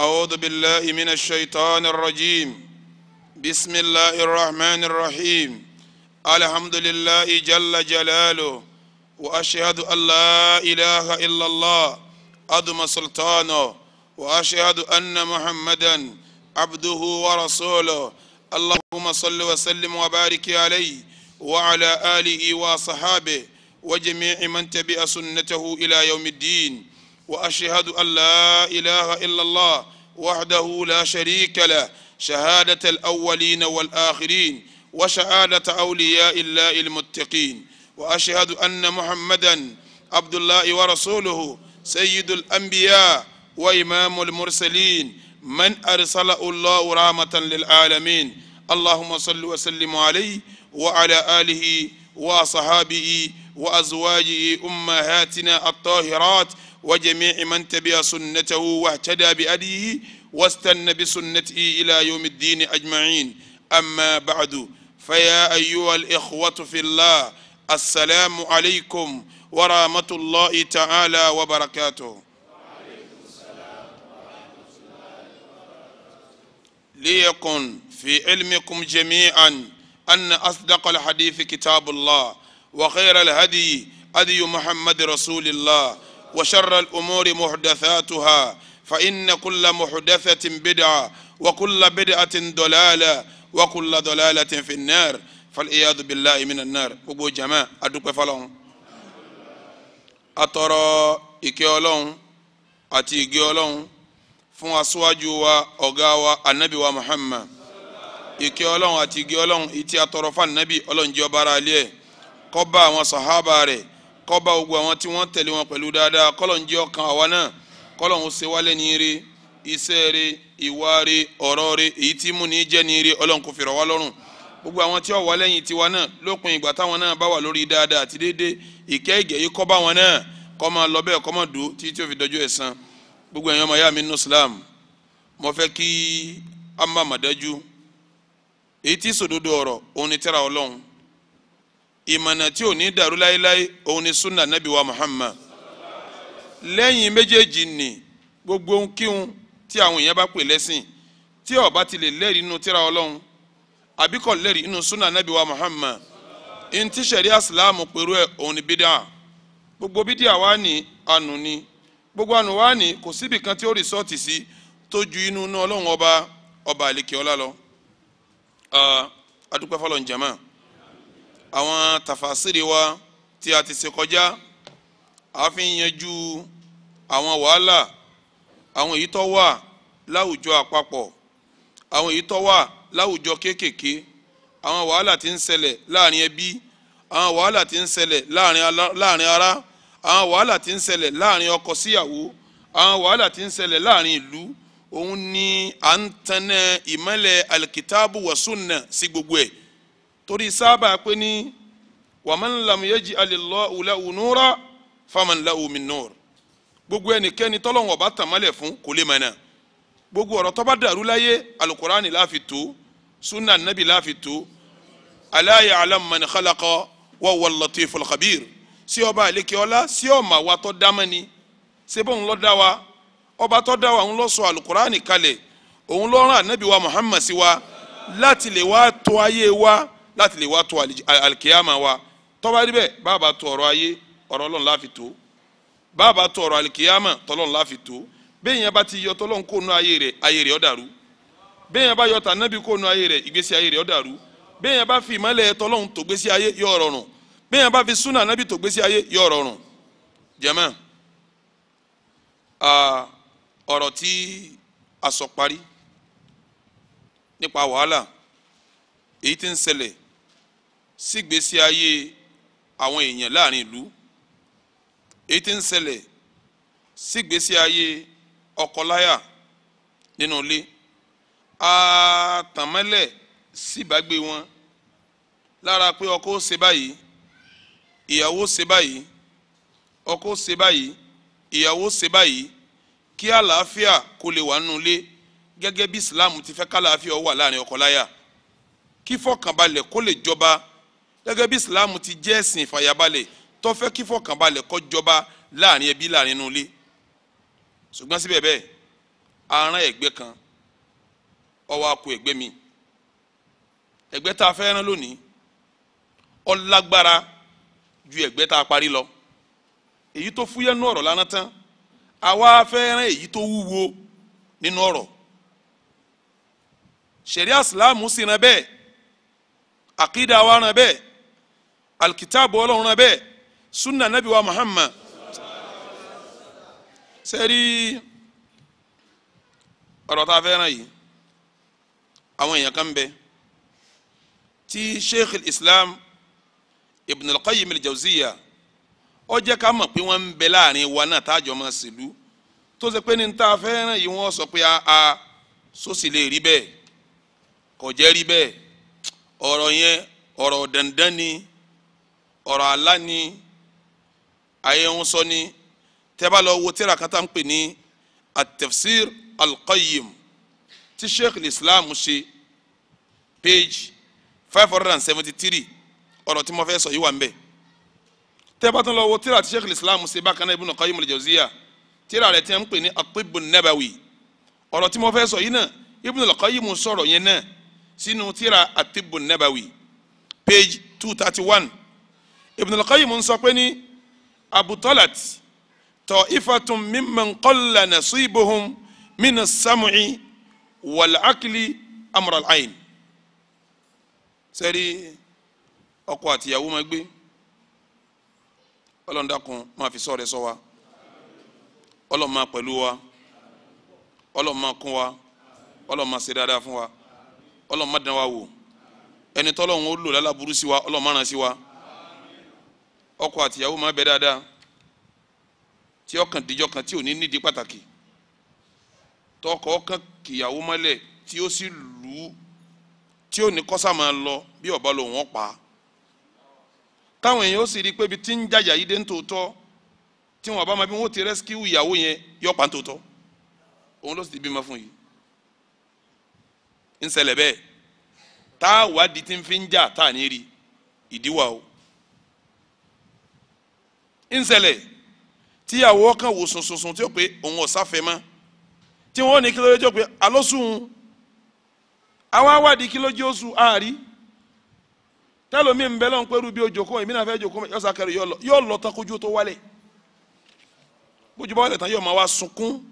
أعوذ بالله من الشيطان الرجيم بسم الله الرحمن الرحيم الحمد لله جل جلاله وأشهد أن لا إله إلا الله أدم سلطانه وأشهد أن محمدا عبده ورسوله اللهم صل وسلم وبارك عليه وعلى آله وصحابه وجميع من تبع سنته إلى يوم الدين وأشهد أن لا إله إلا الله وحده لا شريك له شهادة الأولين والآخرين وشهادة أولياء الله المتقين وأشهد أن محمدا عبد الله ورسوله سيد الأنبياء وإمام المرسلين من أرسله الله رحمة للعالمين اللهم صل وسلم عليه وعلى آله وصحابه وأزواجه أمهاتنا الطاهرات وجميع من تبع سنته واهتدى بأديه واستنى بسنته إلى يوم الدين أجمعين أما بعد فيا أيها الإخوة في الله السلام عليكم ورحمة الله تعالى وبركاته ليكن في علمكم جميعا أن أصدق الحديث كتاب الله وخير الهدي أدي محمد رسول الله وشر الأمور محدثاتها فإن كل محدثة بدعة وكل بدعة ضلالة وكل ضلالة في النار فالعياذ بالله من النار gbogbo jama adúpẹ́ fọ́lọ́run atọrọ ìkẹ́ Ọlọ́run àti ìgẹ́ Ọlọ́run fún aṣáájú wa ọ̀gá wa anabi wa Muhammad ìkẹ́ Ọlọ́run àti ìgẹ́ Ọlọ́run ìtì atọrọ fún anabi Ọlọ́run jẹ́ ọba ara ilé ẹ̀ kó bá àwọn sàhábà rẹ̀ kọba gbogbo àwọn tí wọ́n tẹ̀lé wọn pẹ̀lú dáadáa kọlọn jẹ́ ọkàn àwa náà kọlọn ó ṣe wálé ní rí iṣẹ́ rí ìwà rí ọ̀rọ̀ rí èyí tí mú ní jẹ́ ní rí Ọlọ́run kò fìrọ̀ wá lọ́rùn gbogbo àwọn tí ó wà lẹ́yìn tiwa náà lópin ìgbà táwọn náà bá wà lórí dáadáa àti déédéé ìkẹ́ ìgẹ̀ yìí kọba wọn náà kó máa lọ bẹ́ẹ̀ kó máa dùn títí tí ó fi dọjọ́ ẹ̀san gbogbo ẹ̀yin ọmọ ya mi nínú Islam mo fẹ́ kí a má mà dájú èyí tí sòdodo ọ̀rọ̀ òun ni tẹ́ra Ọlọ́run ìmọ̀nà tí ò ní dàrú láéláé òun ni sunna nabi wa muhammad lẹ́yìn méjèèjì ni gbogbo nkíhun tí àwọn èèyàn bá pè lẹ́sìn tí ó bá ti lè lẹ́rìí inú tíra ọlọ́run àbí lẹ́rìí inú sunna nabi wa muhammad ntí sẹ̀rí asilamu pẹ̀lú ẹ̀ òun ni bídà gbogbo bídà wa ni ànú ni gbogbo ànú wa ni kò síbi kan tí ó rìsọ́ọ̀tì sí tó ju inú ọlọ́run ọba ọba àlekè ọlá lọ. Uh, adúpẹ́ fọlọ́njàmá àwọn tàfàsírì wa tí a ti ṣe kọjá a fi ń yanjú àwọn wàhálà àwọn èyí tó wà láwùjọ àpapọ̀ àwọn èyí tó wà láwùjọ kéékèèké àwọn wàhálà tí ń ṣẹlẹ̀ láàrin ẹbí àwọn wàhálà tí ń ṣẹlẹ̀ láàrin ará àwọn wàhálà tí ń ṣẹlẹ̀ láàrin ọkọ síyàwó àwọn wàhálà tí ń ṣẹlẹ̀ láàrin ìlú òun ni à ń tanná ìmọ́lẹ̀ alikitaabu wa sunna sí gbogbo ẹ̀ torí sábà pé ní wàmán lam yẹji alilọ wùlẹ wùnúrọ fáman la omi nùr gbogbo ẹnikẹ́ni tọ́lọ́wọ̀n bá tàn mọ́lẹ̀ fún kò lè mọ̀nà gbogbo ọ̀rọ̀ tó bá dàrú láyé alukurani láfi tó sunna nabi láfi tó ala ya'lam man khalaqa wa huwa al-latiful khabir sí ọba àlekè ọlá sí ọmọ àwa tó dámọ́ ni sebo ń lọ dá wa ọba tó dá wa ń sọ alukurani kalẹ̀ òun ló rán anabi wa muhammad sí wa láti lè wá tó ayé wa láti lè wá tó alikiyama wa tó bá rí bẹ́ẹ̀ bàbá tó ọ̀rọ̀ ayé ọ̀rọ̀ ọlọ́run láfi tó bàbá tó ọ̀rọ̀ alikiyama tọ́lọ́run láfi tó bẹ́ẹ̀ yẹn bá ti yọ tọ́lọ́run kó nu ayé rẹ̀ ayé rẹ̀ ó dàrú bẹ́ẹ̀ yẹn bá yọ tànàbí kó nu ayé rẹ̀ ìgbésí ayé rẹ̀ ó bẹ́ẹ̀ yẹn bá fi ìmọ̀lẹ̀ tọ́lọ́run tó gbésí ayé yọ rọrùn bẹ́ẹ̀ yẹn bá fi súnà nábì tó gbésí ayé yọ rọrùn jẹ́mọ́ ọ̀rọ̀ tí a nípa wàhálà èyí tí ń ṣẹlẹ̀ sígbésí ayé àwọn èèyàn láàrin ìlú èyí tí ń ṣẹlẹ̀ sígbésí ayé ọkọláyà nínú ilé àtàmọ́lẹ̀ síbàgbé wọn lára pé ọkọ ó ṣe báyìí ìyàwó ó ṣe báyìí ọkọ ó ṣe báyìí ìyàwó ó ṣe báyìí kí àlàáfíà kó lè wà nínú ilé gẹ́gẹ́ bí Islam ti fẹ́ kálàáfíà wà láàrin ọkọláyà kí fọkànbalẹ̀ kó lè jọba gẹ́gẹ́ bí islam ti jẹ́ ẹ̀sìn ìfàyàbalẹ̀ tó fẹ́ kí fọkànbalẹ̀ kó jọba láàrin ẹbí láàrin inú ilé ṣùgbọ́n síbẹ̀ bẹ́ẹ̀ aràn ẹ̀gbẹ́ kan ó wá kù mi ẹ̀gbẹ́ tá a fẹ́ rán lónìí ó lágbára ju ẹ̀gbẹ́ tá a parí lọ èyí tó fúyẹ́ nú ọ̀rọ̀ lánàá tán àwa fẹ́ rán èyí tó wúwo nínú ọ̀rọ̀ ṣẹ̀ríà ìsìláàmù sì rán bẹ́ẹ̀ àkídà wa rán bẹ́ẹ̀ alikitaabu ọlọ́run náà bẹ́ẹ̀ sunna nabi wa muhammad sẹ́rí ọ̀rọ̀ tá a fẹ́ràn yìí àwọn èèyàn kan bẹ tí sheikh islam ibn al-qayyim al-jawziya ó ká mọ̀ pé wọ́n ń bẹ láàrin wa náà tá a jọ máa ṣèlú tó ṣe pé ní tá a yìí wọ́n sọ pé a sósì lè rí bẹ́ẹ̀ kò rí bẹ́ẹ̀ ọ̀rọ̀ yẹn ọ̀rọ̀ dandan ni ọ̀rọ̀ àlá ni ayé ń sọ ni tẹ́ bá lọ wo tírà kan tá ń pè ní at-tafsir al-qayyim tí sheikh islam ṣe page five hundred and seventy three ọ̀rọ̀ tí mo fẹ́ sọ yìí wà ń bẹ̀ tẹ́ bá tún lọ wo tírà tí sheikh islam ṣe bákan náà ibn qayyim al-jawziya rẹ̀ tẹ́ ń pè ní at-tibb ọ̀rọ̀ tí mo fẹ́ sọ yìí náà ibn al sọ̀rọ̀ yẹn náà sínú tírà at-tibb page two thirty one. Ibn al-Qayyim ń sọ pé ní abutolat ta'ifatun mimman qalla nasibuhum mina sam'i wal-aqli amra al-ayn sẹ́rí ọkọ àtìyàwó máa gbé ọlọ́run dákun máa fi sọ rẹ sọ wa ọlọ́run máa pẹ̀lú wa ọlọ́run máa kún wa ọlọ́run máa ṣe dáadáa fún wa ọlọ́run máa wa wò ẹni tọ́lọ́run ó lò lálàbúrú sí wa ọlọ́run máa sí wa ọkọ àtìyàwó máa bẹ dáadáa tí ọkàn díjọ kan tí ò ní nídìí pàtàkì tọkọ ọkàn kìyàwó mọ́lẹ̀ tí ó sì lù ú tí ó ní kọ́sà máa lọ bí ọba lòun ọ̀ pa á táwọn èèyàn ó sì rí i pé ibi tí ń jàjà yìí dé ń tòótọ́ tí wọn bá máa bí wọn ó ti rẹ́síkíwù ìyàwó yẹn yọ pa ń tòótọ́ òun ló sì ti bímọ fún yìí ń ṣẹlẹ̀ bẹ́ẹ̀ tá a wádìí tí ń fi ń jà tá a ní rí ìdíwà o ń ṣẹlẹ̀ tíyàwó kan wò sùnsùnsùn tí ó pé òun ọ̀sáfẹ́ mọ́ tí wọ́n ní kí lóye tí ó pé alósùn àwọn awádìí kí lóye oṣù àárí tẹ́lómi ń bẹ lọ́n pẹ́rú bí ojoko èmi náà fẹ́ joko yọ sàkẹrù yọ lọ yọ lọ tán kójú tó wálẹ̀ bójú bá wálẹ̀ tán yọ máa wá sunkún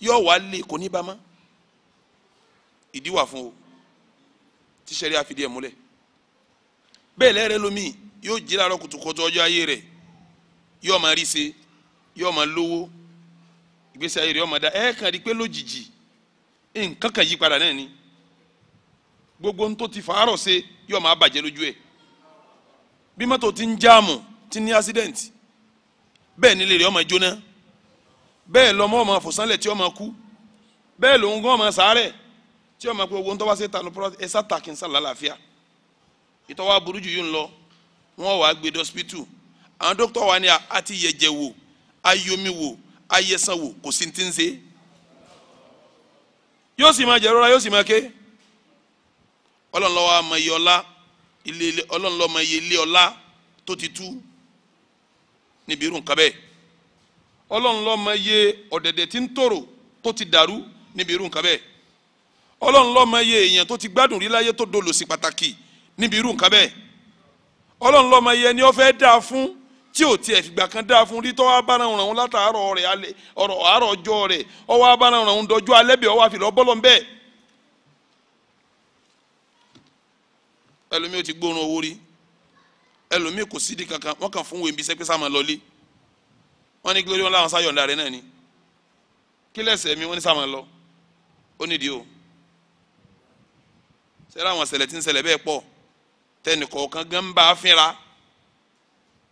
yọ wá lé kò ní bámá ìdí wà fún o tíṣẹ̀rí àfidí múlẹ̀ bẹ́ẹ̀ lẹ́rẹ̀ lómi yóò jí láàárọ̀ kùtùkùtù ọjọ́ ayé rẹ̀ yóò máa rí ṣe yóò máa lówó ìgbésí ayé rẹ̀ yóò máa dá ẹ kàn rí pé lójijì nǹkan kan yí padà náà ni gbogbo ń tó ti fàárọ̀ ṣe yóò máa bàjẹ́ lójú ẹ̀ bí mọ́tò ti ń jáàmù ti ní accident bẹ́ẹ̀ nílé rẹ̀ yóò máa jóná bẹ́ẹ̀ lọ́mọ́ ọmọ àfòsánlẹ̀ tí ó máa kú bẹ́ẹ̀ lòun gan ọmọ sàárẹ̀ tí ó máa pé owó ń tọ́ wá sí tanu ẹ̀sà tàkì ń sàlálàáfíà ìtọ́wá burújú yìí ń lọ wọ́n wàá gbé dọ́sípítù àwọn dókítà wa a ti yẹ̀jẹ̀ wò a yomi wò kò sí ti ń yóò sì máa jẹrora yóò sì máa ké ọlọ́nlọ́wọ́ amayé ọlá ọlọ́nlọ́wọ́ ilé tó ti tú níbi irú nǹkan ọlọ́nlọ́wọ́ ọ̀dẹ̀dẹ̀ tí ń tòrò tó ti dàrú níbi ọlọ́nlọ́wọ́ èèyàn tó tí ò tiẹ̀ fìgbà kan dáa fún rí tọ́wọ́ abáràn ràn látàárọ̀ rẹ̀ alẹ́ ọ̀rọ̀ àárọ̀ ọjọ́ rẹ̀ ọwọ́ abáràn ràn dọjú alẹ́ bẹ̀ ọwọ́ àfìlọ́ bọ́lọ̀ ń bẹ́ẹ̀. ẹlòmíì ò ti gbóòórùn owó rí ẹlòmíì kò sídìí kankan wọ́n kàn fún wèmí sẹ́pẹ́ sáà máa lọ lé wọ́n ní kílódé wọn láwọn sáyọ̀ ńlá rẹ̀ náà ni kílẹ̀sẹ̀ mi wọ́n ní sáà lọ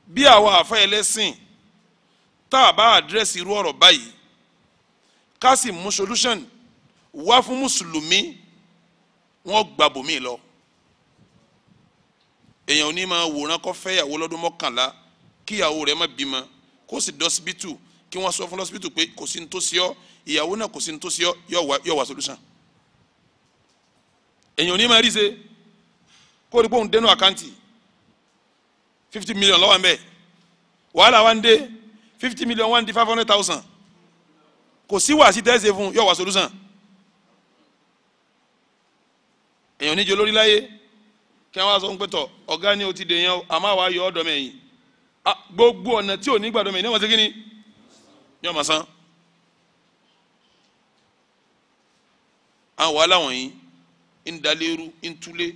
bí àwa àfa ẹlẹ́sìn tá a bá àdírẹ́sì irú ọ̀rọ̀ báyìí ká sì mú solution wá fún mùsùlùmí wọ́n gbà bòmí lọ èèyàn ní máa wòran kó fẹ́yàwó lọ́dún mọ́kànlá kíyàwó rẹ̀ má bímọ kó sì dọ́sibítù kí wọ́n sọ fún lọ́sibítù pé kò sí ní tó sí ọ ìyàwó náà kò sí ní tó sí ọ yóò wá solution èèyàn ní rí ṣe kó o rí pé òun dẹnu àkáǹtì fifty million lọ́wọ́ mbẹ́ wàhálà wa ń dé fifty million wa ń di five hundred thousand kò sí wàásí tẹ́sẹ̀ fún yóò wá solution èèyàn níjẹ lórí láyé kí wọ́n sọ ń pẹ́tọ̀ ọ̀gá ni o ti dè yẹn àmọ́ àwa yọ ọ́dọ̀ mẹ́yìn gbogbo ọ̀nà tí ò ní gbàdọ̀ mẹ́yìn ní wọ́n ṣe kí ni yóò máa san. àwọn wàhálà wọ̀nyí ń dalérú ń túlé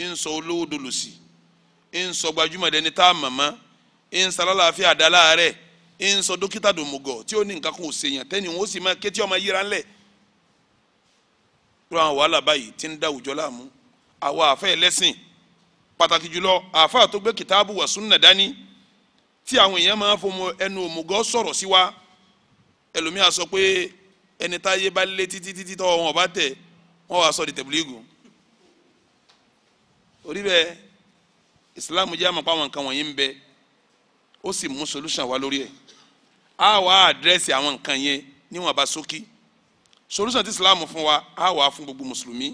ń sọ olówó dolòsì ń sọ gbajúmọ̀ dẹni tá a mọ̀mọ́ ń sọ alálàáfíà àdálà rẹ̀ ń sọ dókítà dòmùgọ̀ tí ó ní nǹkan kan ò sèèyàn tẹ́ni wọn ó sì máa kétí ọmọ yíra ńlẹ̀ ló àwọn wàhálà báyìí ti ń da àwùjọ láàmú àwa àfẹ́ ẹlẹ́sìn pàtàkì jùlọ àfa tó gbé kìtáàbù wà súnà dání tí àwọn èèyàn máa fọmọ ẹnu òmùgọ̀ sọ̀rọ̀ sí wa ẹlòmíà sọ pé ẹni táyé bá lé títí títí wọn ò bá tẹ̀ wọ́n sọ di tẹ̀bílígùn orí bẹ́ẹ̀ islam jẹ́ àmọ́ pàwọn nǹkan wọ̀nyí ń bẹ ó sì mú solution wá lórí ẹ̀ á wà á àdírẹ́sì àwọn nǹkan yẹn níwọ̀n bá ṣókí solution tí islam fún wa á wà á fún gbogbo mùsùlùmí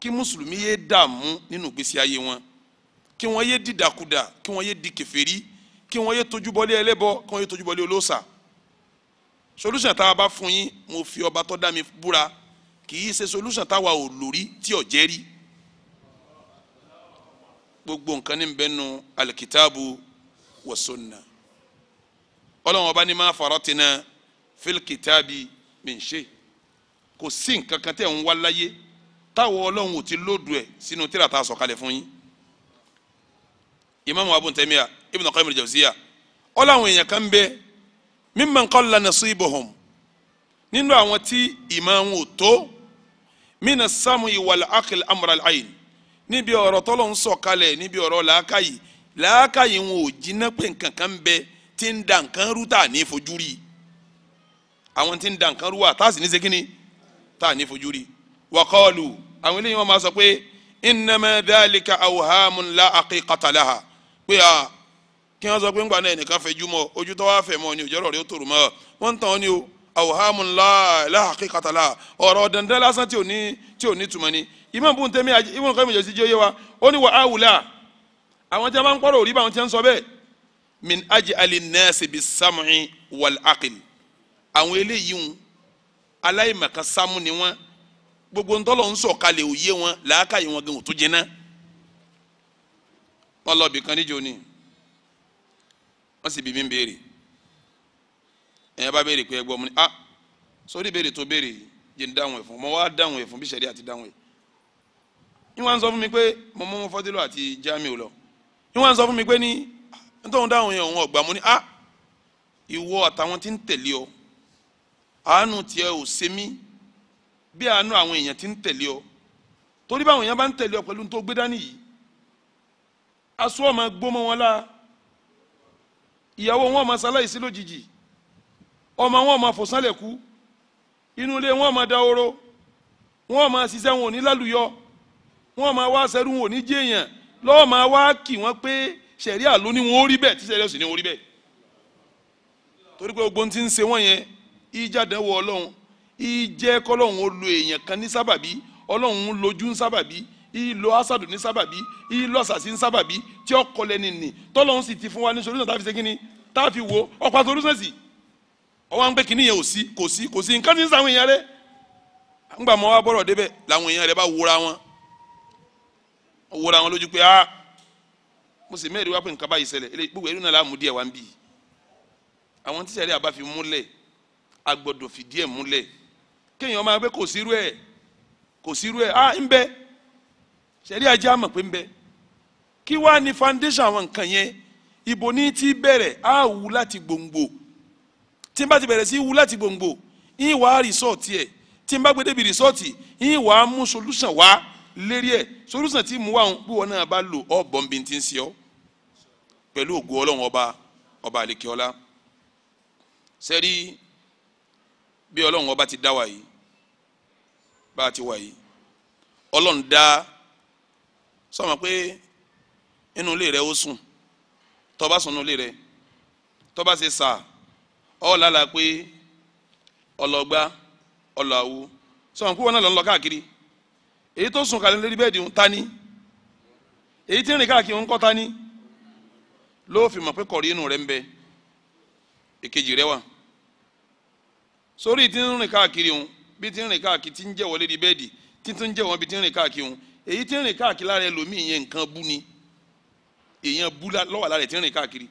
kí mùsùlùmí yé dààmú nínú ìgbésí ayé wọn kí wọ́n yé dìdàkudà kí wọ́n yé di kèfèrí kí wọ́n yé tojúbọlé ẹlẹ́bọ kí wọ́n yé tojúbọlé olóòṣà solution tá a bá fún yín mo fi ọba tó dá mi búra kì í ṣe solution táwa ò lórí tí ò jẹ́rìí gbogbo nǹkan ní bẹ́nu alikitaabu wa sunna ọlọ́run ọba ní ma faratina fil kitaabi min shay kò sí nǹkan kan tẹ̀ ń wá láyé táwọn ọlọ́run ò ti lóòdù ẹ̀ sínú tírà tá a sọ̀kalẹ̀ fún yín imaamu abu ntẹmiya ibn qayyim al-jawziya ọlọ́run èèyàn kan bẹ mimman qalla nasibuhum nínú àwọn tí ìmọ̀ wọn ò tó mina samu wal aql amra al-ayn níbi ọ̀rọ̀ tọ́lọ̀ ń kalẹ̀ níbi ọ̀rọ̀ làákàyè làákàyè wọn ò jiná pé nǹkan kan bẹ tí ń da nǹkan rú tà ní fojú rí àwọn tí ń da nǹkan rú wà tá sì ní segin ni ní fojú rí àwọn eléyìí wọn la pé a kí sọ pé ńgbà náà fẹjú ojú tó wá ni ó tòrò ń tàn ni la dandan lásán tí ò ní ni imam bun tẹ́mi ibùn kọ́ ìmọ̀jọ́sí jẹ́ oyé wa ó ní wà á wùlà àwọn tí a bá ń kọ́rọ̀ òrí bá àwọn tí a ń sọ bẹ́ẹ̀ min aj'ali nasi bis-sam'i wal-aql àwọn eléyìí ń aláìmọ̀ká sámú ni wọ́n gbogbo ntọ́lọ̀ ń sọ̀kalẹ̀ òye wọn làákàyè wọn gan òtún jẹ́ná wọ́n lọ bìkan níjó ni wọ́n sì bí mi béèrè ẹ̀yìn bá béèrè pé ẹgbẹ́ ọmọ ni ah sórí béèrè tó béèrè yìí jẹ́ ń dáhùn ẹ̀ fún ọmọ wa dáhùn ẹ̀ fún bí sẹ́rí àti dáhùn ẹ̀ ni wọ́n sọ fún mi pé mo mú fọdílù àti jamiu lọ ni wọ́n sọ fún mi pé ní nítorí dáhùn yẹn òun ọgbà mo ní ah ìwọ àtàwọn tí ń tẹ̀lé ọ àánú tiẹ̀ ò ṣe mí bí àánú àwọn èèyàn tí ń tẹ̀lé ọ torí báwọn èèyàn bá ń tẹ̀lé ọ pẹ̀lú tó gbé dání yìí aṣọ ọmọ gbọmọ wọn la ìyàwó wọn ọmọ ṣaláìsí lójijì ọmọ wọn ọmọ fòsánlẹ̀ inú ilé wọn ọmọ dahoro wọn ọmọ ṣiṣẹ́ wọn ò ní lálùyọ wọ́n máa wá sẹ́rú wọn ò ní jẹ́ èèyàn lọ́wọ́ máa wá kì wọ́n pé sẹ̀ríà ló ní wọn ó rí bẹ́ẹ̀ tí sẹ̀ríà sì ní wọn ó rí bẹ́ẹ̀ torí pé gbogbo ti ń ṣe wọ́n yẹn ìjàdánwò ọlọ́run ìjẹ́ kọ́lọ́run ó lo èèyàn kan ní sábàbí ọlọ́run lójú ń sábàbí ìlò asadu ní sábàbí ìlò ọ̀sàsí ń sábàbí tí ó kọlẹ̀ nìní tọ́lọ́run sì ti fún wa ní solúsàn tá a fi ṣe kí tá a fi wo ọ̀pá solúsàn sí ọwọ́ ń pẹ́ ò sí kò sí kò sí nǹkan tí ń sàwọn èèyàn rẹ̀ ńgbà mọ́ wa bọ́rọ̀ débẹ̀ làwọn èèyàn rẹ̀ bá wúra wọn wọra wọn lójú pé ah mo sì mẹ́rin wá pé nǹkan báyìí ṣẹlẹ̀ eléyìí gbogbo ẹ̀rú náà láàmú díẹ̀ wá ń bì í àwọn tí sẹ́rí àbá fi múlẹ̀ agbọ́dọ̀ fi díẹ̀ múlẹ̀ kéèyàn máa gbé kò sírú ẹ̀ kò sírú ẹ̀ ah ń bẹ sẹ́rí ajé àmọ̀ pé ń bẹ kí wàá ní foundation àwọn nǹkan yẹn ibo ní ti bẹ̀rẹ̀ á wù láti gbòǹgbò tí n bá ti bẹ̀rẹ̀ sí wù láti gbòǹgbò yín wàá rìsọ́ọ̀tì ẹ̀ tí n bá gbé débi rìsọ́ọ̀tì yín wàá mú solution wàá lérí ẹ̀ solúsàn tí mú wa ń bí wọn náà bá lò ọ bọ̀m̀bì tí ń ṣe ọ pẹ̀lú ògo ọlọ́run ọba ọba àlekèọlá sẹ́rí bí ọlọ́run ọba ti dá wa yìí bá a ti wà yìí ọlọ́run dá sọ́mọ pé inú ilé rẹ ó sùn tó sùn nínú ilé rẹ tó ṣe sà ọ́ lálàá pé ọlọ́gbá ọlọ́àwú sọ́mọ pé wọn náà lọ ń lọ káàkiri èyí tó sùn kalẹ̀ lórí bẹ́ẹ̀dì ń ta ni èyí tí ń rìn káàkiri ń kọ́ ta ni ló fi mọ̀ pé kọ̀rí inú rẹ̀ ń bẹ èkejì rẹ̀ wà sórí tí ń rìn káàkiri ń bí tí ń rìn káàkiri tí ń jẹ́ wọlé di bẹ́ẹ̀dì tí tún jẹ́ wọn bí tí ń rìn káàkiri ń èyí tí ń rìn káàkiri lára ẹlòmíì yẹn nǹkan bú ni èèyàn bú lọ́wọ́ lára ẹ̀ tí ń rìn káàkiri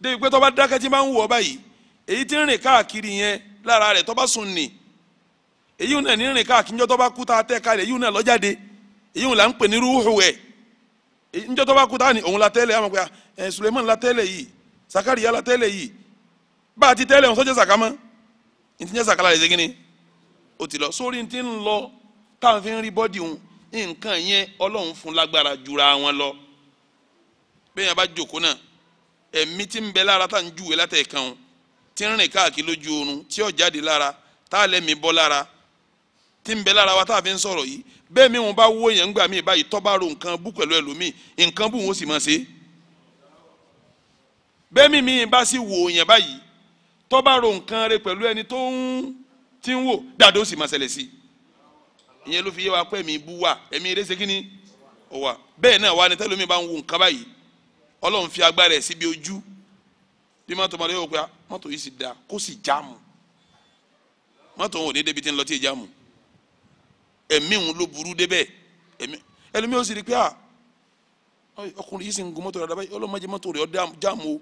débi pé tó bá dákẹ́ tí bá ń wọ̀ báyìí èyí tí ń rìn káàkiri yẹn lára rẹ̀ tó bá sùn nìí èyí náà ní rìn káàkiri njọ́ tó bá kú tá a tẹ́ ká rẹ̀ èyí náà lọ́jáde èyí là ń pè ní rúhù ẹ̀ njọ́ tó bá kú tá a ní òun la tẹ́lẹ̀ àwọn pé ẹ̀ eh, Suleiman la tẹ́lẹ̀ yìí Sakariya la tẹ́lẹ̀ yìí bá a ti tẹ́lẹ̀ òun sọ́jà sàkámọ́ ní ti ń jẹ́ sàkálà rẹ̀ ṣégin ni ó ti lọ sórí ti ń lọ táwọn fi ń rí bọ́dì òun nǹkan yẹn Ọlọ́run fún lágbára jura wọn lọ bẹ́ẹ̀ yẹn bá jòkó náà ẹ̀mí ti ń bẹ lára tá à ń júwe látẹ̀ẹ̀kan tí ń rìn káàkiri lójú oorun tí ó jáde lára tá a lẹ́mìí bọ́ lára tí ń bẹ lára wa tá a fi ń sọ̀rọ̀ yìí bẹ́ẹ̀ mi wọn bá wó yẹn ńgbà mí báyìí tọ́ bá ro nǹkan bú pẹ̀lú ẹlòmíì nǹkan bú wọn ó sì máa ṣe bẹ́ẹ̀ mi mi bá sì wò yẹn báyìí tọ́ bá ro nǹkan rẹ pẹ̀lú ẹni tó ń ti ń wò dáadọ́ ó sì máa ṣẹlẹ̀ sí i ìyẹn ló fi yé wa pé ẹ̀mí bú wa ẹ̀mí eré ṣe kí ni ó bẹ́ẹ̀ náà wa ni tẹ́lómi bá ń wo nǹkan báyìí ọlọ́run fi agbára ẹ̀ síbi ojú bí mọ́tò mọ́tò yóò pé ah, mọ́tò yìí sì dáa kó sì jáàmù mọ́tò òun ò ní débi tí ń lọ tí ì jáàmù ẹ̀mí òun ló burú débẹ̀ ẹ̀mí ẹlòmíì ó sì rí pé à ah, ọkùnrin yìí sì ń gun mọ́tò rẹ̀ dábàá ọlọ́mọdé mọ́tò rẹ̀ ọ̀dà jáàmù o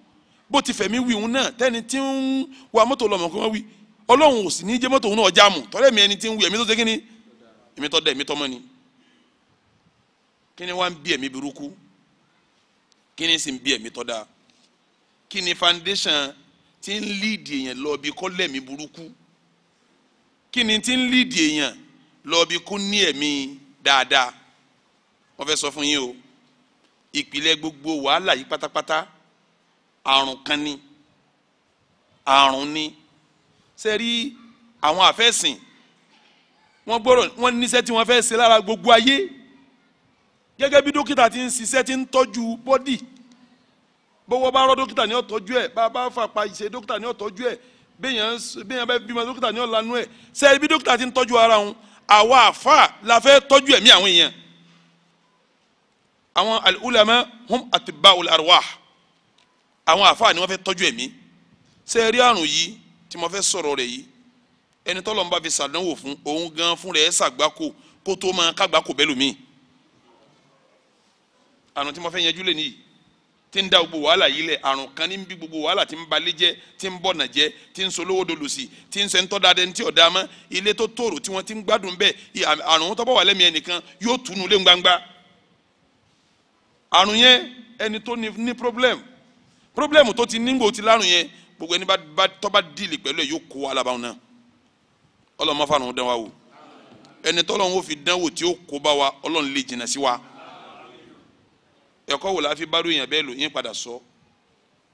bó ti fẹ̀mí wí òun náà tẹ́ni tí ń wa mọ́tò lọ́mọ kí wọ́n wí ọlọ́run ò sì ní jẹ́ mọ́tò òun náà jáàmù tọ́lẹ̀ mi ẹni tí ń wí ẹ̀mí tó ṣe kí ni ẹ̀mí tọ́ da ẹ̀mí tọ́mọ ni kí wá ń bí ẹ̀mí burúkú kí sì ń bí ẹ̀mí tọ́ da kí foundation ti ń lead èèyàn lọ bí mi burúkú kí ni ti ń lead èèyàn lọ́ọ́bí kú ní ẹ̀mí dáadáa wọ́n fẹ́ sọ fún yín o ìpìlẹ̀ gbogbo wàhálà yìí pátápátá àrùn kan ni àrùn ni sẹ́rí àwọn àfẹ́sìn wọ́n gbọ́dọ̀ wọ́n níṣẹ́ tí wọ́n fẹ́ ṣe lára gbogbo ayé gẹ́gẹ́ bí dókítà ti ń ṣiṣẹ́ ti ń tọ́jú bọ́dì bọ́wọ́ bá rọ́ dókítà ni ó ẹ̀ bá bá fapá ṣe dókítà ni ó ẹ̀ béèyàn béèyàn bá bímọ dókítà ni ó ẹ̀ sẹ́rí bí dókítà ti ń tọ́jú ara wọn àwa àfa la fẹ́ tọ́jú ẹ̀mí àwọn èèyàn àwọn al-ulama hum atiba'ul arwah àwọn àfa ni wọ́n fẹ́ tọ́jú ẹ̀mí sẹ́ẹ̀rí àrùn yìí tí mo fẹ́ sọ̀rọ̀ rẹ̀ yìí ẹni tọ́lọ́ ń bá fi sàdánwò fún òun gan fún rẹ̀ ẹ́ sàgbákò kó tó máa kágbákò bẹ́lùmíì àrùn tí mo fẹ́ yanjú lé nìyí tí ń da gbogbo wàhálà yìí lẹ̀ àrùn kan ní bí gbogbo wàhálà tí ń balẹ̀ jẹ́ tí ń bọ̀nà jẹ́ tí ń solówó dolùsì tí ń sẹ́ńtọ́ dáadẹ́ ní tí ọ̀dá mọ́ ilé tó tòrò tí wọ́n ti ń gbádùn bẹ́ẹ̀ àrùn tó bọ̀ wà lẹ́mìí ẹnìkan yóò túnú lé gbangba àrùn yẹn ẹni tó ní ní problem problem tó ti nígbò ti lárùn yẹn gbogbo ẹni bá tó bá dìlì pẹ̀lú ẹ̀ yóò kó alábàáwọn náà ọlọ́run má fàrùn dán wa wò ẹni tọ́lọ́run ó fi dánwò tí ó kó bá wa ọlọ́run lè jìnnà sí wa ẹ̀kọ́ wò la fi bá ròyìn bẹ́ẹ̀ lò yín padà sọ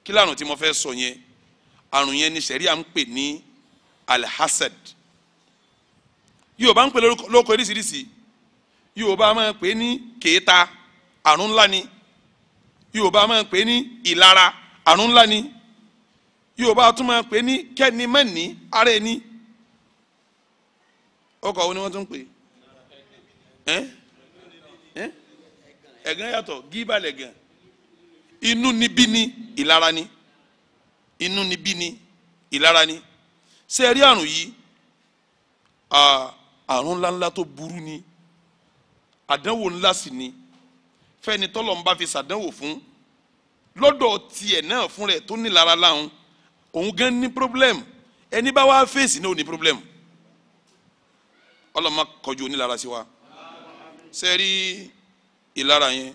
kí làrùn tí mo fẹ́ sọ yẹn àrùn yẹn ni sẹ̀ríà ń pè ní alhassad yorùbá ń pè lóko oríṣiríṣi yorùbá máa ń pè ní kéèta àrùn ńlá ni yorùbá máa ń pè ní ìlara àrùn ńlá ni yorùbá tún máa ń pè ní kẹ́nimẹ́ni ara ẹni ọkọ̀ wo ni wọ́n tún pè é. Eh? ẹ̀gán yàtọ̀ gíbà lẹ̀gàn inú níbí ni ìlara ni inú níbí ni ìlara ni ṣé ẹ rí àrùn yìí àrùn ńláńlá tó burú ni àdánwò ńlá sì ni fẹ́ni tọ́lọ̀ ń bá fi ṣàdánwò fún lọ́dọ̀ tiẹ̀ náà fún rẹ̀ tó nílara láhùn òun gan ní pírọ́blẹ́mù ẹni bá wá fèsì náà ò ní pírọ́blẹ́mù ọlọ́mọ kọjú onílara sí wa ṣe ìlara yẹn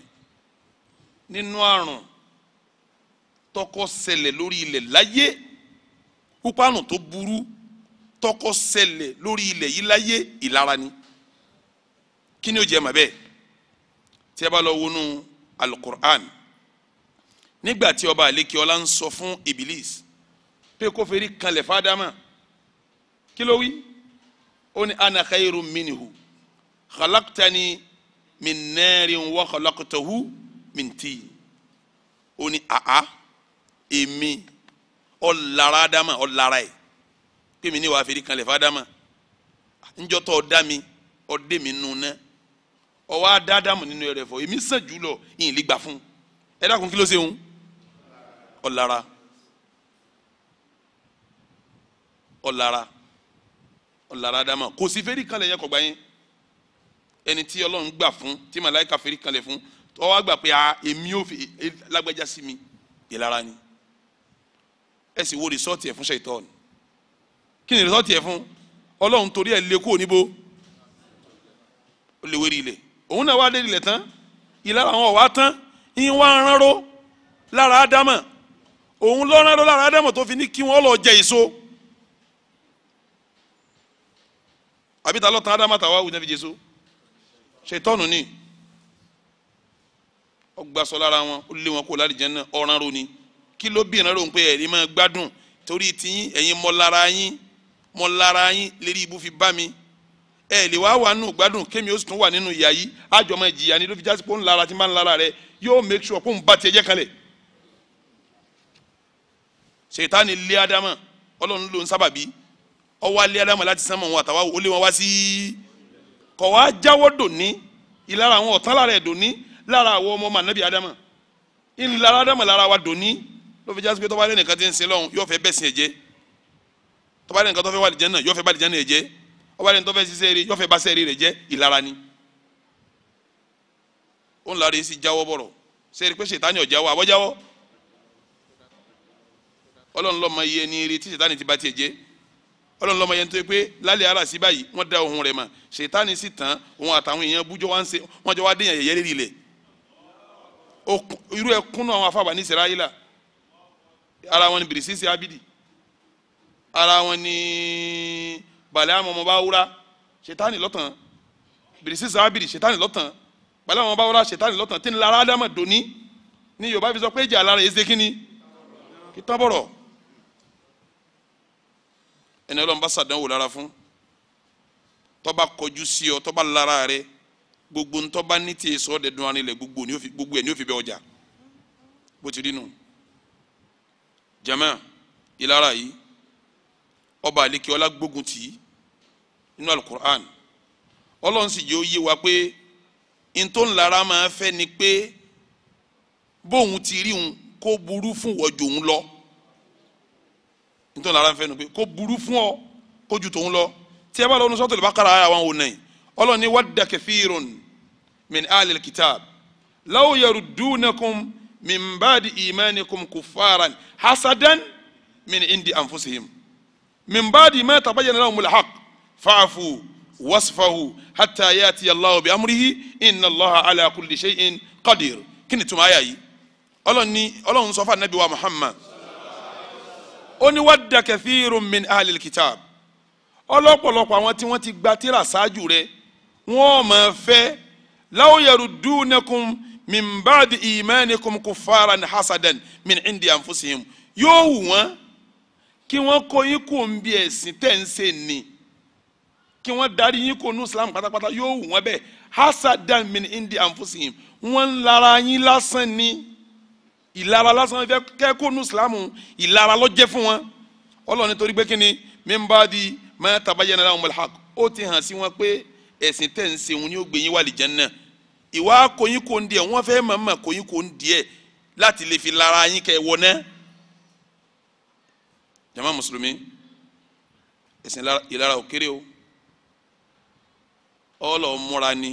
nínú àrùn tọkọ ṣẹlẹ̀ lórí ilẹ̀ láyé púpánù tó burú tọkọ ṣẹlẹ̀ lórí ilẹ̀ yìí láyé ìlara ni kí ni ó jẹ́ mà tí a bá lọ wọnú alukur'an nígbà tí ọba àlekí ọlá ń sọ fún ibilis pé kó feri kanlẹ̀ fádámà kí ló wí ó ní ana khairu minhu min nari wa khalaqtahu min tin ó ní àá èmi ọ̀lára ádámà ọ̀lára ẹ̀ pé mi ní wàá fèrè kan lè fa ádámà ńjọ́tọ̀ ọ̀dá mi ọ̀dẹ́ mi nù náà ọwọ́ adá ádámù nínú ẹ̀rẹ̀ fọ èmi sàn jùlọ ìyìn lè gbà fún ẹ dákun kí ló ṣe òun ọ̀lára ọ̀lára ọ̀lára ádámà kò sí fèrè kan lè yẹ kọ̀gbá yẹn ẹni tí ọlọ́run gbà fún tí màláìka fèrè kanlẹ̀ fún tó wá gbà pé èmi ò fi lágbájá sí mi ìlara ni ẹ sì wo rìsọ́ọ̀tì ẹ̀ fún ṣètọ́ọ̀nù kí ni rìsọ́ọ̀tì ẹ̀ fún ọlọ́run torí ẹ̀ lé kúrò níbo ó lè wérí ilẹ̀ òun náà wá lérí ilẹ̀ tán ìlara àwọn ọ̀wá tán ń wá ránró lára ádámà òun lọ ránró lára ádámà tó fi ní kí wọ́n lọ jẹ èso àbí ta ló tán ádámà tàwa wù ní fi jẹ èso ṣètọ́nù ni ọgbàsọ lára wọn ó lé wọn kó lálìjẹ náà ọ̀ràn ro ni kí ló bí ìrànlọ́rùn pé ẹ̀rí máa gbádùn torí tiyín ẹ̀yin mọ lára yín mọ lára yín lérí ibú fi bá mi ẹ lè wá wà nù gbádùn kémi ó sì tún wà nínú ìyá yìí àjọmọ ìjìyà ni ló fi jásí pé ó ń lára tí máa ń lára rẹ yóò make sure pé òun bá tiẹ̀ jẹ́ kalẹ̀ ṣètánì lé ádámà ọlọ́run ló ń sábàbí ọwọ́ alẹ́ ádámà láti sánmọ̀ wọn àtàwọn ó wọn wá sí kọ̀ wá jáwọ́ dòní ìlara àwọn ọ̀tá lára ẹ̀ dòní lára àwọn ọmọ ọmọ ànábì ádámà ìlara ádámà lára wa dòní ló fi jásí pé tọ́ba lẹ́nu kan ti ń sin lọ́hùn yóò fẹ́ bẹ́sìn ẹ̀jẹ̀ tọ́ba lẹ́nu kan tó fẹ́ wà lìjẹ́ náà yóò fẹ́ bá lìjẹ́ náà ẹ̀jẹ̀ ọba lẹ́nu tó fẹ́ ṣiṣẹ́ rí yóò fẹ́ bá sẹ́ẹ̀rí rẹ̀ jẹ́ ìlara ni ó ń lára èsì jáwọ́ bọ̀rọ̀ sẹ́ẹ̀rí pé ṣètánì ọ̀jáwọ́ àbọ̀jáwọ́ ọlọ́run lọ́mọ iye ní eré tí ṣètánì ti bá tiẹ̀ jẹ́ ọlọ́run lọ́mọ yẹn tó yẹ pé lálẹ́ ara sí báyìí wọ́n da ohun rẹ̀ mà ṣètánì sì tán òun àtàwọn èèyàn bújọ wá ń ṣe wọ́n jọ wá déyàn yẹ̀yẹ́ lérí ilẹ̀ irú ẹ̀ kúnnú àwọn afábà ní sẹ́ráyìlà ara wọn ni bìrìsìsì abidi ara wọn ni balẹ̀ àmọ́ ọmọ bá wúra ṣètánì lọ́tàn bìrìsìsì abidi ṣètánì lọ́tàn balẹ̀ àmọ́ ọmọ bá wúra ṣètánì lọ́tàn tí ń lara ádámà dòní ní yorùbá fi sọ pé ìjà lára yìí kí tán bọ̀rọ̀ ẹni ọlọ́run bá sàdánwò lára fún tọ́ba kọjú sí ọ tọ́ba lára rẹ gbogbo ntọ́ba ní tiẹ̀ sọ ọ́dẹ̀ dùn arinlẹ̀ gbogbo ẹ̀ ní òfin bẹ ọjà bó ti rí nu jama ìlara yìí ọba àlekè ọlá gbógun tì í nínú alukur'an ọlọ́run sì yóò yé wa pé ntó ńlára máa fẹ́ ni pé bóun ti rí òun kó burú fún wọ́jọ́ òun lọ nítorí lára ń fẹ́ nu pé kó burú fún ọ kó ju tòun lọ tí ẹ bá lọ nusọ́tò lùbákàrà ayà wọn ò nẹ̀ ọlọ́run ní wadda kathirun min alil kitab law yarudunakum min ba'di imanikum kuffaran hasadan min indi anfusihim min ba'di ma tabayyana lahumul haqq fa'fu wasfahu hatta yati allahu bi amrihi inna allaha ala kulli shay'in qadir kí ni tuma ayà yìí ọlọ́run ní ọlọ́run sọ fún anabi muhammad ó ní wadda kathirun min ahlil kitab ọlọ́pọ̀lọpọ̀ àwọn tí wọ́n ti gba tírà ṣáájú rẹ̀ wọ́n máa fẹ́ law yaruddunakum min ba'di imanikum kuffaran hasadan min indi anfusihim yóò wù wọ́n kí wọ́n kó yín kò ń bí ẹ̀sìn tẹ̀ ń ṣe ni kí wọ́n darí yín kò ní islam pátápátá yóò wù wọ́n bẹ́ẹ̀ hasadan min indi anfusihim wọ́n lara yín lásán ni ìlara lásán fẹ́ kẹ́kọ̀ọ́nù ìsìlámù ìlara ló jẹ́ fún wọn ọlọ́run nítorí pé kí ni mímbà di mẹ́ta tabayyana lahumul haqq ó ti hàn sí wọn pé ẹ̀sìn tẹ̀ ń sehun ni ó gbé yín wà lìjẹ́nà ìwà kòyín kò ń díẹ̀ wọ́n fẹ́ màmá kòyín kò ń díẹ̀ láti lè fi lara yín kẹ́ wọ náà jama mùsùlùmí ẹ̀sìn ìlara òkèrè o ọlọ́ọ̀ múra ni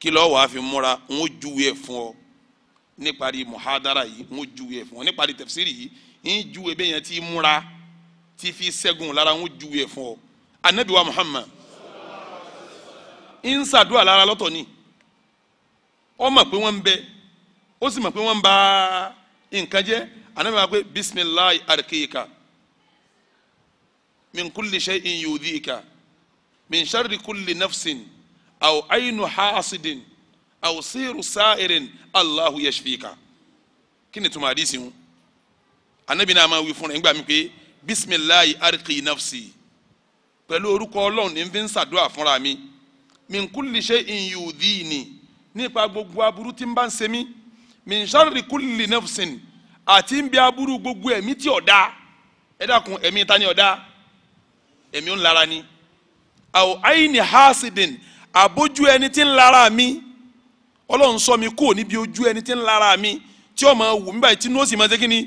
kí lọ́ọ́ wàá fi múra ń ó júwe fún ọ níparí muhadara yìí ń juwe fún ọ níparí tẹfsiri yìí ń juwe bẹ́ẹ̀ ti múra ti fi sẹ́gun lára ń juwe fún ọ anabi muhammad ń sàdúrà lára lọ́tọ̀ ni ọ mọ̀ pé wọ́n ń bẹ ó sì mọ̀ pé wọ́n ń ba nǹkan jẹ́ anabi wa pé bisimilahi arkeyika min kulli shay'in yudhika min sharri kulli nafsin aw aynu hasidin awusiru sa'irin allahu yashfika kí ni tuma hadisi hun anabi náà máa wí fún rẹ nígbà mi pé bisimilayi ariki nafsi pẹ̀lú orúkọ ọlọ́run ní fi ń ṣàdúrà fúnra mi min kulli shay'in yudhini nípa gbogbo aburú tí ń bá ń ṣe mí min sharri kulli nafsin àti ń bí aburú gbogbo ẹ̀mí tí ọ̀dá ẹ dákun ẹ̀mí ta ni ọ̀dá ẹ̀mí ń lara ni àwọ̀ àyìn ni haasidin àbójú ẹni tí ń lara mi ọlọ́run sọ mi kúrò níbi ojú ẹni tí ń lára mi tí ó máa wù mí báyìí tínú ó sì máa ṣe kíni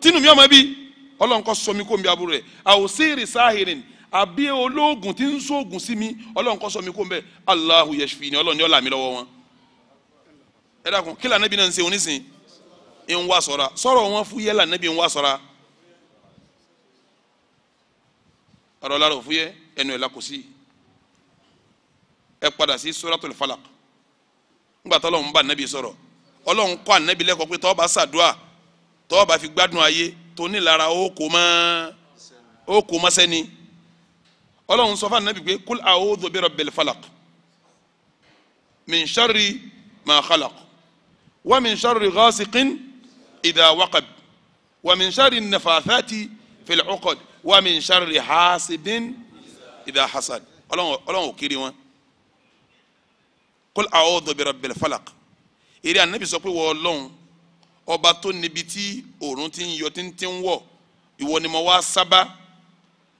tínú mi ó máa bí ọlọ́run kọ́ sọ mi kúrò níbi aburú rẹ̀ àwòsíìrì sáhìrìn àbí olóògùn tí ń sóògùn sí mi ọlọ́run kọ́ sọ mi kúrò níbẹ̀ Allahu yashfi ni ọlọ́run ni ó là mí lọ́wọ́ wọn. ẹ dákun kí lànà ibi ṣe onísìn ń wá sọ́ra sọ̀rọ̀ wọn fúyẹ́ lànà ibi ń wá sọ́ra ọ̀rọ̀ lára òfúyẹ́ ẹnu ẹ̀ lakòsí ẹ padà sí suratul falaq nígbà tó lọ́n bá nàbí sọ̀rọ̀ ọlọ́run kọ́ ànábì lẹ́kọ̀ọ́ pé tọ́ọ̀bá ṣàdúà tọ́ọ̀bá fi gbádùn ayé tó nílara ó kò mọ́ ó kò mọ́ sẹ́ni ọlọ́run sọ fún ànábì pé kúl a'udhu bi rabbil falaq min sharri ma khalaq wa min sharri ghasiqin idha waqab wa min sharri nafathati fil 'uqad wa min hasad ọlọ́run ò kiri wọn kul a'udhu bi rabbil falaq eré anabi sọ pé wọ́n lọ́hùn ọba tó níbi tí òòrùn ti ń yọ tí ń ti ń wọ̀ ìwọ ni mo wá sábà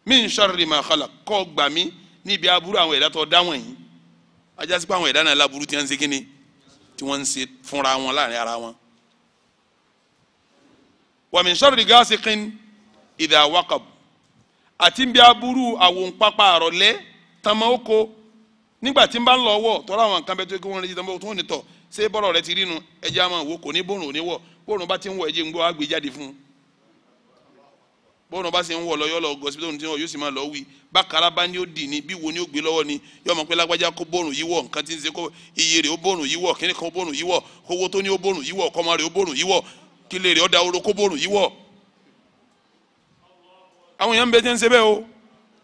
min sharri ma khalaq kó gbà mí níbi aburú àwọn ẹ̀dá tó dá wọ̀nyí ajá sí pé àwọn ẹ̀dá náà láburú tí ń ṣe kíni tí wọ́n ń ṣe fúnra wọn láàrin ara wọn. wa min sharri ghasiqin idha waqab àti bí aburú àwọn pápá àrọ̀lẹ́ tamako nígbà tí n bá ń lọ wọ̀ tọ́lá àwọn nǹkan bẹ́ẹ̀ tó kí wọ́n rí tọ́mọ́ tó ń nìtọ̀ ṣé bọ́rọ̀ rẹ ti rí nu ẹja máa wò kò ní bòrùn òní wọ̀ bòrùn bá ti ń wọ̀ ẹ̀jẹ̀ ń gbọ́ á jáde fún un bọ́ọ̀nù bá sì ń wọ̀ lọ yọ́ lọ gọ̀ọ́sì tó ń tiwọn yóò sì máa lọ wí bákàrà bá ní ó dì ní bí wo ni ó gbé lọ́wọ́ ni yọ́ mọ̀ pé lágbájá kó bọ́ọ̀nù yìí wọ̀ nǹkan tí ń ṣe kó iye rẹ̀ ó bọ́ọ̀nù yìí wọ̀ kíní kan ó bọ́ọ̀nù yìí wọ̀ owó tó ní ó bọ́ọ̀nù yìí wọ̀ kọ́mọ rẹ̀ ó bọ́ọ̀nù yìí wọ̀ kílé rẹ̀ ó da oró kó bọ́ọ̀nù yìí wọ̀. àwọn èèyàn ń bẹ jẹ́ ń ṣe bẹ́ẹ̀ o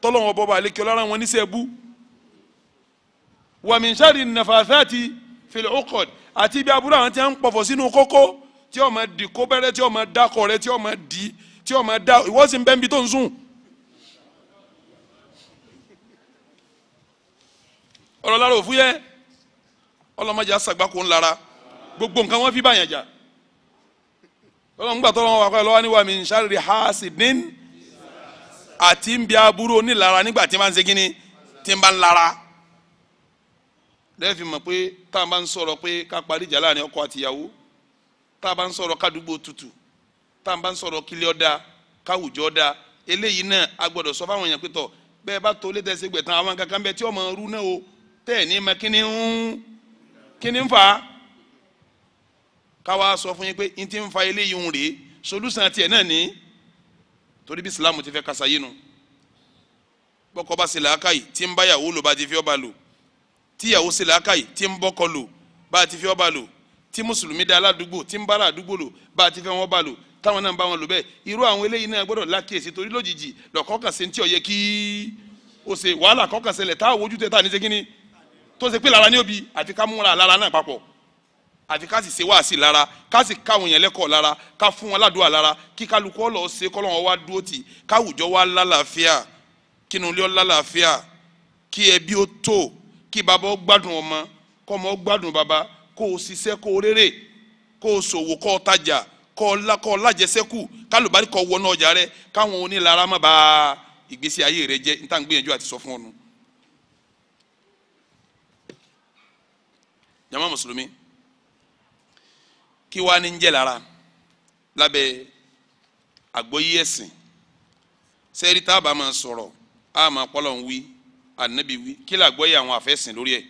tọ́lọ́wọ́n bọ́ba àlekí ọlára wa min sharri nafathati fil uqad àti ibi aburú àwọn tí wọ́n ń pọ̀fọ̀ sínú kókó tí ó máa di kóbẹ́rẹ́ tí ó máa dákọ̀ rẹ tí ó máa di tí ó máa dá ìwọ sì ń bẹ́ẹ̀ bí tó ń sùn. ọ̀rọ̀ lára òfu yẹ ọlọ́mọdé àṣàgbákò ńlára gbogbo nǹkan wọ́n fi báyàn jà ọlọ́run gbà tọ́lọ́wọ́n wà pẹ́ lọ́wọ́ ní wa min sharri hasidin àti ń aburú onílara nígbà tí wọ́n ń segin ni tí wọ́n ń lara lẹ́ẹ̀fì mọ̀ pé tá a bá ń sọ̀rọ̀ pé ká parí ìjà láàrin ọkọ àtìyàwó tá a bá ń sọ̀rọ̀ kádùúgbò tutù tá a bá ń sọ̀rọ̀ kílẹ̀ ọ̀dà káwùjọ ọ̀dà eléyìí náà a gbọ́dọ̀ sọ fáwọn èèyàn pé tọ̀ bẹ́ẹ̀ bá tó létẹ́sẹ̀ gbẹ̀tàn àwọn kankan bẹ́ẹ̀ tí ọmọ rú náà o tẹ́ ẹ̀ ní ma kíni ń kíni ń fà á káwa sọ fún yín pé n ti ń fa eléyìí ń rèé solúsàn tiẹ̀ náà ní torí bí Islam ti fẹ́ kásá nu bọ́kọ bá ṣe làákàyè tí ń báyàwó ló bá ti fi ọba lò tíyàwó ṣe làákàyè tí ń bọ́kọ lò bá a ti fi ọba lò tí mùsùlùmí da aládùúgbò tí ń bá aládùúgbò lò bá a ti fi wọn ọba lò táwọn náà ń bá wọn lò bẹ́ẹ̀ irú àwọn eléyìí náà gbọ́dọ̀ lákìyèsí torí lójijì lọ́kọ́kàn ṣe ń tí ó yẹ kí ó ṣe wàhálà kọ́kàn ṣẹlẹ̀ táwọn ojú tẹ̀ tá ní ṣe kínní tó ṣe pé lára ní òbí àti ká múra lára náà papọ̀ àti ká sì ṣe wá sí lára ká sì káwọn yẹn lẹ́kọ̀ọ́ lára ká fún wọn ládùúgbò lára kí kálukú ọ̀lọ́ ṣe kọ́lọ́wọ́n wá dúró tì káwùjọ wá lálàáfíà kínú ilé ọ̀ lálàáfíà kí ẹbí ó tó kí baba ó gbádùn ọmọ kọ́mọ ó gbádùn baba kó o ṣiṣẹ́ kó o rere kó o ṣòwò kó o tajà kó o la kó o lájẹsẹ́kù kálùbárí kó o wọnú ọjà rẹ káwọn onílara má bà ìgbésí ayé rẹ jẹ níta ń gbìyànjú àti sọ fún ọ nu. jama mùsùlùmí kí wàá ní ń jẹ́ lára lábẹ́ àgbọ́yé ẹ̀sìn sẹ́rí tá máa sọ̀rọ̀ a máa ń wí anabi wí kí la gbọ́ yẹ àwọn afẹ́sìn lórí ẹ̀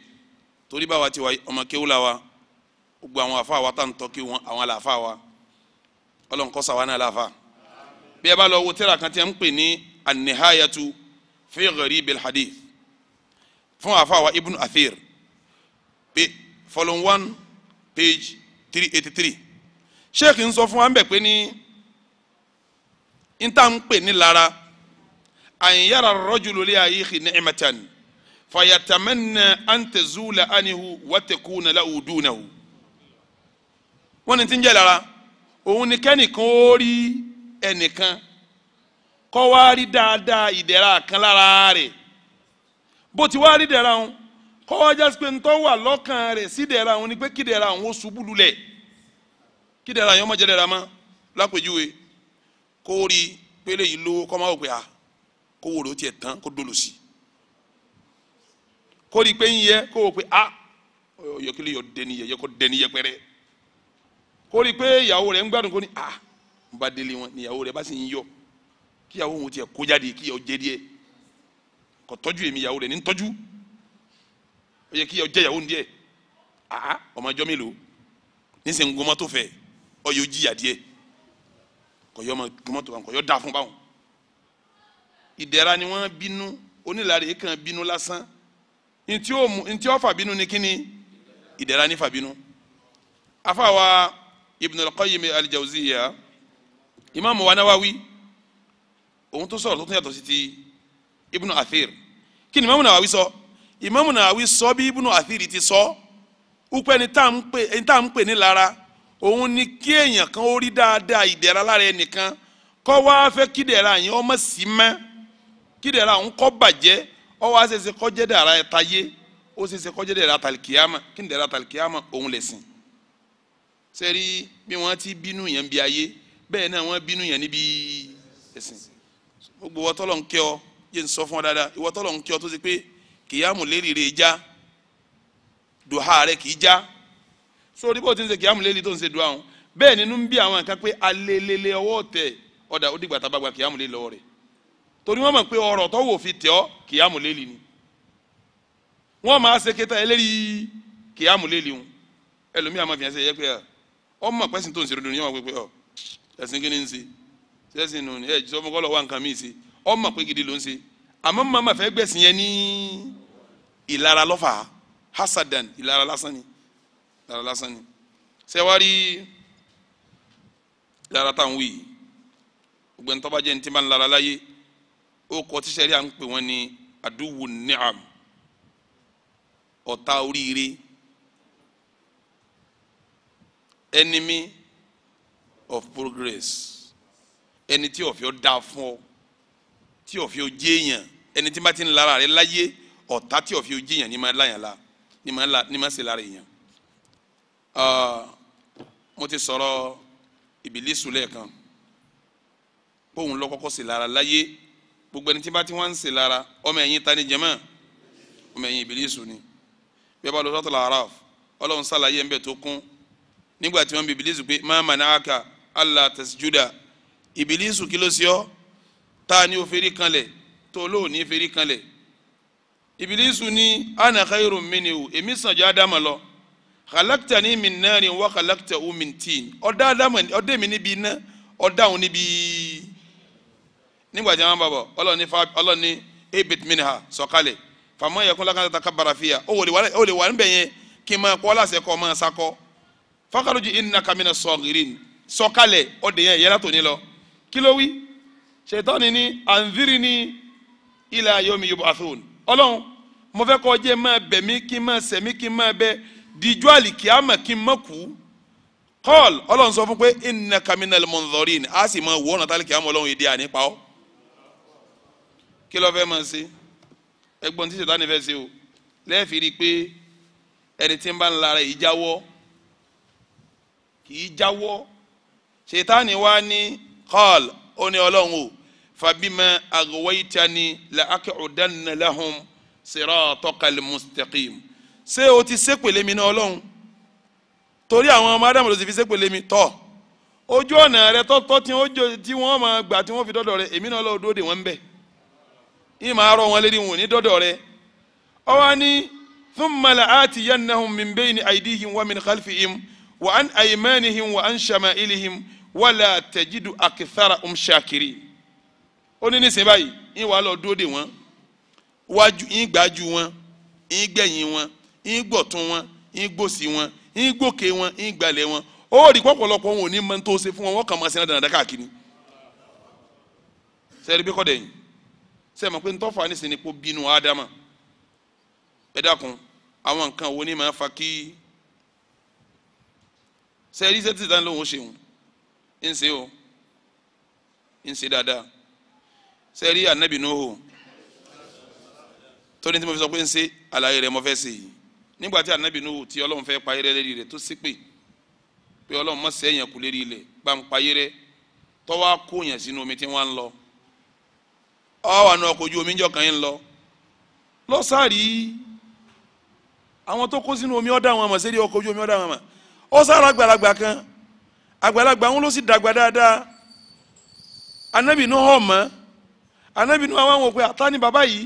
torí báwa ti wá ọmọ kéwú la wa gbogbo àwọn afa wa tá n tọ́ kéwú àwọn àlàáfà wa ọlọ́run kọ́ náà láfa bí ẹ bá lọ wo tírà kan tí a ń pè ní anihayatu fi gharibil fún afa wa ibn athir pé volume one page three eighty three sheikh ń sọ fún wa ń bẹ̀ pé ní n ta ń pè ní lára an yara rajulu li ayihi ni'matan fayatamanna an tazula anhu wa takuna lahu dunahu wọ́n ní tí ń jẹ́ lára òun ni kẹ́nìkan ó rí ẹnìkan kọ́ wá rí dáadáa ìdẹ̀ra kan lára rẹ̀ bó ti wá rí dẹ̀ra òun kọ́ wá jásí pé ntọ́ wà lọ́kàn rẹ̀ sí dẹ̀ra ni pé kí dẹ̀ra òun ó ṣubú lulẹ̀ kí dẹ̀ra òun ó má jẹ́ dẹ̀ra mọ́ lápèjúwe kó rí pélé yìí lówó ah kó wò ló tiẹ̀ tán kó dolo sí kó rí i pé ń yẹ kó wò pé a ah, yọkílẹ̀ yọ dẹni yẹ yẹ kó dẹni yẹ pẹ́rẹ́ kó rí i pé ìyàwó rẹ̀ ń gbádùn kó ní a ah, ń bá délé wọn ìyàwó rẹ̀ bá sì ń yọ kí ìyàwó òun tiẹ̀ kó jáde kí ìyàwó jẹ díẹ̀ kò tọ́jú èmi ìyàwó rẹ̀ ní tọ́jú ó yẹ kí ìyàwó jẹ ìyàwó ń díẹ̀ a ah, ọmọ ẹjọ́ mélòó nísìnyí ń gbọmọ tó fẹ́ ọ yóò jìyà díẹ̀ kò yọ ọmọ gbọmọ tó bá kò yọ dáa fún báwọn ìdẹ̀ra ni wọ́n bínú onílàrí yìí kàn bínú lásán ntí ó mu ntí ó fà bínú ni kíni ìdẹ̀ra ni fà bínú afáwa Ibn al-Qayyim al-Jawziyya imaamu wa Nawawi òun tó sọ̀rọ̀ tó tún yàtọ̀ sí ti Ibn Athir kí ni imaamu Nawawi sọ imaamu Nawawi sọ bí Ibn Athir ti sọ wípé ẹni tá à ń pè ní lára òun ni kí èèyàn kan ó rí dáadáa ìdẹ̀ra lára ẹnìkan kọ́ wá fẹ́ kí ìdẹ̀ra yẹn ọmọ sí mẹ́ kí dẹ̀ra òun kọ́ bàjẹ́ ọ wá ṣẹṣẹ kọjẹ́ dẹ̀ra ẹ̀ta yé ó ṣẹṣẹ kọjẹ́ dẹ̀ra tàlìkìyàmà kí ni dẹ̀ra tàlìkìyàmà òun lẹ̀sìn sẹ́rí bí wọ́n ti bínú yẹn bí ayé bẹ́ẹ̀ náà wọ́n bínú yẹn níbi ẹ̀sìn gbogbo ìwọ tọ́lọ̀ ń kẹ́ ọ yé ń sọ fún ọ dáadáa ìwọ tọ́lọ̀ ń kẹ́ ọ tó ṣe pé kìyàmù lérí rè já dùhà rẹ kì í já sórí bó ti ń ṣe kìyàmù lérí tó ń ṣe dùhà ọ̀hún bẹ́ẹ̀ nínú ń bí àwọn nǹkan pé alelele ọwọ́ tẹ ọ̀dà ó dìgbà tá a bá gba kìyàmù lérí lọ́wọ́ rẹ̀ torí wọn ma pé ọ̀rọ̀ tó wò fi tẹ̀ ọ kìyàmù lélì ni wọn máa ṣe kéta ẹlẹ́rìí kìyàmù lélì ń ẹlòmíì a fìyànṣẹ́ yẹ pé ah, ọmọ pẹ́sìn tó ń ṣe ròdùn yẹn wọ́n pé ọ ah, ẹ̀sìn kí ni ń ṣe ṣẹ́sìn nù ẹ̀ jọ́ mọ́ kọ́lọ́ wà nǹkan míì ṣe ọmọ pé gidi ló ń ṣe àmọ́ màmá fẹ́ gbẹ̀sìn yẹn ní hasadan ìlara lásán ni ìlara lásán ni ìlara táwọn wí ní tí ó kọ tíṣẹ́ rí à ń pè wọ́n ní àdúwò ni'am ọ̀tá oríire enemy of progress ẹni tí ọ̀fẹ́ dá fún ọ tí ọ̀fẹ́ ó jẹ́ èèyàn ẹni tí bá ti ń lára rẹ láyé ọ̀tá tí ọ̀fẹ́ ó jẹ́ èèyàn ní máa láyàn la ní máa la ní máa ṣe lára èèyàn. Ah, mo ti sọ̀rọ̀ ìbílísù lẹ́ẹ̀kan póun lọ́kọ́kọ́ ṣe lára láyé. La gbogbo ẹni tí bá ti wá ń ṣe lára ọmọ ẹ̀yìn ta ni jẹ́mọ́ ọmọ ẹ̀yìn Ìbílísù ni bí ẹ bá lọ sọ́tọ̀ làárọ̀ ọlọ́run sàlàyé ẹ̀ ń bẹ̀ tó kún nígbà tí wọ́n bi Ìbílísù pé má mana'aka alla tasjuda Ìbílísù kí ló sí ọ́ tá a ní o feri kanlẹ̀ tó o lóò ní feri kanlẹ̀ Ìbílísù ni ana khayrun minhu èmi sàn jẹ́ ádámà lọ khalaqtani min narin wa khalaqtahu min tin ọ̀dá ádámà ọ̀dẹ́ mi níbi iná ọ̀dá òun níbi nígbà tí wọn bá bọ ọlọ́run ní ebit minha sọ̀kalẹ̀ fàmọ́ yẹkun lákàtà ta kábàrà fìyà ó lè wà níbẹ̀ yẹn kí n máa kọ́ láṣẹ kọ́ máa sakọ́ fakaruji inna kamina sọ̀gìrín sọ̀kalẹ̀ ọ̀dẹ̀ yẹn yẹlá tòní lọ kí ló wí anziri ní ila yomi yubathun ọlọ́run mo fẹ́ kọ́ jẹ́ máa bẹ̀ mí kí n máa sẹ̀ mí kí n máa bẹ díjú àlìkíyàmà kí n má kú kọ́ọ̀l ọlọ́run sọ fún pé inna kamina mọ̀nzọ́rin a sì máa wọ́n nàtàlìkíyàmà ọlọ́run ìdí ànípa ọ́ kí ló fẹ́ máa ṣe ẹgbọ́n tí ṣètò ànífẹ́ ṣe o lẹ́ẹ̀fì rí i pé ẹni tí ń bá ń lara yìí jáwọ́ kì í jáwọ́ ṣètánì wá ní kọ́ọ̀l ó ní ọlọ́run o fabima aghwaytani la aq'udanna lahum siratakal mustaqim ṣé o ti ṣépèlé mi náà ọlọ́run torí àwọn ọmọ ádámù ló ti fi ṣépèlé mi tọ́ ojú ọ̀nà rẹ tọ́tọ́ tí wọ́n máa gbà tí wọ́n fi dọ́dọ̀ rẹ èmi náà lọ́ọ́ dóde wọ́n ń ìmọ̀ arọ wọn lérí wọn ní dọ́dọ̀ rẹ ọwọ́ ni thumma la'atiyannahum min bayni aydihim wa min khalfihim wa an aymanihim wa an shama'ilihim wala tajidu aktharahum shakirin ó ní nísìnyí báyìí yín wàá lọ dúró dè wọn wájú yín gbájú wọn yín gbẹ̀yìn wọn yín gbọ̀tún wọn yín gbòsì wọn yín gbòkè wọn yín gbalẹ̀ wọn ó rí pọ̀pọ̀lọpọ̀ wọn ò ní mọ́ tó ṣe fún wọn wọ́n kàn máa ṣe náà dáadáa káàkiri sẹ́ẹ̀rì bí kọ́ dẹ̀yìn sẹ ma pé ntọ́fà ní sinipó bínú ádámà ẹ dákun àwọn nǹkan wo ni màá fa kí sẹ ẹrí sẹtì dání lóhùn ó ṣe òun ń ṣe o ń ṣe dáadáa sẹ ẹrí ànábì nóhò tóní tí mo fi sọ pé ń ṣe àlàyé rẹ mo fẹ́ ṣe yìí nígbà tí ànábì nóhò tí ọlọ́run fẹ́ payé rẹ lérí rẹ tó ṣépè pé ọlọ́run mọ̀ sẹ́yìn kù lérí ilẹ̀ bá rẹ tọ́wọ́ á yẹn sínú omi tí wọ́n á ń lọ ọ wà nù ọkọ̀ ojú omi ń jọ kàn yín lọ lọ́sàárì àwọn tó kó sínú omi ọ̀dà wọn mọ̀ sẹ́rí ọkọ̀ ojú omi ọ̀dà wọn mọ̀ ó sára àgbàlagbà kan àgbàlagbà wọn ló sì dàgbà dáadáa anabi nù hàn mọ́ anabi nù àwọn àwọn òpè ta ni bàbá yìí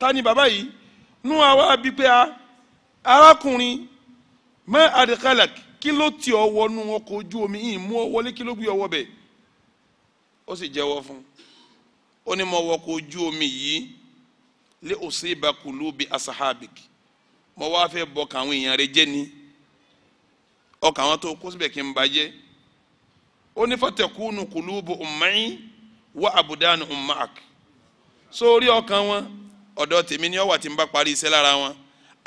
ta ni bàbá yìí nù àwọn àbí pé arákùnrin mọ́ àdìkálà kí ló ti ọ wọnú ọkọ̀ ojú omi yìí mú ọ kí ló gbé ọ wọ ó sì jẹ́wọ́ fún un ó ní mo wọkọ̀ ojú omi yìí lé òsínba kulubi asahabik mo wá fẹ́ bọ kàwọn èèyàn rẹ jẹ́ ni ọkàn àwọn tó kó síbẹ̀ kí n bàjẹ́ ó ní fatakunu kulubu umma'i wa abudanu umak sórí ọkàn wọn ọ̀dọ̀ tèmi ni ó wà tí n bá parí iṣẹ́ lára wọn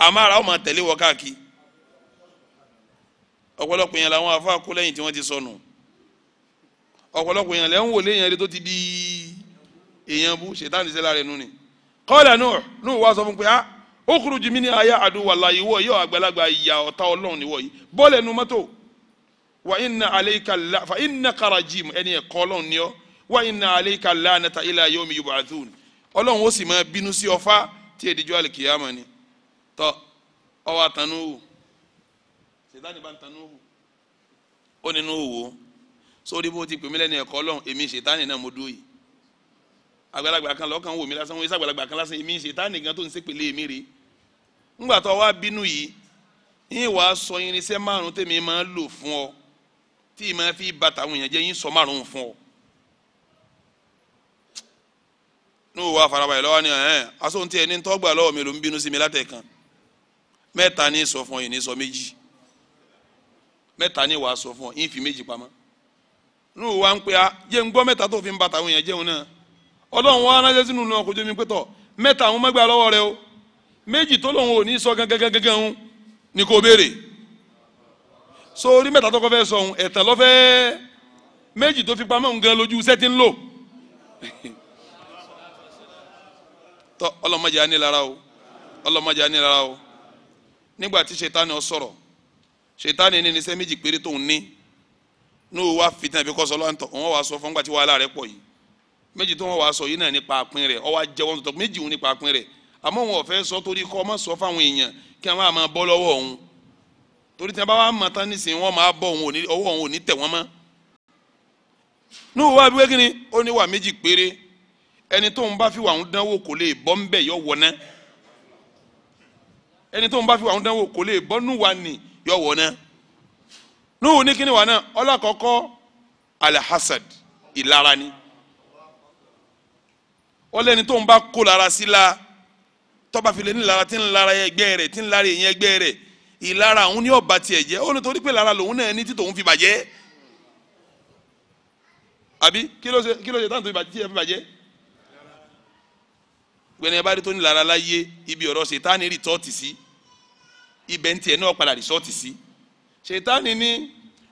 àmọ́ ara ó máa tẹ̀lé wọ káàkiri ọ̀pọ̀lọpọ̀ yẹn làwọn afọ akó lẹ́yìn tí wọ́n ti sọnù ọ̀pọ̀lọpọ̀ yẹn lẹ́hìn wò léyìn ẹni tó ti di èèyàn bú ṣètàn ní sẹ́lá rẹ̀ nù ni. kọ́lá nù nù wá sọ fún pé ah ó kúrò jù mí ní ayé àdúwà láyé wọ̀ yóò àgbàlagbà ìyá ọ̀tá ọlọ́run níwọ̀ yìí bọ́ọ̀lẹ̀ nu mọ́tò wà iná aleika la fa iná karajim ẹni ẹ̀kọ́ ọlọ́run ni ọ́ wà iná aleika la nata ilà yóò mi yorùbá àtún ọlọ́run ó sì máa bínú sí ọfá tí èdè jọ́ àlìkìyàmọ̀ ni tọ́ ọwọ́ àtànú hù sèdáni bá ń tanú hù ó nínú wò sórí bó ti pèmí lẹ́nu ẹ̀kọ́ ọlọ́run èmi ṣètánì náà mo dúró yìí àgbàlagbà kan lọ́kàn wò mí lásán wọ́n yé sàgbàlagbà kan lásán èmi ṣe táwọn nìkan tó ń sèpèlè èmi rè ńgbà tó wá bínú yìí yín wàá sọ irinṣẹ́ márùn-ún tèmi máa ń lò fún ọ tí ì máa fi bàtà àwọn èèyàn jẹ́ yín sọ márùn-ún fún ọ. ní òwò àfarabalẹ̀ lọ́wọ́ ni ẹ̀hẹ́n aṣọ tí ẹni tó gbà lọ́wọ́ mi ló ń bínú sí mi látẹ̀kan mẹ́ta ní sọ fún ọ yìí ní sọ méjì mẹ́ta ní wàá sọ fún ọ yín fi méjì pamọ́ ní òwò à ń pè á jẹ́ ń gbọ́ mẹ́ta tó fi ń bàtà àwọn èèyàn jẹun náà ọlọ́run wa ránṣẹ́ sínú náà kò jẹ́mi pẹ́tọ̀ mẹ́ta àwọn mẹ́gbàá lọ́wọ́ rẹ o méjì tó lòun ò ní sọ gangan ń ni kò béèrè sórí mẹ́ta tó kọ́ fẹ́ sọ ohun ẹ̀tàn lọ́fẹ́ méjì tó fi pamọ́ ohun gan lójú iṣẹ́ ti ń lò tọ́ ọlọ́mọdé á ní lára o ọlọ́mọdé á ní lára o nígbà tí ṣètánì ọ sọ̀rọ̀ ṣètánì ní ní iṣẹ́ méjì péré tóun ní ní òun wá fìtàn ìbíkọ́sọ lọ́wọ́ àwọn wá sọ fún gbàtí wàhálà rẹ pọ̀ yìí méjì tó wọn wàá sọ yìí náà nípa àpín rẹ̀ ọwọ́ ajẹ́wọ́n tó tọ́ méjì òun nípa àpín rẹ̀ àmọ́ wọn ò fẹ́ sọ torí kọ́ ọmọ sọ fáwọn èèyàn kí wọn máa bọ́ lọ́wọ́ òun torí tí wọn bá wà mọ tán nísìnyí wọn máa bọ́ òun ọwọ́ òun ò ní tẹ̀ wọ́n mọ́. níwò wá bí wékìnni ó ní wà méjì péré ẹni tó ń bá fi wà ń dánwò kò lè bọ́ ń bẹ̀ yọ wọ̀ ná ẹni tó ń bá fi wà ń dánwò kò lè bọ́ nù wà ní yọ wọ̀ ná. níwò ní kíni wà náà ọlọ́kọ̀ọ́kọ́ alahasad ìlara ni ó lẹ́ni tó ń bá kó lára sí la tọ́ba fi lè ní lára tí ń lára ẹgbẹ́ rẹ̀ tí ń lára èèyàn ẹgbẹ́ rẹ̀ ìlara òun ni ó ba tiẹ̀ jẹ́ ó ní torí pé lára lòun náà ní tí tòun fi bàjẹ́ àbí kí ló ṣe táwọn tó fi bàjẹ́ tí bá rí tó ní lára láyé ibi ọ̀rọ̀ ṣètánì rìtọ́ọ̀tì sí ibẹ̀ ń tiẹ̀ náà padà rìsọ́ọ̀tì sí ṣètánì ní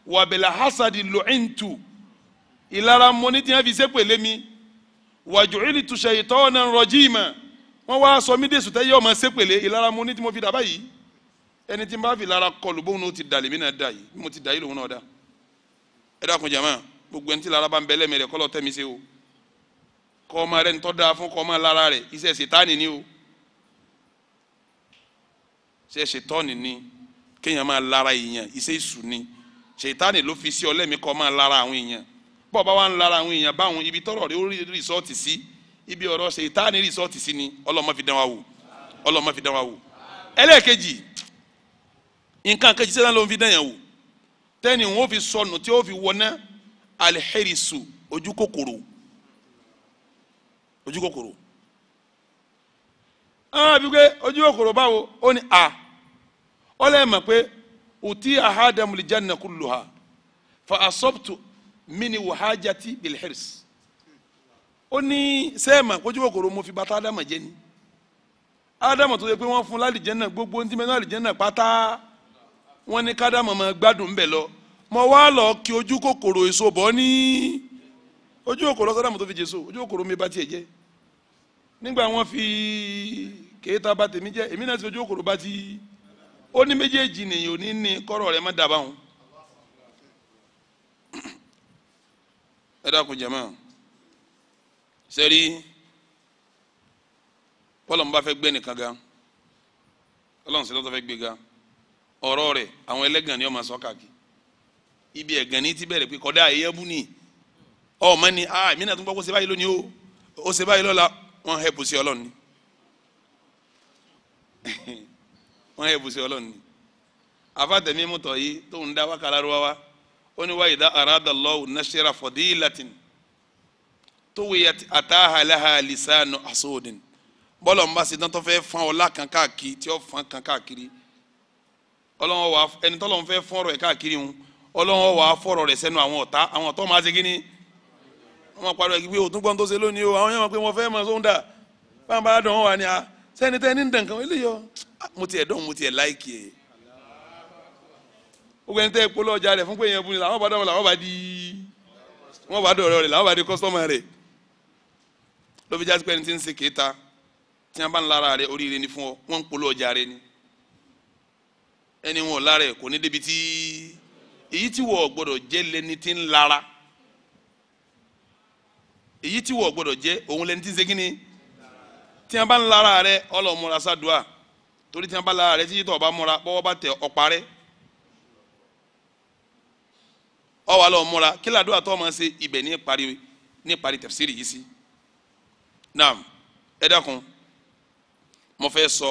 wàbẹ̀là hasadi lọ́ìntù ìlara mo ní tí wọ́n fi ṣépè lémi wàjúwìlì tuṣe ìtọ́ náà rọjí mà wọ́n wá sọ mí dèsù tẹ́ yẹ ọmọ sépèlé ìlara mu ní tí mo fi dà báyìí ẹni tí n bá fi lara kọlù bóun ó ti dàlẹ́ mi náà dà yìí mo ti dà yìí lòun náà dà ẹ dákun jàmá gbogbo ẹni tí lara bá ń bẹ lẹ́mìí rẹ kọ́lọ́ tẹ́ mi ṣe o kọ́ ọmọ rẹ ńtọ́ da fún kọ́ ọmọ lára rẹ iṣẹ́ ṣètánì ni o ṣe ṣètánì ni kéèyàn máa lara èèyàn iṣẹ́ ìṣù ni ṣètánì ló fi sí ọlẹ́mìí kọ́ ọmọ lára àwọn èèyàn bọ́ọ̀ bá wà ń lára àwọn èèyàn báwọn ibi tọ́rọ̀ rí orí rìsọ́ọ̀tì sí ibi ọ̀rọ̀ ṣe ìta ní rìsọ́ọ̀tì sí ni ọlọ́mọ fi dán wa wò ọlọ́mọ fi dán wa wò ẹlẹ́ẹ̀kejì nǹkan kejì sẹ́dá ló ń fi dán yẹn wò tẹ́ni wọn fi sọnù tí ó fi wọná alihẹ́rìsù ojú kòkòrò ojú kòkòrò àwọn àbíké ojú kòkòrò báwo ó ní a ọlẹ́ẹ̀mọ̀ pé òtí ahadamulijanna kulluha fa asọ́pùtù mini wahajati bilhirs ó ní sẹ́ẹ̀mà kójú kòkòrò mo fi bàtà ádámà jẹ́ ni ádámà tó yẹ pé wọ́n fún lálìjẹ́nà gbogbo ntí mẹ́nu àlìjẹ́nà pátá wọ́n ní kádámà máa gbádùn ńbẹ̀ lọ mo wá lọ kí ojú kòkòrò èso bọ́ ní ojú kòkòrò sọ́dàmù tó fi jèso ojú kòkòrò mi bá tiẹ̀ jẹ́ nígbà wọ́n fi kéétà bá tèmi jẹ́ èmi náà ti ojú bá ti ó ní méjèèjì nìyí ò ní ní kọ́rọ̀ rẹ̀ má dábàá wọn. ẹ dákun jẹ̀mọ́ sẹ́rí pọ́lọ́mù bá fẹ́ gbé nìkan ga ọlọ́run sí lọ́tọ́ fẹ́ gbé ga ọ̀rọ̀ rẹ̀ àwọn ẹlẹ́gàn ni ó máa sọ ibi ẹ̀gàn ní ti bẹ̀rẹ̀ pé kọ́dá ẹ̀yẹ́bù ni ọmọ ni ah mí náà tún gbọ́ kó ṣe báyìí lónìí o ó ṣe báyìí lọ́la wọ́n hẹ́pù sí ọlọ́run ni wọ́n hẹ́pù sí ọlọ́run ni àfàtẹ̀mí mú tọ̀ yìí tóun dá wákàlárúwá wá ó ní wáyé dá aráàdà lọ́wọ́ nàṣẹ́ra fọ̀dílàtìn tó wíyà àtàhàlàhà lìsànù àsòdìn bọ́lọ̀ ń bá ṣe tán tó fẹ́ fọ́n ọlá kan káàkiri tí ó fọ́n kan káàkiri ọlọ́wọ́ wa ẹni tó lọ́n fẹ́ fọ́n ọ̀rọ̀ ẹ̀ káàkiri ń ọlọ́wọ́ wa fọ̀rọ̀ rẹ̀ sẹ́nu àwọn ọ̀tá àwọn ọ̀tá máa ṣe kíní wọ́n máa pariwo ìgbé òtún gbọ́n tó ṣe lónìí o àwọn yẹn máa pé wọ́n fẹ́ máa sóhun dà báwọn bá dán wà ní a ah, sẹ́ni tẹ́ ní dàn kan eléyọ ah, mo tiẹ̀ dán mo tiẹ̀ láìkì ẹ̀ o ẹni tẹ́ ẹ ọjà rẹ̀ fún pé èèyàn bu ni làwọn bá dọ̀wọ́ làwọn bá di wọ́n bá dọ̀rọ̀ rẹ̀ làwọn bá di kọ́sọ́mà rẹ̀ ló jásí pé ni fún ọ ọjà rẹ̀ ni ẹni wọn lára ẹ̀ kò ní débi tí èyí tí wọ́n gbọ́dọ̀ jẹ́ lẹni tí ń lára èyí tí wọ́n gbọ́dọ̀ jẹ́ òun lẹni tí ń tí bá ń lára rẹ̀ ọ wà lọ múra kí ládùúgbò àtọ́ máa ṣe ibẹ̀ ní parí ní parí tafsiri yìí sí naam ẹ dákun mo fẹ́ sọ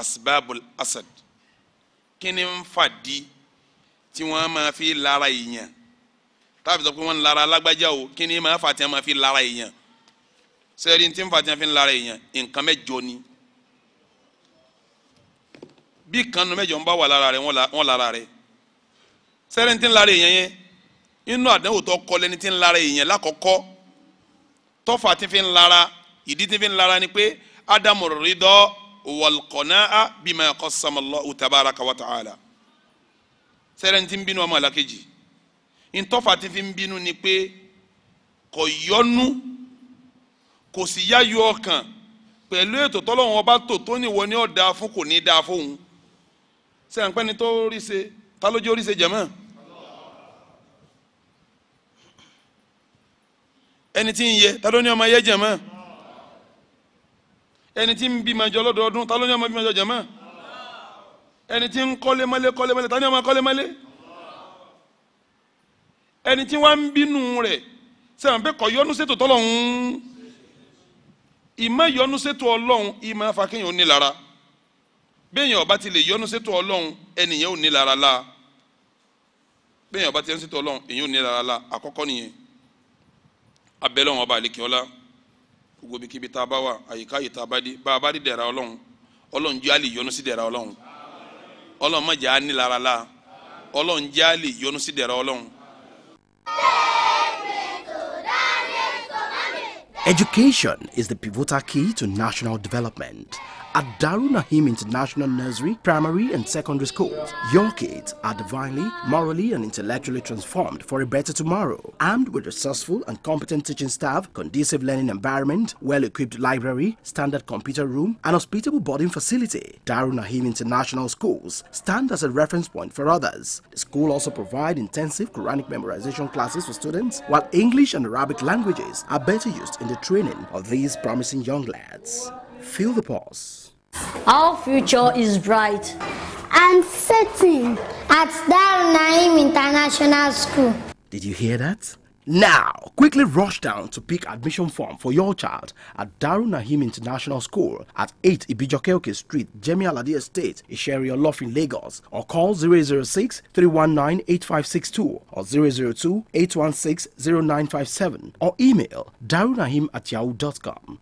asibabul asad kí ni ń fàdí tí wọ́n máa fi lára èèyàn táàbí sọ pé wọ́n ń lára alágbájá o kí ni máa fà tí wọ́n máa fi lára èèyàn sẹ́ẹ̀rì tí ń fà tí wọ́n fi lára èèyàn nǹkan mẹ́jọ ni bí kanu mẹ́jọ ń bá wà lára rẹ̀ wọ́n lára rẹ̀ sẹ́ẹ̀rì tí ń lára èèyàn yẹn inú àdánwò tó kọ lẹni tí ń lara èèyàn lákọ̀ọ́kọ́ tọ́fà tí fi ń lara ìdí tí fi ń lara ni pé ádámù rídọ́ wọ̀lkọ̀nà bímọ ẹ̀kọ́ sọmọlọ ùtàbára kàwátà àlà sẹ́rẹ̀ tí ń bínú ọmọ àlàkejì ntọ́fà tí fi ń bínú ni pé kò yọnu kò sì yáyọ ọkàn pẹ̀lú ètò tọ́lọ́wọ́n ọba tò tó ní wọ́n ní ọ̀dà fún kò ní dáa fóun sẹ́yìn pẹ́ni tó rí ṣe ta ló jẹ́ orí ṣe jẹ̀mọ́ ẹni tí ń yẹ ta ló ní ọmọ yẹ jẹmọ ẹni tí ń bímọ jọ lọ́dọọdún ta ló ní ọmọ bímọ jọ jẹmọ ẹni tí ń kọ́lé mọ́lé kọ́lé mọ́lé ta ní ọmọ kọ́lé mọ́lé ẹni tí wọ́n ń bínú rẹ̀ sẹ́wọ̀n pé kọ̀ yọnu sétò tọ́lọ́hún ìmọ̀ yọnu sétò ọlọ́hún ìmọ̀ afakẹ́yìn ò ní ọba ti lè yọnu sétò ọlọ́hún ẹnìyẹn ò la bẹ́ẹ̀yàn ọba ti yọnu sétò ọlọ́hún èyí ò la àkọ́kọ́ nìyẹn abẹ́lẹ́ wọn ọba àlekè ọlá gbogbo bí kíbi tá a bá wà àyíká yìí tá a bá dé bá a bá dé dẹ̀ra ọlọ́run ọlọ́run jẹ́ àlè yọ́nú sí dẹ̀ra ọlọ́run ọlọ́run mọ̀jẹ̀ á nílara la ọlọ́run jẹ́ àlè yọ́nú sí dẹ̀ra ọlọ́run. Education is the pivotal key to national development. At Daru Nahim International Nursery, Primary and Secondary Schools, your kids are divinely, morally and intellectually transformed for a better tomorrow. Armed with resourceful and competent teaching staff, conducive learning environment, well-equipped library, standard computer room and hospitable boarding facility, Daru Nahim International Schools stand as a reference point for others. The school also provide intensive Quranic memorization classes for students, while English and Arabic languages are better used in the training of these promising young lads. Feel the pause. Our future is bright and setting at Darul Naim International School. Did you hear that? Now, quickly rush down to pick admission form for your child at Darunahim Nahim International School at 8 Ibijokeoke Street, Jemi Aladi Estate, Isheri Olofin, Lagos, or call 006 319 or 002 816 0957 or email darunahim at yahoo.com.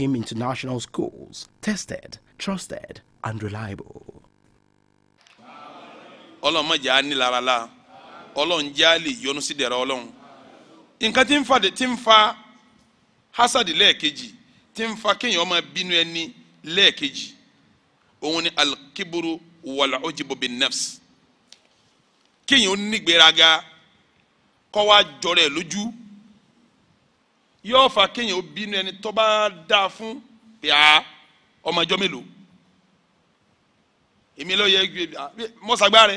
International Schools, tested, trusted, and reliable. ọlọ́mọdé á nílara la ọlọ́run yọnu sí nǹkan tí ń fa tí ń fa hasadi lẹ́ẹ̀kejì tí ń fa kéèyàn máa bínú ẹni lẹ́ẹ̀kejì òun ni alkiburu wàlà ojibo bin nafs kéèyàn nígbéraga kọ́ wá jọrọ ẹ̀ lójú yóò fa kéèyàn bínú ẹni tó bá dáa fún yàá ọmọjọ́ mélòó èmi ló yẹ mọ́sàgbá rẹ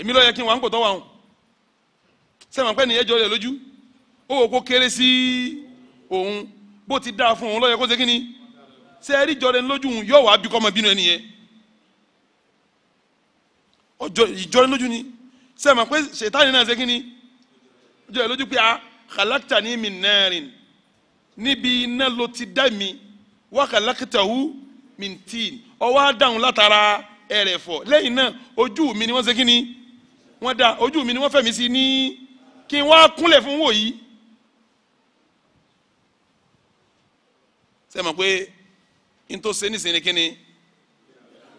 èmi ló yẹ kí n wà ń kò tọ́ wà hùn sẹ́wọ̀n pẹ́ nìyẹn jọ rẹ̀ lójú ó wò kó kéré sí òun bó ti dáa fún òun lọ́yẹ kó ṣe kí ni ṣe é rí jọ rẹ̀ lójú òun yóò wá bí kọ́ ọmọ bínú ẹni yẹn ọjọ́ ìjọ rẹ̀ lójú ni sẹ́wọ̀n pẹ́ ṣètánì náà ṣe kí ni jọ rẹ̀ lójú pé a ah, kàlákítà ní mi nẹ́rin níbi iná ló ti dá mi wá kàlákítà hu mi tì ọwọ́ á látara ẹ̀rẹ̀fọ̀ lẹ́yìn náà ojú mi ni wọ́n ṣe kí ni wọ́n dá ojú mi ni wọ́n fẹ̀mí sí ní kí n wá kúnlẹ̀ fún wò yìí ṣe mọ̀ pé n tó ṣe nísìnyí kí ni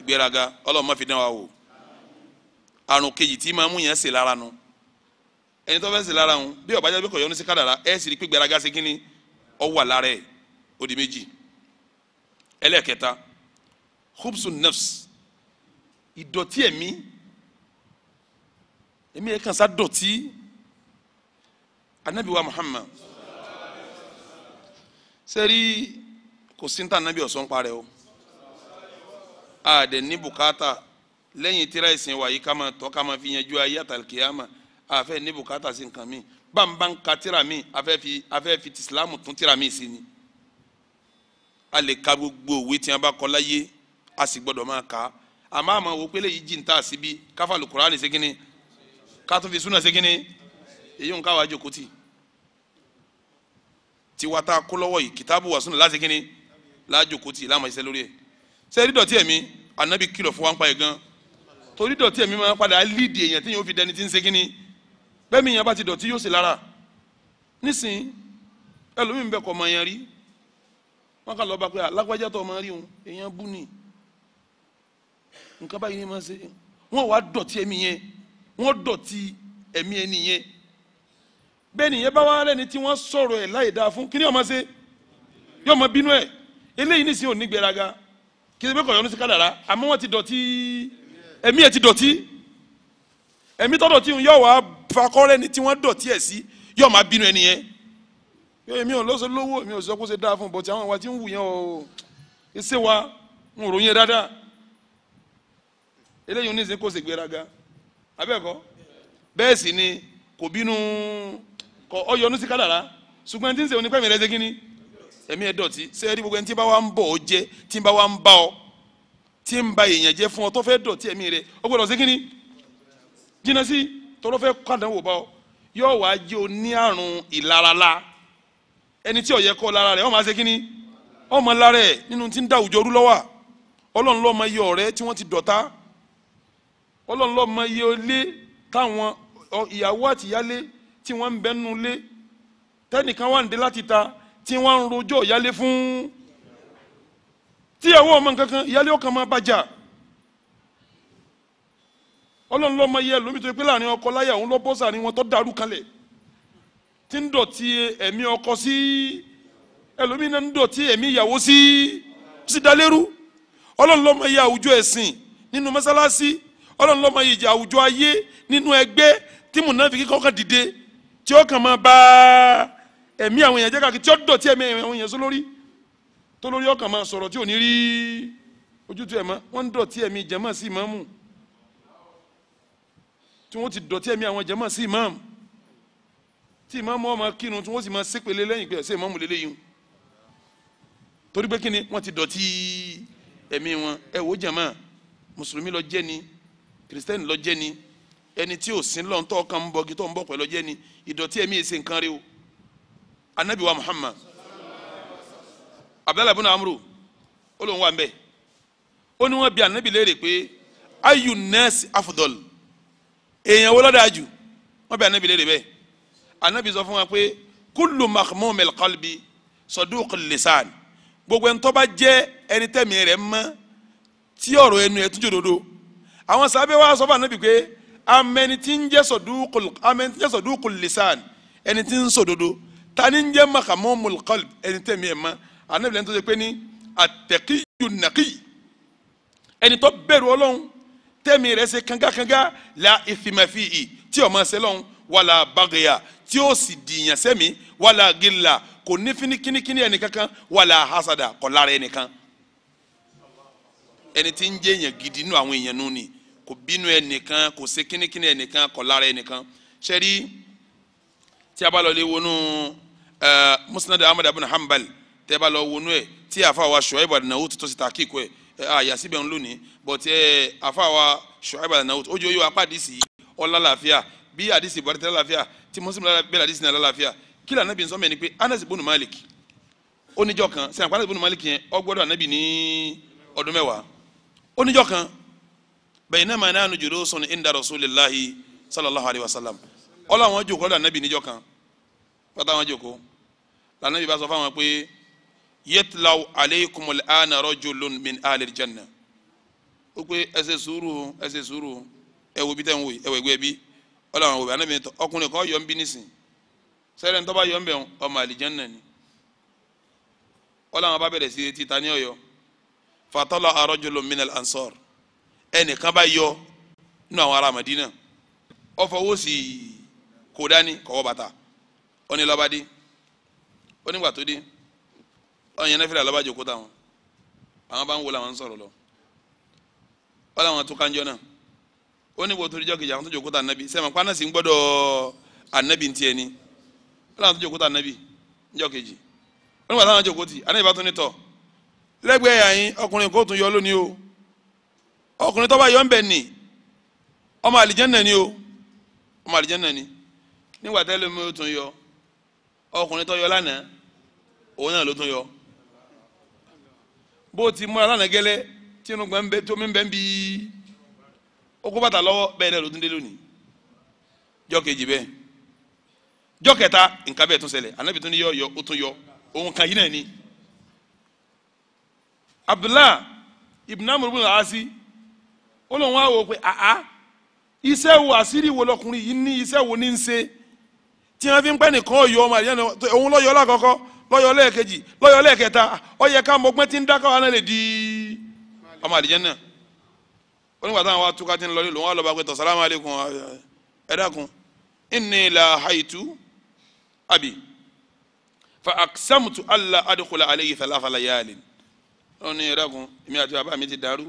ìgbéraga ọlọ́run má fi dán wa wò àrùn kejì tí máa mú yẹn ṣe lára nu ẹni tó fẹ́ ṣe lára nu bí ọ̀bájá bí kò yọnu sí kádàrá ẹ̀ sì rí pé ìgbéraga ṣe kí ni ọ wà lára ẹ̀ ó méjì ẹlẹ́ẹ̀kẹta hubsun nafs ìdọ̀tí ẹ̀mí ẹ̀mí ẹ̀ sá dọ̀tí anabi wa muhammad sẹ́rí kò sí ní ta anabi ọ̀sán parẹ́ o àdẹ̀ ní bùkátà lẹ́yìn tíra ìsìn wa yìí ká máa tọ́ ká máa fi yanjú ayé àtàlùkìyàmà àfẹ́ ní bùkátà sí nǹkan mi bàbá ń ka tíra mi afẹ́ fi afẹ́ fi ti Islam tún tíra mi sí ni a lè ka gbogbo òwe tí a bá kọ láyé a sì gbọ́dọ̀ máa kà àmọ́ àmọ́ wo pélé yìí jìntà síbi káfàlù kùránì ṣe kínní ká tún fi súnà ṣe kínní èyí ń ká wàá jókòó tì í. Tiwata tá a kitabu lọ́wọ́ yìí kìtàbù wà sunna láti kínní lájòkó tì láàmú iṣẹ́ lórí ẹ̀ sẹ́rí dọ̀tí ẹ̀mí ànábì kìlọ̀ fún wa ń pa ẹ̀ gan torí dọ̀tí ẹ̀mí máa padà lídìí èèyàn tí yóò fi dẹni tí ń ṣe kínní bẹ́ẹ̀ mi ti dọ̀tí yóò ṣe lára nísìnyí ẹlòmíín bẹ́ẹ̀ kọ́ ọmọ yẹn rí wọ́n kà lọ́ọ́ bá pé alágbájá tó ọmọ rí òun èèyàn bú ni nǹkan báyìí ni máa ṣe wọ́n wá dọ̀tí ẹ̀mí yẹn wọ́n dọ̀tí ẹ̀mí ẹni yẹn bẹ́ẹ̀ nìyẹn bá wà lẹ́ni tí wọ́n sọ̀rọ̀ ẹ̀ láì dáa fún kí ni ọmọ ṣe yóò mọ bínú ẹ̀ eléyìí nísìnyí ò ní gbéraga kí ebi kò yọnu sí kádàrá àmọ́ wọ́n ti dọ̀tí ẹ̀mí ẹ̀ ti dọ̀tí ẹ̀mí tó dọ̀tí yóò wá fakọ́rẹ́ ni tí wọ́n dọ̀tí ẹ̀ sí yóò máa bínú ẹni yẹn èmi ò lọ́sọ lówó èmi ò sọ kó ṣe dáa fún bọ̀tí àwọn ìwà tí ń wù yẹn o ṣé wa ń ròyìn dáadáa eléyìí oníṣe kó ṣe gbéraga abẹ́ẹ̀kọ́ bẹ́ẹ̀ sì ni kò bínú kọ ọ yọnu sí kádàrá ṣùgbọ́n tí ń ṣe onípẹ̀mí rẹ ṣe kí ni ẹ̀mí ẹ̀ dọ̀tí ṣé ẹ rí gbogbo ẹni tí bá wa ń bọ̀ ọ jẹ́ tí bá wa ń bá ọ tí ń ba èèyàn jẹ́ fún ọ tó fẹ́ dọ̀tí ẹ̀mí rẹ ọ gbọ́dọ̀ ṣe kí ni jìnnà sí tọ́lọ́ fẹ́ kàdánwò bá ọ yóò wá jẹ́ o ní àrùn ìlarala ẹni tí ó yẹ kó lára rẹ̀ máa ṣe kí ni ó máa lára ẹ̀ nínú tí ń dá àwùjọ rú lọ́wọ́ ọlọ́run lọ́ọ́ máa yọ ọ̀rẹ́ tí wọ́n ń bẹ́nu lé tẹ́nìkan wà ń dé láti ta tí wọ́n ń rojọ́ ìyálé fún tí àwọn ọmọ kankan ìyálé ọkàn máa bàjá ọlọ́run lọ́mọ yẹ lómi tó pé láàrin ọkọ láyà òun lọ́ bọ́sà ni wọ́n tó dàrú kalẹ̀ tí ń dọ̀tí ẹ̀mí ọkọ sí ẹlòmíín náà ń dọ̀tí ẹ̀mí ìyàwó sí sí dalérú ọlọ́run lọ́mọ yẹ àwùjọ ẹ̀sìn nínú mọ́sálásí ọlọ́run lọ́mọ yẹ àwùjọ ayé nínú ẹgbẹ́ tí mùnàfíkì kọ́kàn dìde tí ó kàn máa bá ẹ̀mí àwọn èèyàn jẹ́ káàkiri tí ó dọ̀tí ẹ̀mí àwọn èèyàn sọ lórí tó lórí ọkàn máa sọ̀rọ̀ tí ò ní rí ojútùú ẹ̀ mọ́ wọ́n ń dọ̀tí ẹ̀mí jàmáà sí ìmáàmù tí wọ́n ti dọ̀tí ẹ̀mí àwọn jàmáà sí ìmáàmù tí ìmáàmù ọmọ kírun tí wọ́n sì máa ṣépele lẹ́yìn pé ẹ̀sẹ̀ ìmáàmù lélẹ́yìn torí pé kíni wọ́n ti dọ̀tí ẹ̀mí wọn ẹ wò mùsùlùmí ló jẹ́ ni kìrìsìtẹ́nì ló jẹ́ ni ẹni tí ò sin lọ́n tó kàn ń bọ́gi tó ń bọ́ pẹ̀lú ọjẹ́ ni ìdọ̀tí ẹ̀mí èsì nǹkan rí o anabi wa muhammad abdallah ibn amru ó lóun wà ń bẹ̀ ó ní wọ́n bi anabi léèrè pé ayu nurse afdol èèyàn wo lọ́dà jù wọ́n bi anabi léèrè bẹ́ẹ̀ anabi sọ fún wa pé kullu makhmum al-qalbi saduq al-lisan gbogbo ẹni tó bá jẹ́ ẹni tẹ̀mí rẹ̀ mọ́ tí ọ̀rọ̀ ẹnu ẹ̀ tún jòdòdò àwọn sábẹ́ wa sọ fún anabi pé amẹni tí ń jẹ́ sọ̀dúkù amẹni tí ń jẹ́ sọ̀dúkù lisan ẹni tí ń sòdodo tani ń jẹ́ mahamomul qalb ẹni tẹ̀mí ẹ̀ ma anabilẹ̀ tó ṣe pé ní àtẹ̀kíyù nàkì ẹni tó bẹ̀rù ọlọ́run la ìfìmàfì yìí tí ó máa ṣe lọ́run wàlà bàgẹ́yà tí ó sì dìyàn sẹ́mi wàlà hasada kọ̀ lára ẹnìkan ẹni gidi nu àwọn èèyàn nù kò bínú ẹnìkan kò ṣe kínníkínní ẹnìkan kò lára ẹnìkan sẹ́rí tí a bá lọ lé wọnú musnad ahmed abu hanbal tí a bá lọ wọnú ẹ tí àfàwà shuaib adanahu tó ti ta kíkọ ẹ àyàsí bẹ́ẹ̀ ń lónìí but àfàwà shuaib adanahu ó jẹ́ oyún apá àdìsí ọ̀la làáfíà bí àdìsí buhari tẹ́lẹ̀ làáfíà tí muslim bẹ́ẹ̀ àdìsí náà làáfíà kí lànà bí n sọ́mọ́ ẹni pé anas ibn malik oníjọ́ kan sẹ́yìn àpá anas ibn malik yẹn ó gbọ́dọ̀ ní ọdún mẹ́wàá oníjọ́ kan bainama nahnu julusun inda rasulillahi sallallahu alayhi wa sallam ọlọ́ àwọn jòkó lọ́dọ̀ ànábì níjọ́ kan pátá àwọn jòkó lànàbì bá sọ fáwọn pé yatlaw alaykumul ana rajulun min alil janna ó pé ẹ ṣe sùúrù ẹ ṣe sùúrù ẹ wo bí wò ẹ ẹgbẹ́ bí ọlọ́ àwọn òbí ànábì tọ́ ọkùnrin kan yọ ń bá bẹ̀rẹ̀ sí ti ta ní ọ̀yọ́ fatala ẹnìkan bá yọ nínú àwọn ará Madina ọfọwọ́ sì kó dání kọ́wọ́ bàtà ọni lọ́ba dé onígbà tó dé ọ̀yàn náfìlà lọ́ba jòkó táwọn àwọn bá ń wo làwọn ń lọ wọ́n làwọn tó kánjọ́ náà tó àwọn tó tà sì ń ń ni wọ́n làwọn tó jòkó tà nábì níjọ́ kejì onígbà tì ọkùnrin tó bá yọ ń bẹ̀ nì ọmọ àlìjẹ́nà ni o ọmọ àlìjẹ́nà ni nígbà tẹ́lẹ̀ mi ò tún yọ ọkùnrin tó yọ lánàá òun náà ló tún yọ bó ti múra lánàá gẹ́lẹ́ tí inú gbọ́n bẹ tó mi bẹ́ ń bí ó kó bàtà lọ́wọ́ bẹ́ẹ̀ náà ló tún dé lónìí jọ́ kejì bẹ́ẹ̀ jọ́ kẹta nǹkan bẹ́ẹ̀ tún ṣẹlẹ̀ anábì tún ní yọ ó tún yọ òun kan yìí náà ni Abdullah ibn Amr ibn al ó lóun á wò pé àá iṣẹ́ wo àṣírí wo lọkùnrin yìí ní iṣẹ́ wo ní ń ṣe tí wọ́n fi ń pẹ́ nìkan ọ̀yọ́ ọmọ àdìyàn òun lọ́yọ́ lákọ́kọ́ lọ́yọ́ lẹ́ẹ̀kejì lọ́yọ́ lẹ́ẹ̀kẹta ó yẹ ká mọ́gbọ́n tí ń dákọ̀ wọn lè di ọmọ àdìyàn náà ó nígbà táwọn wa túká tí ń lọlé lòun wà lọ́ba pé tọ̀sálámù aleykum ẹ dákun inni la haitu abi fa aksamutu alla adukula aleyhi salafa layalin ó ní ẹ dákun èmi àti bàbá mi ti dàrú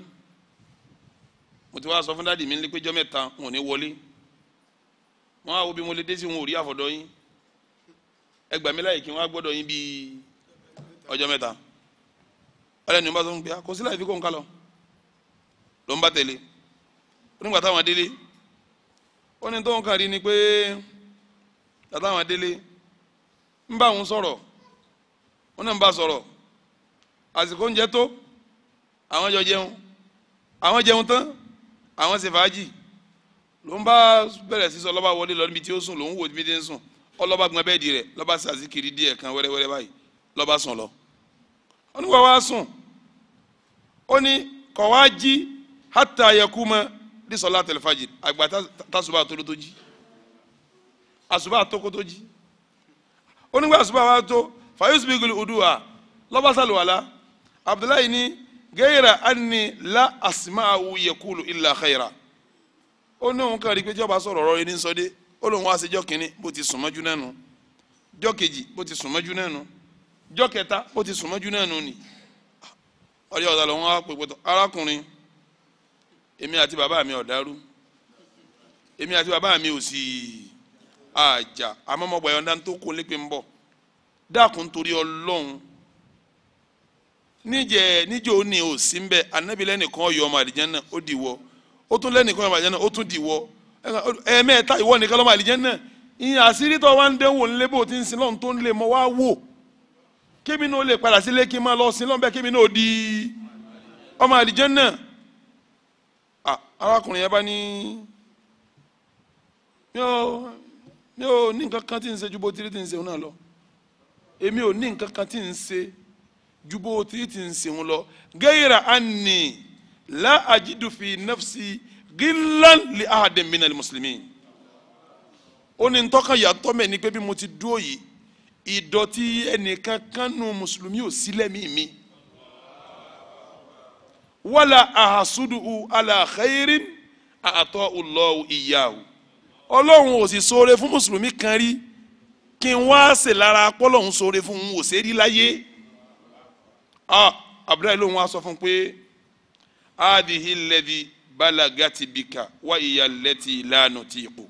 mo ti wá sọ fún dáàdì mi ní péjọ mẹ́ta wọn ò ní wọlé wọn á wo bí mo lè dé sí wọn ò rí àfọ̀dọ́ yín ẹ gbà mí láyè kí wọn á gbọ́dọ̀ yín bíi ọjọ́ mẹ́ta ọlẹ́ni ló ń bá sọ fún pé ah, kò sí láì fi kó nǹkan lọ ló ń bá tẹ̀lé onígbà táwọn délé ó ní tóun kàn rí ni pé táwọn délé ń bá òun sọ̀rọ̀ ó náà ń bá sọ̀rọ̀ àsìkò oúnjẹ tó àwọn jọ jẹun àwọn jẹun tán àwọn ṣe fàájì ló ń bá bẹ̀rẹ̀ sí sọ lọ́ba wọlé lọ níbi tí ó sùn ló ń wò níbi tí ń sùn ọlọ́ba gbọ́n bẹ́ẹ̀dì rẹ̀ lọ́ba sàzíkiri díẹ̀ kan wẹ́rẹ́wẹ́rẹ́ báyìí lọ́ba sùn lọ. oníwà wa sùn ó ní kọ̀ wá jí hátà yẹkú mọ́ ní sọlá tẹlifájì àgbà tásùbà tó ló tó jí àsùbà tó kó tó jí onígbà àsùbà wa tó fàyọsùbí gbèlú odùwà lọ́ba sàlùwàlà Abdullahi ní gẹ́yìrà anni la asimahu yekulu illa khayra ó ní òun kàn rí i pé jọba sọ̀rọ̀ ọ̀rọ̀ ẹni sọ́dé ó lóun wá sí jọ́ kínní bó ti sùn mọ́jú náà nù jọ́ kejì bó ti sùn mọ́jú náà nù jọ́ kẹta bó ti sùn mọ́jú náà nù ni ọ̀rẹ́ ọ̀dà lòun wá pè pọ̀tọ̀ arákùnrin èmi àti bàbá mi ọ̀dàrú èmi àti bàbá mi ò sì àjà àmọ́ mọ́gbà yọ̀ǹda tó kó lépè ń bọ̀ dákun torí ọlọ́run níjẹ níjọ ní o sí mbẹ anabi lẹnìkan ọyọ ọmọ àlìjánná ó di wọ ó tún lẹnìkan ọmọ àlìjánná ó tún di wọ ẹ̀ẹ̀mẹ́ta ìwọ nìkan lọmọ àlìjánná ìyẹn àṣírí tó wá ń dẹ́wò ńlẹ́ bó ti ń sin lọ́n tó ń lè mọ wá wò kémi náà lè padà sílé kí n máa lọ sin lọ́n bẹ́ẹ̀ kémi náà di ọmọ àlìjánná arákùnrin yẹn bá ní yóò yóò ní nǹkan kan tí ń ṣe ju bó ti rí ń ṣe òun lọ èmi ò ní nǹkan kan tí ń ṣe ju bó ti ti ń sìn lọ gẹ́yìrà ànì la àjídù fi nafsi gílan li ahadin minal muslimin ó ní ntọ́kan yàtọ̀ mẹ́ ni pé bí mo ti dúró yìí ìdọ̀tí ẹnìkan kánú mùsùlùmí ò sílẹ̀ mí mi wala ahasudu ala khairin àtọ́ Allahu iyyahu ọlọ́run ò sì ṣoore fún mùsùlùmí kan rí kí n wá ṣe lára pọ́lọ́hún ṣoore fún un ò ṣe rí láyé ah abdullahi ló ń wá sọ fún pé adihi lẹdi balagati bika wa iya lẹti lanu ti ipò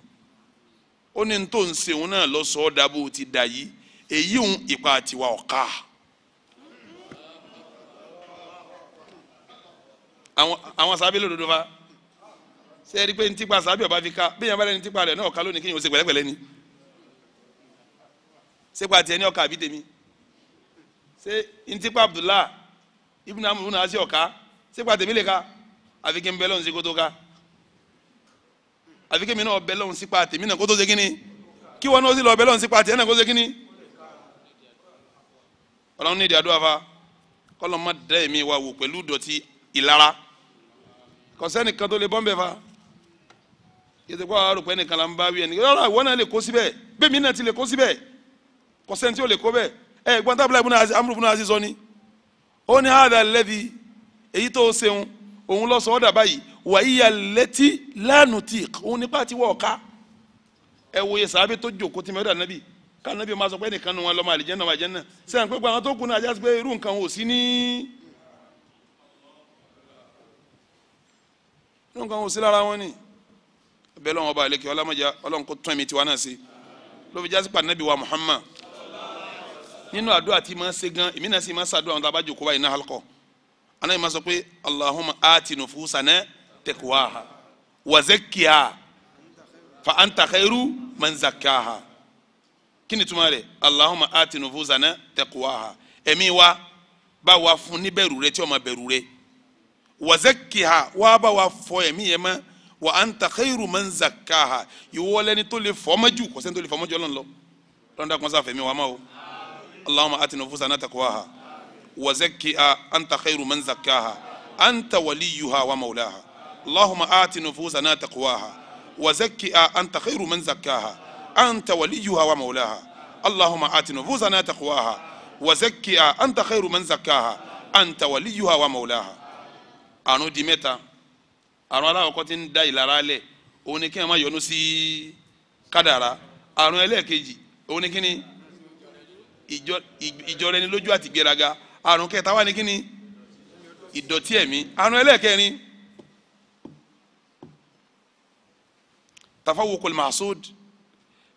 ó ní tó ń sèwọn náà lọ sọ ọ dábò ti dà yìí èyí ń ipa tiwa ọ̀ka àwọn sábẹ́ lòdòdó fa ṣe é rí i pé ní tipa sábẹ́ ọba fi ká bí yẹn bá lẹ́ni tipa rẹ̀ náà ọ̀ka lónìí kí yẹn ó ṣe pẹ̀lẹ́pẹ̀lẹ́ ni ṣé pa tiẹ̀ ní ọkà àbí tèmi ṣé ntipa abdullah ibn amúlù náà ṣe ọ̀ka ṣé pàtẹ́ mi lè ka àfi kí n bẹ́ẹ̀ lọ́hùn sí kó tó ka àfi kí mi náà bẹ́ẹ̀ lọ́hùn sí pàtẹ́ mi náà kó ṣe kí ni kí wọn náà sì lọ bẹ́ẹ̀ lọ́hùn sí pàtẹ́ náà kó ṣe kí ni. ọlọ́run ní ìdí àdúrà fa kọ́lọ́ má dá èmi wa wò pẹ̀lú dọ̀tí ìlara kọ̀sẹ́nì kan tó lè bọ́ ń bẹ̀ fa yẹtẹ kó àwọn arúgbó ẹnìkan là ń bá wí ẹnìkan lọ́la ìwọ náà lè kó síbẹ̀ bẹ́ẹ̀ náà ti lè kó síbẹ̀ kọ̀sẹ́ni tí ó lè kó bẹ́ẹ̀ ẹ eh, gbọ́n tábìlà ibùnà amúrù ibùnà aziz sọ ni ó ní àdà lẹ́bi èyí tó ṣeun òun lọ sọ ọ́dà báyìí wàyíyà lẹ́tí lánàá tí òun nípa ti wọ́ ọ̀ka ẹ wòye sàábẹ́ tó jòkó tí mẹ́rẹ́dà nàbì ká nàbì máa sọ pé nìkan nu wọn lọ́mọ àlìjẹ́nà wà jẹ́nà sẹ́yìn pé gbogbo àwọn tó kù náà jásí pé irú nǹkan ò sí ní. irú nǹkan ò sí lára wọn ni bẹ́ẹ̀ lọ́wọ́ ọba àlekè ọlọ́mọdé ọlọ́nkó tún ẹ̀mí tiwa náà sí ló fi pàdánù nàbì wa Muhammad nínú àdúrà tí máa ń ṣe gan èmi náà sì máa ń ṣàdúrà àwọn tá a bá jòkó báyìí náà halkọ anáyìí máa sọ pé allahumma aati nufusana taqwaha wa zakkiha fa anta khairu man zakkaha kí ni túmọ̀ rẹ̀ allahumma aati nufusana taqwaha ẹ̀mí wa bá wa fún níbẹ̀rù rẹ tí ó máa bẹ̀rù rẹ wa zakkiha wa bá wa fọ ẹ̀mí yẹn mọ́ wa anta khairu man zakkaha ni tó lè fọ́ mọ́jú kọ́sẹ́ni tó lè fọ́ mọ́jú ọlọ́run lọ lọ́dọ̀ kọ́sá fẹ̀mí wa máa o. اللهم آت نفوسنا تقواها وزكها أنت خير من زكاها أنت وليها ومولاها اللهم آت نفوسنا تقواها وزكها أنت خير من زكاها أنت وليها ومولاها اللهم آت نفوسنا تقواها وزكها أنت خير من زكاها أنت وليها ومولاها àrùn di mẹ́ta àrùn aláwọ̀kọ́ ti ń da ìlara lẹ̀ òun ni kí ẹ má yọnu ìjọra ẹni lójú àti ìgbéraga àrùn kẹta wà ní kíni ìdọ̀tí ẹ̀mí àrùn ẹlẹ́ẹ̀kẹrin tafawukul masud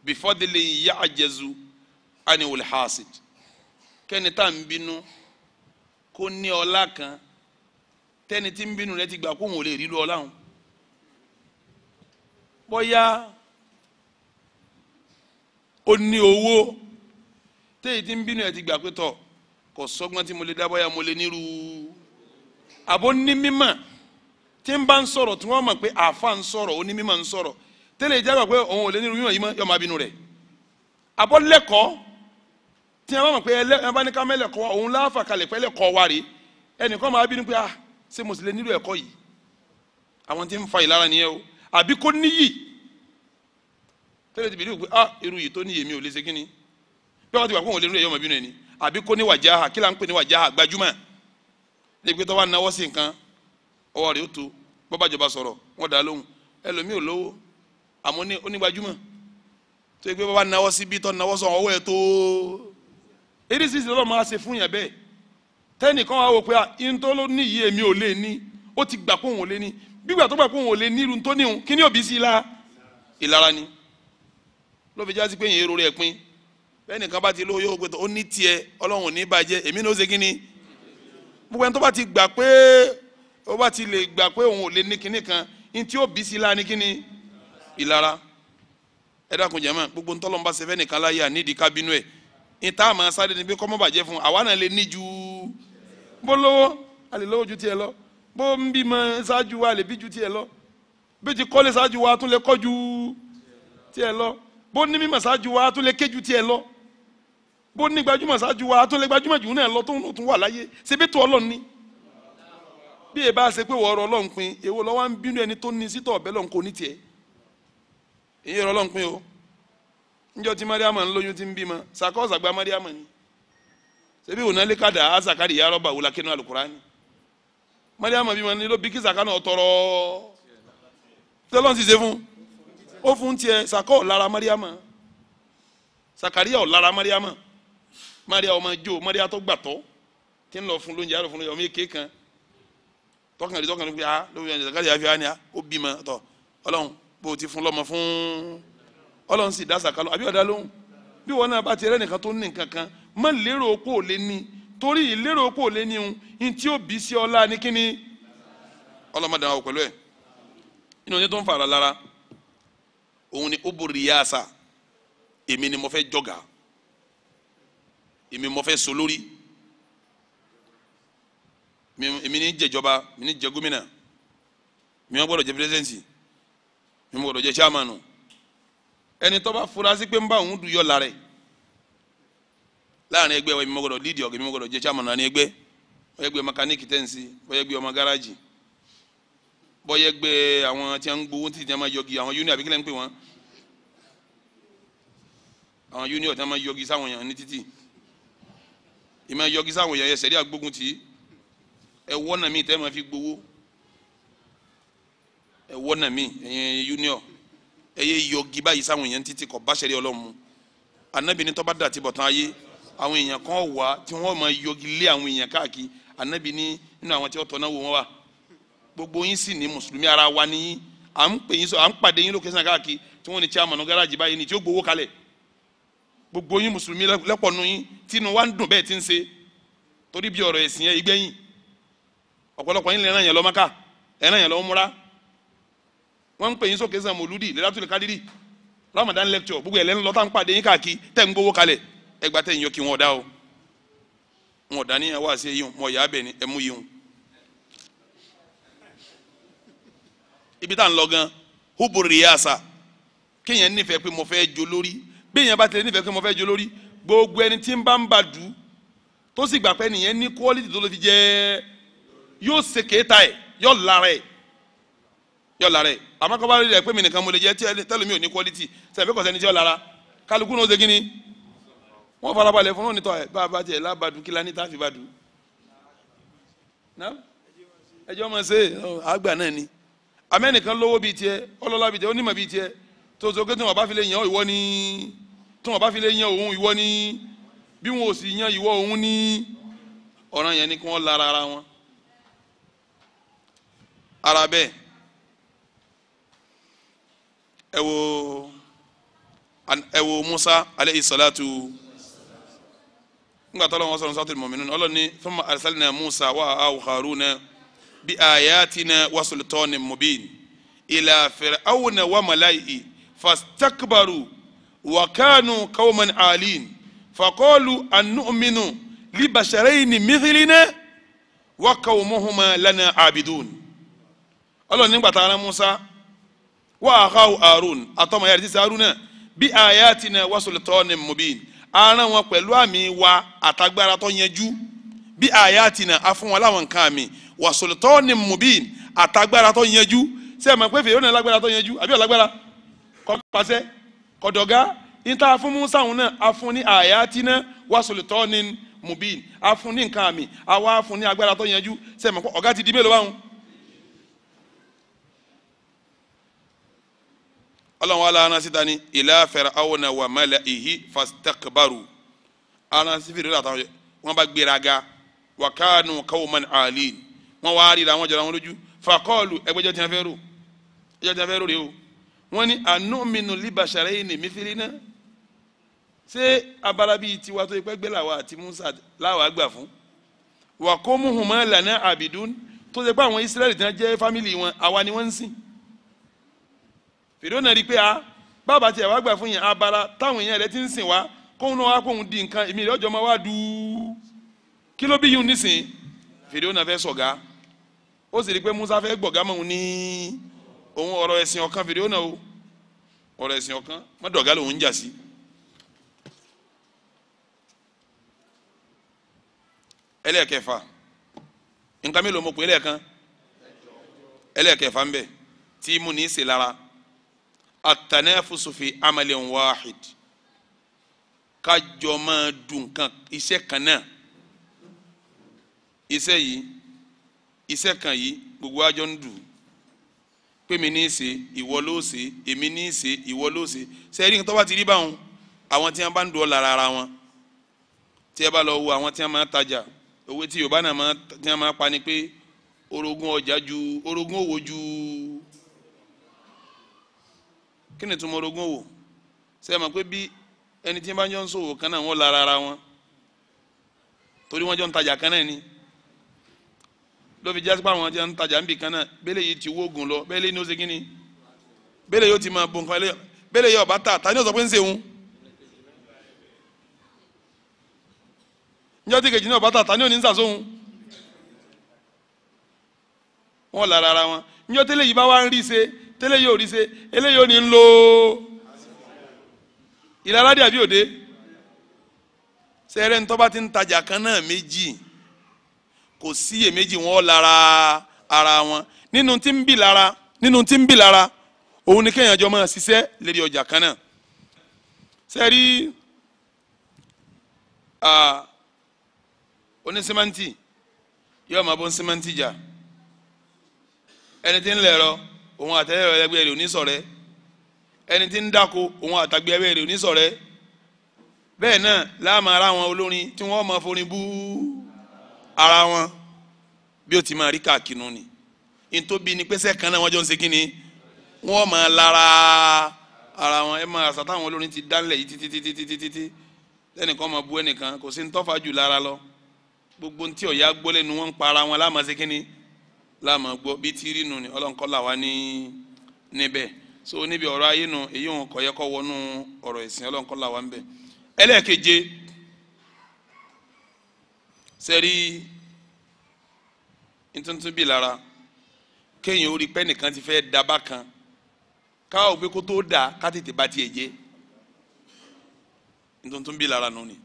bifadili yaajazu aniwul hasid kẹ́ni tá à ń bínú kó ní ọlá kan tẹ́ni tí ń bínú rẹ ti gbà kóhùn ò lè ríru ọlá hùn bóyá ó ní owó téyì tí ń bínú ẹ ti gbà pé tọ kò sọgbọ́n tí mo lè dábọ́ ya mo lè nírú àbó ní mímọ̀ tí ń bá ń sọ̀rọ̀ tí wọ́n mọ̀ pé àfa ń sọ̀rọ̀ ó ní mímọ̀ ń sọ̀rọ̀ tẹ́lẹ̀ ìjágbà pé òun ò lè nírú yíyan yọ máa bínú rẹ̀ àbọ̀ lẹ́kọ̀ọ́ tí wọ́n mọ̀ pé ẹ bá ní ká mẹ́lẹ̀kọ́ òun láàfà kalẹ̀ pẹ́ lẹ́kọ̀ọ́ wa rè ẹnìkan máa bínú pé ah ṣé mo sì lè nírú ẹ̀kọ́ yìí àwọn tí ń fa ìlara nìyẹn o àbí kó níyì tẹ́lẹ̀ ti bìrì pé ah irú yìí tó níyì mi ò lè ṣe kíni bí wọ́n ti wà kó wọn lè nú ẹ̀yọ́ ọmọbìnrin ẹni àbí kó ní wàjáhà kí là ń pè ní wàjáhà gbajúmọ̀ ní pé tó bá náwó sí nǹkan ọwọ́ rẹ̀ ó tó bọ́bàjọba sọ̀rọ̀ wọ́n dá lóhùn ẹlòmíì ò lówó àmọ́ onígbajúmọ̀ tó yẹ pé bọ́bá náwó sí bí tó náwó sọ ọwọ́ ẹ̀ tó eré sísè lọ́dọ̀ máa ṣe fún yàn bẹ́ẹ̀ tẹ́nìkan wá wò pé ìntọ́ló níyì èmi ò ẹnìkan bá ti lówó yóò gbẹtọ ó ní tiẹ̀ Ọlọ́run ò ní bàjẹ́ èmi ní ó ṣe kínní gbogbo ẹni tó bá ti gbà pé ó bá ti lè gbà pé òun ò lè ní kínní kan ní tí ó bí sí láàánú kínní ìlara ẹ dákun jẹmọ gbogbo ntọ́lọ́n bá ṣe fẹ́ nìkan láyé ànídìí kábínú ẹ̀ ní tá a máa sáré ni pé kọ́mọ́ bàjẹ́ fún àwa náà lè ní ju bó lówó a lè lówó ju tiẹ̀ lọ bó ń bímọ ṣáájú wa a lè bí ju tiẹ̀ lọ bí ti kọ́lé ṣáájú wa a tún lè kọ́ ju tiẹ̀ lọ bó ní mímọ̀ ṣáájú wa a tún lè ké ju tiẹ̀ lọ bó ní gbajúmọ̀ ṣáájú wa tó lè gbajúmọ̀ jù náà lọ tó ń tún wà láyé ṣe tó ọlọ́run ní. bí ẹ ṣe pé wọ́ọ̀rọ̀ ọlọ́run pin èwo lọ́wọ́ ń bínú ẹni tó ní sítọ̀ ọ̀bẹ o níjọ́ tí mariama ń lóyún ti ń bímọ ma gba mariama ni ṣebí òun náà lè kàdà á yàrá ọba òun lakínú alukurani mariama bímọ ni ló bí ọtọrọ tẹlọ́n ti lara ọ̀ maria ọmọ jo maria tó gbàtọ́ tí ń lọ fún lóúnjẹ àlọ́ fún lóúnjẹ ọmọ èké kan tọkànlélẹ́ tọkànlélẹ́ pé ah lóbi ẹni zakari àfi àni ah ó bímọ tọ ọlọ́run bó o ti fún lọ́mọ fún ọlọ́run sì dá sàkálọ àbí ọ̀dà lóhùn bí wọn náà bá ti rẹ́ nìkan tó ní nǹkan kan má lérò kó o lé ní torí ìlérò kó o lé ní un ní tí ó bí sí ọlá ní kíní ọlọ́mọdé àwọn pẹ̀lú ẹ̀ inú oúnjẹ tó ń fara lára òun ni ó borí yáàsà èmi ni mo fẹ́ jọ̀gàá èmi mo fẹ́ so lórí èmi ní jẹjọba èmi ní jẹ gómìnà mi wọn gbọ́dọ̀ jẹ pírẹsidẹnti mi wọn gbọ́dọ̀ jẹ sàmánu ẹni tó bá fura sí pé ń bá òun dùn yọ lára ẹ láàrin ẹgbẹ́ wa èmi mo gbọ́dọ̀ lídìí ọgẹ èmi mo gbọ́dọ̀ jẹ sàmánu àní ẹgbẹ́ bóyá ẹgbẹ́ mẹkáníìkì tẹ́ǹsì bóyá ẹgbẹ́ ọmọ gáràjì bóyá ẹgbẹ́ àwọn tí wọn ń gbowó tí wọn máa yọgi àwọn union àbíkílẹ̀ ń pè wọn àwọn ìmọ̀ yọgí sáwọn èèyàn ẹsẹ̀ rí agbógun tì í ẹ̀wọ́ nà mí tẹ́ máa fi gbowó ẹ̀wọ́ nà mí ẹ̀yìn union ẹ̀yẹ yọgí báyìí sáwọn èèyàn títí kọ̀ bá ṣẹ̀rí ọlọ́run mu anabi ní tọ́ba dàtí bọ̀tán ayé àwọn èèyàn kan wà tí wọ́n máa yọgí lé àwọn èèyàn káàkiri anabi ní nínú àwọn tí wọ́n tọ́ná wò wọ́n wà gbogbo yín sì ní mùsùlùmí ara wa ní yín à ń pè yín sọ à ń pàdé yín lókè sàn káàkiri tí wọ́n ní chairman gáràjì báyìí ní tí ó gbowó kalẹ̀ gbogbo yín mùsùlùmí lẹ́pọ̀ nu yín tínú wa ń dùn bẹ́ẹ̀ ti ń ṣe torí bí ọ̀rọ̀ ẹ̀sìn yẹn ìgbẹ́yìn ọ̀pọ̀lọpọ̀ yín lẹ́ràn yẹn lọ Mákà ẹ̀ràn yẹn lọ múra wọ́n ń pè yín sókè sàn mòlúdì lẹ́dàtúlẹ̀ kádírì Ramadan lecture gbogbo ẹ̀ lẹ́nu lọ́tà ń pàdé yín káàkiri tẹ̀ ń gbowó kalẹ̀ ẹgbà tẹ̀ ń yọ kí wọn ọ̀dà o wọn ọ̀dà ní àṣẹ bí èèyàn bá tilẹ̀ nífẹ̀ẹ́ pé mo fẹ́ jẹ olórí gbogbo ẹni tí ń bá ń bàdú tó sì gbà pé nìyẹn ní tó fi jẹ yóò ṣe kéta ẹ̀ yóò lára ẹ̀ yóò lára ẹ̀ àmọ́ kọ́ bá rí rẹ̀ pé nìkan mo jẹ ò ní tí yóò lára ni wọ́n fún onítọ̀ ẹ̀ bá a bá tiẹ̀ lábàdú kí la ní tá a fi bàdú ẹjọ́ máa ṣe àgbà náà ni lówó bíi ọlọ́lá bíi onímọ̀ tó so pé tí wọn bá fi lè yan ìwọ ni tí wọn bá fi lè yan òun ìwọ ni bí wọn ò sì yan ìwọ òun ni ọ̀ràn yẹn ni kí wọ́n lára ara wọn ara bẹ́ẹ̀ ẹ wo ẹ wo Musa aleyhi salatu ńgbà tó lọ́wọ́ sọ̀rọ̀ sọ́tò mọ̀mínú ọlọ́run ní thumma arsalna Musa wa ahu Haruna bi ayatina wa sultanin mubin ila fir'auna wa mala'i fastakbaru wa kanu qauman alin faqalu an nu'minu li basharayni mithlina wa qaumuhuma lana abidun ọlọ́run nígbà tá a rán Musa wa akhahu Harun àtọmọ yàrá títí Haruna bi ayatina wa sultanin mubin aran wọn pẹ̀lú àmì wa àtagbára tó yanjú bí àyàtìnà afúnwọn láwọn nǹkan àmì wàsòlítọ́ ni mubin àtagbára tó yanjú sẹ́ẹ̀ mọ̀ pé fèrè ó ní lágbára tó yanjú àbí kọ́pàṣẹ kọ̀dọ̀gá níta fún musa òun náà a fún ní àyà tiná wàsùlùtọ́ ní mubin a fún ní nǹkan àmì àwa fún ní agbára tó yanjú sẹ́mi ọ̀gá ti di mélòó báwọn. ọlọ́run ala aran síta ni ilá fẹ̀rẹ̀ àwọn náà wà mẹ́lẹ̀ ìhí fasitẹ́kẹ̀bárù aran sífìrí rẹ̀ àtàwọn wọn bá gbéraga wàkánù káwọmọ́ni àlè wọn wá ríra wọn jọra wọn lójú fàkọ́ọ̀lù ẹgbẹ́jọ́ tí wọn fẹ́ rò ẹgbẹ́jọ́ tí wọn fẹ́ o wọ́n ní anúmínú libasara yìí ní mífìrí náà ṣé abala bíi tiwa tó ipẹ́ gbé làwa àti Musa láwa gbà fún wà kó muhùn mọ́ lànà àbìdún tó ṣe pé àwọn Israẹli tí wọ́n jẹ́ fámìlì wọn àwa ni wọ́n ń sìn fìdó náà rí pé a ah, bàbá tiẹ̀ wá gbà fún yẹn abala táwọn èèyàn rẹ ti ń sìn wá kóun náà wá kóun di nǹkan èmi rẹ ọjọ́ máa wá dùú kí ló bí yìí nísìn fìdó náà fẹ́ sọ̀gá ó sì rí pé Musa fẹ́ gbọ̀gá mọ́ òun òun ọ̀rọ̀ ẹ̀sìn ọ̀kan fèrè ó nà o ọ̀rọ̀ ẹ̀sìn ọ̀kan mọ́dọ̀gá lòun ń jà sí. ẹlẹ́ẹ̀kẹfà nǹkan mélòó mo pè é lẹ́ẹ̀kan ẹlẹ́ẹ̀kẹfà ń bẹ tí mo ní í ṣe lára at-tanafusu fi amalin wahid kájọ máa dùn kan iṣẹ́ kan náà iṣẹ́ yìí iṣẹ́ kan yìí gbogbo àjọ ń dùn pé mi ní í ṣe ìwọ ló ṣe èmi ní í ṣe ìwọ ló ṣe sẹ́ẹ̀rì tó bá ti rí báwọn àwọn tí wọ́n bá ń du ọ̀la ara wọn tí ẹ bá lọ wo àwọn tí wọ́n máa ń tajà owó tí yorùbá náà tí wọ́n máa pa ni pé orogún ọjà ju orogún òwò ju kí ni túmọ̀ orogún òwò sẹ́ẹ̀ mọ̀ pé bí ẹni tí wọ́n bá jọ ń ṣòwò kan náà wọ́n lára ara wọn torí wọ́n jọ ń tajà kan náà ni ló fi jásí pé àwọn jẹ́ ń tajà ń bì kan náà bẹ́lẹ̀ yìí ti wógun lọ bẹ́lẹ̀ ní ó ṣe kínní bẹ́lẹ̀ yóò ti máa bo nǹkan ẹlẹ́yọ̀ bẹ́lẹ̀ yóò bá tà tani ó sọ pé ń ṣeun níjọ́ tí kejì náà bá tà tani ó ní ń sàsóhun wọ́n lára ara wọn níjọ́ tẹ́lẹ̀ yìí bá wá ń rí ṣe tẹ́lẹ̀ yóò rí ṣe eléyìí ò ní ń lo ìlara dàbí òde sẹ́rẹ́ ń tọ́ bá ti ń tajà kan náà méjì kò síyèméjì wọn lára ara wọn nínú tí ń bì lára nínú tí ń bì lára òun ni kéèyàn jọ máa ṣiṣẹ́ lérí ọjà kan náà sẹ́rí onísímẹ́ǹtì yóò máa bó ń símẹ́ǹtì jà ẹni tí ń lẹ̀rọ òun àtẹ̀lẹ́rọ ẹgbẹ́ rẹ̀ oníṣọ̀rẹ́ ẹni tí ń dáko òun àtàgbẹ́ ẹgbẹ́ rẹ̀ oníṣọ̀rẹ́ bẹ́ẹ̀ náà láàmú ara wọn olórin tí wọ́n máa forin búú ara wọn bí ó ti máa rí káàkiri ni ntóbi ni pẹ́sẹ́ kan náà wọ́n jọ ń ṣe kí ni wọ́n máa lára ara wọn ẹ máa àṣà táwọn olórin ti dánlẹ̀ yìí títí títí títí títí lẹ́nìkan máa bu ẹnìkan kò sí ntọ́fà jù lára lọ gbogbo ntí ọ̀yá gbọ́lẹ̀ ni wọ́n ń para wọn láàmà ṣe kí ni láàmà gbọ́ bí ti rí nu ni ọlọ́nkọ́ là wá ní níbẹ̀ so níbi ọ̀rọ̀ ayé nu èyí wọn kò yẹ kó wọnú ọ̀rọ̀ ẹ̀sìn ọlọ́nkọ́ là wá ń bẹ̀ ẹlẹ́ẹ̀keje sẹ́rí ntuntun bíi lára kéèyàn ó rí pé nìkan ti fẹ́ daba kan káwọ́ pé kó tó dà ká tètè bá tiẹ̀ jẹ́ ntuntun bíi lára nù ni.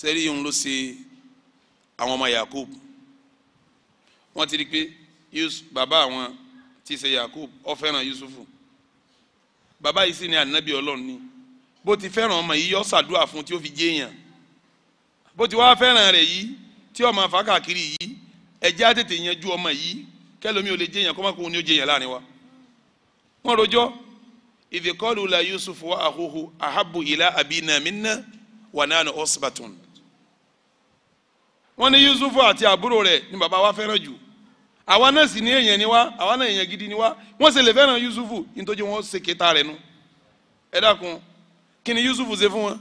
sẹ́rí òun ló ṣe àwọn ọmọ Yakub wọ́n ti rí pé bàbá àwọn tí ṣe Yakub ó Yusufu bàbá yìí sì ni ànábì Ọlọ́run ni bó ti fẹ́ràn ọmọ yìí yọ ṣàdúrà fún tí ó fi jéèyàn bó ti wá fẹ́ràn rẹ̀ yìí tí ọmọ àfákàkiri yìí ẹjẹ́ á yanjú ọmọ yìí kẹlòmí ò lè jéèyàn kọ́ mọ́kùnrin ni ó jéèyàn láàrin wa. wọ́n rojọ́ ìfikọ́lù la Yusuf wa ahuhu ahabu ila abina minna wa nanu osbatun. wọ́n ní Yusuf àti àbúrò rẹ̀ ni bàbá wa fẹ́ràn jù àwa náà sì ní èèyàn ni wá àwa náà èèyàn gidi ni wá wọ́n sì lè fẹ́ràn Yusuf nítorí wọ́n ṣe kéta rẹ̀ nu ẹ dákun Kini ni Yusuf ṣe fún wọn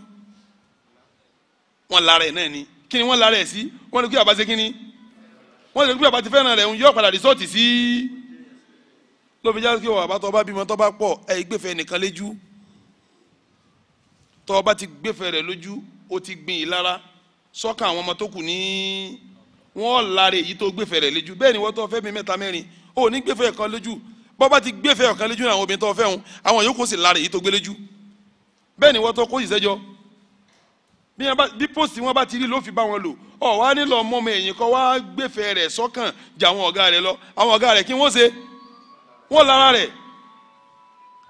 wọn lára ẹ̀ náà ni Kini ni wọ́n lára ẹ̀ sí wọ́n lè kí bàbá ṣe kí ni wọ́n lè kí bàbá ti fẹ́ràn rẹ̀ ń yọ padà rìsọ́ọ̀tì sí lóbi jáde kí wọ́n bàbá tó bá bímọ tó bá pọ̀ ẹ̀ gbẹ̀fẹ̀ nìkan lójú tó bá ti gbẹ̀fẹ̀ rẹ̀ lójú ó ti gbìn ìlara sọ́kà àwọn ọmọ tó kù ní wọ́n lára èyí tó gbẹ̀fẹ̀ rẹ̀ lójú bẹ́ẹ̀ ni wọ́n tó fẹ́ mi mẹ́ta mẹ́rin ó ní gbẹ̀fẹ̀ kan lójú bọ́ bá ti gbẹ̀fẹ̀ ọ̀kan lójú àwọn obìnrin tó fẹ́ hun àwọn yòókù sì lára èyí tó gbé lójú bẹ́ẹ̀ ni wọ́n tó kó ìṣẹ́jọ́ bí pósìtì wọn bá ti rí ló fi bá wọn lò ọ wá nílò ọmọ ọmọ ẹ̀yìn kan wá gbẹ̀fẹ̀ rẹ̀ sọ́kàn jà àwọn ọ̀gá rẹ̀ lọ àwọn ọ̀gá rẹ̀ kí wọ́n ṣe wọ́n lára rẹ̀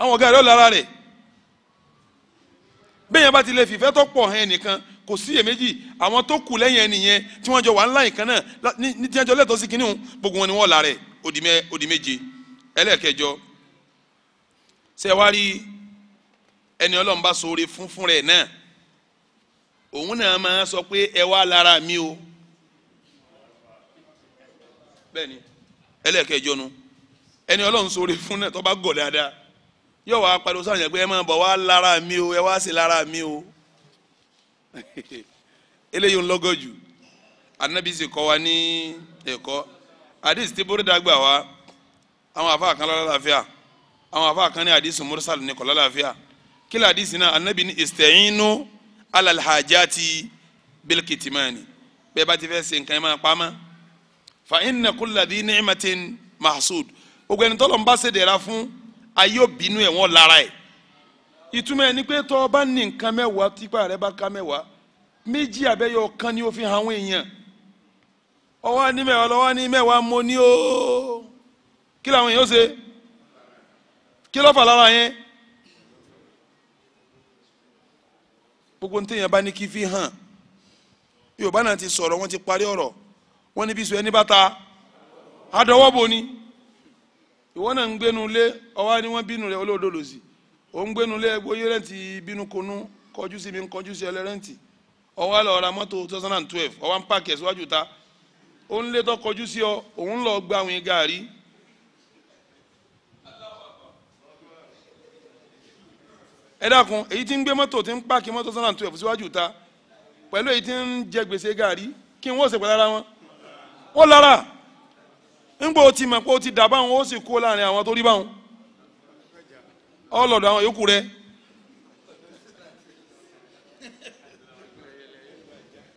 àwọn ọ̀gá rẹ̀ lára rẹ̀ bẹ́ẹ̀ yẹn bá ti lè fìfẹ́ tó pọ̀ hàn ẹnìkan kò sí iyèméjì àwọn tó kù lẹ́yìn ẹnìyẹn tí wọ́n jọ wà ńlá nǹkan náà ní tí wọ́n jọ lẹ́tọ̀ọ́ sí kínní gbogbo wọn ni wọ́n lára rẹ̀ òdì méje ẹlẹ́ẹ̀kẹjọ ṣe wá rí ẹni ọlọ́run bá funfun fún naa rẹ̀ náà òun náà máa sọ pé ẹ wá lára mi o bẹ́ẹ̀ ni ẹlẹ́ẹ̀kẹjọ nu ẹni ọlọ́run ṣoore fún náà tó bá gọ̀ dáadáa yóò wá pariwo sáwọn yẹn pé ẹ máa bọ̀ wá lára mi o ẹ wá sí mi o eléyìí ń lọ́gọ́ jù wa ní ẹ̀kọ́ hadith tí bórídà gbà wá àwọn àfa kan àwọn àfa ní hadith mursal Kila ló na náà anabi ní ista'inu alal hajati bil kitmani bẹ́ẹ̀ bá ti fẹ́ ṣe nǹkan ẹ̀ pa á fa inna kulla dhi ni'matin mahsud gbogbo ẹni tọ́lọ̀ ń bá ṣe dẹ̀ra fún ayé òbínú ẹ̀ wọ́n lára ẹ̀ ìtumọ̀ ẹ̀ ni pé tọ́ ọ bá ní nǹkan mẹ́wàá tipa rẹ bá ká mẹ́wàá méjì abẹ́yọ kan ni ó fi hàn àwọn wa ọwọ́ ní mẹ́wàá lọ́wọ́ ní mẹ́wàá mo ní ó kí làwọn èèyàn ó ṣe kí ló fà lára gbogbo ní téèyàn bá ní kí fi hàn yorùbá náà ti sọ̀rọ̀ wọ́n ti parí ọ̀rọ̀ wọ́n níbi sọ ẹni bàtà àdọ́wọ́ bo ni ìwọ náà ń gbénu lé ọwọ́ ni wọ́n bínú rẹ̀ olóòdó lòsì ò ń gbénu lé bóyá rẹ́ǹtì bínú konú kọjú sí mi ń kọjú sí ẹlẹ́rẹ́ǹtì ọwọ́ àlọ́ ra mọ́tò two ọwọ́ ń pààkì síwájú ta ó ń lé tó kọjú sí ọ òun lọ gba àwìn gàárì ẹ dákun èyí tí ń gbé mọ́tò tí ń páàkì mọ́tò sọ́nà tó ẹ̀fọ́ síwájú ta pẹ̀lú èyí tí ń jẹ gbèsè gàrí kí wọ́n ṣe pẹ̀lú ara wọn ó lára ó ti mọ̀ pé ó ti dà báwọn ó sì kó láàrin àwọn tó rí báwọn ọlọ́dọ̀ àwọn yòókù rẹ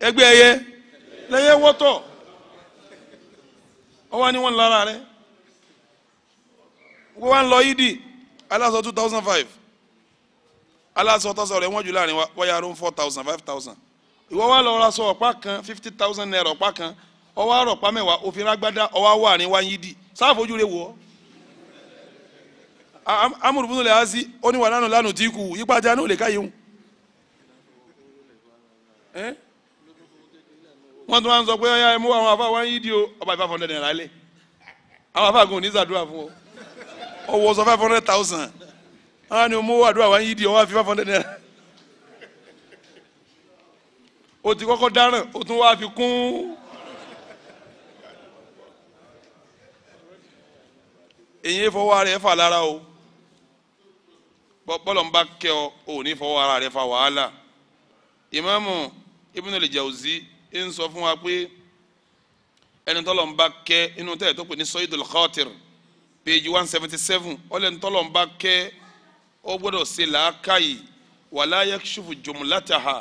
ẹgbẹ́ ẹyẹ lẹ́yẹ wọ́tọ̀ ó wá ní wọ́n lára rẹ wọ́n wá ń lọ yídì aláṣọ two alásọtọsọ rẹ wọn jù láàrin wa wọ́n yára ń four thousand five thousand ìwọ wa lọ ra sọ ọ̀pá kan fifty thousand naira ọ̀pá kan ọwọ́ àrọ̀pá mẹ́wàá òfin rágbádá ọwọ́ àwọ̀ àárín wa yín dì sáàfojú rẹ wọ̀ ọ́ amúrùbùnú lè azi ó ní wà lánàá lánàá tí kù yípa ajá náà lè ká yìí hùn wọ́n tún wá ń sọ pé ọ̀yá ẹ mú àwọn afá wa yín dì o ọba ìfà fọ̀ndẹ̀ náírà lẹ̀ àwọn afá gùn ní ìsàdúrà fún ọ hundred thousand àwọn ah, ni mo wà dúrà wá yídìí ọwọ́ àfi five hundred naira o ti kọ́kọ́ dáràn o tún wá fi kún èyí fọwọ́ rẹ̀ fà lára o bọ́lọ̀ ń bá kẹ́ ọ ò ní fọwọ́ ara rẹ̀ fa wàhálà ìmáàmù Ibn al-Jawzi ń sọ fún wa pé ẹni tọ́lọ̀ ń bá kẹ́ inú tẹ́lẹ̀ tó pè ní Sayyidul Khatir page one seventy seven ọlẹ́ni tọ́lọ̀ ń bá kẹ́ ó gbọ́dọ̀ ṣe làákàyè wàlá yakshufu jumlataha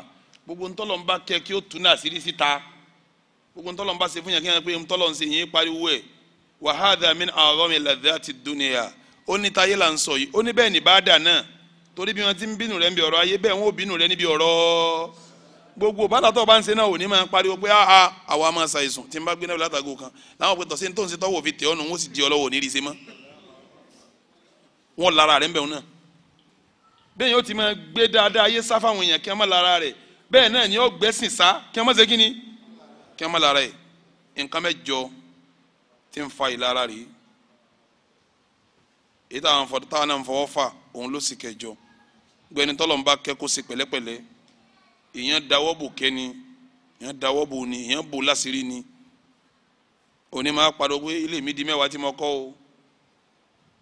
gbogbo ntọ́lọ́nba kẹ́ kí ó tún náà sírí síta gbogbo ntọ́lọ́nba ṣe fún yàn kí yàn pé ntọ́lọ́n ṣe pariwo ẹ̀ wa hadha min a'zami ladhati dunya ó ní táyé là ń sọ yìí ó ní bẹ́ẹ̀ ní bá náà torí bí wọn ti ń bínú rẹ níbi ọ̀rọ̀ ayé bẹ́ẹ̀ wọn ò bínú rẹ níbi ọ̀rọ̀ gbogbo bàtàtọ̀ bá ń ṣe náà ò ní máa pariwo pé áá àwa máa ṣàìsùn tí n bá gbé náà látàgò kan láwọn pẹ̀tọ̀ sí ní tó ń ṣe tọ́wọ́ fi tẹ̀ ọ́nù wọn ó sì di ọlọ́wọ́ ò ní mọ́ wọn lára rẹ̀ ń bẹ̀rù náà bẹ́ẹ̀ yóò ti máa gbé dáadáa ayé sá fáwọn èèyàn kí wọ́n má lára rẹ̀ bẹ́ẹ̀ náà ni yóò gbẹ́sìn sá kí wọ́n má ṣe kíni kí wọ́n má lára rẹ̀ nǹkan mẹ́jọ ti ń fa ìlara rèé èyí táwọn afọ táwọn náà ń fọwọ́ fà òun ló sì kẹjọ gbẹni tọ́lọ́mbà kẹ́kọ̀ọ́ sí pẹ̀lẹ́pẹ̀lẹ́ èèyàn dáwọ́ bò kẹ́ni èèyàn dáwọ́ bò ni èèyàn bò láṣìírí ni òní máa padà pé ilé mi di mẹ́wàá tí mo kọ́ o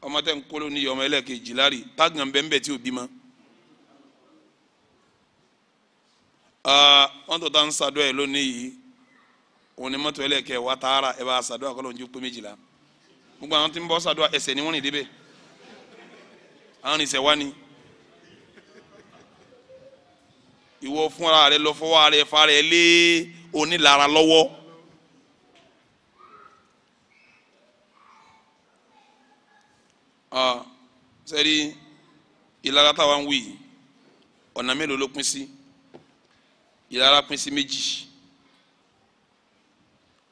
ọmọ tẹ́ ń kóló ní ọmọ ẹlẹ́ẹ̀kejì lárí tágàn bẹ́ńbẹ́ tí ò bímọ wọ́n tó ta ń sadọ́ ẹ̀ lónìí yìí òun ni mọ́tò ẹlẹ́kẹ̀ wá tààrà ẹ bá sadọ́ àkọlọ́ ojú pé méjìlá gbogbo àwọn tí ń bọ́ sadọ́ ẹsẹ̀ ni wọ́n rìn débẹ̀ àwọn ìṣẹ̀ wá ni ìwọ fúnra rẹ lọ fọwọ́ rẹ fa rẹ lé onílara lọ́wọ́. sẹ́rí ìlara táwa ń wí ọ̀nà mélòó ló pín sí. Si ìlara pín sí méjì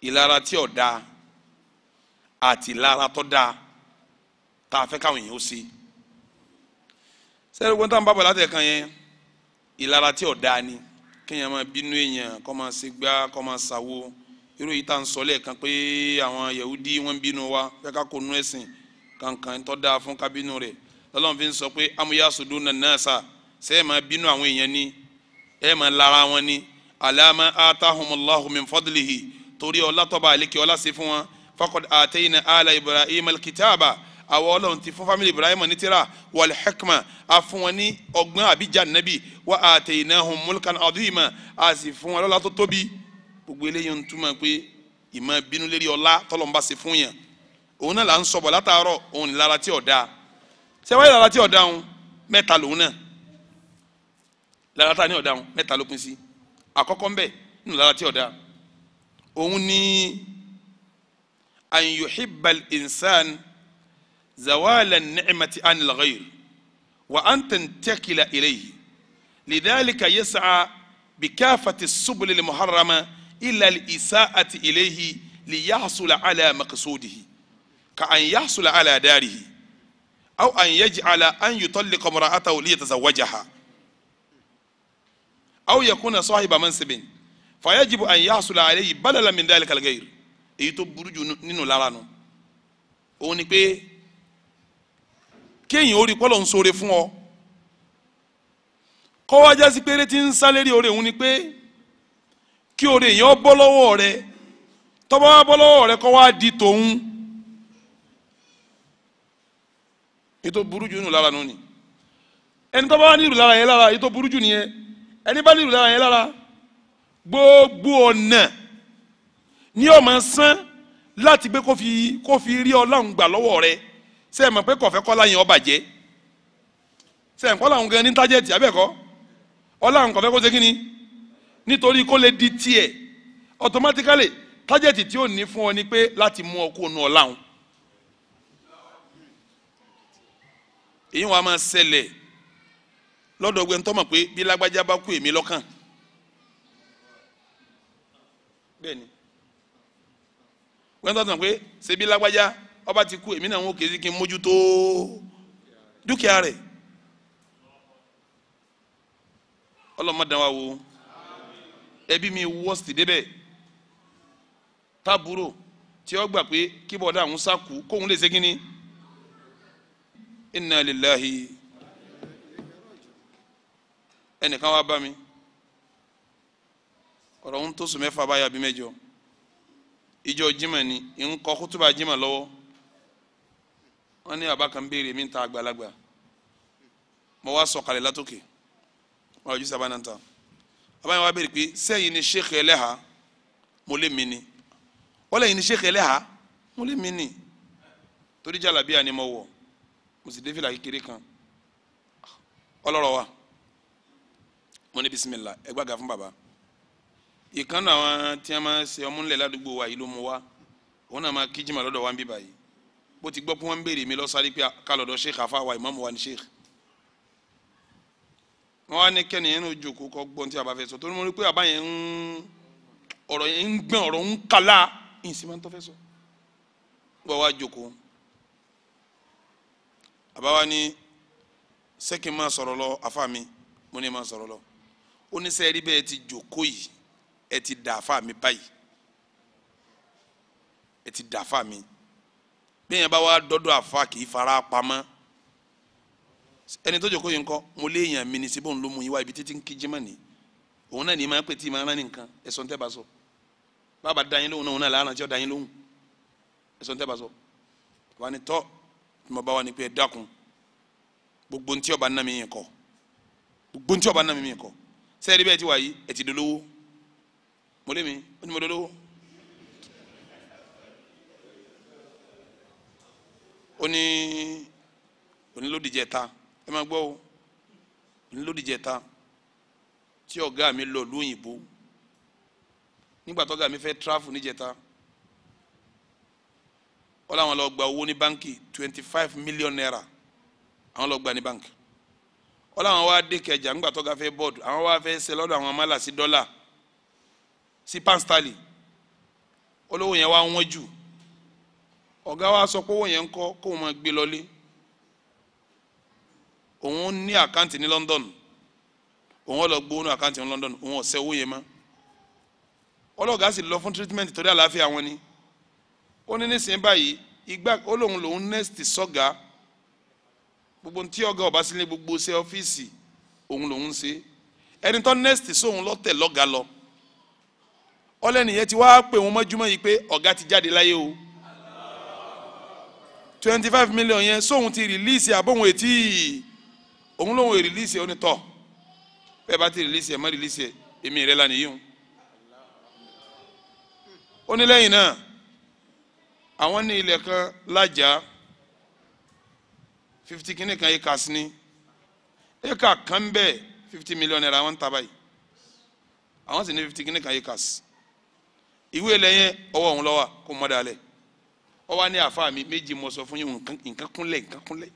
ìlara tí ò dáa àti ìlara tó dáa tá a fẹ́ káwọn èèyàn ó ṣe sẹ́yìn gbọ́n tá à ń bá bọ̀ látẹ̀kan yẹn ìlara tí ò ni kéèyàn máa bínú èèyàn kó máa ṣe gbá kó máa ṣàwo irú yìí tá à ń sọ lẹ́ẹ̀kan pé àwọn yahudi wọ́n ń bínú wa fẹ́ ká kó nú ẹ̀sìn kankan tó dáa fún kábínú rẹ̀ lọ́lọ́run fi ń sọ pé amúyásùdúnà náà sà sẹ́yìn máa bínú àwọn èèyàn ni ẹ máa lára wọn ni alama atahumallahu min fadlihi torí ọlá tọ́ba àlékè ọlá ṣe fún wọn fakọd àtẹyìnà ala ibrahim alkitaba àwọn ọlọ́run ti fún family ibrahim nítìrà wal hikma a fún wọn ní ọgbọ́n àbíjà nàbì wa ataynahum mulkan adhima a sì fún wọn lọ́lá tó tóbi gbogbo eléyìí ń túmọ̀ pé ìmọ̀ bínú lérí ọlá tọ́lọ́mbà ṣe fún yẹn òun náà là ń sọ̀bọ̀ látàárọ̀ òun ní lára tí ò dáa lára tí ò òun mẹ́ta lòun náà lára tá a ní ọ̀dà wọn mẹ́ta ló pín sí àkọ́kọ́ ńbẹ nínú lára tí ọ̀dà òun ni an yuhibbal insan zawala ni'mati anil ghayr wa an tantakila ilayhi lidhalika yas'a bikafati subul al-muharrama ila al-isa'ati ilayhi liyahsula ala maqsudihi ka an yahsula ala darihi aw an yaj'ala an yutalliqa imra'atahu liyatazawwajaha aw yakuna sahiba mansibin fa yajibu an yasula alayhi balala min dhalika alghayr èyí tó burú jù nínú lára nu òun ni pé kéèyàn orí pọ́lọ̀ ń ṣoore fún ọ kọ́ wá jásí pé eré tí ń sá lérí òun ni pé kí oore èèyàn bọ́ lọ́wọ́ rẹ tọ́ba bọ́ lọ́wọ́ rẹ kọ́ wá di tòun èyí tó burú lára nu ni ẹni tọ́ba wá ní ìrù lára yẹn lára èyí tó nìyẹn ẹni bá nílùú lára yẹn lára gbogbo ọ̀nà ni ó máa san láti gbé kó fi kó fi rí ọlọ́run gbà lọ́wọ́ rẹ ṣe é mọ̀ pé kọ̀fẹ́ kọ́lá yẹn ó bàjẹ́ ṣe é kọ́lá òun gan ní tájẹ́tì abẹ́ẹ̀kọ́ ọlọ́run kọ̀fẹ́ kó ṣe kí ni nítorí kó lè di tiẹ̀ automatically tájẹ́tì tí ó ní fún ọ ni pé láti mú ọ kó nu ọlọ́run èyí wọn a máa ṣẹlẹ̀ lọ́dọ̀ gbẹ ntọ́ mọ̀ pé bí lágbájá bá kú èmi lọ́kàn bẹ́ẹ̀ ni gbẹ ntọ́ mọ̀ pé ṣe bí lágbájá ọba ti kú èmi náà ń kéde kí rẹ̀ ẹbí mi wọ́ọ̀sì ẹnìkan wá bá mi ọ̀rọ̀ ń tó sùn mẹ́fà báyà bí mẹ́jọ ìjọ jimá ni ń kọ́ kútúbà jimá lọ́wọ́ wọ́n ní bàbá kan béèrè mi ń ta àgbàlagbà mo wá sọ̀kalẹ̀ látòkè wọ́n lọ́jú sábà náà ta bàbá yẹn wá béèrè pé sẹ́yìn ni sheikh ẹlẹ́hà mo lé mi ni wọ́n lẹ́yìn ni sheikh ẹlẹ́hà mo lé mi ni torí jàlábíà ni mo wọ̀ mo sì dé fìlà kékeré kan ọlọ́rọ̀ wa mo ní bisimilá ẹ gbága fún baba ìkànnì àwọn tí a máa ṣe ọmúnlẹ̀ ládùúgbò wa yìí ló mu wá òun náà máa kí lọ́dọ̀ wa ń bí báyìí bó ti gbọ́ pé wọ́n ń béèrè mi lọ́sàrí pé ká sheikh afa wa Imam wa ni sheikh wọ́n wá ní kẹ́ni yẹn ní ojú kó kọ́ gbọ́n tí a bá fẹ́ sọ torí mo rí pé àbá yẹn ń ọ̀rọ̀ yẹn ń gbọ́n ọ̀rọ̀ ń kala ìsìn máa ń tọ́fẹ́ sọ gbọ́ wá jókòó àbá wa ní sẹ́kì máa sọ̀rọ̀ lọ àfa mi mo ní máa sọ̀rọ̀ lọ oníṣẹ́rí bẹ́ẹ̀ ti jòkó yìí ẹ ti dàáfà mi báyìí ẹ ti dàáfà mi bẹ́ẹ̀ yẹn bá wá dọ́dọ̀ àfa kì í fara pamọ́ ẹni tó jòkó yìí ńkọ́ mo léèyàn mi ní síbòun ló mú yín wá ibi títí ń kí jimá ni òun náà ní máa ń pè tí máa ń rán nìkan ẹ̀sọ́ ń tẹ́ sọ bàbá dayin lóhùn náà òun náà láàrín àti lóhùn ẹ̀sọ́ ń tẹ́ sọ wà ní tọ́ tí mo bá wà ní pé ẹ dákun gbogbo ntí ọba nà mí yẹn kọ gbogbo ntí ọba nà mí yẹn kọ sẹ́ẹ̀rí bẹ́ẹ̀ ti wà yìí ẹ̀ ti dolówó mo lé mi ó ní mo dolówó ó ní onílódìjẹta ẹ máa gbọ́ o onílódìjẹta tí ọ̀gá mi lọ lóyìnbó nígbà tọ́gá mi fẹ́ tráfù níjẹta wọ́n làwọn lọ gba owó ní báńkì twenty five million naira àwọn lọ gba ní báńkì wọ́n làwọn wá dé kẹjà ńgbà tó ga fẹ́ bọ́ọ̀dù àwọn wá fẹ́ ṣe lọ́dọ̀ àwọn mọ́là sí dọ́là sí pánstálì olówó yẹn wá wọ́n jù ọ̀gá wa sọ pé owó yẹn ń kọ́ kó wọn gbé lọlé òun ní àkáǹtì ní London òun ó lọ gbowó ní àkáǹtì ní London òun ọ̀sẹ̀ owó yẹn mọ́ ọlọ́gàá sì lọ fún treatment torí àlàáfíà wọn ni ó ní nísìnyí báyìí igbá ó lóun lòun next sọ́gàá gbogbo ntí ọ̀gá ọba sílé gbogbo ṣe ọ́fíìsì òun lòún ṣe ẹni tó nẹ́ẹ̀sì sóun lọ́tẹ̀ lọ́ga lọ ọlẹ́ni yẹn ti wá pè wọ́n mọ́júmọ́ yìí pé ọ̀gá ti jáde láyé o twenty five million yẹn sóun ti rìlíìsì àbóhun ètí òun lòun ò rìlíìsì onítọ̀ bẹ́ẹ̀ bá ti rìlíìsì ẹ̀ má rìlíìsì ẹ̀ èmi rẹ̀ lánìí yìí ó ní lẹ́yìn náà àwọn ní ilẹ̀ kan lájà fifty kìíní kan acres ni acre kan bẹ́ẹ̀ fifty million naira wọ́n ń ta àwọn sì ní fifty kìíní kan acres ìwé ilẹ̀ yẹn ọwọ́ òun lọ́wọ́ kó mọ́ dalẹ̀ ọwọ́ ní àfa mi méjì mo sọ fún yín nǹkan kúnlẹ̀ nǹkan kúnlẹ̀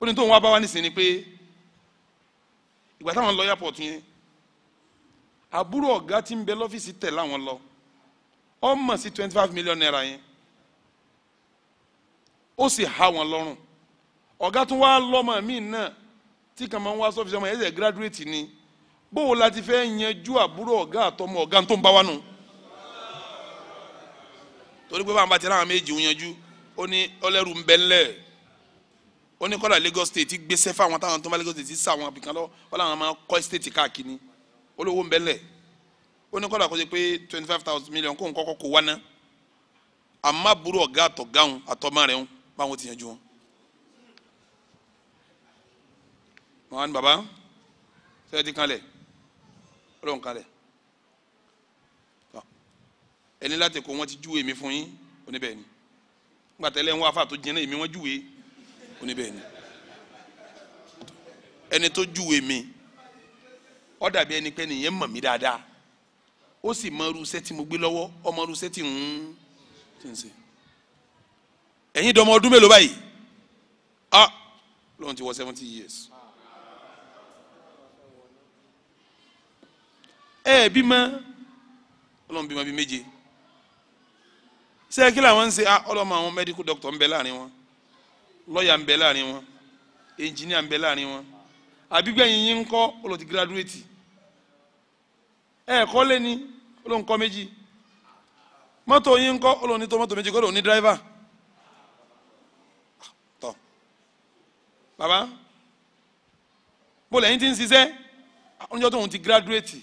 ó ní tóun wá bá wa nísìnyí pé ìgbà táwọn lọ airport yẹn àbúrò ọ̀gá tí ń bẹ lọ́fíìsì tẹ̀ láwọn lọ ọmọ sí twenty five million naira yẹn ó sì há wọn lọ́rùn ọ̀gá tún wá lọ́mọ mi náà tí kàn máa ń wá sọ́fíìsì ọmọ ẹ̀sẹ̀ gírádúrétì ni bóò la ti fẹ́ yanjú àbúrò ọ̀gá àtọmọ ọ̀gá tó ń bá wa nù. torí pé báwọn bá ti ráwọn méjì ń yanjú ó ní ọlẹ́rù ń bẹ́ ńlẹ̀ ó ní kọ́lá Lagos State gbéṣẹ́ fáwọn táwọn tó ń bá Lagos State sá àwọn àbìkan lọ wọ́n làwọn máa kọ́ state káàkiri olówó ń bẹ́ ńlẹ̀ ó ní kọ́lá kó ṣe pé twenty five thousand million kó ń kọ́kọ́ kó wá ná àmọ́ àbúrò ọ̀gá àtọ̀gáhùn àtọmọ rẹ̀ wọn á ní baba sẹ́yìn ti kanlẹ̀ ọlọ́run kanlẹ̀ ẹni láti kó wọn ti júwe mi fún yín oníbẹ̀ ni gbàtẹ́lẹ̀ ń wá fà tó jẹ́ náà èmi júwe oníbẹ̀ ni ẹni tó júwe mi ó dàbí ẹni pé nìyẹn mọ̀ mí dáadáa ó sì mọ irúṣẹ́ tí mo gbé lọ́wọ́ ọmọ irúṣẹ́ tí ń tí ń ṣe ẹ̀yin dọmọ ọdún mélòó báyìí ah lóun ti wọ seventy years ẹ bímọ ọlọ́run bímọ bíi méje sẹ́ẹ̀kì làwọn ń ṣe ah, ọlọ́mọ àwọn mẹ́díkù dọ́kítọ̀ ń bẹ láàrin wọn lọ́ọ̀yà ń bẹ láàrin wọn ẹnjìníà ń bẹ láàrin wọn àbígbẹ̀yìn yín ń kọ́ olóòtú gírádúrétì ẹ̀ kọ́ lé ní olóhùn kọ́ méjì mọ́tò yín ń kọ́ olóhùn ní tó mọ́tò méjì kọ́dọ̀ ní dírẹ́fà tọ́ bàbá bó lẹ́yìn tí ń ṣiṣẹ́ oúnjẹ tóun ti gírádúrétì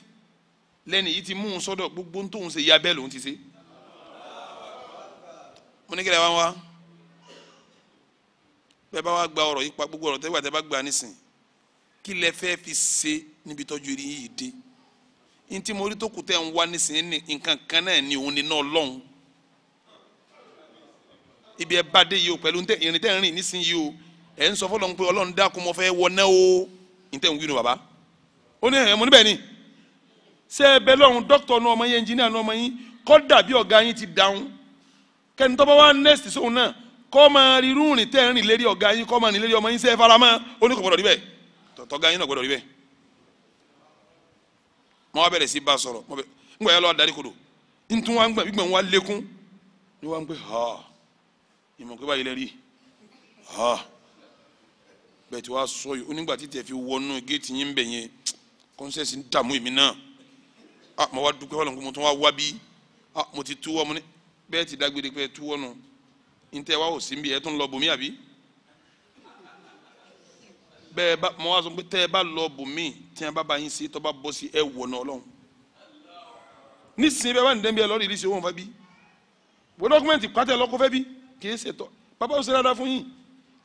lẹ́ni yìí ti mú un sọ́dọ̀ gbogbo tó ń ṣe ya bẹ́ẹ̀ lòún ti ṣe mo ní kí lè wá wá bẹ́ẹ̀ bá wá gba ọ̀rọ̀ yìí pa gbogbo ọ̀rọ̀ tẹ́gbà tẹ́ bá gba nísìn kí lẹ fẹ́ fi ṣe níbi tọ́jú eré yìí dé ntí mo rí tó kù tẹ́ ń wá nísìn nǹkan kan náà ni òun ni náà lọ́hùn ibi ẹ bá dé yìí o pẹ̀lú ìrìn tẹ́ ń rìn nísìn yìí o ẹ̀ ń sọ fọlọ́n pé ọlọ́run dákun mo fẹ́ wọ o ìtẹ̀ ń wí nu bàbá ó ní ẹ̀ mo níbẹ̀ ni ṣé ẹ bẹ lọ́hùn dókítà ọ̀nà ọmọ yín ẹnjìníà ọ̀nà ọmọ yín kọ́ dàbí ọ̀gá yín ti dáhùn kẹ́ni tọ́ bá wá nẹ́ẹ̀sì sóhun náà kọ́ máa rí rúùrìn tẹ́ ń rìn lérí ọ̀gá yín kọ́ máa rìn lérí ọmọ yín ṣé ẹ fara mọ́ oníkò gbọ́dọ̀ rí bẹ́ẹ̀ tọ́gá yín náà gbọ́dọ̀ rí bẹ́ẹ̀ mo wá bẹ̀rẹ̀ sí bá sọ̀rọ̀ n gbà yà lọ́wọ́ ha ìmọ̀ pé báyìí ha bẹ́ẹ̀ tí wàá sọ yìí onígbà tí tẹ̀ fi wọnú géètì yín yẹn kọ́nsẹ́sì ah mo wá dúpẹ́ ọlọ́run kó mo tún wá wá bí ah mo ti túwọ́ mo bẹ́ẹ̀ ti dágbére pé túwọ́ nù ntẹ́ wa ò sí bí ẹ tún lọ bòmí àbí bẹ́ẹ̀ bá mo wá sọ pé tẹ́ ẹ bá lọ bòmí tí ẹ bá bá yín sí tọ́ bá bọ́ sí ẹ wọ̀ náà ọlọ́run nísìnyí bẹ́ẹ̀ bá nìdẹ́nbí ẹ lọ́ọ́ rìlísì owó wọn fẹ́ bí wo dọ́kúmẹ́ntì pátẹ́ lọ́kọ́ fẹ́ bí kì í ṣètọ́ bàbá ò ṣe dáadáa fún yín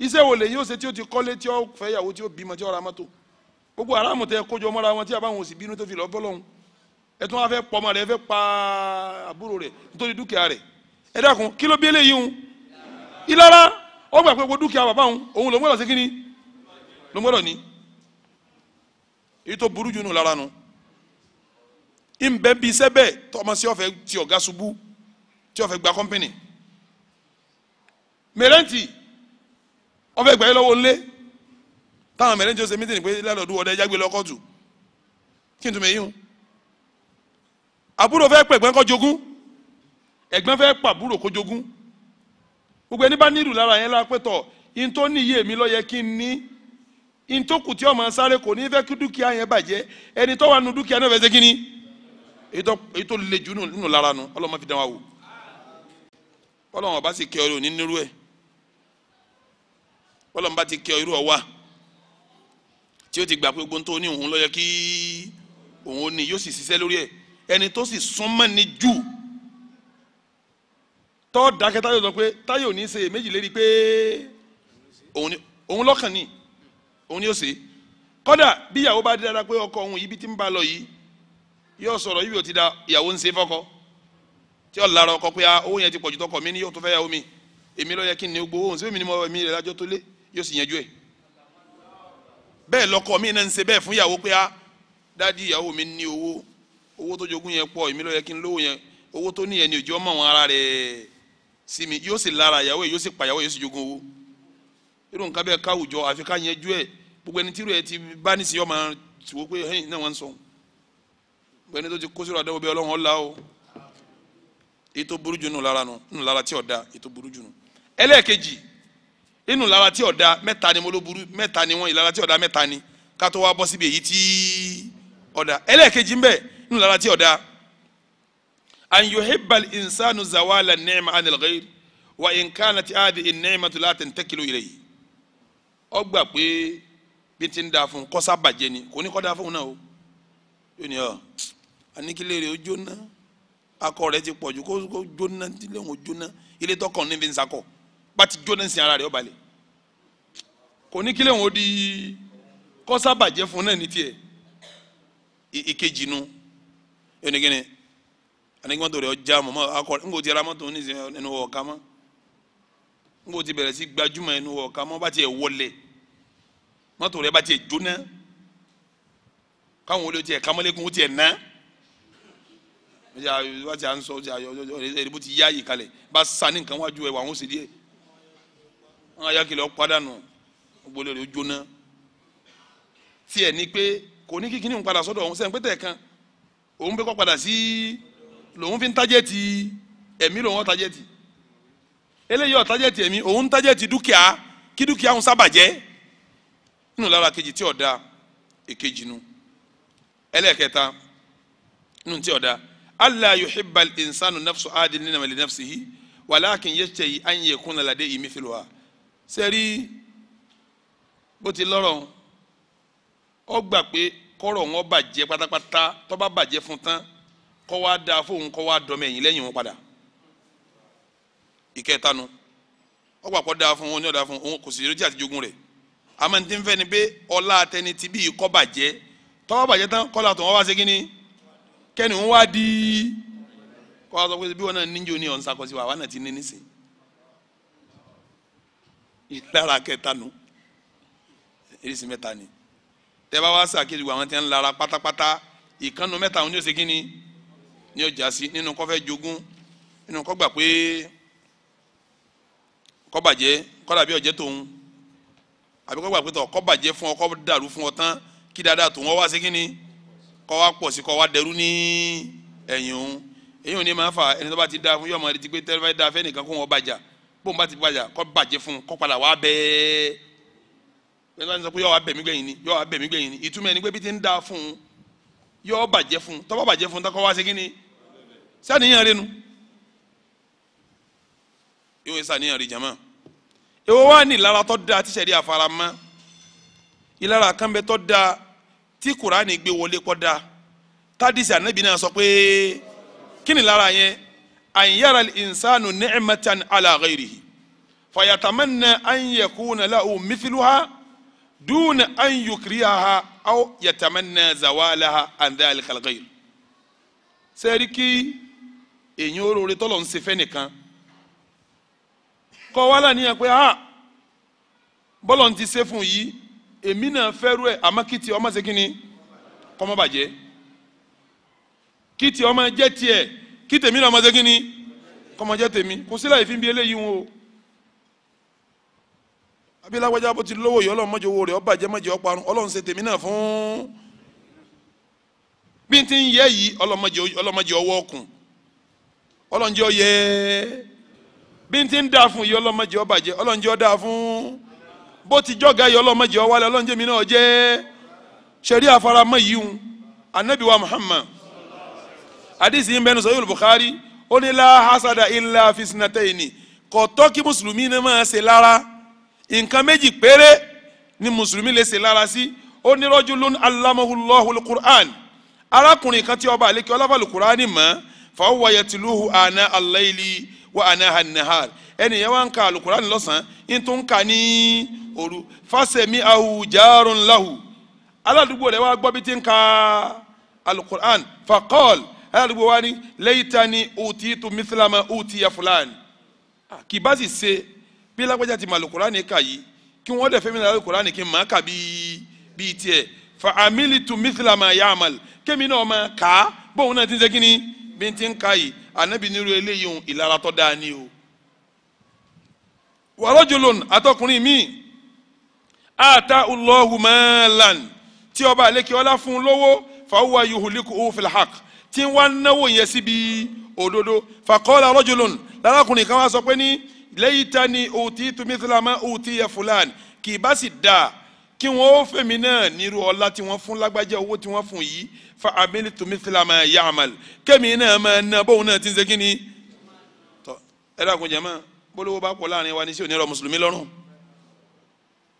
iṣẹ́ wo lè yí ó ṣe tí ó ti kọ́lé tí ó fẹ́ yàwó tí ó bímọ tí ó ra mọ́tò gbogbo aráàmù tẹ kójọ mọ́ra wọn tí àbáwọn òsì bínú tó fi lọ́ bọ́lọ́hún ẹ tún wá fẹ́ pọ̀ ọmọ pa àbúrò rẹ̀ nítorí dúkìá rẹ̀ ẹ dákun kí ló bí eléyìí hun ìlara ó gbà pé gbogbo dúkìá bàbá òun òun ló ń gbọ́dọ̀ sí kínní ló ń gbọ́dọ̀ ní èyí tó burú jù nù lára nu ìbẹ́ bíi iṣẹ́ bẹ́ẹ̀ tọmọ sí ọ̀fẹ́ tí ọ̀gá ṣubú tí ọ̀fẹ́ gba kọ́mpìnì mẹrẹ́ǹtì ọ̀fẹ́ gbà yín lọ́wọ́ ńlé táwọn mẹrẹ́ǹtì ó ṣe mítìnì pé lálọ́dún ọ̀dẹ́ jágbe lọ́kọ́tù kí n tún mẹ́yìn hun àbúrò fẹ́ pẹ̀gbọ́n kó jogún ẹ̀gbọ́n fẹ́ pàbúrò kó jogún gbogbo ẹni bá nílùú lára yẹn lápẹ́tọ̀ in tó ní iye mi lọ yẹ kí n ní in tó kù tí ọmọ sáré kò ní fẹ́ kí dúkìá yẹn bàjẹ́ ẹni tó wà nù dúkìá náà fẹ́ ṣe kí ni èyí tó le jù nù lára nu ọlọ́mọ fi dán wa wò ọlọ́mọ bá sì kẹ́ ọ ní nírú ẹ̀ ọlọ́mọ bá ti kẹ́ ọ irú ọ wá tí ó ti gbà pé gbóntó ní òun lọ yẹ kí òun ní yóò sì ṣiṣẹ́ lórí ẹ̀ ẹni tó sì súnmọ́ ni jù tó dákẹ́ táyọ̀ sọ pé táyọ̀ ní ṣe èméjì lérí pé òun lọ́kàn ni òun ni ó ṣe kódà bí ìyàwó bá dé dáadáa pé ọkọ òun ibi tí ń ba lọ yìí yóò sọ̀rọ̀ ibi ò ti da ìyàwó ń ṣe fọ́kọ tí ó lára ọkọ pé ah, owó yẹn ti pọ̀jù tọkọ mi ni yóò tó fẹ́ yàwó mi èmi ló yẹ kí n ní gbowó òun sí mi ni mo mi rẹ̀ lájọ́ tó lé yóò sì yanjú ẹ̀ bẹ́ẹ̀ lọkọ mi náà ń ṣe bẹ́ẹ̀ fún ìyàwó pé á ah, dájú ìyàwó mi ní owó owó tó jogún yẹn pọ̀ èmi ló yẹ kí n lówó yẹn owó tó níyẹn ni òjò ọmọ àwọn ara rẹ̀ sí mi yóò sì lára ìyàwó yìí yóò sì pàyàwó yóò sì jogún owó irú nǹkan bẹ́ẹ̀ káwùjọ àfi ká yẹn jú ẹ̀ gbogbo ẹni tírú ẹ ti bá nísìnyí ọmọ tìwó pé ẹ̀yìn náà wọ́n ń sọ gbogbo ẹni tó ti kó sírò àdéhùn bẹ́ẹ̀ ọlọ́run ọ̀la o ètò burú jù nù lára tí ọ̀dà ètò burú jù nù ẹlẹ́ẹ̀kejì inú lára tí ọ̀dà mẹ́ta ni mo burú mẹ́ta ni wọ́n ìlara tí ọ̀dà mẹ́ta ni ká tó wá bọ́ síbi èyí tí ọ̀dà ẹlẹ́ẹ̀kejì ń bẹ́ẹ̀ nínú lára tí ọ̀dà an yuhibbal insanu zawala ni'ma anil ghayr wa in kanat hadhihi ni'matu la tantakilu ilayhi ó gbà pé bí ti ń da fún kọ́sá bàjẹ́ ni kò ní kọ́ da fún un náà o yóò ní ọ àníkílẹ̀ rẹ̀ ó jóná akọ rẹ̀ ti pọ̀jù kó jóná tilẹ̀ ń jóná ilé tọkàn ní fi ń sakọ̀ bá ti jóná sin ara rẹ̀ ó balẹ̀ kò ní kílẹ̀ ń di kọ́sá bàjẹ́ fún náà ní tiẹ̀ ìkejì nu ẹni gini ẹni mọ́tò rẹ̀ ọjà mọ́ akọ ńgò ti ra mọ́tò ní ẹnu ọ̀ka mọ́ ńgò ti bẹ̀rẹ̀ sí gbajúmọ̀ ẹnu ọ̀ka o bá tiẹ̀ wọlé mọ́tò rẹ̀ ti à ń sọ ọjà ti yá yìí kalẹ̀ bá sa ní nǹkan wájú ẹ̀ wà wọ́n ni pé kò ní kíkiní kan òun fẹ́ kọ́ padà sí lòun fi ń tájẹ́tì ẹ̀mí lòun tájẹ́tì eléyìí ọ̀tájẹ́tì ẹ̀mí òun tájẹ́tì dúkìá kí dúkìá òun sábàjẹ́ nínú lára kejì tí ọ̀dà èkejì nu ẹlẹ́ẹ̀kẹta nínú tí ọ̀dà allah yuhibba al-insanu nafsu adil nínú li nafsihi walakin yashtahi an yakuna ladayhi mithluha sẹ́rí bó ti lọ́rọ̀ ọ gbà pé kọ́rọ̀ wọn bàjẹ́ pátápátá tó bá bàjẹ́ fún tán kọ́ wá dáa fóun kọ́ wá dọ́mọ ẹ̀yìn lẹ́yìn wọn padà ìkẹtanu ọgbà kọ́ dáa fún wọn ní ọ̀dà fún wọn kò sì rí jíjà àtijógún rẹ̀ àmọ́ ní ti ń fẹ́ ni pé ọlá atẹni ti bí ikọ́ bàjẹ́ tó bá bàjẹ́ tán kọ́lá tó wọ́n wá sí kínní kẹ́ni wọ́n wá di kọ́lá tó pé bí wọn náà níjó ní ọ̀nsá kọ́sí wa wọn náà ti ní nísìn ìlara kẹtanu erésì ni tẹ́ bá wá ṣàkíyèsí gbogbo àwọn tí ń lara pátápátá ìkànnù mẹ́ta àwọn yóò ṣe kíni ni yóò jásí nínú kọ́fẹ́ jogún nínú kọ́gbà pé kọ́bàjẹ́ kọ́dà bí ọ̀jẹ́ tòun àbí kọ́gbà pé tọ̀ kọ́bàjẹ́ fún ọ kọ́ dàrú fún ọ tán kí dáadáa tòun ọ wá ṣe kíni kọ́ wá pọ̀ sí kọ́ wá dẹrú ní ẹ̀yìn òun èyí ò ní máa fà ẹni tó bá ti da fún yọmọ ẹni ti pé tẹ́lifáì da fẹ́ nìkan kó wọn bàjá bóun bá ti bàjá kọ́ bàjẹ́ fún kọ́ padà wá bẹ́ẹ̀ bẹ́ẹ̀ láti sọ pé yọ wá bẹ̀mí gbẹ̀yìn ni yọ wá bẹ̀mí gbẹ̀yìn ni ìtumọ̀ ẹni pé bí ti ń da fún un yọ bàjẹ́ fún un tọ́ bá bàjẹ́ fún un tọ́kọ́ wá sí kínní sàníyàn rẹ nu ìwé sàníyàn rẹ jama ìwé wa ní ìlara tó da tíṣẹ̀ rí àfaramọ́ ìlara kan bẹ tó da tí kuraani gbé wọlé kọ́ da tádìsí ànábì náà sọ pé kí ni yẹn àyàrá ìnsánu ni'matan ala ghairihi fàyàtàmánà an yakuna lahu mithluha. دون أن يكرهها أو يتمنى زوالها عن ذلك الغير sẹ́ẹ̀rí kí èyí ó rore tọ́lọ̀ ń ṣe fẹ́ nìkan kọ́ wá láníyàn pé a bọ́lọ̀ ń ti ṣe fún yìí èmi náà fẹ́rù ẹ̀ àmọ́ kí ti ọmọ ṣe kí ni kọ́mọ bàjẹ́ kí ti ọmọ jẹ́ tiẹ̀ kí tèmi náà ọmọ ṣe kí ni kọ́mọ jẹ́ tèmi kò sí láì fi bí eléyìí wọn o abiláwájá bó ti lówó yìí ọlọ́run mọ́jọ owó rẹ̀ ọba jẹ́ mọ́jọ ọparun ọlọ́run ṣe tèmi náà fún bí n ti ń yẹ yìí ọlọ́mọdé ọwọ́ ọkùn ọlọ́njẹ́ ọ yẹ bí n ti ń dà fún yìí ọlọ́mọdé ọba jẹ́ ọlọ́njẹ́ ọ dà fún bó ti jọ́ga yìí ọlọ́mọdé ọwọ́ alẹ́ ọlọ́njẹ́ mi náà jẹ́ sẹ̀rí àfaramọ́ yìí hùn anabiwa Muhammad hadisi yìí bẹ́ẹ̀ ni sọ́yìn Bukhari ó ní la hasada illa fisnatayni kò tọ́ kí mùsùlùmí ni máa ṣe lára nǹkan méjì péré ni mùsùlùmí lè ṣe lára sí ó ní rajulun allamahulahu alukur'an arákùnrin kan tí ọba àlekí ọlọ́fà alukur'an mọ́ fàáwọ̀ yẹtìlúhu àná alayli wa àná anahar ẹnìyẹn wá ń ka alukur'an lọ́sàn-án ń tún ní òru fásẹ̀mí ahu aládùúgbò rẹ̀ wá gbọ́ bí ti ń ka alukur'an faqal aládùúgbò wa ni laytani utitu mithlama utiya fulani kì bá sì ṣe bí lágbájá ti màlù kúránì kà yìí kí wọ́n dẹ̀ fẹ́mi lálẹ́ kúránì kí n máa kà bíi bíi fa amili tu mithla ma ya'mal kémi náà ma kà á bóun náà ti ń segin ni bí n ti ń kà yìí ànábì nírú eléyìí òun ìlara tó o. wa rajulun àtọkùnrin ata Allahu malan tí ọba àlékè ọlá fún un lówó fàwọn yuhliku fil haqq tí wọ́n náwó yẹn síbi òdodo faqala rajulun lárakùnrin kan wá sọ pé ní laytani utitu mithla ma utiya fulan kì í bá sì dáa kí wọn ó fẹmi náà nírú ọlá tí wọn fún lágbájá owó tí wọn fún yìí fa abili mithla ma ya'mal kẹmi náà máa ná bóun náà ti ń ṣe ni. tọ ẹ dàkún jẹ mọ bólówó bá pọ̀ láàrin wa ní sí onírọ̀ mùsùlùmí lọ́rùn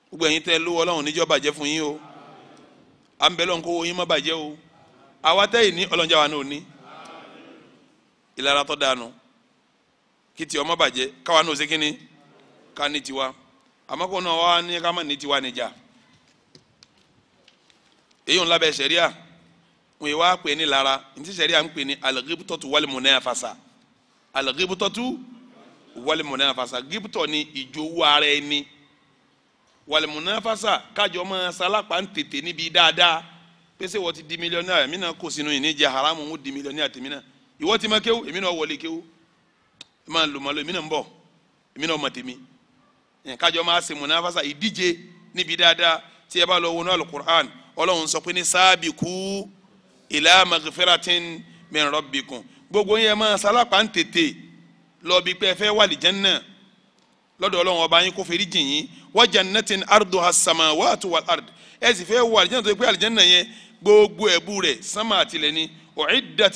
gbogbo ẹ̀yin tẹ́ lówó Ọlọ́run níjọ́ bàjẹ́ fún yín o à ń bẹ lọ́n kó owó má bàjẹ́ o àwa tẹ́yìn ní ọlọ́njà wa náà ní ìlara tó dànù kí tiwa má bàjẹ́ káwa náà ṣe kínní ká ní tiwa àmọ́ kó náà wá ní ká má ní tiwa níjà èyí ń labẹ́ sẹ̀ríà wọ́n yìí wá pè ní lára ntí sẹ̀ríà ń pè ní alẹ́gíbútọ́tù wálé mọ̀nẹ́ àfàsà alẹ́gíbútọ́tù wálé mọ̀nẹ́ àfàsà gíbútọ̀ ni ìjòwú ara ẹni wálé mọ̀nẹ́ àfàsà kájọ mọ́ sálápá ń tètè níbi dáadáa pèsè wọ́n ti di mílíọ̀nù àyàmínà kò sínú ìníjà haramu ń di mílíọ̀nù àtẹ̀mínà ìwọ́ ti má kéwù èmi náà wọlé kéwù ẹ máa lò máa lò èmi náà ń bọ̀ èmi náà mọ̀ tèmi kájọ máa ṣe munafasa ìdíje níbi dáadáa tí ẹ bá lọ wọnú alukur'an ọlọ́run sọ pé ní sábìkú ìlà magfiratin min rabbikum gbogbo yẹn máa sálápá ń tètè lọ bí pé ẹ fẹ́ wà lìjánná lọ́dọ̀ ọlọ́run ọba yín kó fèrè jìn yín wa jannatin arduha as-samawatu wal ard ẹ sì fẹ́ wà tó yẹ pé àlìjánná yẹn gbogbo ẹ̀bù rẹ̀ sánmà àtìlẹ́ni u'iddat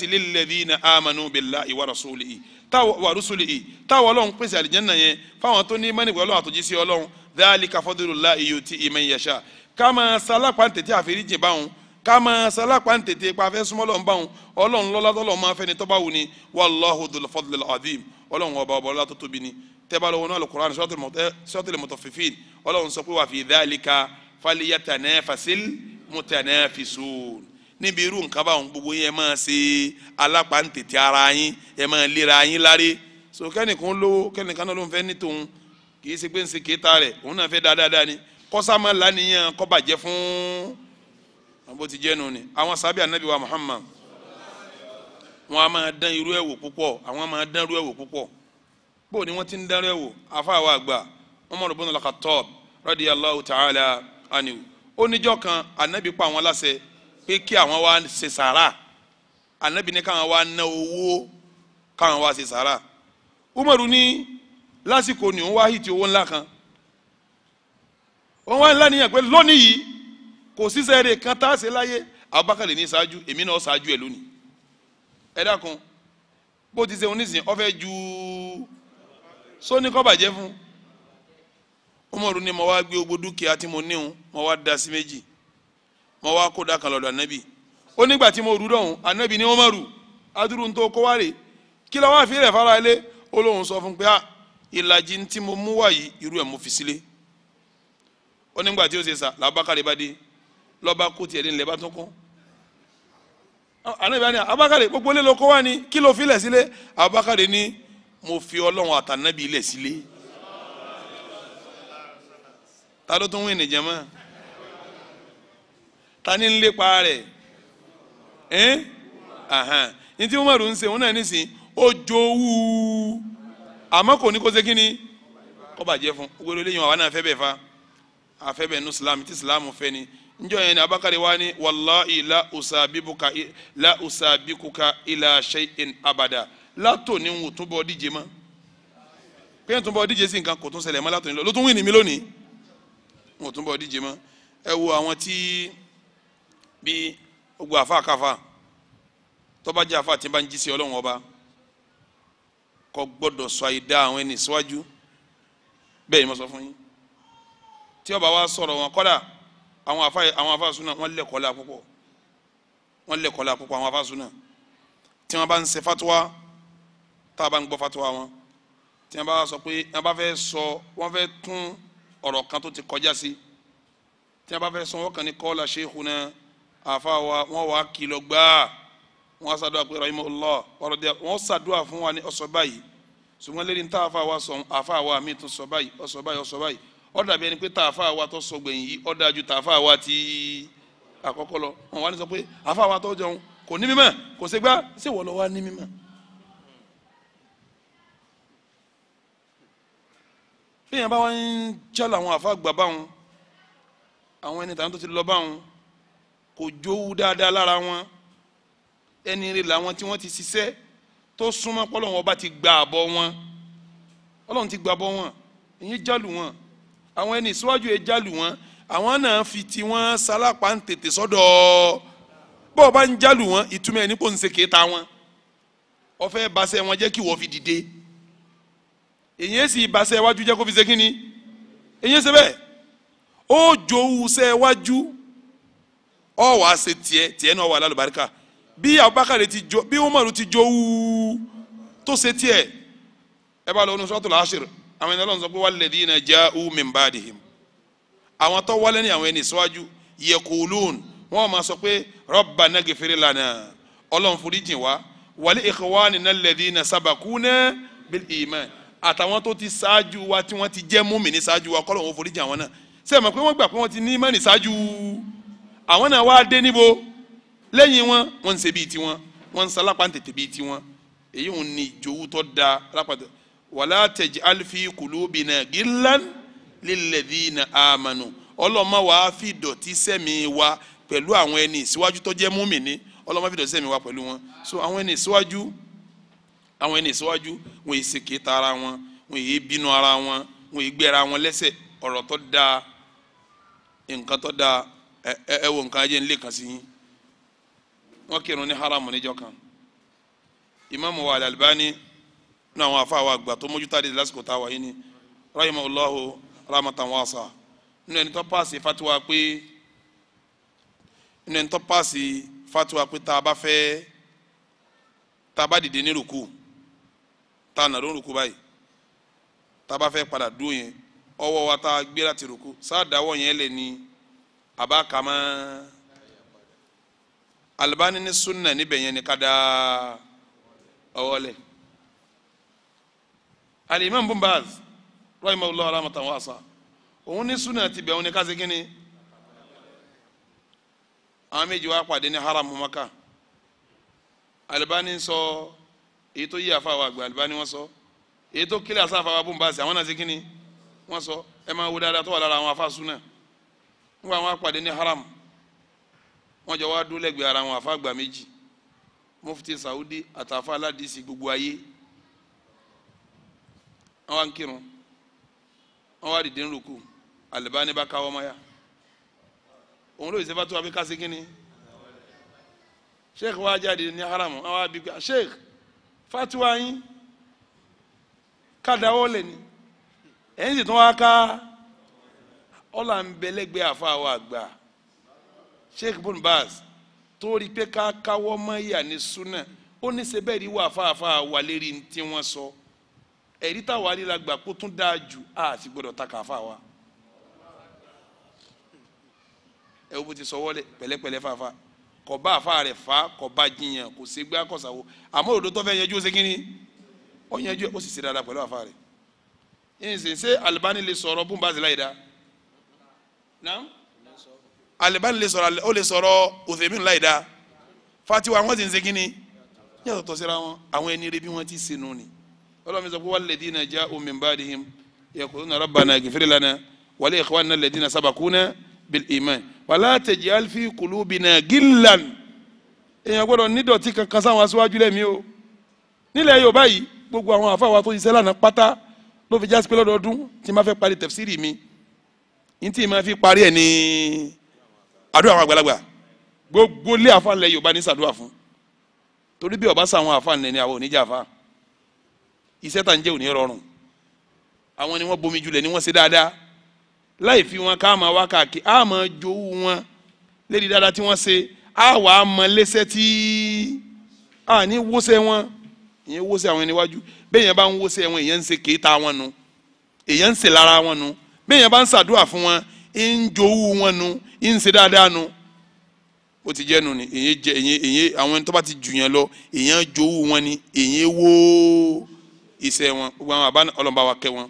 táwọn wà rúṣùlì yìí táwọn ọlọ́run pèsè àlìjẹ́nà yẹn fáwọn tó ní mẹ́nìkì ọlọ́run àtòjí sí ọlọ́run dhalika fadlullahi yu'tihi man yasha ká máa sálápá tètè àfẹ́ríjì báwọn ká máa sálápá tètè pa súnmọ́ lọ́n báwọn ọlọ́run lọ́lá tọ́lọ́ máa fẹ́ni tọ́ba wù ni wallahu ọlọ́run ọba níbi irú nǹkan báwọn gbogbo yẹn máa ṣe alápàǹtẹ̀tẹ̀ ara yín ẹ máa lera yín láré so kẹ́nìkan lówó kẹ́nìkan náà ló ń fẹ́ ní tòun kì í ṣe pé ń ṣe kéta rẹ̀ òun náà fẹ́ dáadáa ni kọ́sámà lánìyàn kọ́ bàjẹ́ fún bó ti jẹ́ nù ni àwọn sábẹ́ ànábì wa Muhammad wọn a máa dán irú ẹ̀ wò púpọ̀ àwọn máa dán irú ẹ̀ púpọ̀ bó ni wọ́n ti ń dán irú ẹ̀ afáwa àgbà Umar ibn al radiyallahu ta'ala anhu oníjọ́ kan ànábì pa àwọn aláṣẹ pé kí àwọn wá ṣe sàrà anabi ní káwọn wá ná owó káwọn wá ṣe sàrà umaru ní lásìkò ni òun wá hìtì owó ńlá kan òun wá ńlá nìyẹn pé lónìí yìí kò sísẹ rè kan tá a ṣe láyé abubakar ní ṣáájú èmi náà ṣáájú ẹ lónìí ẹ dákun bó ti ṣe òun nísìnyí ọfẹ ju sóní kọ́ bàjẹ́ fún umaru ní mo wá gbé gbogbo dúkìá tí mo níhun mo wá da sí méjì wọn wá kó dákan lọ́dọ̀ anabi ó nígbà tí mo rú dọ̀hún anabi ni wọ́n má rú adúrú ń tó kó wá rè kí ló wá fi rẹ̀ fara ilé olóhùn sọ fún pé a ah, ìlàjì tí mo mú wá yìí irú ẹ̀ mo fi sílé ó nígbà tí ó ṣe sà làbákàrẹ́ bá dé lọ́ba kó tiẹ̀ dé nílẹ̀ bá tún anabi ani abakari gbogbo ilé lóko wa ni kí ló fi ilẹ̀ sílé abakari ni mo fi ọlọ́run àtànábi ilẹ̀ sílé ta ló tún wí nìjẹ́ mọ́ ta ni ń lépa rẹ̀ ẹ́n ní tí Umaru ń ṣe òun náà nísìn ó jowú àmọ́ kò ní kó ṣe kíni kó bàjẹ́ fún gbogbo eléyìí àwa náà fẹ́ fa afẹ́ bẹ̀ nu Islam tí Islam fẹ́ ni njọ yẹn ni Abakari wa ni wallahi la usabibuka la usabikuka ila shay'in abada látò ní n ò túbọ̀ díje mọ́ pé n túbọ̀ díje sí nǹkan kò tún ṣẹlẹ̀ mọ́ látò ní lọ ló tún mi lónìí n ò túbọ̀ díje mọ́ ẹ wo àwọn tí bí gbogbo àfàkàfà tọ́ba jẹ́ àfà tí bá ń jí sí ọlọ́run ọba kò gbọ́dọ̀ sọ àìdá àwọn ẹni síwájú bẹ́ẹ̀ ni mo sọ fún yín tí ọba wa sọ̀rọ̀ wọn kọ́dà àwọn àfà àwọn àfà súnà wọ́n lẹ̀kọ́ la púpọ̀ wọ́n lẹ̀kọ́ la púpọ̀ àwọn àfà súnà tí wọ́n bá ń ṣe fatuwa tá a bá ń gbọ́ fatuwa wọn tí wọ́n bá sọ pé wọ́n bá fẹ́ sọ wọ́n fẹ́ tún ọ̀rọ̀ kan tó ti kọjá sí tí wọ́n bá fẹ́ sọ wọ́n kàn ní kọ́ la ṣe é hun náà àfa wa wọ́n wá kìlọ̀ gbáà wọ́n ṣàdúrà pé rahimahullah ọ̀rọ̀ dẹ wọ́n ṣàdúrà fún wa ní ọ̀sọ̀ báyìí ṣùgbọ́n lẹ́ni tá àfa wa sọ àfa wa mi tún sọ báyìí ọ̀sọ̀ báyìí ọ̀sọ̀ báyìí ó dàbí pé tá àfa wa tó sọ gbẹ̀yìn yìí ó dájú tá àfa wa ti àkọ́kọ́ lọ wọ́n wá ní sọ pé àfa wa tó jẹun kò ní mímọ̀ kò ṣe gbá ṣé wọ́n lọ wá ní mímọ̀. bí èèyàn bá wá ń jẹ́ làwọn àfa gbà báwọn àwọn ẹni tàbí tó ti lọ báwọn kò jówú dáadáa lára wọn ẹni rè làwọn tí wọ́n ti ṣiṣẹ́ tó súnmọ́ pọ́lọ́wọ́n ọba ti gba àbọ̀ wọn ọlọ́run ti gba àbọ̀ wọn èyí jálù wọn àwọn ẹni ìsíwájú yẹn jálù wọn àwọn náà fi ti wọn sálápá ń tètè sọ́dọ̀ bọ́ ọba ń jálù wọn ìtumọ̀ ẹni kò ń ṣe kéta wọn ọfẹ́ basẹ́ wọn jẹ́ kí wọ́n fi dìde èyí ẹ̀ sì basẹ́ iwájú jẹ́ kó fi ṣe kínni èyí ẹ̀ ṣe ó jowú sẹ́ iwájú ọ wà á ṣe tiẹ̀ tiẹ̀ náà wà lálùbáríkà bí abubakar ti jó bí umaru ti jó wúú tó ṣe tiẹ̀ ẹ bá lọ ní suratul ashir àwọn ènìyàn lọ́nà sọ pé walladhina ja'u min ba'dihim àwọn tó wọlé ní àwọn ẹni síwájú yaqulun wọn máa sọ pé rabbana ghfir lana ọlọ́run foríjìn wá wali ikhwanina alladhina sabaquna bil iman àtàwọn tó ti ṣáájú wa tí wọ́n ti jẹ́ múmi ní ṣáájú wa kọ́lọ̀ wọn foríjìn àwọn náà sẹ́yìn pé wọ́n gbà pé wọ́n ti ní mẹ́rin ṣáájú àwọn náà wá dé níbo lẹ́yìn wọn wọ́n ń ṣe bíi tiwọn wọ́n ń sa lápáǹtẹ̀tẹ̀ bíi tiwọn èyí wọn ni ìjòwú tó da lápáǹtẹ̀ wàlá taj'al fi qulubina gillan lilladhina amanu ọlọ́mọ wa fi dọ̀tí sẹ́mi wa pẹ̀lú àwọn ẹni ìsíwájú tó jẹ́ múmìnì ọlọ́mọ fi dọ̀tí sẹ́mi wa pẹ̀lú wọn so àwọn ẹni ìsíwájú àwọn ẹni ìsíwájú wọn èyí sèké ta ara wọn wọn èyí bínú ara wọn wọn èyí gbéra wọn lẹ́sẹ̀ ọ̀rọ̀ tó dáa nǹkan tó dáa ẹ ẹ wo nǹkan ajé ńlẹ kan sí yín wọn kírun ní haramu níjọ kan ìmáàmù wa Al-Albani ní àwọn afa wa àgbà tó mójútó àdìsí lásìkò tá a wà yín ni rahimahullahu rahmatan wasa nínú ẹni paasi fatiwa pé nínú ẹni paasi fatiwa pé taaba a Taaba fẹ́ tá a bá dìde ní ruku tá a nà ló ń ruku báyìí tá a bá fẹ́ padà dúró yẹn ọwọ́ wa tá a gbé ruku sáà dáwọ́ yẹn lẹ̀ ní. a b'a kama alibani ni sunna ni bɛn ye ni ka da ɔwɔlɛ alimami bin baz rahimahullah alamata wasa òun ni sunna ti bɛn o ni ka segin ni àwọn méjì wá pàdé ní haramu maka alibani sọ èyí tó yí àfa wa àgbà alibani wọn sọ èyí tó kílẹ̀ àsáfà wa bin àwọn náà segin ni wọn sọ ẹ máa wo dáadáa tó wà lára àwọn afa sunna nígbà wọn pàdé ní haram wọn jọ wá dún lẹ́gbẹ̀ẹ́ ara wọn àfa àgbà méjì mufti saudi àtàfà aládìsí gbogbo ayé wọn wá ń kírun wọn wá dìde ń rúkú Albani bá káwọ́ mọ́yà òun ló yìí sẹ́fà tó wà fi kásí kínní sheikh wa jáde ní haram wọn wá bí pé sheikh fatiwa yín kádàwọ́ lẹ́ni ẹ̀yin sì tún wá ká ọ̀là ń bẹ lẹ́gbẹ̀ẹ́ àfa àgbà sheikh bin baz torí pé ká káwọ́ mọ́yà ní súnà ó ní ṣe bẹ́ẹ̀ rí wà fáfá wà lérí tí wọ́n sọ ẹ̀rí táwa rí la gbà kó tún dáa jù á sì gbọ́dọ̀ ta kàfá wa ẹ wo bó ti sọ wọlé pẹ̀lẹ́pẹ̀lẹ́ fáfá kò bá àfa rẹ̀ fa kò bá jiyàn kò ṣe gbé akọ̀sàwò àmọ́ òdodo tó fẹ́ yanjú ó ṣe kí ni ó yanjú ó sì ṣe dáadáa pẹ̀lú àfa rẹ̀ ìyẹn sì ń ṣe Albani le sọ̀rọ̀ bùnbàzì láì dáa alibani lè sọ̀rọ̀ o le sọ̀rọ̀ òfèmínú láì dáa fatiwa wọn ti ń segin ni yàtọ̀tọ̀ síra wọn àwọn ẹni rẹ bí wọ́n ti sinú ni ọlọ́run mi sọ pé walladhina ja'u min ba'dihim yaquluna rabbana ighfir lana wa le dina sabaku sabaquna bil iman wala taj'al fi qulubina gillan èèyàn gbọ́dọ̀ nídọ̀tí kankan sáwọn aṣáájú lẹ́mí o nílẹ̀ Yorùbá yìí gbogbo àwọn àfáwà tó ṣiṣẹ́ lánàá pátá ló fi jásí pé lọ́dọọdún tí má fẹ́ parí tafsiri mi ntí ma fi parí ẹ̀ ní àdúrà àwọn àgbàlagbà gbogbo lé àfa lẹ yorùbá ní sàdúrà fún torí bí ọba sàwọn àfa nìyẹn ni àwọn oníjà àfa iṣẹ́ tà ń jẹ́ òní rọrùn àwọn ni wọ́n bomi julẹ̀ ni wọ́n ṣe dáadáa láì fi wọn ká máa wá káàkiri á máa jowú wọn lédi dáadáa tí wọ́n ṣe á wà á tí á ní wọ́sẹ̀ wọn ìyẹn wọ́sẹ̀ àwọn ẹni wájú bẹ́ẹ̀ yẹn bá ń wọ́sẹ̀ wọn èèyàn ń ṣe kéétà wọn nu èèyàn ń ṣe lára wọn nu bẹ́ẹ̀ yẹn bá ń ṣàdúrà fún wọn ń jowú wọn nu ń ṣe dáadáa nu ó ti jẹ́ ni èyí jẹ èyí èyí àwọn ẹni tó bá ti jù yẹn lọ èyí ń jowú wọn ni èyí wó iṣẹ́ wọn gbogbo àwọn àbá ọlọ́mọba wa kẹ́ wọn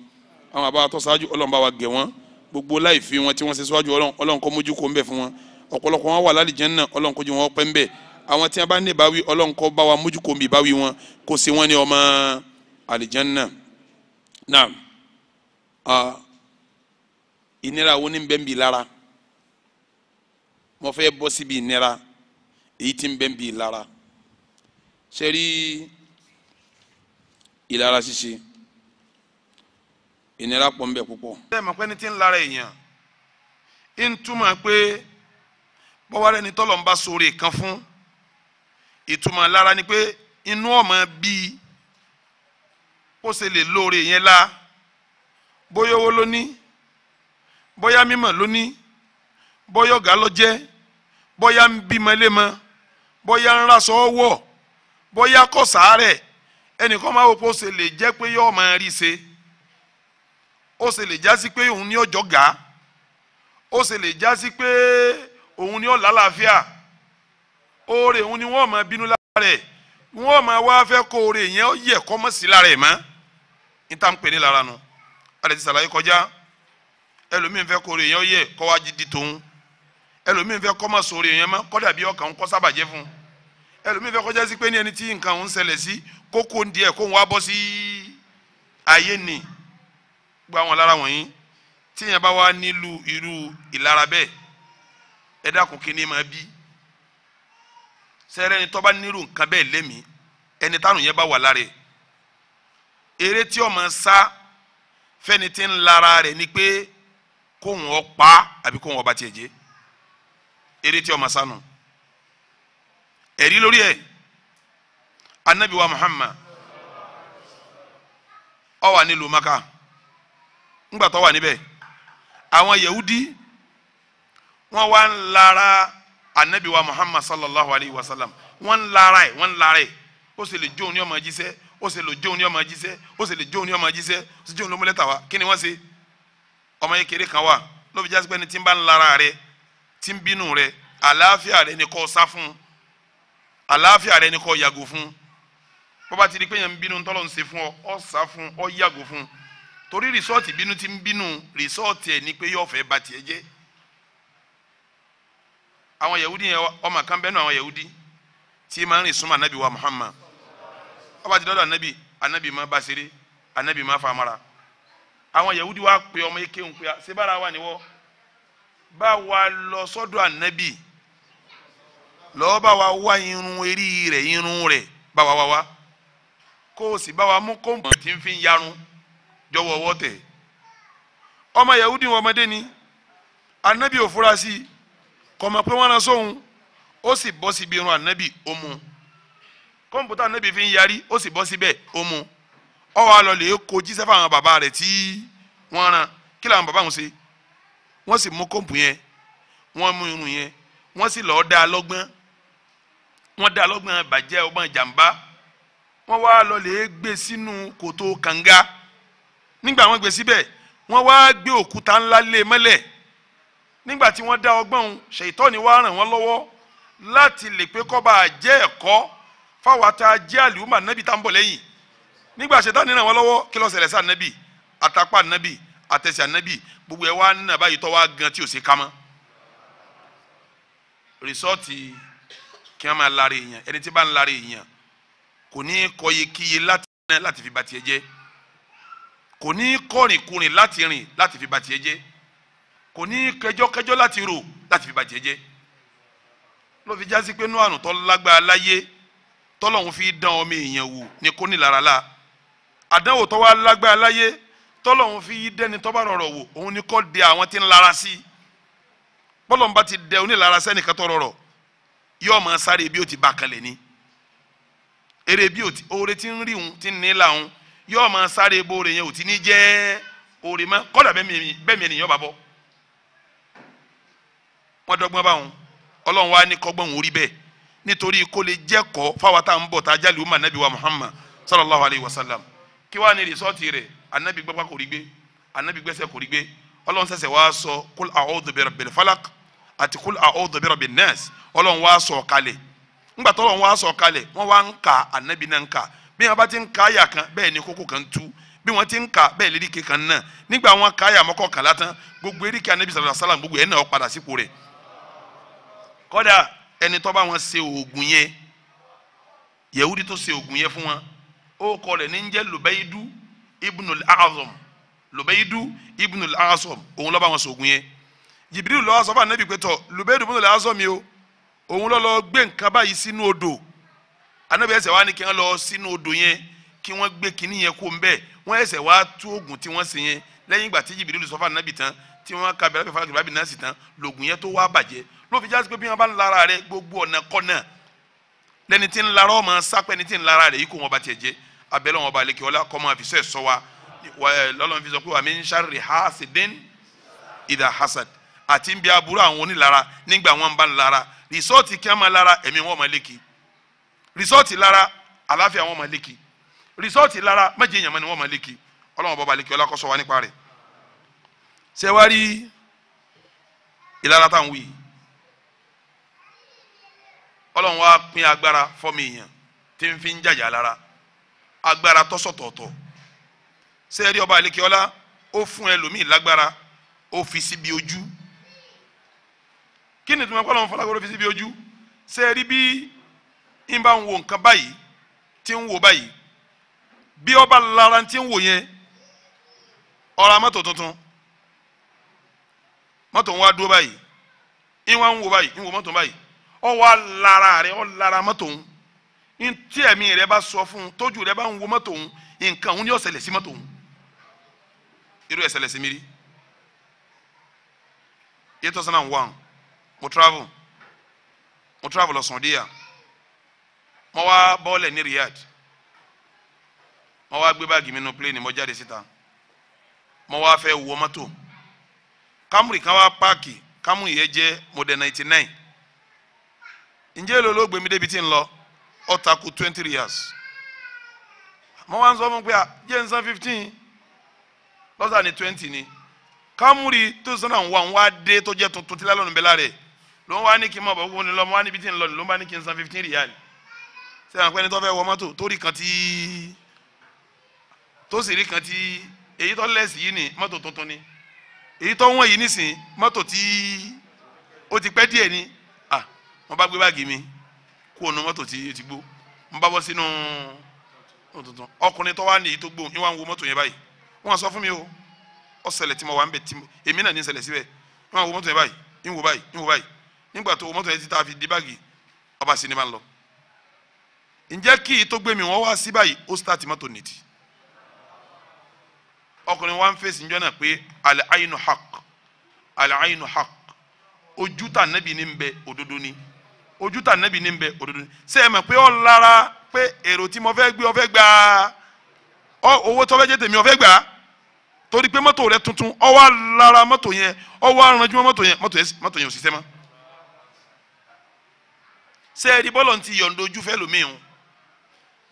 àwọn àbá tó ṣáájú ọlọ́mọba wa gẹ̀ wọn gbogbo láìfi wọn tí wọ́n ṣe síwájú ọlọ́run kó mójú kó ń bẹ̀ fún wọn ọ̀pọ̀lọpọ̀ wọn wà lálẹ́ jẹ́nà ọlọ́run kó ju wọn pẹ́ ń bẹ̀ àwọn tí wọn bá ní ìbáwí ọlọ́run bá wa mójú kó ń bì ìbáwí wọn kó ṣe wọn ní ọmọ àlìjẹ́nà náà ìnira wo ni bẹ́ ń bì lára mo fẹ́ bọ́ síbi ìnira èyí tí ń bẹ́ ń bì lára ṣe rí ìlara ṣíṣe ìnira pọ̀ ń bẹ púpọ̀. ṣé ẹ mọ̀ pé ní ti ń lara èèyàn ń túmọ̀ pé bọ́wárẹ́ ni tọ́lọ̀ ń bá sóore kan fún ìtumọ̀ lára ni pé inú ọmọ bíi kó ṣe lè lóore yẹn la bóyá owó ló ní bóyá mímọ̀ lóní bóyá ọ̀gá lọ́jẹ́ bóyá ń bímọ lémọ bóyá ń raṣọ wọ̀ bóyá kọ̀ sàárẹ̀ ẹnìkan máa wò pé ó ṣe lè jẹ́ pé yóò máa rí ṣe ó ṣe lè jásí pé òun ní ọjọ́ gà á ó ṣe lè jásí pé òun ní ọ̀la àlàáfíà oore òun ni wọ́n máa bínú lára rẹ̀ wọ́n máa wá fẹ́ kó oore yẹn yẹ kọ́ mọ́ mọ́ níta ń pè ní lára nu a lè kọjá ẹlòmíín fẹ́ kórè yẹn ó yẹ kọ́ wá di tòun ẹlòmíín fẹ́ kọ́ mọ̀ sórí yẹn mọ́ kọ́ dàbí ọkàn ń kọ́ sábàjẹ́ fún ẹlòmíín fẹ́ kọjá sí pé ní ẹni tí nǹkan ń ṣẹlẹ̀ sí kókó ń diẹ kó ń wá bọ́ sí ayé ni gba àwọn lára wọ̀nyí tí yẹn bá wá nílùú irú ìlara bẹ́ẹ̀ ẹ dákun kí ni máa bí sẹ́rẹ́ ni tọ́ba nírú nǹkan bẹ́ẹ̀ lẹ́mìí ẹni táwọn yẹn bá wà lára ẹ̀ eré tí ọmọ sá fẹ́ni tí ń lara rẹ̀ ni pé kóhùn ọ pa àbí kóhùn ọba tiẹ̀ jẹ́ eré tí ọmọ sanu ẹ̀rí lórí ẹ̀ anabi muhammad ó wà nílùú maka ńgbà tó wà níbẹ̀ àwọn yahudi wọ́n wá ń lara anabi wa muhammad sallallahu alayhi wa sallam wọ́n ń lara ẹ̀ wọ́n ń lara ẹ̀ ó sì lè jóun ní ọmọ jíṣẹ́ ó sì lè jóun ní ọmọ jíṣẹ́ ó sì lè jóun ní ọmọ jíṣẹ́ ó sì jóun ló múlẹ̀ kí ni wọ́n ṣe ọmọ kékeré kan wà ló fi jásí pé ní tí ń bá ń lara rẹ tí ń bínú rẹ àlàáfíà rẹ ni kò sá fún àlàáfíà rẹ ni kò yàgò fún bó bá ti di pé yẹn ń bínú tọ́lọ́ ń ṣe fún ọ ọ sá fún ọ yàgò fún torí rìsọ́ọ̀tì bínú ti ń bínú rìsọ́ọ̀tì ẹ̀ ní pé yóò fẹ́ ba tiẹ̀ jẹ́ àwọn yahudi yẹn ọmọ kan bẹ́ẹ̀ nù àwọn yahudi tí ma ń rìn súnmọ́ anabi wa muhammad ọba ti dọ́dọ̀ anabi anabi ma bá anabi ma fa àwọn yahudi wa pe ọmọ eke ń pe a ṣe bára wa níwọ bá wa lọ sọ́dọ̀ ànábì lọ́ọ́ bá wa wá irun eré rẹ̀ irun rẹ̀ bá wa wá wá kó o sì bá wa mú kó mọ̀ tí ń fi yarun jọ̀wọ́ ọwọ́ tẹ̀ ọmọ yahudi wọn ọmọdé ni ànábì ò fura sí i pé wọ́n ran sóhun ó sì bọ́ síbi irun ànábì ó mu kọ́mpútà ànábì fi ń yarí ó sì bọ́ síbẹ̀ ó mu ó wá lọ lè kó jíṣẹ́ fáwọn bàbá rẹ̀ tí wọ́n rán kí làwọn bàbá wọn ṣe wọ́n sì mú kóòpù yẹn wọ́n mú irun yẹn wọ́n sì lọ́ọ́ dá a lọ́gbọ́n wọ́n dá a lọ́gbọ́n bàjẹ́ ọgbọ́n jàǹbá wọ́n wá lọ lè gbé e sínú kòtò kànga nígbà wọ́n gbé e síbẹ̀ wọ́n wá gbé òkúta ńlá lé e mọ́lẹ̀ nígbà tí wọ́n dá ọgbọ́n ṣèyítọ́ni wá ràn wọ́n lọ́wọ́ láti lè pé kó jẹ́ ẹ̀kọ́ fáwọn ata jẹ́ àlùmọ̀ nábì tá ń bọ̀ lẹ́yìn nígbà ṣètánì ràn wọ́n lọ́wọ́ kí ló ṣẹlẹ̀ sí ànábì àtàpá ànábì àtẹ̀sí ànábì gbogbo ẹ̀ wá nínà báyìí tọ́ wá gan tí ò ṣe ká rìsọ́ọ̀tì kí wọ́n máa lára èèyàn ẹni tí bá ń lára èèyàn kò ní kọyí kíyè láti rìn láti fi ba tiẹ̀ jẹ́ kò ní kọrìnkùnrin láti rìn láti fi ba tiẹ̀ jẹ́ kò ní kẹjọkẹjọ láti rò láti fi ba tiẹ̀ jẹ́ ló fi jásí pé nínú àrùn tó lágbára láyé tọ́lọ́hún fi dán ọmọ èèyàn wò ní kónílára la àdánwò tó wá lágbára láyé tọ́lọ́hún fi yí dẹ́ni tó bá rọrọ̀ wò òun ni kò de àwọn tí ń lara sí bọ́lọ́hún bá ti dẹ onílara sẹ́nìkan tó rọrọ̀ yóò máa sáré bí ó ti bá kalẹ̀ ni eré bí oore ti ń rí òun ti ń ní là òun yóò máa sáré bó oore yẹn ò ti ní jẹ́ oore mọ́ kọ́dà bẹ́ẹ̀ mi ènìyàn bá bọ́ wọ́n dọ́gbọ́n báwọn ọlọ́run wa ní kọ́gbọ́n òun rí bẹ́ẹ̀ nítorí kó lè jẹ́kọ̀ọ́ fáwọn tá ń bọ̀ tá a jálè ó mà nábì wa Muhammad sallallahu alayhi wa sallam kí wàá ní rìsọ́ọ̀tì rẹ̀ anabi gbẹ́pà kò rí gbé anabi gbẹ́sẹ̀ kò rí gbé ọlọ́run sẹ̀sẹ̀ wá sọ kul a'udhu bi rabbil falaq àti kul a'udhu bi rabbin nas ọlọ́run wá sọ kalẹ̀ ńgbà tọ́lọ́run wá sọ kalẹ̀ wọ́n wá ń ka anabi náà ń ka bí wọ́n bá ti ń ka àyà kan bẹ́ẹ̀ ni kókó kan tú bí wọ́n ti ń ka bẹ́ẹ̀ léríkè kan náà nígbà wọn ka àyà mọ́kọ́ kan látàn gbogbo eríkè anabi sàlàyé sàlàm gbogbo ẹ̀ náà padà sípò rẹ̀ kọ́dà ẹni tó bá wọn ṣe oògùn yẹn yẹ̀wúdí tó ṣe oògùn yẹn fún wọn orúkọ rẹ̀ ní ń jẹ́ lubaidu ibnul azom lubaidu ibnul azom òun ló bá wọn sògùn yẹn jibril ló wá sọ fún anabi pé tọ lubaidu ibnul azom yìí o òun ló lọ gbé nǹkan báyìí sínú odò anabi ẹsẹ̀ wá ní kí wọ́n lọ sínú odò yẹn kí wọ́n gbé kinní yẹn kó ń bẹ́ẹ̀ wọ́n wá tú oògùn tí wọ́n ṣe yẹn ìgbà tí jibril sọ fún anabi tán tí wọ́n ka bẹ̀rẹ̀ fún anabi náà sì tán lògùn yẹn tó wá bàjẹ́ ló fi jásí pé bí wọ́n bá ń lara rẹ gbogbo ọ̀nà kọ́nà lẹ́ni tí ń lara ọmọ sápẹ́ ni tí ń lara rẹ yìí kò wọ́n bá tiẹ̀ jẹ́ abẹ́lẹ́ wọn balẹ̀ kí ọlá kọ́ máa fi sọ wa lọ́lọ́run fi sọ pé wa min sharri hasidin idha hasad àti ń bí aburú àwọn onílara nígbà wọn bá ń lara rìsọ́ọ̀tì kí lara ẹ̀mí wọn máa lékì rìsọ́ọ̀tì lara àláfíà wọn máa lékì rìsọ́ọ̀tì lara méje èèyàn ni wọ́n máa lékì ọlọ́run bọ́ba lékì ọlá kó wa nípa rẹ̀ ṣé wàá rí ìlara táwọn wí ọlọ́run wá pín agbára fọ́mi èèyàn tí ń fi ń jàjà lára agbára tọ́sọ̀tọ̀ọ̀tọ̀ sẹ́ẹ̀rí ọba àlekíọ́lá ó fún ẹlòmíì lágbára ó fi síbi ojú kí ni ìtumọ̀ pọ́lọ́mù fọlágbọ́dọ̀ fi síbi ojú sẹ́ẹ̀rí bí n bá ń wo nǹkan báyìí tí ń wo báyìí bí ọba lára tí ń wo yẹn ọ̀rọ̀ mọ́tò tuntun mọ́tò ń wá dúró báyìí ń wá ń wo báyìí ń wo mọ́tò báyìí ọ̀ wá lára ọ̀ lára mọ́tò ń ntí ẹ̀mí rẹ bá sọ fún un tójú rẹ bá ń wo mọ́tò òun nǹkan òun ni yóò ṣẹlẹ̀ mọ́tò òun irú ẹ̀ ṣẹlẹ̀ mi rí eight thousand and one mo travel mo travel lọ Saudiya mo wá bọ́ọ̀lẹ̀ ní Riyadh mo wá gbé báàgì mi nínú plane mo jáde síta mo wá fẹ́ wọ mọ́tò Camry kan wá páàkì Camry yẹn jẹ́ model ninety nine ǹjẹ́ èlò ló gbé mi tí ń lọ ọ̀tà twenty years mo wá ń sọ fún pé ah, jẹ́ ń san fifteen lọ́sà ní twenty ni kámúrì tó sọ́nà ń wá ń wá dé tó jẹ́ tuntun tí lálọ́nù bẹ́ẹ̀ láre ló ń wá ní kí n mọ̀ bọ́ wọ́n ní lọ́mọ wá níbi tí ń lọ ló ń bá ní kí n san fifteen riyal ṣé àwọn akẹ́ni tó fẹ́ wọ mọ́tò tó rí kan tí tó sì rí kan tí èyí tó lẹ̀ yìí ni mọ́tò tuntun ni èyí tó wọ́n yìí nísìn mọ́tò tí ó ti pẹ́ díẹ̀ ni ah wọ́n bá gbé báàgì mi. kó o mọ́tò ti gbó ń bá bọ́ sínú tuntun ọkùnrin tó wá ní tó gbó ìwà ń wo mọ́tò yẹn báyìí wọ́n sọ fún mi o ọ̀sẹ̀lẹ̀ tí mo wà ń bẹ̀ tí mo èmi náà ní ṣẹlẹ̀ síbẹ̀ ìwà ń wo mọ́tò yẹn báyìí wo báyìí ti ta fi di báàgì ọba sinimá lọ ǹjẹ́ kí i tó gbé mi wọ́n wá sí báyìí ó start mọ́tò nìdí ọkùnrin wa ń fèsì náà pé ojú tà nẹ́bí ní ni. ojú tà nẹ́bí ní bẹ òdodo ṣé ẹ mọ̀ pé ọ lára pé èrò tí mo fẹ́ gbé ọ fẹ́ gbà ọ owó tó fẹ́ tèmi ọ gbà torí pé rẹ tuntun ọ wá lara mọ́tò yẹn ọ wá ranjú mọ́ mọ́tò yẹn mọ́tò yẹn mọ́tò yẹn ò ṣiṣẹ́ mọ́ ṣé ẹ bọ́lọ̀ ti o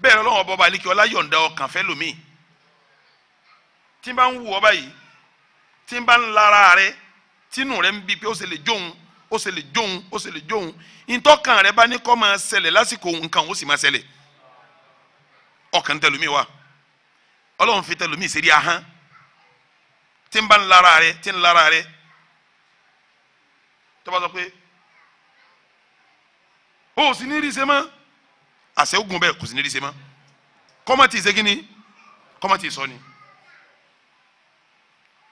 bẹ́ẹ̀ ni ọlọ́wọ́n bọba alikẹ́ ọlá yọ̀ǹda ọkàn fẹ́ lómi tí n bá ń wù ọ n bá ń rẹ rẹ ó ṣe lè jóun ó ṣe lè jóun ntọ́kàn rẹ bá ní kọ́ máa ṣẹlẹ̀ lásìkò nǹkan ó sì máa ṣẹlẹ̀ ọkàn tẹlumi wa ọlọ́run fi tẹlumi ìṣeré ahán tí ń bá ń lára rẹ tí ń lára rẹ tó sọ pé o sì ní rí ṣe mọ́ àṣẹ ogun bẹ́ẹ̀ kò sì ní rí ṣe mọ́ kọ́mọ̀tì ṣe kí ni kọ́mọ̀tì sọ ni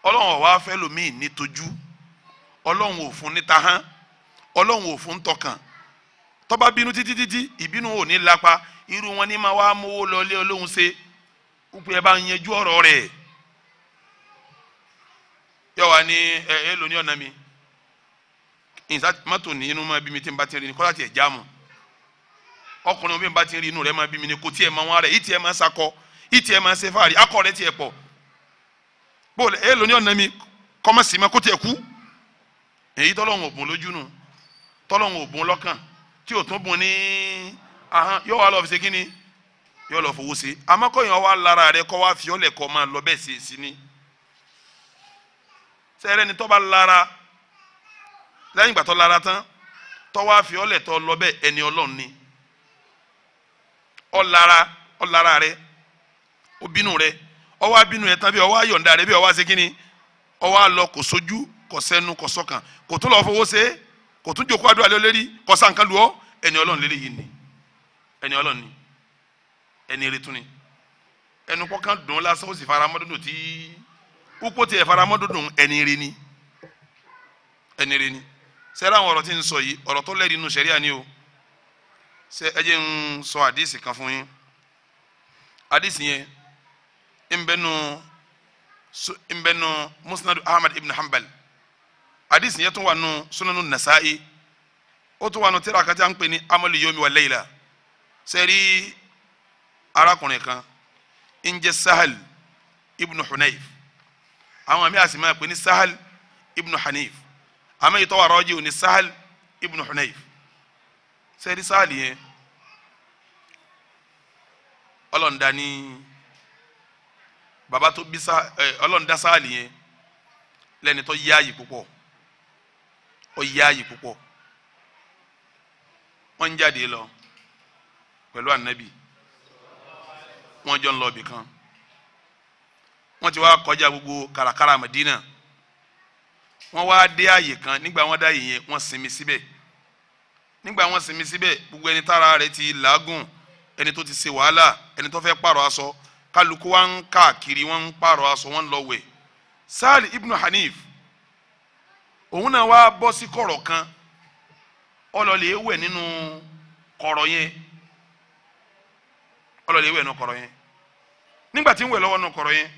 ọlọ́run ọ̀wá fẹ́ lomi ní ọlọ́run ò fún níta hán ọlọ́run ò fún tọkàn tó bínú títí títí ìbínú ò ní lapa irú wọn ni máa wá mówó lọlé ọlọ́run ṣe wípé ẹ bá ń yanjú ọ̀rọ̀ rẹ̀ yọ̀wá ní ẹ ẹ lò ní ọ̀nà mi mọ́tò ní inú máa bí mi tí n bá ti rí ni kọ́lá tiẹ̀ já mu ọkùnrin bá ti rí inú rẹ̀ máa bí mi ni kò tiẹ̀ máa wá rẹ̀ ìtì ẹ̀ máa sakọ ìtì ẹ̀ máa ṣe èyí tọ́lọ́hún òbùn lójú nù tọ́lọ́hún òbùn lọ́kàn tí ò tún bùn ní ahọ́n yóò wá lọ fi ṣe kí ni yóò lọ fowó ṣe amákọ̀yìn wa lára rẹ kọ́ wá fi ọ́ máa lọ bẹ́ẹ̀ ṣe sí ni sẹ́rẹ́ ni tọ́ba lára lẹ́yìn ìgbà tó lára tán tọ́wá fi ọ́ lẹ̀tọ́ lọ bẹ́ẹ̀ ẹni ọlọ́run ni ọ lára ọ lára rẹ ó bínú rẹ tán bí ọ wá rẹ bí ọ ṣe kí ni ọ wá kò sójú kò sẹ́nu kò sọ́kàn kò tún lọ́ọ́ fowó ṣe kò tún jókòó àdúrà lé lérí kò sá nǹkan lu ọ́ ẹni ni ẹni ọlọ́run ni ẹni eré tún ni ẹnu kọ́kàn dùn lásán ó sì fara mọ́ dúdùn tí púpọ̀ tiẹ̀ fara mọ́ dúdùn ẹni eré ni ẹni eré ni sẹ́rẹ́ àwọn ọ̀rọ̀ tí ń ni o ṣe ẹ jẹ́ ń sọ àdìsí kan fún yín àdìsí yẹn ń bẹ́nu musnadu ahmad ibn hanbal hadisi yẹn tún wà nù sunanu nasa'i ó tún wà nù tírà kàtí ń pè ní amali yomi wa leila sẹ́rí arákùnrin kan ń jẹ́ sahal ibnu hunayf àwọn àmì àsìmọ́ máa pè ní sahal ibnu hanif àmì ìtọ́wà rọ́jì ò sahal ibnu hunayf sẹ́rí sahal yẹn ọlọ́ọ̀dá ní baba tó bí ọlọ́ọ̀dá sahal yẹn lẹ́ni tó yáàyè púpọ̀ ó yáàyè púpọ̀ wọ́n ń jáde lọ pẹ̀lú ànábì wọ́n jọ ń lọ ibì kan wọ́n ti wá kọjá gbogbo kàràkàrà Madina wọ́n wá dé àyè kan nígbà wọ́n dá yìnyẹn wọ́n sinmi síbẹ̀ nígbà wọ́n sinmi síbẹ̀ gbogbo ẹni tára rẹ̀ ti làágùn ẹni tó ti ṣe wàhálà ẹni tó fẹ́ pààrọ̀ aṣọ kálukú wa ń káàkiri wọ́n ń pààrọ̀ aṣọ wọ́n ń lọ wẹ̀ sáàlì ibnu Hanif òun náà wá bọ́ sí kọ̀rọ̀ kan ọlọ́lẹ̀ wẹ̀ nínú kọ̀rọ̀ yẹn ọlọ́lẹ̀ wẹ̀ nínú kọ̀rọ̀ yẹn nígbà tí ń wẹ̀ lọ́wọ́ nínú kọ̀rọ̀ yẹn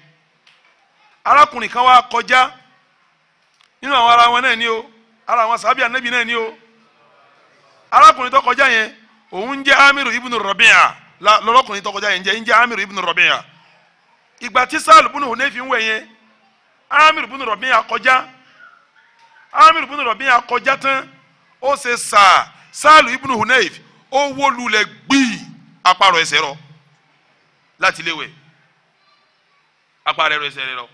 arákùnrin kan wá kọjá nínú àwọn ara wọn náà ni o ara àwọn sábíà nẹ́bí náà ni o arákùnrin tó kọjá yẹn òun ń jẹ́ amiru ibnu Rabi'a lọ́lọ́kùnrin tó kọjá yẹn ń jẹ́ ń jẹ́ amiru ibnu Rabi'a ìgbà tí sáàlù bùnú òun náà fi ń wẹ̀ yẹn amiru ibnu Rabi'a kọjá amir ibùnú rọ̀bí yẹn akọjá tán ó ṣe sà sáàlù Ibn hunayf ó wó lulẹ̀ gbìí apárọ̀ ẹsẹ̀ rọ láti léwẹ̀ apárọ̀ ẹsẹ̀ rọ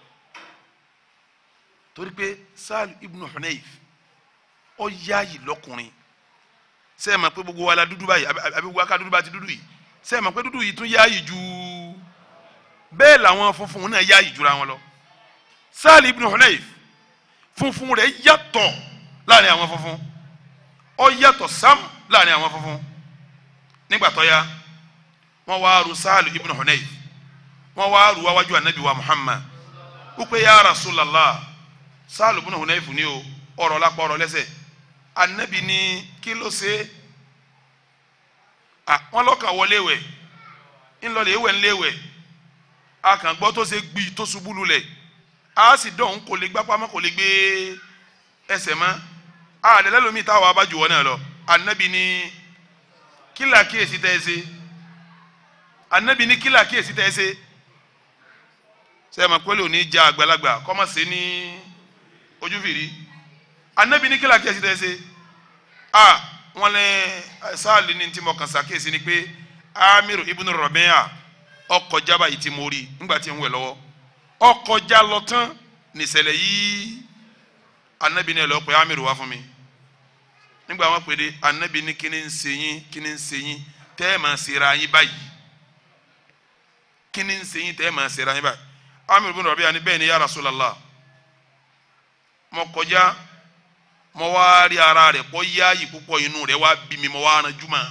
torí pé sáàlù ibùnú hunayf ó yáàyè lọ́kùnrin sẹ́ẹ̀ mọ̀ pé gbogbo wa la dúdú báyìí àbí gbogbo wa ká dúdú bá ti dúdú yìí sẹ́ẹ̀ mọ̀ pé dúdú yìí tún yáàyè jù bẹ́ẹ̀ làwọn funfun náà yáàyè jura wọn lọ sáàlù ibùnú hunayf funfun rẹ̀ yàtọ̀ láàrin àwọn funfun ó yàtọ̀ sam láàrin àwọn funfun nígbà tó yá wọ́n wá ru sáàlù ibn hunayf wọ́n wá ru wáwájú anabi wa muhammad wípé ya rasulallah sáàlù ibn hunayf ni o ọ̀rọ̀ lápá ọ̀rọ̀ lẹ́sẹ̀ anabi ni kí ló ṣe é ah, wọ́n lọ́kàn wọlé wẹ̀ ńlọlẹ̀ ewé ńlẹ̀ wẹ̀ a tó ṣe gbi tó ṣubú lulẹ̀ a si don nkole gbapamekole gbe ese ma a alelela lomi taa wa abajuwo na lo anebi ni kila ki esi teese anebi ni kila ki esi teese se ma kwelo ni ja agbalagba kọma se ni ojufiri anebi ni kila ki esi teese a won le saali ni ntimo kansa ki esi ni pe amiro ibu romero okojaba itimori ngwa ti lọwọ. ọkọjá lọ tán nìṣẹ̀lẹ̀ yìí anabi ní ẹlọpẹ amiru wá fún mi nígbà wọn pè dé anabi ní kíni ń ṣe yín kíni ń ṣe yín tẹ́ ẹ̀ máa ṣera yín báyìí kíni ń ṣe yín tẹ́ ẹ̀ máa ṣera yín báyìí amiru bin Rabi'a ni bẹ́ẹ̀ ni ya Rasulullah mo kọjá mo wá rí ara rẹ̀ kọ́ yáàyè púpọ̀ inú rẹ̀ wá bí mi mo wá ránjú mọ́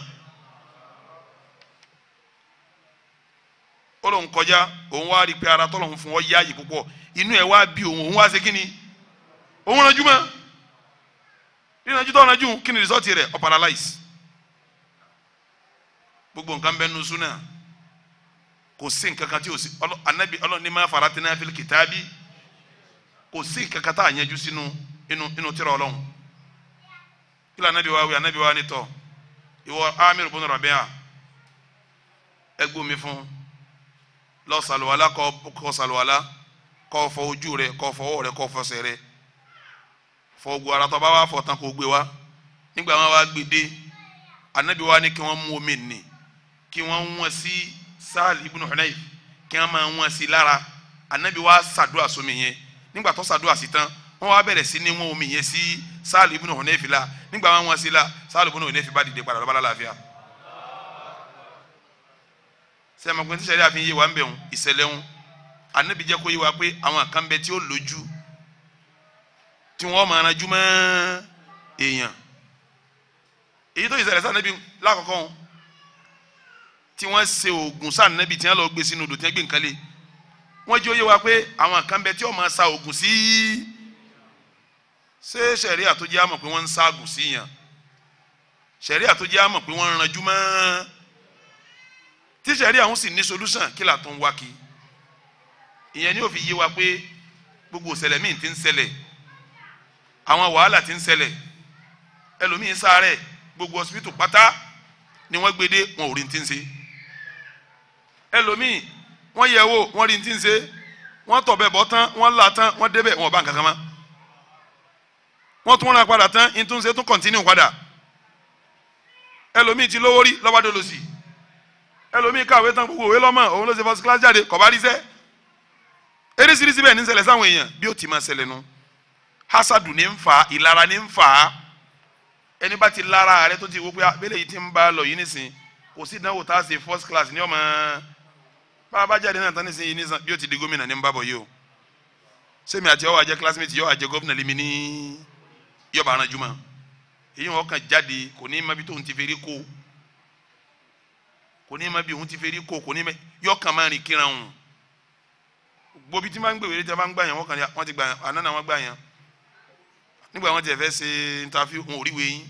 ó lóun kọjá òun wá rí i pé ara tọ́lọ́hún fún ọ yáàyè púpọ̀ inú ẹ̀ wá bí òun òun wá ṣe kí ni òun ranjú mọ́ ríranjú tó ranjú kí ni rìsọ́ọ̀tì rẹ̀ ọ paralyze gbogbo nǹkan bẹ́ẹ̀ nu súnà kò sí nǹkan kan tí o sí anabi ọlọ́ọ̀ni máa fara tẹ́ náà fi kìtàbí kò sí nǹkan kan tá a yẹjú sínú inú inú tírà ọlọ́run kí anabi wa wí anabi wa ni tọ ìwọ amir bùnú Rabi'a ẹgbẹ́ mi fún lọ sàlùwàlá kọ sàlùwàlá kó fọ ojú rẹ kó fọ ọwọ́ rẹ kó fọsẹ̀ rẹ fọ ogun ara tó bá wà fọ tán kó gbé wá nígbà wọn wá gbé dé anabi wa ni kí wọn mú omi nì kí wọn wọn sí sáàlì ibùnú Hunayf kí wọn máa wọn sí lára anabi wa ṣàdúrà sómi yẹn nígbà tó ṣàdúrà sí tán wọn wá bẹ̀rẹ̀ sí ní wọn omi yẹn sí sáàlì ibùnú Hunayf la nígbà wọn wọn sí la sáàlì ibùnú Hunayf bá dìde padà lọ́ba lálàáfíà sẹ́yìn àmọ́ pé tíṣẹ́rí àfihàn yé wa ń bẹ̀ wọn ìṣẹ̀lẹ̀ wọn ànábì jẹ́ kó yé wa pé àwọn kan bẹ tí ó lójú tí wọ́n máa ranjú mọ́ èèyàn èyí tó ìṣẹ̀lẹ̀ sànẹ́bí lákọ̀ọ́kọ́ wọn tí wọ́n ṣe oògùn sànẹ́bí tí wọ́n lọ gbé sínú odò tí wọ́n gbé nǹkan lé wọ́n jẹ́ ó wa pé àwọn kan bẹ tí wọ́n máa sa oògùn sí ṣé sẹ̀ríà tó àmọ̀ pé wọ́n ń sa oògùn sí yàn sẹ̀ríà tó àmọ̀ pé wọ́n ń ranjú mọ́ tíṣẹ̀rí àwọn sì ní solution kí là tó ń wá kí ìyẹn ni ó fi yé wa pé gbogbo ìṣẹ̀lẹ̀ míì ti ń ṣẹlẹ̀ àwọn wàhálà ti ń ṣẹlẹ̀ ẹlòmíín sáré gbogbo hospital pátá ni wọ́n gbé dé wọn ò rí ti ń ṣe ẹlòmíín wọ́n yẹ̀ wò wọ́n rí ti ń ṣe wọ́n tọ̀bẹ̀ bọ́ tán wọ́n là tán wọ́n débẹ̀ wọn ò bá nǹkan kan mọ́ wọ́n tún ra padà tán ìtúnṣe tún continue padà ẹlòmíín ti lówó rí lọ́wọ́ dolo ẹlòmíì kàwé tán gbogbo òwe lọ́mọ òun ló ṣe first class jáde kò bá rí sẹ́ eréṣiríṣi bẹ́ẹ̀ ní ń ṣẹlẹ̀ sáwọn èèyàn bí ó ti máa ṣẹlẹ̀ nu hasadu ní ń fa ìlara ní ń fa ẹni bá ti lára rẹ tó ti wó pé abẹ́lẹ̀ ah, yìí ti ń bá lọ yìí nísìn kò sí ìdánwò tá a ṣe first class ní ọmọ bá a bá jáde náà tán nísìn yìí nísìn bí ó ti di gómìnà ní ń yìí o sẹ́mi àti ọwọ́ àjẹ classmate yóò àjẹ gómìnà lémi ní yọ̀bà aranjúmọ́ èyí wọn kàn jáde kò ní mọ́bí tóun ti fi rí kó kò ní ma bí òun ti fẹ́ rí kó kò ní mẹ́ yọ kàn máa rìn kíran òun gbobi tí máa ń gbèwèrè tí a bá ń gbà yàn wọ́n kàn yà wọ́n ti gbà yàn àná náà wọ́n gbà yàn nígbà wọn tiẹ̀ fẹ́ ṣe ntafi òun ò rí yín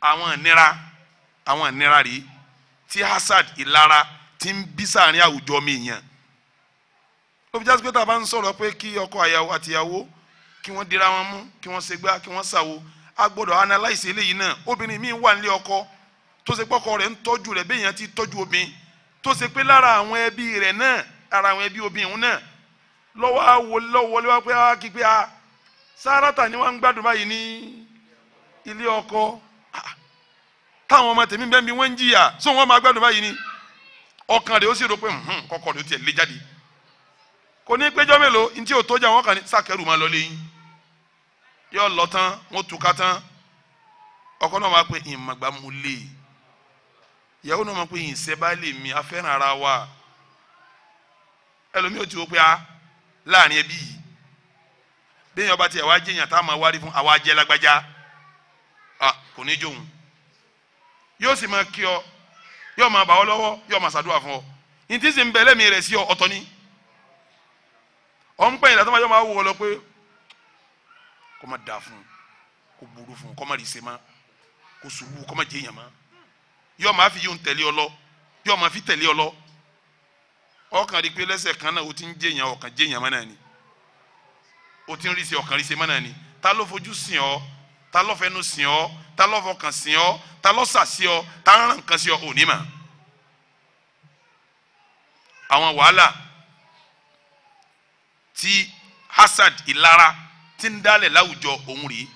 àwọn ìnira àwọn ìnira rèé tí hasad ìlara ti ń bí sáàrin àwùjọ mi yàn ló jásí pé tá a bá ń sọ̀rọ̀ pé kí ọkọ àyàwó àtìyàwó kí wọ́n dira wọn mú kí wọ́n ṣègbà kí wọ́n ṣàwo a gbọ́dọ̀ analyse eléyìí náà obìnrin mi wà nílé ọkọ tó ṣe pọ́kọ rẹ̀ ń tọ́jú rẹ̀ béèyàn ti tọ́jú obìnrin tó ṣe pé lára àwọn ẹbí rẹ̀ náà ara àwọn ẹbí obìnrin náà lọ́wọ́ àwọ lọ́wọ́ lọ́wọ́ pé a ah, kí pé ah, a Sárátà ni wọ́n ń gbádùn báyìí ní ilé ọkọ ah, táwọn ọmọ tèmi bẹ́ẹ̀ mi wọ́n ń jìyà sọ wọ́n máa gbádùn báyìí ní ọkàn rẹ̀ ó sì rò pé hmm, kọ́kọ́ rẹ̀ ó tiẹ̀ lé jáde kò ní péjọ́ mélòó ní tí ò tó jà wọ́n ní sàkẹ́rù máa lọ lẹ́yìn yóò lọ tán wọn tú ká tán ọkọ náà máa pe ìmọ̀gbà mu lè ìyàwó náà máa pe ìṣe bá mi afẹ́ràn ara wa ẹlòmíì ò ti wo pé a ah, láàrin ẹbí yìí bẹ́ẹ̀ yọba tí àwa jẹ̀yàn tá a máa wárí fún àwa jẹ́ lágbájá kò ní jóun yóò sì máa kí ọ yóò máa bà ọ lọ́wọ́ yóò máa ṣàdúrà fún ọ ní ń bẹ lẹ́mìí rẹ̀ sí ọ ọ̀tọ̀ ni ọ̀ ń máa yọ ọ lọ pé kó má da fún kó burú fún kó má rí sema kó ṣubú kó má jẹ yàn má yóò máa fi yóò tẹ̀lé ọ lọ yóò máa fi tẹ̀lé ọ lọ ọkàn rí pé lẹ́sẹ̀ kan náà o ti ń jẹ yàn ọkàn jẹ yàn ni o ti ń rí se ọkàn rí se má náà ni ta ló fojú sìn ọ ta ló fẹnu sìn ọ ta ló fọkàn sìn ọ ta ló sà sí àwọn wàhálà ti hasad ìlara tí ń dálẹ̀ láwùjọ òun rèé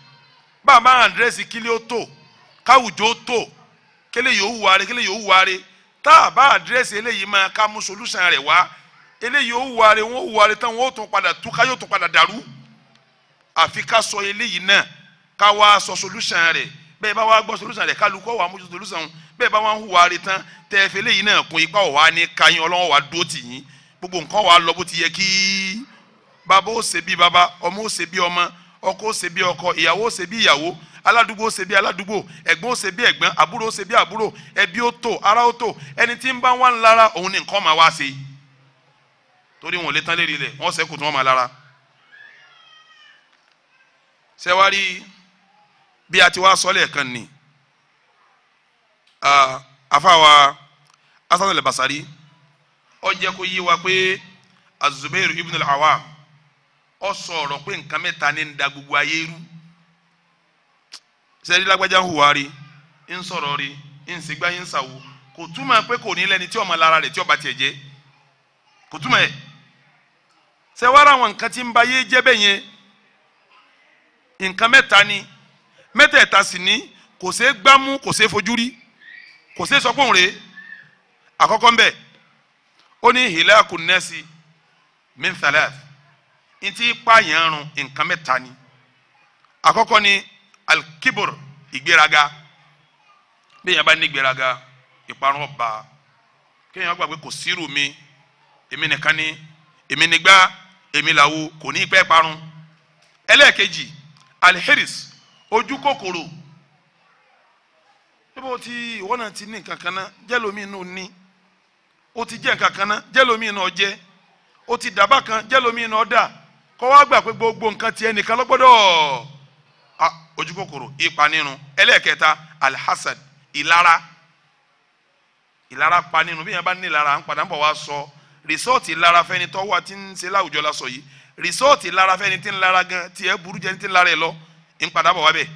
bàbá àǹdírẹ́sì kílé ó tò káwùjọ ó tò kílé yòówù wáre kílé yòówù wáre tá a bá àdírẹ́sì eléyìí máa ká mú solúsàn rẹ̀ wá eléyìí ó wáre wọn ó wáre tán wọn ó tún padà tú ká yóò tún padà dàrú àfi ká sọ eléyìí náà ká wá sọ solúsàn rẹ̀ bẹ́ẹ̀ bá wá gbọ́ solúsàn rẹ̀ kálukọ́ wà mójútó solúsàn bẹ́ẹ̀ bá wá ń hùwà rẹ̀ tán tẹ́ ẹ fẹ́ eléyìí náà kún ipá ọ̀wá ní káyín ọlọ́wọ́ wa dúró tì yín gbogbo nǹkan wà lọ bó ti yẹ kí Baba ó ṣe bí bàbá ọmọ ó ṣe bí ọmọ ọkọ ó ṣe bí ọkọ ìyàwó ó ṣe bí ìyàwó aládùúgbò ó ṣe bí aládùúgbò ẹ̀gbọ́n ó ṣe bí ẹ̀gbọ́n àbúrò ó ṣe bí àbúrò ẹbí ó tò ará ó tò ẹni tí ń bá wà ń lára òun ni nǹkan máa wá ṣe torí wọn ò lè tán lérí rẹ wọn ṣẹ́kù tí wọn máa lára. sẹ́wárí bí a ti wá sọ lẹ́ẹ̀kan ni àfàwà asan basari ó jẹ́ kó yé wa pé az ibn al-Awwam ọ sọ ọ̀rọ̀ pé nǹkan mẹ́ta ní ń da gbogbo ayé rú sẹ́rí lágbájá hùwà rí ń sọ̀rọ̀ rí ń sègbà ń sàwò kò túmọ̀ pé kò ní lẹ́ni tí ọmọ lára rẹ̀ tí ọba tiẹ̀ jẹ́ kò túmọ̀ ẹ̀ sẹ́wárà àwọn nǹkan tí ń ba yé jẹ́ bẹ́ẹ̀ yẹn nǹkan mẹ́ta ni mẹ́tẹ̀ẹ̀ta sì ni kò ṣeé gbámú kò ṣeé fojú rí kò ṣeé sọ pòun àkọ́kọ́ ń bẹ̀ ó ní hilaku nẹ́ẹ̀sì min thalath ntí pààyàn run nǹkan mẹ́ta ni àkọ́kọ́ ni alkibor ìgbéraga bẹ́ẹ̀yàn bá ní ìgbéraga ìparun ọba kéèyàn gbàgbé kò sírù mi èmi nìkan ni èmi nígbà èmi làwo kò ní pẹ́ parun ẹlẹ́ẹ̀kejì alheris ojú kòkòrò níbo ti ìwọ náà ti ní nǹkan kan náà jẹ́lómi inú ní o ti jẹ́ nǹkan kan náà jẹ́lómi inú o ti dàbà kan jẹ́lómi inú ọ̀dà. kọ́ wá gbà pé gbogbo nǹkan tiẹ̀ nìkan ló gbọ́dọ̀ ojú kòkòrò ipa nínú ẹlẹ́ẹ̀kẹta alhassad ìlara ìlara pa nínú bí yẹn bá ní ìlara à ń padà ń bọ̀ wá sọ rìsọ́ọ̀tì ìlara fẹ́ni tọ́wọ́ àti ń ṣe láwùjọ la sọ yìí rìsọ́ọ̀tì ìlara fẹ́ni tí ń lara gan tiẹ̀ burú jẹ́ ní tí ń lara ẹ̀ lọ ń padà bọ̀ wá bẹ̀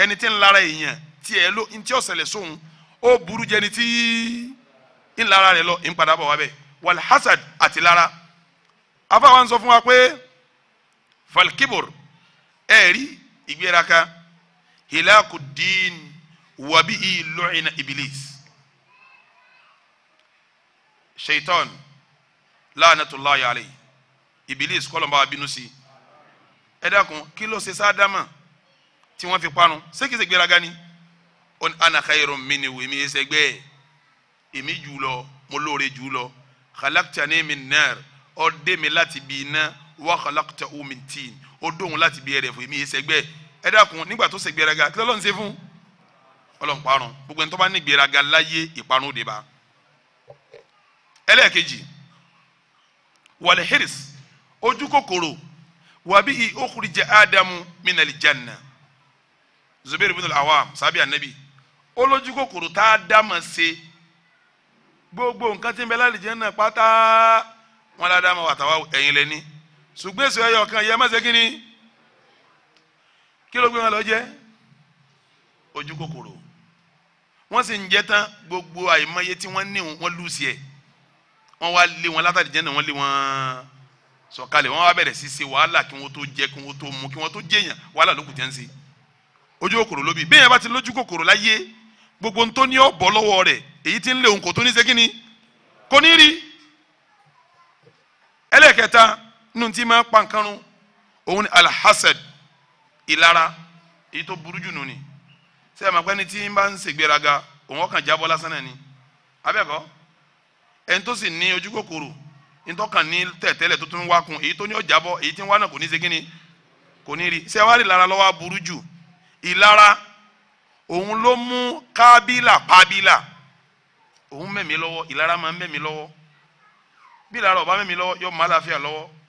ẹni tí ń lara èèyàn tiẹ̀ ló ń tí ọ̀sẹ̀lẹ̀ sóhun ó burú jẹ́ ní tí ń lara rẹ̀ lọ ń padà bọ̀ wá bẹ̀ walhassad àti lara afáwa ń sọ fún wa pé falkibur ẹ̀rí ìgbéraga hilakudin wàbí ìlúìnà iblis shaitan laanatulayi alayhi iblis kọlọmba abinu si ẹ dákun kí ló ṣe sáádámà tí wọ́n fi parun ṣé kìí ṣe gbéraga ni ó ní anakayiru mi ni wèmí ẹsẹgbẹ èmi jù lọ mo lóore jù lọ khalaqtani min nar mi láti bi iná wa khalaqtahu min tin ó dóhun láti bí ẹrẹ̀ fún èmi ìṣẹ́gbẹ́ ẹ dákun nígbà tó ṣe gbéraga kí lọ́lọ́run ṣe fún ọlọ́run parun gbogbo ẹni tó bá ní gbéraga láyé ìparun ó dé bá ẹlẹ́ẹ̀kejì wàlẹ̀ hirs ojú kòkòrò wàbí i okùrìjẹ ádámù mínàlì janna Zubair bin al-Awwam sábì ànábì olójú kòkòrò tá a dámọ̀ ṣe gbogbo nǹkan tí ń bẹ lálẹ́ janna pátá wọn lá dámọ̀ wàtàwá ẹ̀yin lẹ́ni ṣùgbọ́n èso ẹyọ kan yẹ mọ́sẹ̀ kí ni kí ló gbé wọn lọ jẹ ojú kòkòrò wọ́n sì ń jẹ tán gbogbo àìmọye tí wọ́n ní wọ́n lù sí ẹ̀ wọ́n wá lé wọn látàrí jẹ́ náà wọ́n lé wọn sọ̀kalẹ̀ wọ́n wá bẹ̀rẹ̀ sí ṣe wàhálà kí wọ́n tó jẹ kí wọ́n tó mu kí wọ́n tó jẹyàn wàhálà ló kù tẹ́ ń ṣe ojú kòkòrò ló bẹ́ẹ̀ bá ti lójú kòkòrò láyé gbogbo ntó ní ọ̀bọ̀ lọ́wọ́ rẹ̀ èyí tí ń lé òun kò tó ní ṣe kí ni kò ní rí ẹlẹ́kẹta nínú tí máa pa nǹkan run òun ni alhassad ìlara èyí tó burú jù nù ni ṣé ẹ máa pẹ́ ni tí ń bá ń ṣègbéraga òun ọkàn jábọ́ lásán náà ni abẹ́kọ́ ẹni tó sì ní ojú kòkòrò ní tó kàn ní tẹ̀tẹ́lẹ̀ tó tún wá kun èyí tó ní ó jábọ́ èyí tí ń wá náà kò ní ṣe kí ni kò ní rí ṣé wàá rí ìlara lọ́wọ́ burú jù ìlara òun ló mú kábílà pábílà òun mẹ́mi lọ́wọ́ ìlara máa ń mẹ́mi lọ́wọ́ bí ìlara ọba mẹ́mi lọ́wọ́ yóò má láàfíà lọ́wọ́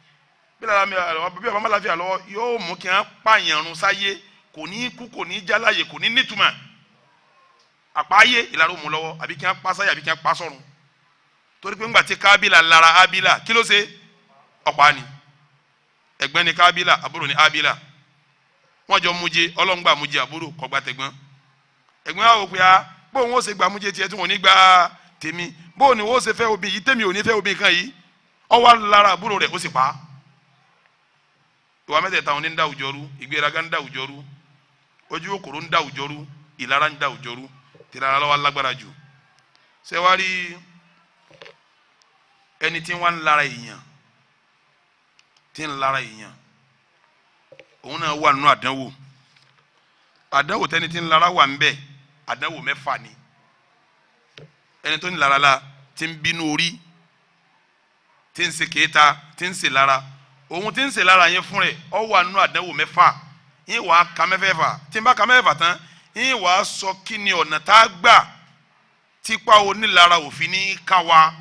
bí bàbá màláfíà lọ yóò mú kí a pààyàn run sáyé kò ní kú kò ní jáláyè kò ní nítumọ̀ àpáyé ìlàrú mu lọ́wọ́ àbí kí wọ́n pa sáyé àbí kí pa torí pé ńgbà tí kábílà lara ábílà kí ló ṣe ni ni ni wọ́n jọ ọlọ́ngbà àbúrò tẹ̀gbọ́n ẹ̀gbọ́n bóun ó ṣe gbà tiẹ̀ tí wọ́n ní gbà tèmi bóun ó ṣe fẹ́ yìí tèmi ò ní fẹ́ kan yìí wá ìwà mẹ́tẹ̀ẹ̀ta òun ní ń da àwùjọ rú ìgbéraga ń da àwùjọ rú ojú òkòrò ń da àwùjọ rú ìlara ń da àwùjọ rú tìlara lọ́wọ́ alágbára jù sẹ́wárí ẹni tí wọ́n ń lara èèyàn tí ń lara èèyàn òun náà wà nínú àdánwò àdánwò tẹ́ni tí ń lara wà ń bẹ àdánwò mẹ́fà ni ẹni tó ń lara la ti ń bínú orí ti ń ṣe kéta ti ń ṣe lara òun ti ń ṣe lára yín fún rẹ̀ ọ wà àdánwò mẹ́fà yín wàá ka mẹ́fẹ̀ẹ̀fà tí n bá ka mẹ́fẹ̀ẹ̀fà tán yín wàá sọ kí ni ọ̀nà tá a gbà tipa onílara òfin ní ká wa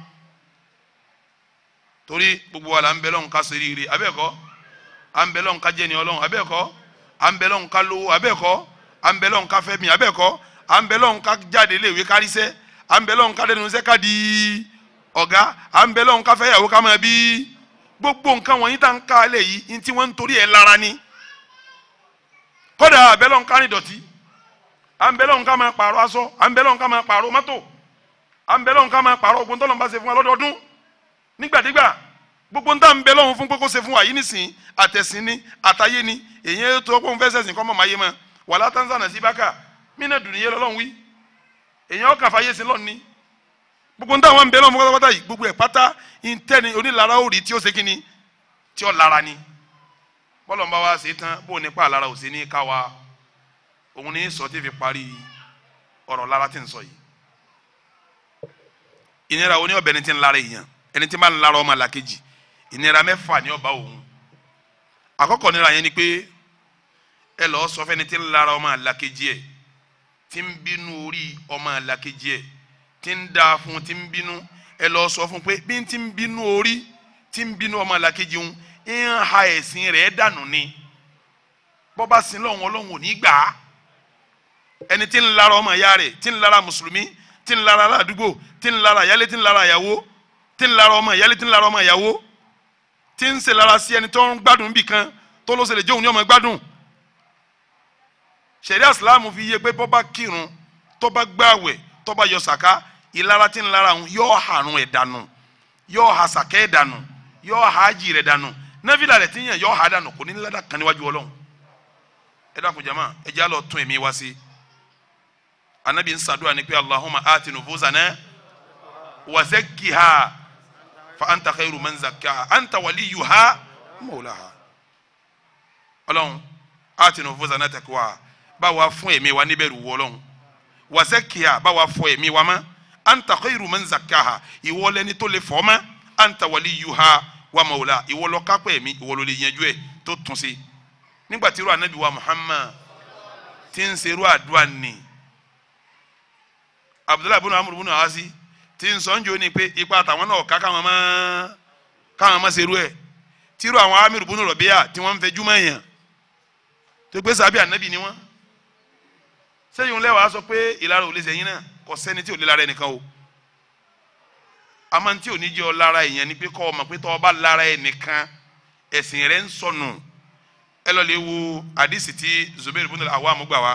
torí gbogbo wa la ń bẹ lọ́hùn ká ṣe rírì abẹ́ẹ̀kọ́ à ń bẹ lọ́hùn ká jẹ́ni ọlọ́hùn abẹ́ẹ̀kọ́ à ń bẹ lọ́hùn ká lówó abẹ́ẹ̀kọ́ à ń bẹ lọ́hùn ká fẹ́mi abẹ́ẹ̀kọ́ à ń bẹ lọ́hùn ká jáde léèwé káríṣẹ́ à ń bẹ lọ́hùn ká lẹ́nu iṣẹ́ ká di ọ̀gá à ń bẹ lọ́hùn ká fẹ́yàwó ká máa bí gbogbo nǹkan wọ̀nyí tá ń ká ilé yìí ní wọ́n ń torí ẹ̀ lára ni kódà àbẹ́lọ́ ń kárí dọ̀tí àbẹ́lọ́ ń ká máa pààrọ̀ aṣọ àbẹ́lọ́ ń ká máa pààrọ̀ mọ́tò àbẹ́lọ́ ń ká máa pààrọ̀ ogun tọ́lọ́mùbá ṣe fún wa lọ́dọọdún nígbàdégbà gbogbo ntá ń bẹ lọ́hún fún kókó ṣe fún wa yìí nísìn àtẹ̀sìn ni àtayé ni èyí tó kó ń fẹ́ sẹ̀sìn kọ́ gbogbo ń dáwọn bẹ́ẹ̀ lọ́mọ pátápátá yìí gbogbo ẹ̀ pátá ìtẹ́ni onílara ó rí tí ó ṣe kíni tí ó lara ni bọ́lọ̀ ń bá wa ṣe tán bó nípa àlára ò sí ní káwa òun ní sọ tí fi parí ọ̀rọ̀ lára tí ń sọ yìí ìnira wo ni ọbẹ̀ ni ti ń lara èèyàn ẹni tí máa ń lara ọmọ làkejì ìnira mẹ́fà ni ọba òun àkọ́kọ́ nira yẹn ni pé ẹ lọ́ọ́ sọ fẹ́ni tí ń lara ọmọ làkejì ẹ̀ tí ń bínú orí ọmọ làkejì ẹ̀ tí ń da fún tí ń bínú ẹ lọ sọ fún pé bí tí ń bínú orí tí ń bínú ọmọ làkejì ń ha ẹ̀sìn rẹ̀ dànù ni bọ́bá sin lọ́hùn ọlọ́hùn ò ní gbà á ẹni tí ń lara ọmọ ìyá rẹ̀ tí ń lara mùsùlùmí tí ń lara àdúgbò tí ń lara ìyálé tí ń lara ìyàwó tí ń lara ọmọ ìyálé tí ń lara ọmọ ìyàwó tí ń ṣe lara sí ẹni tó ń gbádùn níbì kan tó ló ṣe lè jóun ní ọmọ gbádùn ṣẹ̀ríà ìsìláàmù fi yé pé bọ́bá kírun tó bá gbààwẹ̀ tó bá yọ sàká ìlara tí ń lara òun yóò hàrùn ẹ̀ dànù yóò ha sàkẹ́ ẹ̀ dànù yóò ha jì rẹ̀ dànù nẹ́fìlà rẹ̀ ti yàn yóò ha dànù kò ní ládàá kan níwájú ọlọ́run ẹ dákun jama ẹ já lọ tún ẹ̀mí wá sí anabi ń sàdúrà pé Allahumma ati nufuzana wa zakkiha fa anta khairu man zakkaha anta waliyuha mawlaha ọlọ́run ati nufuzana taqwa báwa fún ẹ̀mí wa níbẹ̀rù wọlọ́run wazakiya bá wa fọ ẹ̀mí wa mọ́ anta khairu man zakaha ìwọ lẹni tó lè fọ́ mọ́ anta waliyuha wa mawla ìwọ ló kápẹ́ ẹ̀mí ìwọ ló lè yanjú ẹ̀ tó tún ṣe nígbà tí irú anabi wa muhammad ti ń ṣe irú àdúrà ni abdullahi bin amr bin aasi ti ń sọ ń jó ni pé ipa àtàwọn náà ká káwọn mọ́ káwọn mọ́ ṣe irú ẹ̀ tí irú àwọn amir bin rọ̀bíyà tí wọ́n ń fẹjú mọ́ anabi ni wọ́n sẹ́yìn lẹ́wàá sọ pé ìlara ò lè sẹ́yìn náà kò sẹ́ni tí ò lè lára ẹnìkan o àmọ́ ò ní jẹ́ ọ lára èèyàn ni pé kọ́ ọ mọ̀ pé tọ́ ọ bá lára ẹnìkan ẹ̀sìn rẹ̀ ń sọnù ẹ lọ́ọ́ lè wo àdìsí tí Zubair ibn al-Awwam gbà wá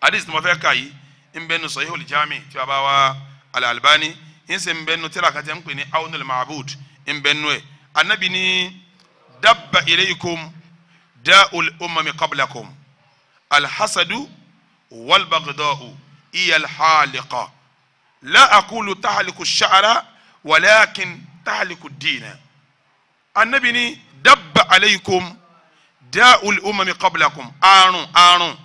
àdìsí tí mo fẹ́ kà yìí ń bẹ́nu Sahihul Jami tí bàbá wa al-Albani ń sẹ́ ń bẹ́nu tíra kan tí wọ́n ń pè ní Awnul Ma'bud ń bẹ́nu ẹ̀ anabi ní dabba ilaykum da'ul umami qablakum alhasadu والبغضاء هي الحالقة لا أقول تحلق الشعر ولكن تحلق الدين النبي ني دب عليكم داء الأمم قبلكم àrùn àrùn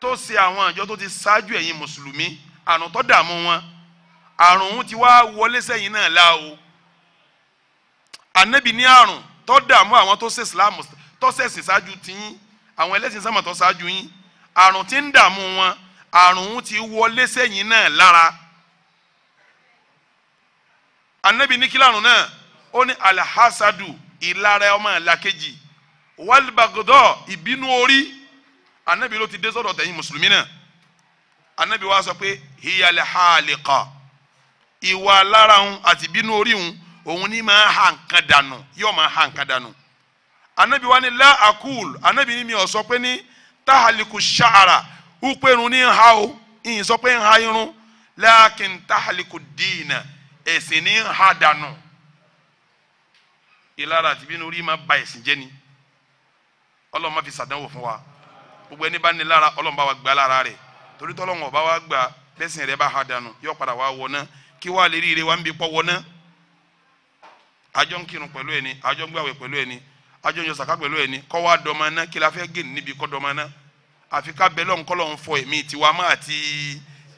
tó ṣe àwọn àjọ tó ti ṣáájú ẹ̀yin mùsùlùmí àrùn tó dààmú wọn àrùn òun ti wá wọlé sẹ́yìn náà la o ànábì ní àrùn tó dààmú àwọn tó ṣe islam tó ṣẹ̀sìn ṣáájú tiyín àwọn ẹlẹ́sìn sámà tó ṣáájú yín àrùn tí ń dààmú wọn àrùn ti wọlé sẹ́yìn náà lára anabi ní kílàrùn náà ó ní alhasadu ìlara ọmọ làkejì wàlbàgọdọ ìbínú orí anabi ló ti dé sọ́dọ̀ tẹ̀yin mùsùlùmí náà anabi wa sọ pé hiyalẹ haalika ìwà lára òun àti ìbínú orí òun òun ní máa ha nǹkan dànù yóò máa ha nǹkan dànù anabi wa ni la akul anabi ni mi ò sọ pé ní. tahaliku sha'ara wípé irun ní ha o ìyìn sọ pé ń ha irun lakin tahaliku diina ni ní ha danu ilara ti bínú rí ma ba esi je ni ọlọ́run fi sadanwo fún wa gbogbo ẹni bá ní lára ọlọ́run bá wa gbà lára rẹ̀ torí wa ha dànù yóò padà wá wọ kí wàá lè rí ire wa ń bí pọ́ ajọ́jọ́ sàká pẹ̀lú ẹni kọ́ wa dọ́mọ ná kí la fẹ́ gé níbi kọ́ dọ́mọ ná àfi ká bẹ lọ́n kọ́ lọ́n fọ ẹ̀mí tiwa má àti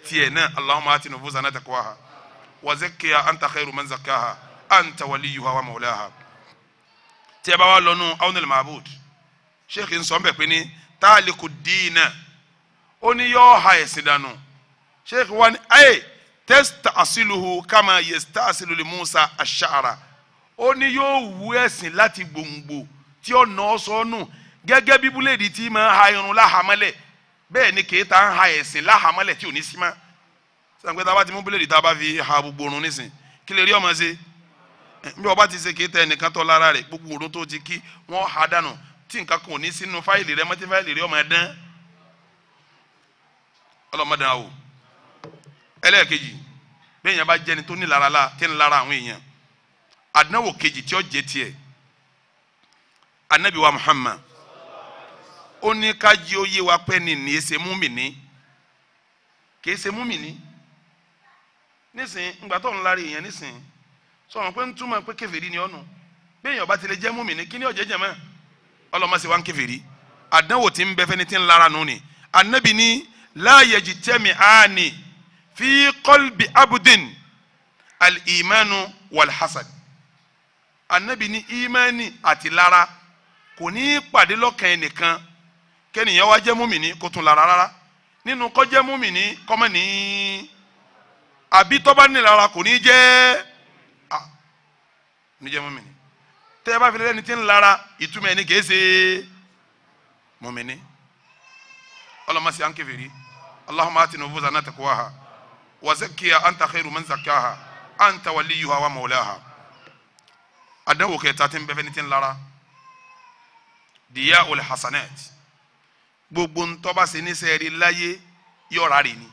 tiẹ̀ náà Allahumma ati nufusana taqwaha wa zakkiha anta khairu man zakkaha anta waliyuha wa mawlaha tí ẹ bá wà lọ́nu Awnul Ma'bud sheikh nsọ́n bẹ̀ pé ní táàlìkù dìínà ó ní yọ́ọ́ ha ẹ̀sìn dànù sheikh wa ayé testa asiluhu kama yesta asilu li Musa ash-sha'ra ó ní yóò wú ẹ̀sìn láti gbòǹgbò tí ọ̀nà ọ̀sọ́nù gẹ́gẹ́ bí búlẹ̀dì tí máa ha irun láhàmọ́lẹ̀ bẹ́ẹ̀ ni kèéta ń ha ẹ̀sìn láhàmọ́lẹ̀ tí ò ní sí mọ́ sàn pé tá a bá ti mú búlẹ̀dì tá a bá fi ha gbogbo orun nísìn kí lè rí ọmọ ṣe bí ọba ti ṣe kèéta ẹnìkan tọ́ lára rẹ̀ gbogbo orun tó ti kí wọ́n ha dànù tí nǹkan kan ní sínú fáìlì rẹ mọ́tí fáìlì rẹ ọmọ dán ọlọ́mọdé àwò ẹlẹ́ẹ̀kejì bí èèyàn bá jẹ́ni tó ní lára la tí ń lára àwọn èèyàn àdánwò kejì tí ó jẹ tiẹ̀ anabi wa muhammad ó ní ká jí ó yé wa pẹ́ ni ní ẹsẹ̀ múmìnì kì í ṣe múmìnì nísìn ìgbà tó ń lárí èèyàn nísìn sọ̀rọ̀ pé ń túmọ̀ pé kèfèrí ni ọ̀nù bí èèyàn bá ti lè jẹ́ múmìnì kí ni ó jẹ́ jẹ̀mọ́ ọlọ́mọsí wa ń kèfèrí àdánwò tí ń bẹ fẹ́ni tí ń lára nù ni anabi ní láàyè tẹ́mi àání fi kọ́lbì abudin al-imanu anabi ní imani àti lara kò ní í pàdé lọ́kàn ẹnìkan kẹ́nìyàn wá jẹ́ múmìnì kó tún lára rárá nínú kó jẹ́ múmìnì kọ́mọ ní àbí tó bá ní lára kò ní í jẹ́ à ní jẹ́ múmìnì tẹ́ ẹ bá fi lẹ́ni tí ń lára ìtumọ̀ ẹni kìí ṣe múmìnì ọlọ́mọsí à ń kẹfìrí allahumma ati nufuzana taqwaha wa zakkiya anta khairu man zakkaha anta waliyuha wa mawlaha àdánwò kẹta tí ń bẹ fẹ́ni tí ń lara diya ul hasanet gbogbo ntọ́ba ṣe ní sẹ́ẹ̀rí láyé yọ̀ọ̀ra rè ni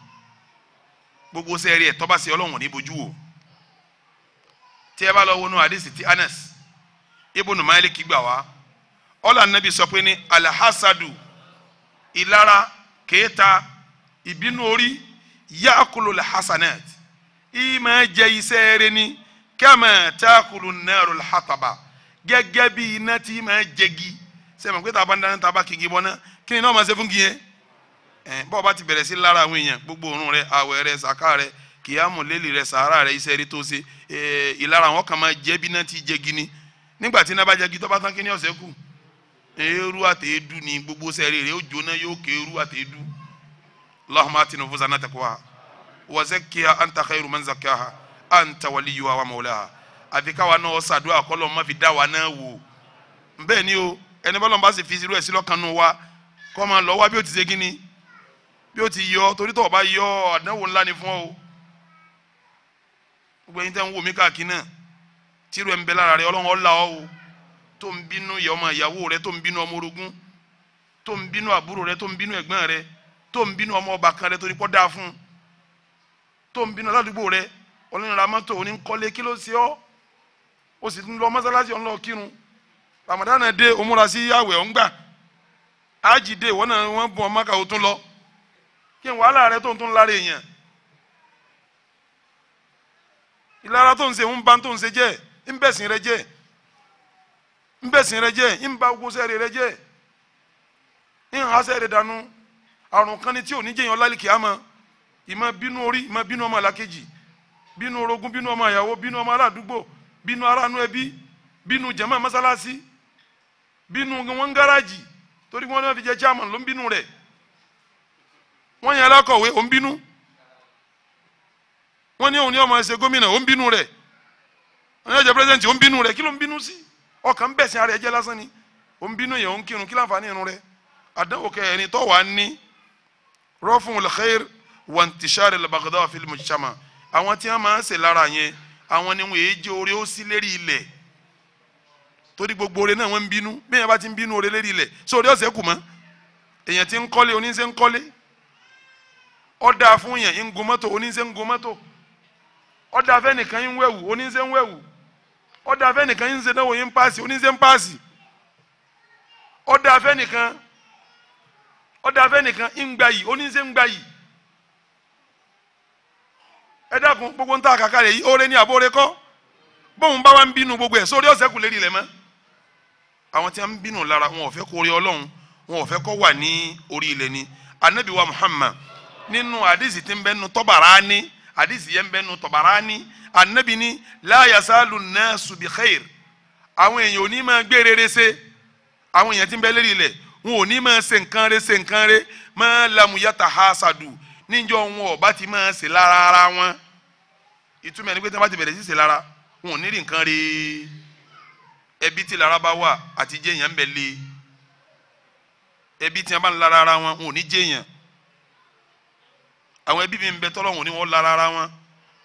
gbogbo sẹ́ẹ̀rí ẹ̀ tọ́ba ṣe ọlọ́run ní bojú wò tí ẹ bá lọ wọnú àdìsí ti anas ibùn máìlìkì gbà wá ọlà nàbì sọ pé ní alhasadu ìlara kéèta ìbínú orí yaakulu alhasanet ìmọ̀ ẹ jẹ́ iṣẹ́ ni kama taakulu naaru lhataba gẹ́gẹ́ bí iná tí ma jẹgi sẹmọ pé tá a bá ń dáná tá a bá kigi bọ́ná kí ni náà ma ṣe fún kìí ẹ bọ́ọ̀ bá ti bẹ̀rẹ̀ sí lára àwọn èèyàn gbogbo òórùn rẹ àwẹ̀ rẹ sàká rẹ kìyàmù lélì rẹ sàárà rẹ iṣẹ́ rí tó ṣe ìlara àwọn kan máa jẹ́ bí iná tí jẹgi ni nígbà tí iná bá jẹgi tó bá tán kí ni ọ̀sẹ̀ kù eérú àtẹ̀édú ni gbogbo sẹ́ẹ̀rì rẹ ó jóná yóò ké eérú àtẹ̀édú Allahumma atina nufusana taqwaha wa zakkiha anta khairu man anta waliyuha wa maulaha àfi káwa náà ṣàdúrà kọ́lọ́ má fi dá wa náà wò bẹ́ẹ̀ ni o ẹni bọ́lọ̀ bá sì fi irú ẹ̀ sí lọ́kàn nù wa kọ́ máa lọ wá bí ó ti ṣe kí ni bí ó ti yọ torí tó o bá yọ àdánwò ńlá ni fún ọ o gbogbo ẹ̀yin tẹ́ wò mí káàkiri náà tírú ẹ̀ ń bẹ lára rẹ ọlọ́run ọ̀la ọ o tó ń bínú ìyá ìyàwó rẹ tó ń bínú ọmọ orogún tó ń bínú àbúrò rẹ tó ń bínú ẹ̀gbọ́n rẹ tó ń bínú ọmọ ọbàkan rẹ torí pọ́ dáa fún tó ń bínú aládùúgbò rẹ onínra mọ́tò oníkọ́lé kí ló ṣe ọ́ ó sì ń lọ mọ́sálásí ọ̀nlọ́ kírun Ramadan dé òmúra sí àwẹ̀ ọ̀ngbà ájì dé ìwọ náà wọ́n bùn ọmọkà ó lọ kí n wàhálà rẹ tó ń lára èèyàn ìlara tó ń ṣe ń tó ń ṣe jẹ́ ń bẹ̀sìn rẹ jẹ́ ń bẹ̀sìn rẹ jẹ́ ń sẹ́ẹ̀rẹ̀ rẹ jẹ́ ń ha bínú orogún bínú ọmọ ìyàwó bínú ọmọ aládùúgbò bínú aránú ẹbí bínú jàmá mọ́sálásí bínú wọn gáràjì torí wọn náà fi jẹ chairman ló ń bínú rẹ̀ wọ́n yẹn alákọ̀wé ó ń bínú wọ́n ní òun ní ọmọ ẹsẹ̀ gómìnà ó ń bínú rẹ̀ wọ́n ní ọjà pírẹsidẹ̀ntì ó ń bínú rẹ̀ kí ló ń bínú sí ọkàn ń bẹ̀sìn ara ẹ̀ jẹ́ lásán ni ó ń bínú yẹn ó ń kírun kí láǹfààní irun rẹ̀ àdánwò kẹrin tó wà ní rọ́fùn lẹ́xẹ́r wàǹtìṣàrẹ̀ lẹ́bàgàdà fílmù jama àwọn tí wọ́n máa ń ṣe lára yẹn àwọn ni wọ́n èé jẹ́ oore ó sí lérí ilẹ̀ torí gbogbo oore náà wọ́n ń bínú bẹ́ẹ̀ bá ti ń bínú oore lérí ilẹ̀ so oore ọ̀sẹ̀ kù mọ́ èèyàn ti ń kọ́lé oníṣẹ́ ń kọ́lé ọ̀dà fún yẹn ń gun mọ́tò oníṣẹ́ ń gun mọ́tò ọ̀dà afẹ́nìkan ń wẹ̀wù oníṣẹ́ ń wẹ̀wù ọ̀dà afẹ́nìkan ń ṣe náwó yín ń paasi oníṣẹ́ ń paasi ọ̀dà afẹ́nìkan ọ̀dà afẹ́nìkan ń gbayì oníṣẹ́ ń gbayì ẹ dákun gbogbo ń ta àkàkà rẹ̀ yìí oore ní àbóore kọ́ bóun bá wa ń bínú gbogbo ẹ̀ sórí ọ̀sẹ̀ kù lérí ilẹ̀ mọ́ àwọn tí wọ́n ń bínú lára wọn ò fẹ́ kó orí ọlọ́run wọn ò fẹ́ kó wà ní orí ilẹ̀ ni anabi muhammad nínú àdìsí tí ń bẹ́nu tọ́bàrà ni àdìsí yẹn ń bẹ́nu tọ́bàrà ni anabi ni la yasalu nasu bi khair àwọn èèyàn ò ní máa gbé rere ṣe àwọn èèyàn tí ń bẹ lérí ilẹ̀ wọn ò ní máa ṣe nǹkan re ṣe nǹkan re máa lamu yàtà hasadu níjọ wọn ọba ti máa ṣe lára ara wọn ìtumọ̀ ẹni pé tí wọ́n bá ti bẹ̀rẹ̀ sí ṣe lára wọn ò ní rí nǹkan rí ẹbí tí lara bá wà àti jẹ́yàn ń bẹ̀ lé ẹbí tí wọ́n bá ń lára ara wọn wọn ò ní jẹ́yàn àwọn ẹbí mi ń bẹ tọ́lọ̀ wọn ò ní wọ́n lára ara wọn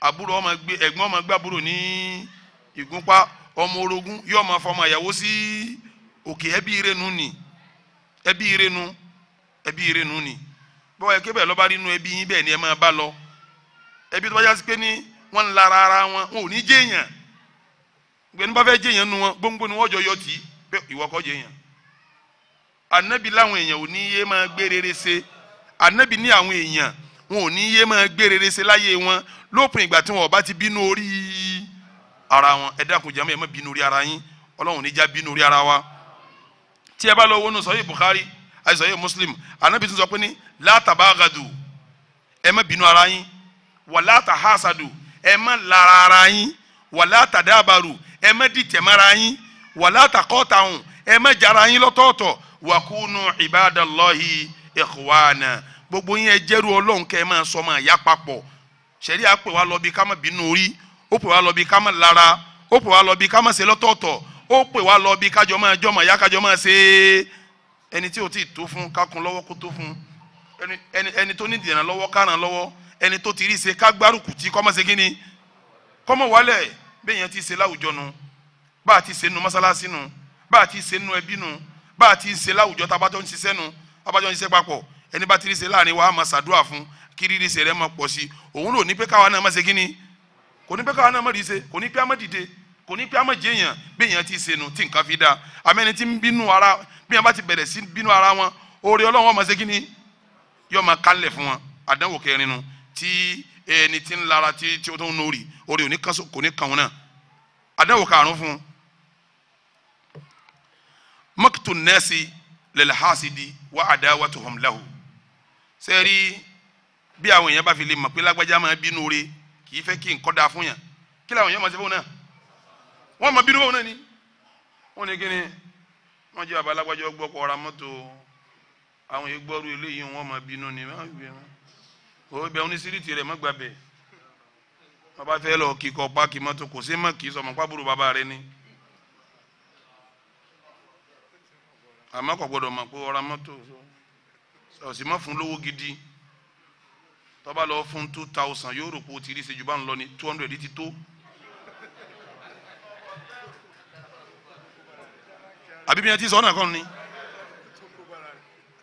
àbúrò ọmọ gbé ẹ̀gbọ́n ọmọ gbé àbúrò ní ìgúnpá ọmọ orogún yóò máa fọmọ àyàwó sí òkè ẹbí irenu ni ẹbí irenu ẹbí irenu ni. bọ́wọ́ ẹ kébẹ̀ lọ́ba nínú ẹbí yín bẹ́ẹ̀ ni ẹ máa bá lọ ẹbí tó bá yá sí pé ní wọ́n ń lara ara wọn wọn ò ní jẹ́yàn gbẹ̀ni bá fẹ́ jẹ́yàn nu wọn gbóngbó ni wọ́n jọ yọ tì í pé ìwọ kọ́ jẹ́yàn ànábì láwọn èèyàn ò ní yé máa ní àwọn èèyàn wọn ò ní yé máa láyé wọn lópin ìgbà ti bínú orí ara wọn ẹ dákun ẹ má wa tí ẹ bá lọ wọnú sọ́yìn Bukhari àìsàn yìí muslim anabi tún sọ pé ní látàbàgàdù ẹ má bínú ara yín wà látàhásàdù ẹ má lára ara yín wà látàdàbàrù ẹ má dìtẹ̀mára yín wà látàkọ́tàhùn ẹ má jara yín lọ́tọ̀ọ̀tọ̀ wà kúnú ibadallahi ikhwana gbogbo yín ẹ jẹ́rú ọlọ́run kẹ́ ẹ máa sọ máa yá papọ̀ sẹ́rí à pè wá lọ bí ká má bínú orí ó pè wá lọ bí ká má lára ó pè wá lọ bí ká má ṣe lọ́tọ̀ọ̀tọ̀ ó pè wá lọ bí kájọ máa jọ yá kájọ máa ṣe é ẹni tí o ti tó fún ká kún lọ́wọ́ kó tó fún ẹni tó ní ìdènà lọ́wọ́ ká ràn lọ́wọ́ ẹni tó ti rí ṣe ká gbárùkù tí kọ́mọ ṣe kíni kọ́mọ wálẹ̀ bẹ́ẹ̀ yẹn ti ṣe láwùjọ nu bá a ti ṣe nu mọ́sálásí nu bá a ti ṣe nu ẹbí nu bá a ti ṣe láwùjọ tabajọ́ ń ṣiṣẹ́ nu abajọ́ ń ṣiṣẹ́ papọ̀ ẹni bá ti rí ṣe láàrin wa máa ṣàdúrà fún kí rírí ṣe rẹ̀ máa pọ̀ sí òun ló ní pé káwa náà máa ṣe kíni kò ní pé káwa náà máa rí ṣe kò ní pé á máa dìde kò ní pé á máa jẹ́yàn bẹ́ẹ̀ yẹn ti ṣe nu tí nǹkan fi dáa àmẹ́ni tí ń bínú ara bí wọn bá ti bẹ̀rẹ̀ sí bínú ara wọn oore ọlọ́run ọmọ ṣe ni yóò máa kálẹ̀ fún wọn àdánwò kẹrin nu tí ẹni tí ń lara tí tí ó tó ń nórì oore ò ní kan kò ní kan wọn náà àdánwò karùn fún un mọ́kìtù nẹ́ẹ̀sì lẹ́lẹ́hásídì wà àdáwàtuhum lahu sẹ́rí bí àwọn èèyàn bá fi lè mọ̀ pé lágbájá máa bínú oore kì fẹ́ kí nǹkan dáa fún yàn kí làwọn èèyàn máa ṣe fún un náà wọ́n máa bínú fún un náà ni wọ́n ní kí ni wọ́n jẹ́ abalágbájọ́ gbọ́ kọ́ ra mọ́tò àwọn egbọ́rú eléyìí wọ́n ma bínú ni wọ́n bínú òwe bẹ́ẹ̀ oníṣírìtì rẹ̀ mọ́gbà bẹ́ẹ̀ bàbá fẹ́ lọ kíkọ́ páàkì mọ́tò kò sí mọ́ kì í sọmọ pábùrù bàbá rẹ ni àmọ́ kò gbọ́dọ̀ mọ̀ pé ọ̀ra mọ́tò ọ̀sì mọ́ fún lówó gidi tọ́ba lọ fún two thousand yóò rò pé o ti rí ṣe jù bá two hundred ti tó. àbí bí wọn ti sọ ọ́nà kan ni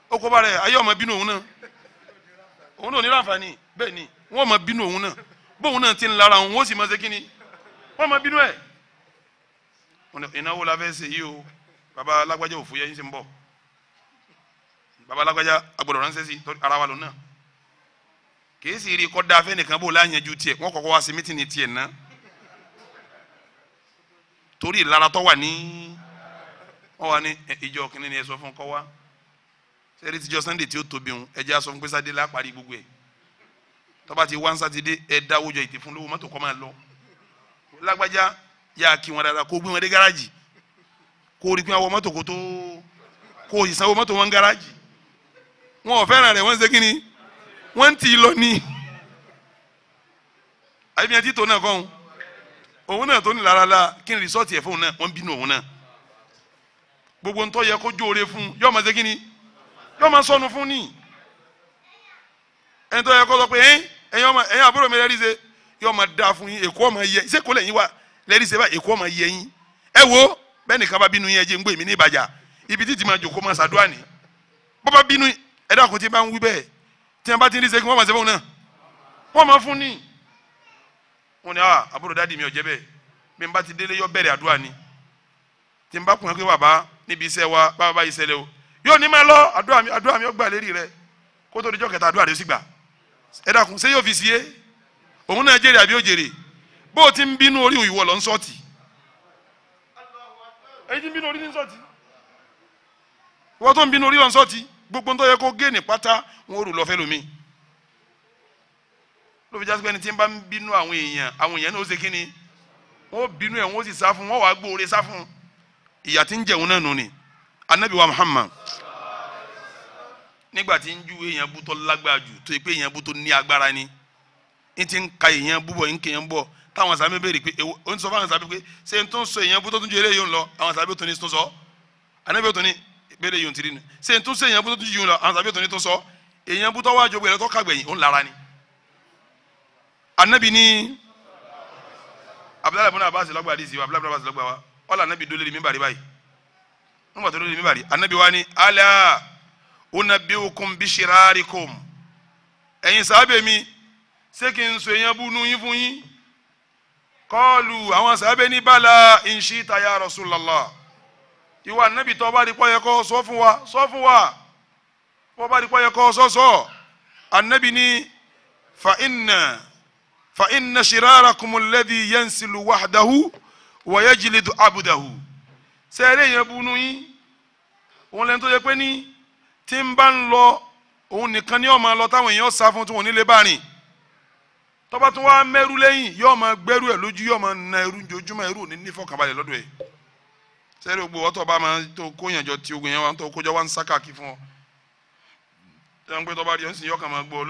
ó kó bára ẹ ayé ọmọ bínú òun náà òun náà ní láǹfààní bẹ́ẹ̀ ni wọ́n ọmọ bínú òun náà bóun náà ti ń lara òun ó sì máa ṣe kí ni wọ́n ọmọ bínú ẹ̀ ìnáwó la fẹ́ ṣe yìí o baba alágbájá òfu yẹn ṣe ń bọ̀ baba alágbájá agbọ̀dọ̀ ránṣẹ́ sí ara wa lò náà kìí sì rí kọ́dá afẹ́ nìkan bó láyanjú tiẹ̀ wọ́n kọ́kọ́ wá sí mítìnì tiẹ̀ náà torí ìlara wà ní wọ́n wà ní ìjọ kìnínní ni ẹ sọ fún kọ́ wá sẹ́rí tíjọ́ sunday tí ó tóbi òun ẹ jẹ́ aṣọ fún pé sátidé lápárí gbogbo ẹ̀ tọ́ba ti wá ń sátidé ẹ dáwọ́ jọ ìtì fún lówó mọ́tò kọ́ máa lọ lágbájá yà kí wọn dáadáa kó gbé wọn dé gáràjì kó rí pé àwọn mọ́tò kó tó kó o sì sanwó mọ́tò wọn gáràjì wọn ò fẹ́ràn rẹ̀ wọ́n ṣe kínni wọ́n ń lọ ní àyè bí wọn ti tó náà kọ́ òun náà tó ní lára la kí ni rìsọ́ọ̀tì ẹ̀ fóun náà wọ́n bínú òun náà gbogbo ntọ́ yẹ kó jóore fún yọ ọmọ ṣe ni yọ ọmọ sọnù fún ni ẹni tó yẹ kó sọ pé ẹyin ẹyin ọmọ ẹyin àbúrò mi lẹ́rìí ṣe yọ ọmọ dáa fún yín èkó ọmọ yẹ ṣé kó lẹ́yìn wa lẹ́rìí ṣe bá èkó ọmọ yẹ yín ẹ wo bẹ́ẹ̀ nìkan bá bínú yín ẹ jẹ́ mi ní ìbàjá ibi títí máa jòkó máa ṣàdúrà ní bọ́bá bínú ẹ dákun tí bá ń wí bẹ́ẹ̀ tí wọ́n bá ti rí ṣe wọ́n máa ṣe fún náà wọ́n máa fún ni wọ́n ní ah, àbúrò dáàdì mi ò jẹ́ bẹ́ẹ̀ bí n bá ti délé yọ ni tí n bá kùn ẹ́ bàbá níbi iṣẹ́ wa bàbá báyìí ṣẹlẹ̀ o yóò ní máa lọ àdúrà mi àdúrà mi ó gbà lérí rẹ kó tó dijọ́ kẹta àdúrà rẹ ó sì gbà ẹ dákun ṣé yóò fi sí é òun náà jèrè àbí ó jèrè bó o ti ń bínú orí ìwọ lọ ń sọ́ọ̀tì èyí ti ń bínú orí ní sọ́ọ̀tì ìwọ tó ń bínú orí lọ ń sọ́ọ̀tì gbogbo ń tó yẹ kó géènì pátá wọn ò rù lọ fẹ́ lómi ló fi jásí pé ẹni tí ń bá ń bínú àwọn èèyàn àwọn èèyàn náà ó ṣe kí ni wọn ó bínú ẹ̀ wọn ó sì sá fún wọn wàá gbóore sá fún un. ìyà tí ń jẹun náà nù ni wa muhammad nígbà tí ń ju èèyàn bú tó lágbára jù tó yẹ pé èèyàn ni n ti ń ka èèyàn bú bọ̀ n bọ̀ táwọn sábẹ́ béèrè pé èwo ó ń sọ fáwọn pé ṣé n tó ń sọ èèyàn bú tó tún ju ń lọ àwọn anabi tó ní tiri ṣé tó ń sọ èèyàn bú tó tún ju lọ àwọn tó ní tó sọ èèyàn bú tó wá jọ gbẹrẹ tó ọ̀là anabi dó lórí mímbàrí báyìí nígbà tó lórí mímbàrí anabi wa ni ala unabbiukum bishirarikum ẹ̀yin sábẹ́ mi ṣé kí n sọ èèyàn bú nu yín fún yín kọ́ọ̀lù àwọn sábẹ́ ní bala in shita ya Rasulullah ìwà anabi tó bá rí pọ́ yẹ kó sọ fún wa sọ fún wa bó bá rí pọ́ yẹ kó sọ sọ anabi ní fa inna fa inna shirarakum alladhi yansilu wahdahu. wọ̀yẹ́ jìlìdù abudahu ṣe eré yẹn bunú yín òun lẹ́nu tó yẹ pé ní tí ń bá ń lọ òun nìkan ni yóò lọ táwọn èèyàn sá fún tí wọn ò bá rìn tó wá mẹ́rú lẹ́yìn na ẹrú ojoojúmọ́ ẹrú òní nífọ̀kànbalẹ̀ lọ́dọ̀ ẹ̀ sẹ́rí gbogbo ọ̀tọ̀ bá máa tó kóyànjọ tí ogun yẹn wá wá ń fún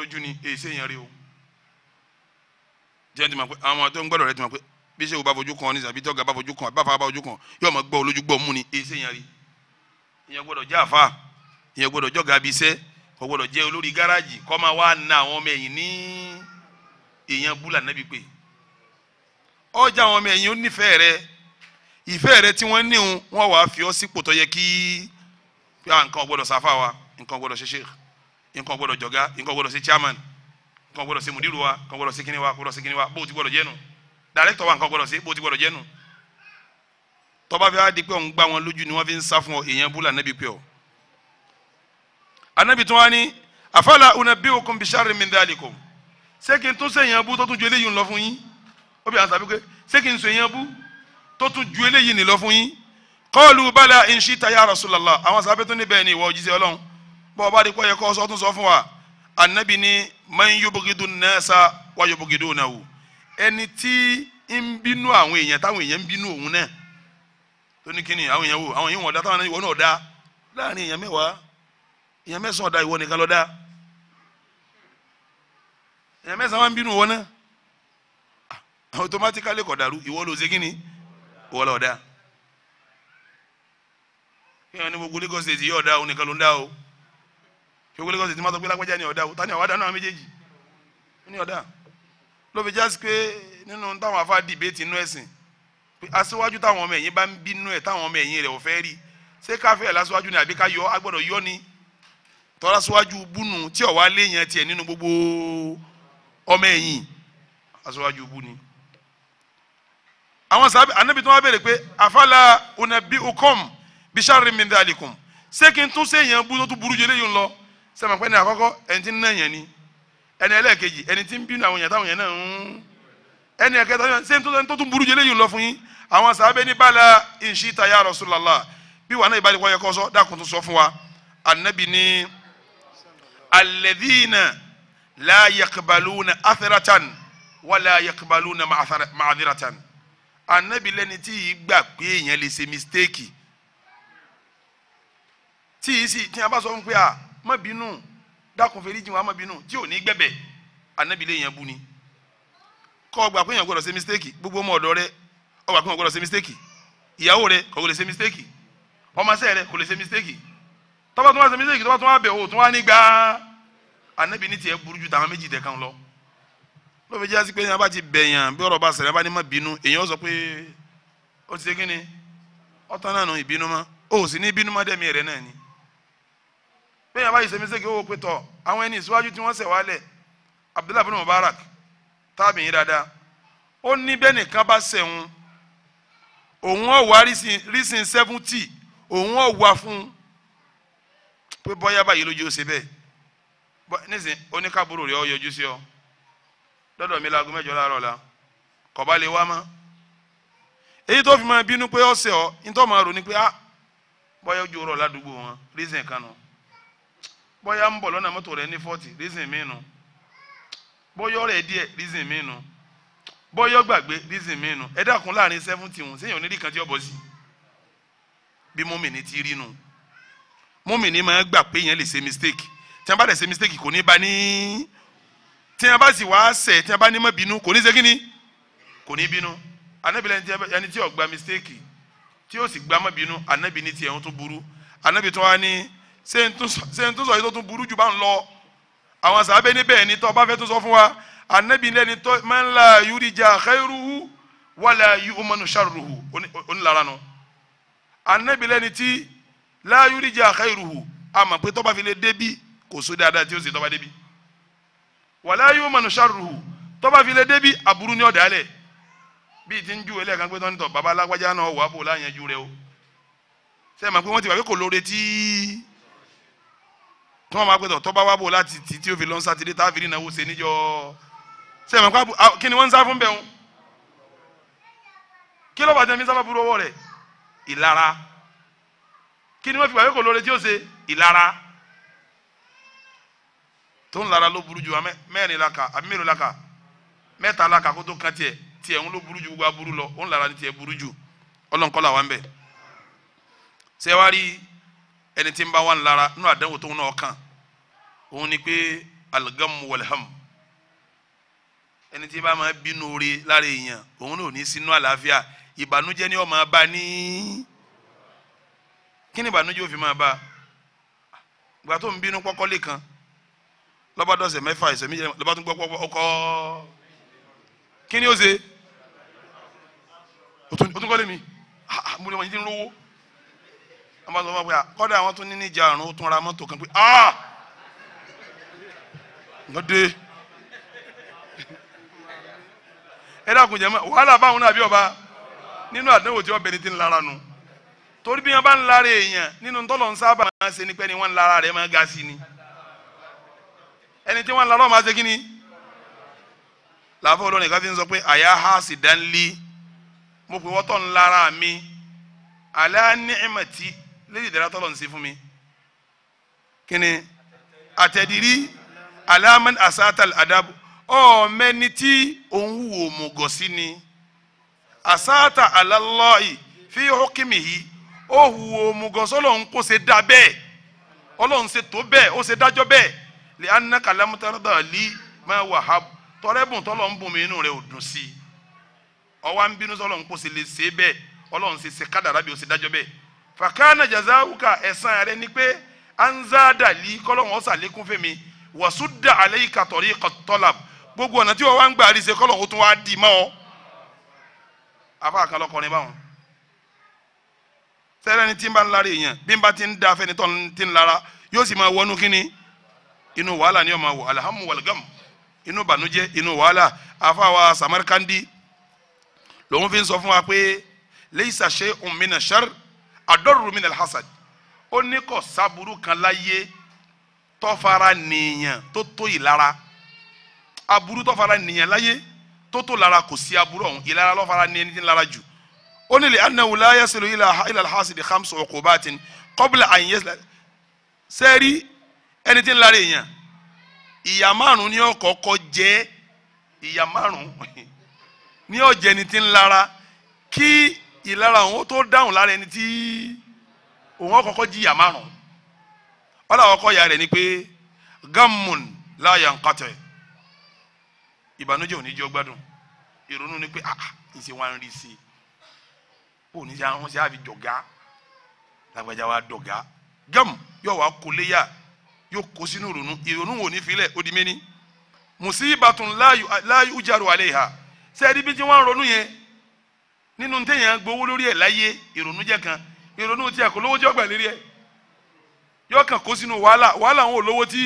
ọ rí ni èyí sèyàn o jẹ́ ti bí sẹ́wọ́ bá fojú kan ní sàbí tọ́ga bá fojú kan àbí báfa bá fojú kan yóò máa gbọ́ olójú gbọ́ mú ni èsè yẹn rí ìyẹn gbọ́dọ̀ jẹ́ àfa ìyẹn gbọ́dọ̀ jọ́ga bí sẹ́ kò gbọ́dọ̀ jẹ́ olórí gáràjì kọ́ máa wá na àwọn ọmọ ẹ̀yìn ní èèyàn búlà nábì pé ọjà àwọn ọmọ ẹ̀yìn ó nífẹ̀ẹ́ rẹ ìfẹ́ rẹ tí wọ́n ní òun wọ́n wàá fi ọ́ sípò tó yẹ kí nǹkan gbọ́dọ̀ chairman nǹkan gbọ́dọ̀ ṣe mudiru wa nǹkan gbọ́dọ̀ ṣe kíní wa ti gbọ́dọ̀ jẹ́nu dàrẹ́tọ̀ wa nǹkan gbọ́dọ̀ sí bó ti gbọ́dọ̀ jẹ́nu tọ́ba fi wá di pé òun gbá wọn lójú ni wọ́n fi ń sá fún ọ èèyàn búlà nẹ́bi pé ọ. anabi tún wá ní àfàlà unabbi'ukum bi sharrin min dhalikum ṣé kí n tún sèyàn bú tó tún ju eléyìí ń lọ fún yín ó bí àǹsà pé ṣé kí n sèyàn bú tó tún ju eléyìí ń lọ fún yín qalu bala in shita ya rasulallah àwọn sábẹ́ tún níbẹ̀ ni ìwọ òjíṣẹ́ ọlọ́run bọ́ ọba àdìpọ̀ yẹ kọ́ ọ sọ tún sọ fún wa anabi ni man yubghidu nnasa wa yubghidunahu ẹni tí ń bínú àwọn èèyàn táwọn èèyàn ń bínú òun náà tó ní kíni àwọn èèyàn wò àwọn èèyàn wọn ọ̀dà táwọn ìwọ náà ọ̀dà láàrin èèyàn mẹ́wàá èèyàn mẹ́sàn-án ọ̀dà ìwọ nìkan lọ́dà èèyàn mẹ́sàn-án wọn ń bínú wọn náà ah, automatically kò dàrú ìwọ ló ṣe kíni ìwọ lọ́ọ̀dà èèyàn ní gbogbo Lagos state yìí ọ̀dà òun nìkan ló ń dá o gbogbo Lagos state má sọ pé lágbájá ni ọ̀dà ọ̀dà ló fi jásí pé nínú táwọn afa dìbẹ́tì inú ẹ̀sìn aṣíwájú táwọn ọmọ ẹ̀yìn bá ń bínú ẹ̀ táwọn ọmọ ẹ̀yìn rẹ̀ ò fẹ́ rí ṣé káfẹ́ lásíwájú ni àbí ká yọ agbọ́dọ̀ yọ ni tọ́lá síwájú búnú tí ọ̀wá léèyàn tiẹ̀ nínú gbogbo ọmọ ẹ̀yìn aṣíwájú bú ni. àwọn sábẹ́ anábì tí wọ́n béèrè pé àfàlà onabi okom bishari mindalikum ṣé kí n tún ṣèyàn bú tó tún burú jẹ léyìn lọ sẹ́mi pẹ́ ní àkọ́kọ́ ẹ̀ ń tí ń náyàn ni ẹni ẹlẹ́ẹ̀kejì ẹni tí ń bínú àwọn yẹn táwọn yẹn náà ń ẹni ẹ̀kẹta yẹn ṣé ń tó tún burú jẹ léyìn lọ fún yín àwọn sàábẹ́ ní bala ìṣìta ya Rasulullah bí wàhánà ìbálẹ̀ wọ́n yẹ kọ́ sọ dákun tó sọ fún wa anabi ní alladhina la yaqbaluna atharatan wala yaqbaluna ma'adhiratan anabi lẹni tí yìí gbà pé èèyàn lè ṣe mistake tí yìí sì tí a bá sọ fún pé a má bínú dákun fèrè jìn wàá má bínú tí ò ní gbẹ̀bẹ̀ anabi lè yẹn bu ni kọ́ ọgbà pé gbọ́dọ̀ ṣe mistake gbogbo ọmọ ọ̀dọ́ rẹ ọgbà pé èèyàn gbọ́dọ̀ ṣe mistake ìyàwó rẹ kò lè ṣe mistake ọmọọṣẹ́ rẹ kò lè ṣe mistake tọ́ba tó wá ṣe mistake tọ́ba tó wá bẹ̀ o tó wá ní anabi ní tiẹ̀ burú ju tàwọn méjì kan lọ lọ́fẹ̀ẹ́ jẹ́ ti sọ ni bẹ́ẹ̀ yàrá ìṣe mistake owó pé tọ̀ àwọn ẹni ìṣíwájú tí wọ́n ṣẹ̀ wálẹ̀ abdullahi bin mubarak tábìyìn dáadáa ó ní bẹ́ẹ̀ nìkan bá ṣẹ̀hún òun ọ̀ wá rísìn seventy òun ọ̀ wá fún pé bọ́yá báyìí lójú ó ṣe bẹ́ẹ̀ bọ́ nísìn oníkàbúrò rẹ̀ ọ yọjú sí ọ lọ́dọ̀ mi laago mẹ́jọ láàárọ̀ la kọ̀ bá lè wá mọ́ èyí tó fi máa bínú pé ọ̀sẹ̀ ọ ní tó máa rò ní pé ah bọ́yá ojú rọ̀ ládùúgbò wọn rísìn kan nù bóyá ń bọ̀ lọ́nà mọ́tò rẹ̀ ní forty reason mi nu bóyá ọ̀rẹ́ díẹ̀ reason mi nu bóyá gbàgbé reason mi nu ẹ dákun láàrin seventy wọn sẹ́yìn onídìí kan tí ó bọ̀ sí bí mọ́mìnì ti rí nu mọ́mìnì máa gbà pé yẹn lè ṣe mistake tí wọ́n bá lè ṣe mistake kò ní bá ní tí wọ́n bá sì wá ṣẹ̀ tí wọ́n bá ní má bínú kò ní ṣe kí ni kò ní bínú anabi lẹni ẹni tí ó gba mistake tí ó sì gba má bínú anabi ní tiẹ̀ ń tó burú anabi tó wá ní ṣé n tún sọ yìí tó tún burú jù bá ń lọ àwọn sàbẹ níbẹ̀ ni tó bá fẹ́ tó sọ fún wa anabi lẹni tó man la yurija khairuhu wala yu'manu sharruhu onílára nu anabi lẹni tí la yurija khairuhu àmọ́ pé tó bá fi lè débi kò so dáadáa tí ó sì tó bá débi wala yu'manu sharruhu tó bá fi lè débi aburú ni ọ̀dà alẹ̀ bíi ti ń ju ilé kan pé tó ń tọ̀ baba alágbájá náà wà bò láyẹn ju rẹ o sẹ́yìn máa pé wọ́n ti wà pé kò lóore tíì tí wọ́n máa pẹ́ tọ̀ tọ́ba wá bò láti tí tí ó fi lọ sátidé tá a fi rí ìnáwó ṣe níjọ́ ṣe mọ̀ pa kí ni wọ́n ń sá fún bẹ́ẹ̀ kí ló bàjẹ́ mi sábà burú ọwọ́ rẹ̀ ìlara kí ni wọ́n fi wà yókò lóore tí ó ṣe ìlara tó ń lara ló burú ju mẹ́rin la kà àbí mélòó la kà mẹ́ta kó tó kan tiẹ̀ tiẹ̀ ń ló burú ju gbogbo aburú lọ ó ń lara ní tiẹ̀ burú ju ọlọ́nkọ́ là wà ń bẹ̀ ṣẹ́wárí ẹni tí ń bá wà lára nínú àdánwò tóun náà kàn òun ni pé aligamu walham ẹni tí bá máa bínú oore lára èèyàn òun náà ò ní sínú àlàáfíà ìbànújẹ́ ni ó máa bá ní kí ni ìbànújẹ́ ó fi máa bá ìgbà tó ń bínú pọ́kọ́ lè kan lọ́ba dọ̀sẹ̀ mẹ́fà ẹ̀sẹ̀ méjì lọ́ba tó ń gbọ́ pọ́kọ́ ọkọ́ kí ni ó ṣe òtún kọ́lé mi ah, mo ní wọn yìí ti ń rówó wọ́n bá sọ fún wa pé kọ́dà àwọn tó ní níjà àrùn ó tún ra mọ́tò kan pé ah lọ́dẹ ẹ dákun jẹ́ mọ́ wàhálà báwọn náà bí ọba nínú àdánwò tí wọ́n bẹ̀rẹ̀ ti ń lara nu torí bí wọ́n bá ń lara èèyàn nínú tọ́lọ̀ ń sábà máa ń ṣe ni pé ni wọ́n ń lara rẹ̀ máa ga sí ni ẹni tí wọ́n ń lara máa ṣe kí ni làbọ̀ olórin kan fi ń sọ pé àyà ha sì dánlé mo pè wọ́tọ̀ ń lara mi àlá ní ìmọ̀ lórí ìdẹ̀ra tọ́lọ̀ ń ṣe fún mi kíni àtẹ̀dírí aláman asatal adab ọ̀ọ́mẹ́ni tí òun wù ó mọ̀gọ́ ni asata alálọ́ọ̀ì fi hókìmì yìí ó wù ó mọ̀gọ́ sọ́lọ́hún kó ṣe dá bẹ́ẹ̀ ọlọ́hún ṣe tó bẹ́ẹ̀ ó ṣe dájọ́ bẹ́ẹ̀ lè aná kàlámútàdà lì máa wà ha tọrẹ́bùn tọ́lọ̀ ń bùn mí inú rẹ̀ ò dùn sí i ọwọ́ ń bínú sọ́lọ́hún kó ṣe lè ṣe bẹ́ẹ̀ ọlọ́hún ṣe ṣe kádàrá bí ó ṣe dájọ́ bẹ́ẹ̀ fàkànà jazauka ẹ̀san rẹ ni pé anzada li kọ́lọ́hún ọ̀sà lékún fẹ́mi wàsúdà àlẹ́yìn kàtọ́rí kọ́tọ́làm gbogbo ọ̀nà tí wọ́n wá ń gbà àríṣe kọ́lọ́hún tún wá dì mọ́ ọ. afa kan lọkọrin báwọn sẹ́rẹ́ ni tí ń bá ń lára èèyàn bí ń bá ti ń da afẹ́ni tó ti ń lára yóò sì máa wọnú kínní inú wàhálà ni ó máa wọ alhamu walgam inú bànújẹ́ inú wàhálà afa wa samarkandi lòun fi ń sọ fún wa pé leisa shay'un mina shar adọ́rùmínà hasad ó ní kò sábúrú kan láyé tọ́fara nìyàn tó tó ìlara aburú tọ́fara nìyàn láyé tó tó lara kò sí aburú ọ̀hún ìlara lọ́fara ní ẹni tí ń lara jù ó nílé anáwó láyé sílò ilà alhasidi hamsa ọkọ̀ bá ti ní kọ́bílà àyìnyẹ́ sẹ́rí ẹni tí ń lara èèyàn ìyà márùn ni ọkọ̀ kọ jẹ́ ìyà márùn ni ọ̀jẹ̀ ni tí ń lara kí ìlara òun tó dáhùn lára ẹni tí òun ọkọ̀ọ̀kọ̀ jìyà márùn ọlọ́wọ́ kọ́ ya rẹ̀ ni pé gammun láàyà ń kàtẹ́ ìbànújẹ́ òní jọ gbádùn ìrònú ni pé ah ìṣe wa ń rí sí i ó ní sẹ́ àwọn sẹ́ àfi jọ̀gá làgbàjà wa dọ̀gá gam yóò wá kó léyà yóò kó sínú ìrònú ìrònú wò ní filẹ̀ ó di méní musibatun láàyù láàyù jàrú àléhà sẹ́ẹ̀dí bí tí wọ́n ń ronú yẹn nínú téèyàn gbowó lórí ẹ̀ láyé ìrònú jẹ kan ìrònú tí a kò lówó tí ọgbà lérí ẹ̀ yóò kàn kó sínú wàhálà wàhálà òun ò lówó tí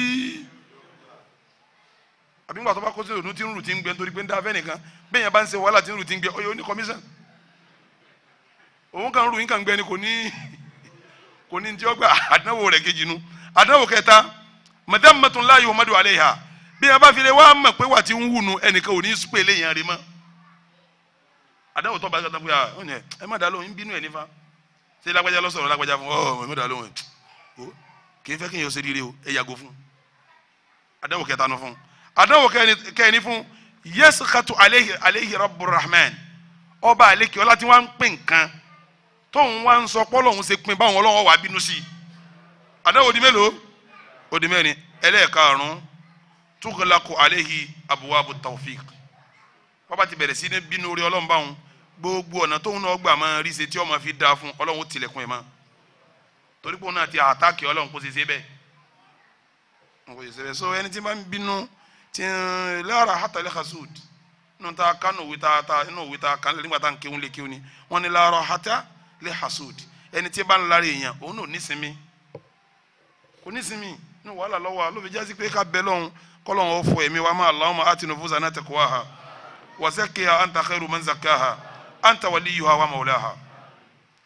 àbí nígbà tó bá kó sínú ìrònú tí ń rù tí ń gbẹ nítorí pé ń dá afẹ́ nìkan bẹ́ẹ̀ yẹn bá ń ṣe wàhálà tí ń rù tí ń gbẹ ọyọ òun kàn ni kò ní kò ní ọgbà àdánwò àdáwò tó bá ṣe àtàkùn yà ọ̀nà ẹ má dá lóhùn ń bínú ẹ̀ nífa ṣé lágbájá lọ sọ̀rọ̀ lágbájá fún ọ oh, ẹ má dá lóhùn ẹ kì í fẹ́ kí n yọ ṣe rire o ẹ yàgò fún àdáwò kẹta nu fún àdáwò kẹni fún yẹsù kàtó aleyhi rabu rahman ọba aleke ọlá tí wọn ń pè nǹkan tóun wá ń sọ pọ́lọ́hún ṣe pin báwọn ọlọ́wọ́ wà bínú sí i àdáwò di mélòó ó di mẹ́rin ẹlẹ́ẹ̀karùn-ún tughlaku aleyhi abuwabu tawfiq bàbá ti bẹ̀rẹ̀ sí ní bínú orí ọlọ́mbàwọn gbogbo ọ̀nà tóun náà gbà máa rí ṣe tí ọmọ fi da fún ọlọ́run tilẹ̀kùn ẹ̀ mọ́ torí pé òun náà ti àtàkì ọlọ́run kó ṣe ṣe bẹ́ẹ̀ kó ṣe ṣe bẹ́ẹ̀ so ẹni tí bá ń bínú ti ń lára hátàlẹ́ hasud inú ta kánú òwe ta ta inú òwe ta kánú nígbà tá à ń kéwọn lé kéwọn ni wọn ni lára hátàlẹ́ hasud ẹni tí bá ń lára èèyàn òun náà nísinmi kò nísinmi inú wàhálà lọ́wọ́ ló jásí pé ká bẹ lọ́hùn kọ́lọ́hùn anta waliyuha wa maulaha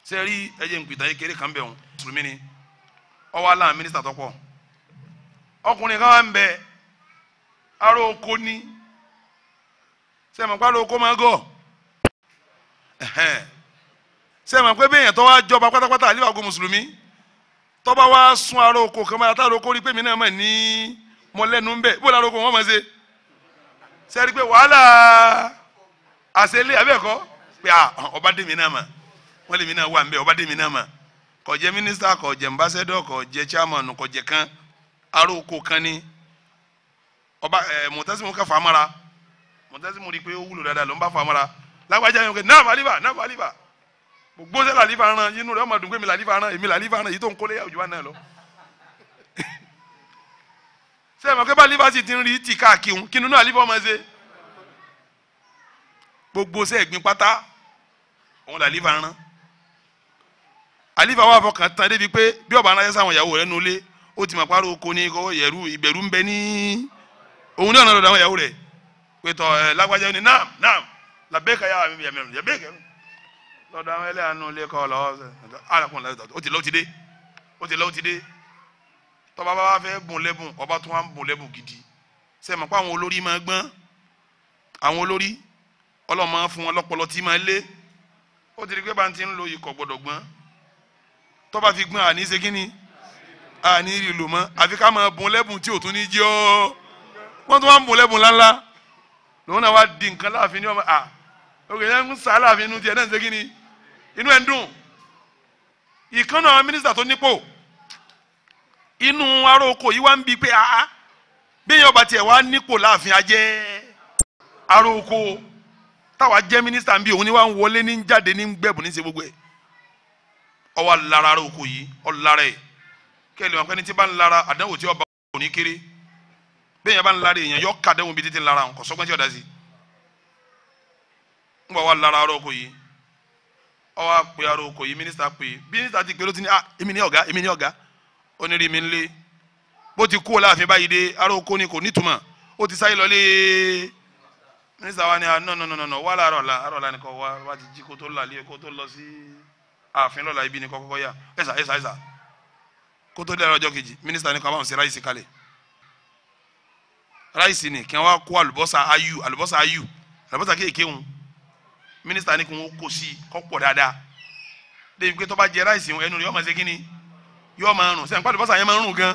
sẹ́rí ẹ̀jẹ̀ nkùtà yìí kéré kan bẹ̀ wọn mùsùlùmí ni ọwọ́ aláǹ mínísítà tọ́pọ̀ ọkùnrin kan wà ń bẹ aró oko ní sẹ́mi pé oko máa gọ̀ sẹ́mi pé yẹn jọba pátápátá àlíwàgó mùsùlùmí tọ́ba wá sun aró oko kan máa tá oko rí pé mi náà mà ní bó oko wọn máa ṣe pé pé ah, ọba dèmi náà mà wọ́n lèmi náà wà ń bẹ ọba dèmi náà mà kò mínísítà kò jẹ́ ambassador kò chairman kò jẹ́ kan aróko kan ní ọba ẹ mọ̀tásímù ká fàámàrà mọ̀tásímù rí i pé ó wúlò dáadáa ló ń bá fàámàrà lágbájá yẹn kò náà màlíbà náà màlíbà gbogbo sẹ́ làlífà inú rẹ̀ ọmọ dùn pé mi làlífà rán èmi làlífà rán èyí tó ń kólé yà òjò wa náà lọ sẹ́yìnbọn kẹ́bà lífà sì ti ń rí tì káàkiri kí nínú àlífà ọmọ ṣe gbogbo sẹ́ẹ̀gbin pátá òun là lífà rán àlífà wà fọkàn tán débi pé bí ọba aráyé sáwọn ìyàwó rẹ̀ nulẹ̀ ó ti mọ̀ pàrọ̀ oko ní kọ́ yẹ̀rù ìbẹ̀rù ń bẹ ní òun náà lọ́dọ̀ àwọn ìyàwó rẹ̀ pẹ̀tọ̀ ẹ̀ lágbájá ni naam naam làbẹ́ẹ̀kà yà mí yàmí yàmí yàbẹ́ẹ̀kà lọ́dọ̀ àwọn ẹlẹ́yà nù lé kọ́ lọ́ alákùnrin ó ti lọ́ ti dé ó ti lọ́ ti dé tọ́ba gidi ṣe mọ̀ pé àwọn olórí máa gbọ́n àwọn olórí ó ti rí pé bá ń ti ń lo ikọ̀ gbọ́dọ̀ gbọ́n tó bá fi gbọ́n àní ṣe kí ni àní rí lò mọ́ àfi ká máa bùn lẹ́bùn tí ò tún ní jẹ́ wọ́n tún wá ń bùn lẹ́bùn ńláńlá lòun náà wá di nǹkan láàfin ní ọmọ à òkè yẹn ń sá láàfin inú tiẹ̀ náà ṣe kí ni inú ẹ̀ ń dùn ìkan náà mínísítà tó nípò inú ará oko yìí wá ń bi pé àá bí èèyàn bá tiẹ̀ wá nípò láàfin ajẹ́ ará táwa jẹ́ mínísítà ń bí òun ni wà ń wọlé ní jáde ní gbẹ̀bùn ní ṣe gbogbo ẹ̀ ọwọ́ lara, ara òkú yìí ọ̀lára ẹ̀ kẹ́lẹ́ wọn ni tí bá ń lara àdánwò tí ọba kò ní kéré bẹ́ẹ̀ yẹn bá ń lara èèyàn yọ ká àdánwò bíi títí ń lara nǹkan sọ́gbọ́n tí ọ̀dà sí ń bọ̀ wá lára ara òkú yìí ọwọ́ àpè ara òkú yìí mínísítà pè mínísítà ti pè ló ti ní à èmi ní ọ̀gá èmi ní ọ̀gá onírí mi ń lé Minister wa ni a ah, no no no no wà láàárọ̀ la àárọ̀ la ni kò wá wá ti jí kó tó lálẹ́ kó tó lọ sí ààfin lọ́la ibi ni kò kọ́kọ́ yà ẹ̀sà ẹ̀sà ẹ̀sà kó tó dẹ̀rẹ̀ ọjọ́ kejì mínísítà ni kò àwọn ṣe ráìsì kalẹ̀ ráìsì ni kí wọ́n kó àlùbọ́sà ayù àlùbọ́sà ayù àlùbọ́sà kéèké wọn mínísítà ni kò wọ́n kó sí kọ́ pọ̀ dáadáa débi pé tó bá jẹ ráìsì ẹnu rẹ̀ yọ máa ṣe kíni yọ máa rùn sẹ́yìn pàdùbọ́sà yẹn máa rùn gan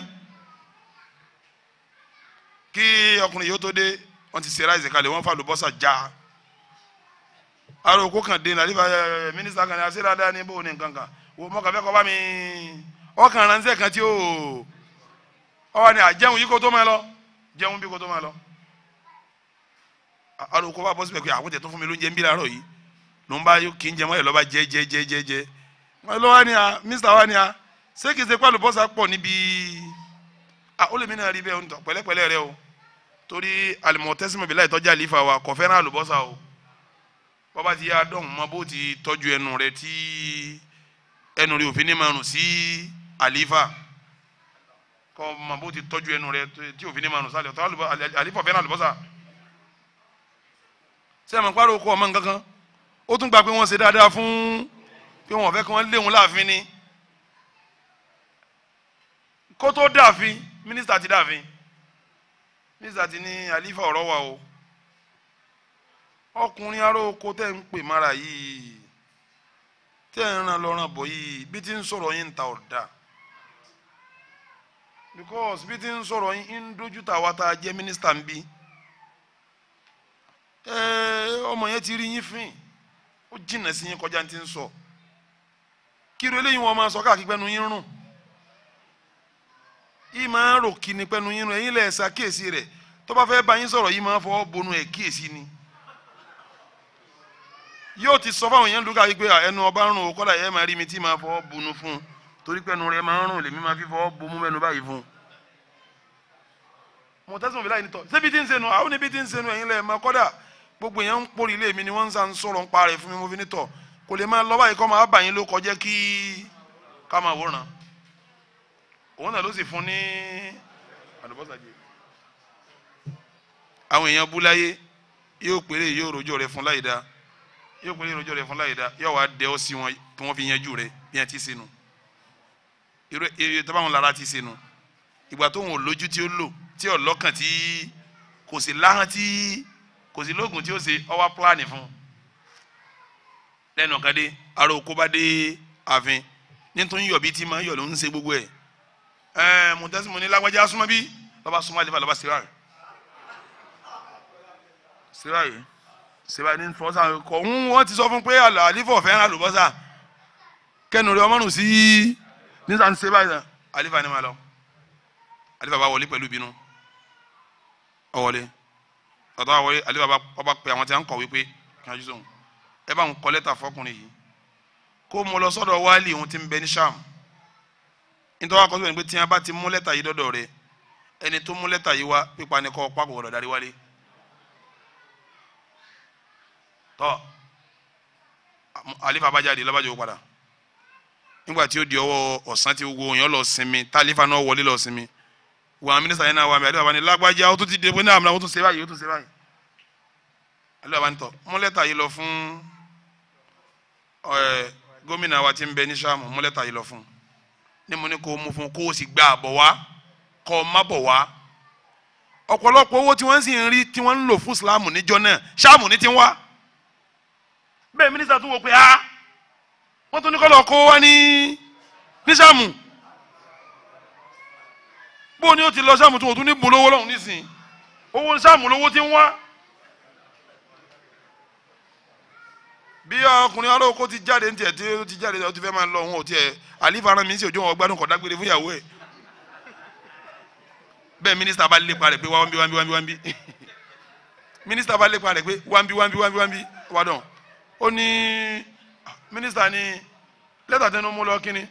kí ọkùnrin yóò tó dé wọ́n ti ṣe ráìsì kalẹ̀ wọ́n fà lùbọ́sà já ara òkú kan dín nàdí eh, eh, mínísítà kan ní aṣèdáadáa ní bóun ní nǹkan kan wò mọ́ kàfẹ́ kọ́ bá mi ọkàn ránṣẹ́ kan tí ó ọwọ́ ni àjẹun yìí kó tó máa lọ jẹun bí kó tó máa lọ ara òkú bá bọ́ síbẹ̀ pé àwọn tẹ̀ tó fún mi ló ń jẹ ń bí láàárọ̀ yìí ló ń bá kí n jẹ mọ́lẹ̀ lọ́ba jẹ́ jẹ́ jẹ́ jẹ́ jẹ́ wọ́n lọ́wọ́ ni a mínísítà wa ni a ṣé kìí ṣe pé àlùbọ́sà pọ̀ níbi ó lè mí náà rí bẹ́ẹ̀ pẹ̀lẹ́pẹ̀lẹ́ rẹ o torí alimọtẹsímù bíláì tọjá àlífà wa kò fẹ́ràn àlùbọ́sà o bọ́bá ti yá dọ̀hún mọ́ bó ti tọ́jú ẹnu rẹ tí ẹnu rẹ òfin ní máa rùn sí àlífà kọ́ mọ́ bó ti tọ́jú ẹnu rẹ tí òfin ní máa rùn sí àlífà àlífà fẹ́ràn àlùbọ́sà sẹ́mi pàrọ̀ kọ́ ọmọ nǹkan kan ó tún gba pé wọ́n ṣe dáadáa fún pé wọ́n fẹ́ kí wọ́n léwọn láàfin ni kó tó dáàfin mínísítà ti dáàfin. mísà ti ní àlífà ọ̀rọ̀ wa o ọkùnrin ará oko tẹ́ ń pè mára yìí tẹ́ ń ran lọ́ràn bọ̀ yìí bí ti ń sọ̀rọ̀ yín ń ta ọ̀dà because bí ti ń sọ̀rọ̀ yín ń dojú ta wa ta jẹ́ mínísítà ń bí ọmọ yẹn ti rí yín fín ó jìnnà sí yín kọjá ti ń sọ kí ló eléyìí wọn máa sọ káàkiri pẹ́nu yín rùn. yìí máa ń rò kíni pẹ̀lú yín ẹ̀yin lẹ̀ ṣàkíyèsí rẹ̀ tó bá fẹ́ bá yín sọ̀rọ̀ yìí máa ń fọwọ́ bonú ẹ̀ kíyèsí ni. yóò ti sọ fáwọn èèyàn lùkà wípé ẹnu ọba ń rùn ó kọ́dà ẹ̀ máa rí mi tí máa fọwọ́ bonú fún un torí pé ẹnu rẹ̀ máa ń rùn lèmi máa fi fọwọ́ bomú mẹ́nu báyìí fún un. mo tẹ́sán òbí láyé nítọ́ ṣébi tí ń senu àwọn níbi tí ń senu ẹ̀yin lẹ̀ máa kọ́dà gbogbo èèyàn ń porí ilé mi ni wọ́n ń sá ń sọ̀rọ̀ ń parẹ́ fún mi mo fi nítọ̀ kò lè máa lọ́ báyìí kọ́ máa bàyín ló kọjá kí ká máa wòran òun náà ló sì fún ní àdùbọ́sàjẹ àwọn èèyàn bú láyé yóò péré yóò rojọ́ rẹ fún láyé dá yóò péré yóò rojọ́ rẹ fún láyé dá yóò wá dẹ ọ sí wọn kí wọ́n fi yanjú rẹ bí wọ́n ti sinu irú tábàwọn lára ti sinu ìgbà tó ń wò lójú tí ó lò tí ò lọ́kàn tí kò sí láhàn tí kò sí lóògùn tí ó ṣe ọwá pílánì fún lẹ́nu ọ̀kan dé bá dé ààfin nítorí yọ̀bí tí máa ń yọ̀ ló ń ṣe gbogbo ẹ̀ ẹẹ mutasimu ni lágbájá súnmọ́ bí lọba súnmọ́ alifa lọba sira rẹ sira rẹ sira ni fọsa kọ ń wọn ti sọ fún pé alifa ọfẹ ń alùbọ́sà kẹnu rẹ ọmọnù sí nísà ń ṣe báyìí alifa ni ma lọ alifa bá wọlé pẹ̀lú bínú ọwọlé ọtọ àwọlé alifa bá pè àwọn tí a ń kọ wípé kí wọn jí sóhun ń kọ lẹ́tà fọkùnrin yìí kó mo lọ sọ́dọ̀ wálé ti ń bẹ ní sàmù nítorí wọn kọsíbẹ̀ ni pé tí wọn bá ti mú lẹ́tà yìí dọ́dọ̀ rẹ ẹni tó mú lẹ́tà yìí wá pípa ni kọ́ pákó ọ̀dọ̀ darí wálé tọ́ àlífà bá jáde lọ́bàjọ́ ó padà nígbà tí ó di ọwọ́ ọ̀sán tí gbogbo èèyàn lọ sinmi tá àlífà náà wọlé lọ sinmi wà á mínísítà yẹn náà wà mí àlífà bá ní lágbájá ó tún ti dé náà àmì àwọn ṣe báyìí ó tún ṣe báyìí àlífà bá ní tọ́ mú lẹ́tà yìí lọ fún gómìnà wa tí ń bẹ ní sáàmù mú lẹ́tà yìí lọ fún un ni mo ní kó mú fún kó o sì gba àbọ̀ wá kó o má bọ̀ wá ọ̀pọ̀lọpọ̀ owó tí wọ́n sì ń rí tí wọ́n ń lò fún ìsìláàmù níjọ náà ṣáàmù ní ti wá bẹ́ẹ̀ mínísítà tún wò pé ah wọ́n tún ní kọ́ lọ kó wá ní ní ṣáàmù bó ni ó ti lọ ṣáàmù tó o tún ní bò lọ́hùn nísìnyí owó ṣáàmù lówó ti ń wá. bí ọkùnrin ọlọ́wọ́ kó ti jáde ní tiẹ̀ tí ó ti jáde ó ti fẹ́ máa lọ òun ò tiẹ̀ àlífà ara mi ń sì òjò wọn gbádùn kọ̀ dágbére fún ìyàwó ẹ̀ bẹ́ẹ̀ mínísítà bá lépa rẹ̀ pé wá wáńbí wáńbí wáńbí mínísítà bá lépa rẹ̀ pé wáńbí wáńbí wáńbí wáńbí wádùn ó ní mínísítà ní lẹ́tà tẹnu mú lọ kíni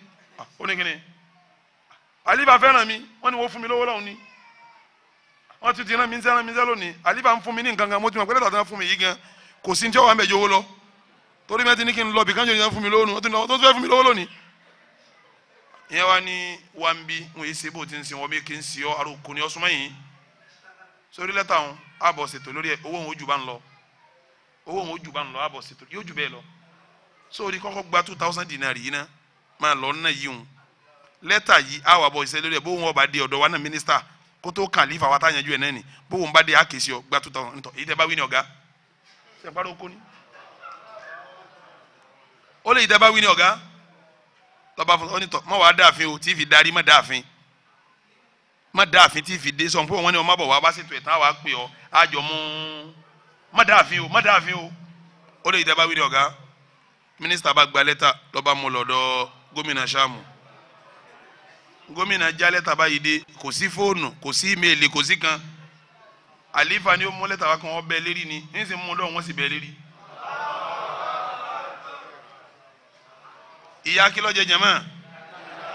ó ní kíni àlífà fẹ́ràn mi wọ́n ní wọ́n fún mi lówó lọ́hùn ni wọ́n ti ti rán mi ń sẹ́ mi ń sẹ́ lónìí àlífà ń fún mi ní nǹkan kan mo ti mọ̀ pé lẹ́tà tẹnu fún mi yìí gan kò sí ní tí ó wà ń bẹ̀ lọ torí mẹ́tì ní kí n lọ bí kánjọ ìyẹn fún mi lónìí tó tún fẹ́ fún mi lówó lónìí. ìyẹn wa ní wa ń bí wọn èsì bó ti ń sin wọn bí kí n sin ọ àròkù ni ọ súnmọ́ yìí sórí lẹ́tà òun àbọ̀ ṣètò lórí ẹ̀ owó òun ó jù bá ń lọ owó òun ó jù bá ń lọ àbọ̀ ṣètò yóò jù bẹ́ẹ̀ lọ sórí kọ́kọ́ gba two thousand dinari yìí náà máa lọ ná yìí òun lẹ́tà yìí àwọ̀ àbọ̀ ìṣẹ́ lórí ẹ̀ bó wọn bá dé ọ̀dọ̀ wa náà mínísítà kó tó kàlífà wa tá ẹ̀ náà ni bó wọn bá dé àkèsí ọ gba two thousand nítorí èyí tẹ́ bá wí ni ọ̀gá ṣe àpárọ̀ okó ó lè ìtẹ́ bá wí ní ọ̀gá lọ́ba fún ọ́nìtọ̀ mọ̀ wá dáàfin o tí ì fi darí mọ̀ dáàfin mọ̀ dáàfin tí ì fi dé sọ̀npọ̀ wọn ni wọn má bọ̀ wá wá ṣètò ẹ̀ tán wàá pè ọ́ àjọ mú mọ̀ dáàfin o mọ̀ dáàfin o ó lè ìtẹ́ bá wí ní ọ̀gá mínísítà bá gba lẹ́tà lọ́ba mú lọ́dọ̀ gómìnà sàmù gómìnà já lẹ́tà báyìí dé kò sí fóònù kò sí ímeèlì kò sí kan àlífà ni ó mú lẹ́tà wá kan wọ́n bẹ́ẹ̀ lérí ni ní sì mú ìyá kí ló jẹ jẹmọ́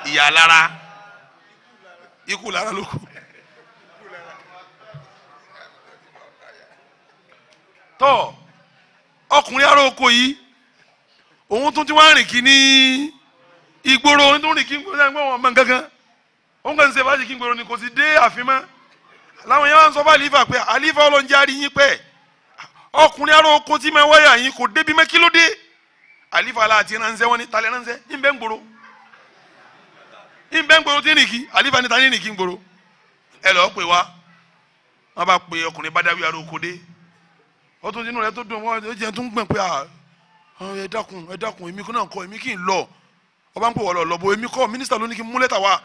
ìyá lára ikú lára ló kù. tọ́ ọkùnrin ará oko yìí òun tún ti wá rìn kí ní ìgboro òun tún rìn kí gboro ẹgbẹ́ wọn mọ gangan òun kàn ń ṣe fáṣí kí gboro ni kò sì dé àfin mọ́ làwọn yẹn wá ń sọ fún àlífà pé àlífà ọlọ́njẹ́ àrí yín pẹ́ ọkùnrin ará oko tí máa yín kò débi mọ́ kí ló dé àlífà la àti ránṣẹ́ wọn ni talẹ̀ ránṣẹ́ ń bẹ́ ń gbòòrò ń bẹ́ ń gbòòrò tí nìkí àlífà ni ta ní nìkí ń gbòòrò ẹ lọ́ọ́ pè wá wọn bá pe ọkùnrin bádáwí aróko dé ó tún rẹ tó dùn wọn ó jẹ tó ń gbọ̀n pé ẹ dákun ẹ dákun èmi náà kọ èmi kì í lọ ọba ń pè wọ́n lọ lọ́bọ̀ èmi kọ́ mínísítà ló ní kí n mú lẹ́tà wá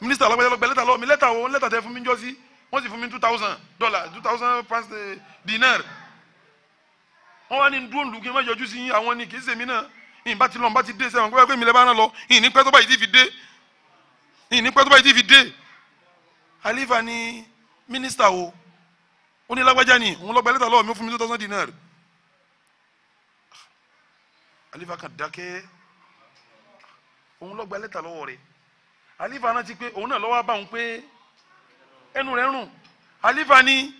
mínísítà lọ́gbẹ́dẹ́ lọ́gbẹ́ lẹ́tà lọ́wọ́ mi lẹ́tà wo lẹ́tà tẹ fún mi jọ́sí wọ́n sì fún mi two thousand dollar two thousand pounds eh, dinar wọ́n wá ní dúró lù kí n má yọjú sí àwọn ni kì í sèmi náà ìyìn bá ti lọ bá ti dé sẹ́wọ̀n pé mi lẹ́ bá rán lọ ìyìn ní pẹ́ báyìí ti fi dé ìyìn ní pẹ́ báyìí ti fi dé Halifa ni mínísítà o ó ní lágbájá ni òun lọ́gbà lẹ́tà lọ́wọ́ mi ó fún mi two thousand dinar Halifa kan dákẹ́ òun lọ́gbà lẹ́tà lọ́wọ́ rẹ̀ Halifa náà ti pé òun náà lọ́wọ́ bá òun pé ẹnu rẹ̀ rùn Halifa ni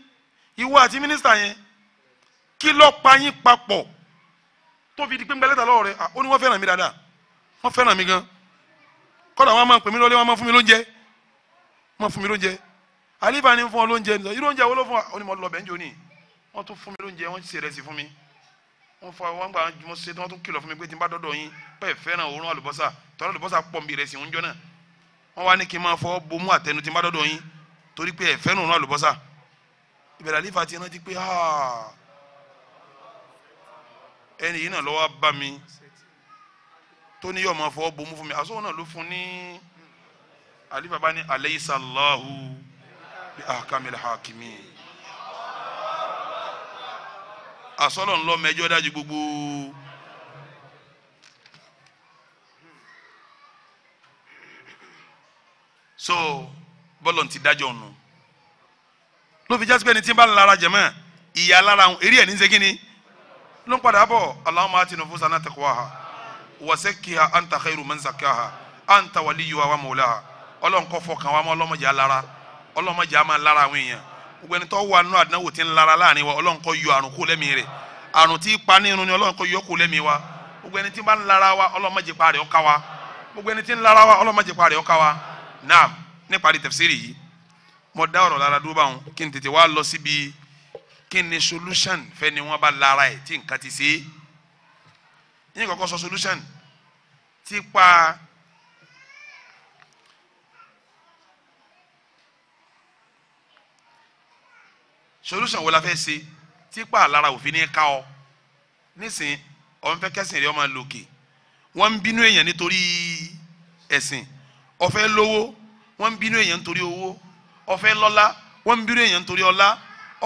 ìwọ àti mínísítà yẹn kí ló pa yín papọ̀ tó fi di pé ń gbẹ́lẹ́ta lọ́wọ́ rẹ̀ ó ní wọ́n fẹ́ràn mi dáadáa wọ́n fẹ́ràn mi gan kọ́dà wọn máa ń pè mí lọ́lé wọn máa fún mi lóúnjẹ wọn fún mi lóúnjẹ àlífà ni fún ọ lóúnjẹ nìyẹn irú oúnjẹ wo ló fún wa onímọ̀ lọ́bẹ̀ ń jò ní wọ́n tún fún mi lóúnjẹ wọ́n ṣe rẹ̀ sí fún mi wọ́n fọ àwọn gbà mọ́ ṣe tí wọ́n tún kìlọ̀ fún mi pé tí n bá dọ́dọ̀ yín pẹ́ẹ́ fẹ́ràn òórùn àlùbọ́sà tọ́lá àlùbọ́sà pọ̀ mi rẹ̀ sí oúnjẹ náà wọ́n wá ní kí n máa fọ́ bomú àtẹnu tí n bá dọ́dọ̀ yín torí pé ẹ̀ òórùn àlùbọ́sà ìbẹ̀rẹ̀ àlífà ti rántí pé háà ẹni yìí náà lọ́wọ́ bá mi tó ní yọ̀ọ́ máa bomú fún mi àsọ̀wọ́n náà ló fún ní Ali ní alaysa bi ahkamil hakimin àsọ̀lọ̀ ńlọ mẹjọ́ dájú gbogbo. so bọ́lọ̀ ti dájọ́ nù ló fi jásí pé ẹni tí ń bá lára jẹ̀mọ́ ìyá lára òun eré ẹ̀ ní ṣe kí ni ló ń padà bọ̀ Allahumma ati nufusana taqwaha wa zakkiha anta khairu man zakkaha anta waliyuha wa mawlaha Ọlọ́run kó fọkàn wa mọ́ Ọlọ́run má jẹ́ a lára Ọlọ́run má jẹ́ a máa lára àwọn èèyàn gbogbo ẹni tó wà nínú àdánwò wa Ọlọ́run kó yọ àrùn kó lẹ́mìí rẹ̀ àrùn tí pa ní irun ni Ọlọ́run kó yọ kó lẹ́mìí wa gbogbo ẹni tí lara wa Ọlọ́run má jẹ́ pa rẹ̀ ó wa gbogbo ẹni tí ń lára wa Ọlọ́run má jẹ́ pa rẹ̀ ó wa naam nípa tafsiri yìí mo dá ọ̀rọ̀ lára dúró báwọn kí n tètè wá lọ kí ni solution fẹ́ni wọ́n bá lára ẹ̀ tí nǹkan ti ṣe é yín kọ́kọ́ sọ solution tipa solution wo la fẹ́ ṣe tipa lára òfin ní ká ọ nísìn ọ̀n fẹ́ kẹ́sìn rẹ̀ ọmọ lòkè wọ́n ń bínú èèyàn nítorí ẹ̀sìn ọ̀fẹ́ lówó wọ́n ń bínú èèyàn nítorí owó ọ̀fẹ́ lọ́lá wọ́n ń bínú èèyàn nítorí ọlá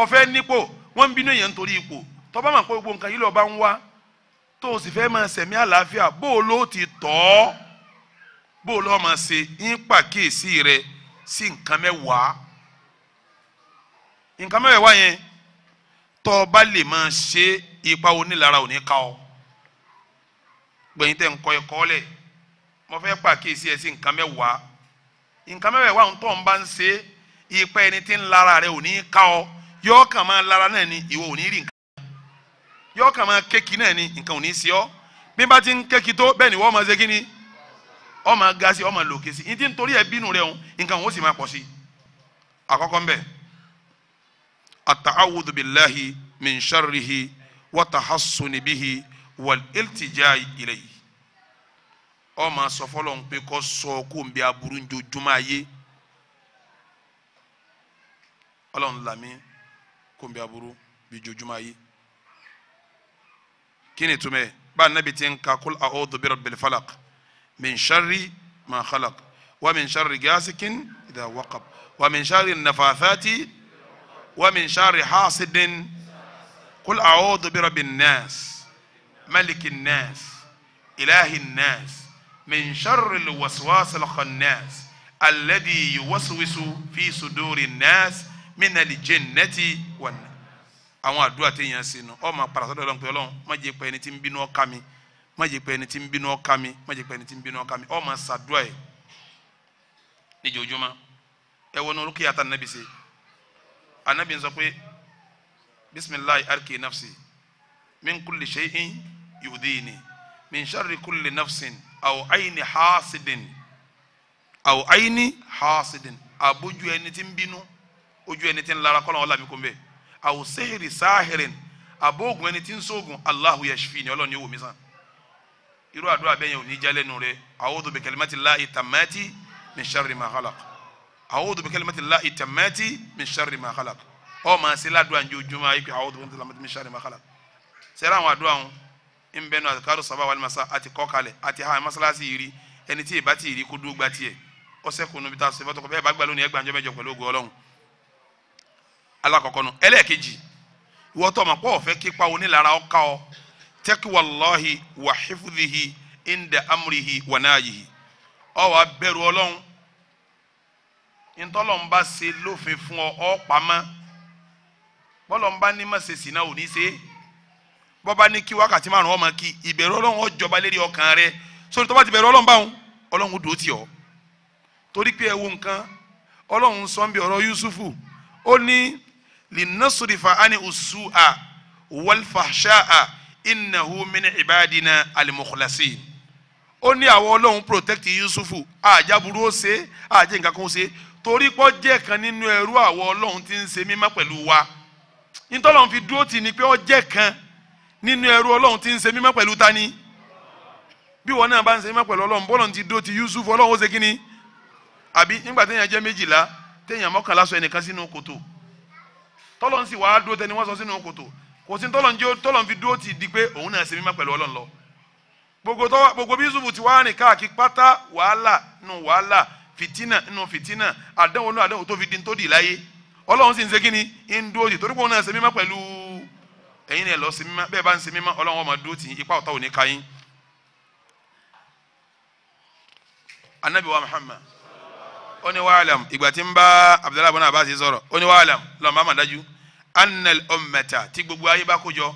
ọ̀fẹ́ nípò wọ́n ń bínú èèyàn nítorí ipò tó bá mọ̀ pé gbogbo nǹkan yìí lọ́ọ́ bá ń wá tó o sì fẹ́ máa sẹ̀mí àlàáfíà bó o ló ti tọ́ ọ́ bó o lọ́ọ́ máa ṣe ń pàkíyèsí rẹ sí nǹkan mẹ́wàá nǹkan mẹ́wàá yẹn tó o bá lè máa ṣe ipa onílara ò ní ká ọ gbẹ̀yìn tẹ̀ ń kọ́ ẹ̀kọ́ lẹ̀ mo fẹ́ pàkíyèsí ẹ sí nǹkan mẹ́wàá nǹkan mẹ́wàá wà ń tọ́ ń bá ń ṣe ipa ẹni tí ń lara rẹ ò ká ọ yọ kàn máa lára náà ni ìwọ ò ní rí nǹkan yọ kàn máa kéèkì náà ni nǹkan ò ní sí ọ bí bá ti ń kéèkì tó bẹ́ẹ̀ ni wọ́n máa ṣe kí ni ọ máa ga sí ọ máa lòkè sí ní ti ń torí ẹ bínú rẹ òun nǹkan òun sì máa pọ̀ sí àkọ́kọ́ ńbẹ ata'awudu billahi min sharrihi wa tahassuni wal iltija ilayhi ọ máa sọ fọlọ́n pé kó sọ kó n bẹ aburú njojúmọ́ ayé ọlọ́run làmí kó n bí aburú bí jojúmọ́ ayé kí ni túmẹ̀ bá anabi ti ń ka kul a'udhu bi rabbil falaq min sharri ma khalaq wa min sharri ghasikin idha waqab wa min sharri nafathati wa min sharri hasidin kul a'udhu bi rabbin nas malikin nas ilahin nas من شر الوسواس الخناس الذي يوسوس في صدور الناس minali jannati wana àwọn àdúrà tí yẹn ṣe nù ọmọ parasọ́dọ̀ ọlọ́run pé ọlọ́run má jẹ́ pé ẹni tí ń bínú ọ̀ka mi má jẹ́ pé ẹni tí ń bínú ọ̀ka mi má jẹ́ pé ẹni tí ń bínú ọ̀ka mi ọmọ ṣàdúrà ẹ̀ níjojúmọ́ ẹ wọnú orúkọ yàtọ̀ anabi ṣe anabi ń sọ pé bisimilahi arki nafsi min kulli shay'in yudini min sharri kuli nafsin Awo ayni haasidin Awo ayni haasidin Abuju ẹni tí ń bínú ojú ẹni tí ń lara kọ́lọ́n ọ̀la mi kún bẹ́ẹ̀ àwò sehiri sahirin àbóògùn ẹni tí ń sóògùn Allahu yashfi ni ọlọ́run ni wò mí sàn irú àdúrà bẹ́ẹ̀ yẹn ò ní já lẹ́nu rẹ a'udhu bi kalimati llahi tammati min sharri ma khalaq a'udhu bi kalimati llahi tammati min sharri ma khalaq ọ máa ṣe ládùúgbò àjò ojúmọ́ ayé pé a'udhu bi kalimati llahi sharri ma khalaq sẹ́rẹ́ àwọn àdúrà wọn ń bẹ́ẹ̀ nù àtikárò sábà wal masa àti kọ́kalẹ̀ àti hàn masalasi yìí rí ẹni tí ì bá ti rí kó dúró gba tiẹ̀ ọ̀sẹ̀ kùnú bí ta ṣe fọ́tọ̀kọ̀ bẹ́ẹ̀ bá gbà lónìí ẹgbàá jọ́ mẹ́jọ pẹ̀lú ògo ọlọ́run alákọ̀ọ́kọ́ nu ẹlẹ́ẹ̀kejì ìwọ tó ma kó ọ̀fẹ́ kípa onílára ọ̀ka ọ tẹ́kíwàlọ́hì wà hífúdìhì ìndẹ̀ amúrihì wà náàyìhì ọ wà bẹ̀rù ọlọ́run ntọ́lọ́nba se lófin fún ọ ọ bọ́lọ́nba ní má ṣe sìnà ò ní bọ́ba ní kí wákàtí lérí ọkàn rẹ ti bẹ̀rù dò torí pé ẹ wo Yusufu ó ní. linasurifa ani usu'a walfahsha'a innahu min ibadina alimukhlasin ó ní àwọn ọlọ́run protect yusufu àjàbúrú ó ṣe àjẹ́ nǹkan kan ó ṣe torí pọ́ jẹ́ kan nínú ẹrú àwọn ọlọ́run tí ń ṣe mímọ́ pẹ̀lú wa nítọ́lọ́run fi dúró tì ní pé ó jẹ́ kan nínú ẹrú ọlọ́run tí ń ṣe mímọ́ pẹ̀lú tani bí wọn náà bá ń ṣe mímọ́ pẹ̀lú ọlọ́run bọ́lọ̀ ti dúró ti yusufu ọlọ́run ó ṣe kí ni nígbà téèyàn jẹ́ méjìlá téèyàn mọ́kànlá sọ ẹnìkan sínú kòtò tọ́lọ̀ ń sì wá dúró tẹni wọ́n sọ sínú kòtò kò sí tọ́lọ̀ ń jẹ́ tọ́lọ̀ ń fi dúró ti di pé òun náà ṣe mímọ́ pẹ̀lú ọlọ́run lọ. gbogbo tọ́wọ́ gbogbo bí Yusuf ti wá rìn káàkiri pátá wàhálà nù wàhálà fìtínà nù fìtínà àdánwò nù àdánwò tó fi di tó dì láyé ọlọ́run sì ń ṣe kíni ń dúró ti torí pé òun náà ṣe mímọ́ pẹ̀lú ẹ̀yin náà lọ ṣe mímọ́ bẹ́ẹ̀ bá ń ṣe mímọ́ ọlọ́run ọmọ dúró ti ipa ọ̀tá òní káyín. anabi wa Muhammad ó ní wàhálàm ìgbà tí ń bá abdullahi ibn abbas sọ̀rọ̀ ó ní wàhálàm lọ́mọ àmà dájú annal ummata tí gbogbo ayé bá kó jọ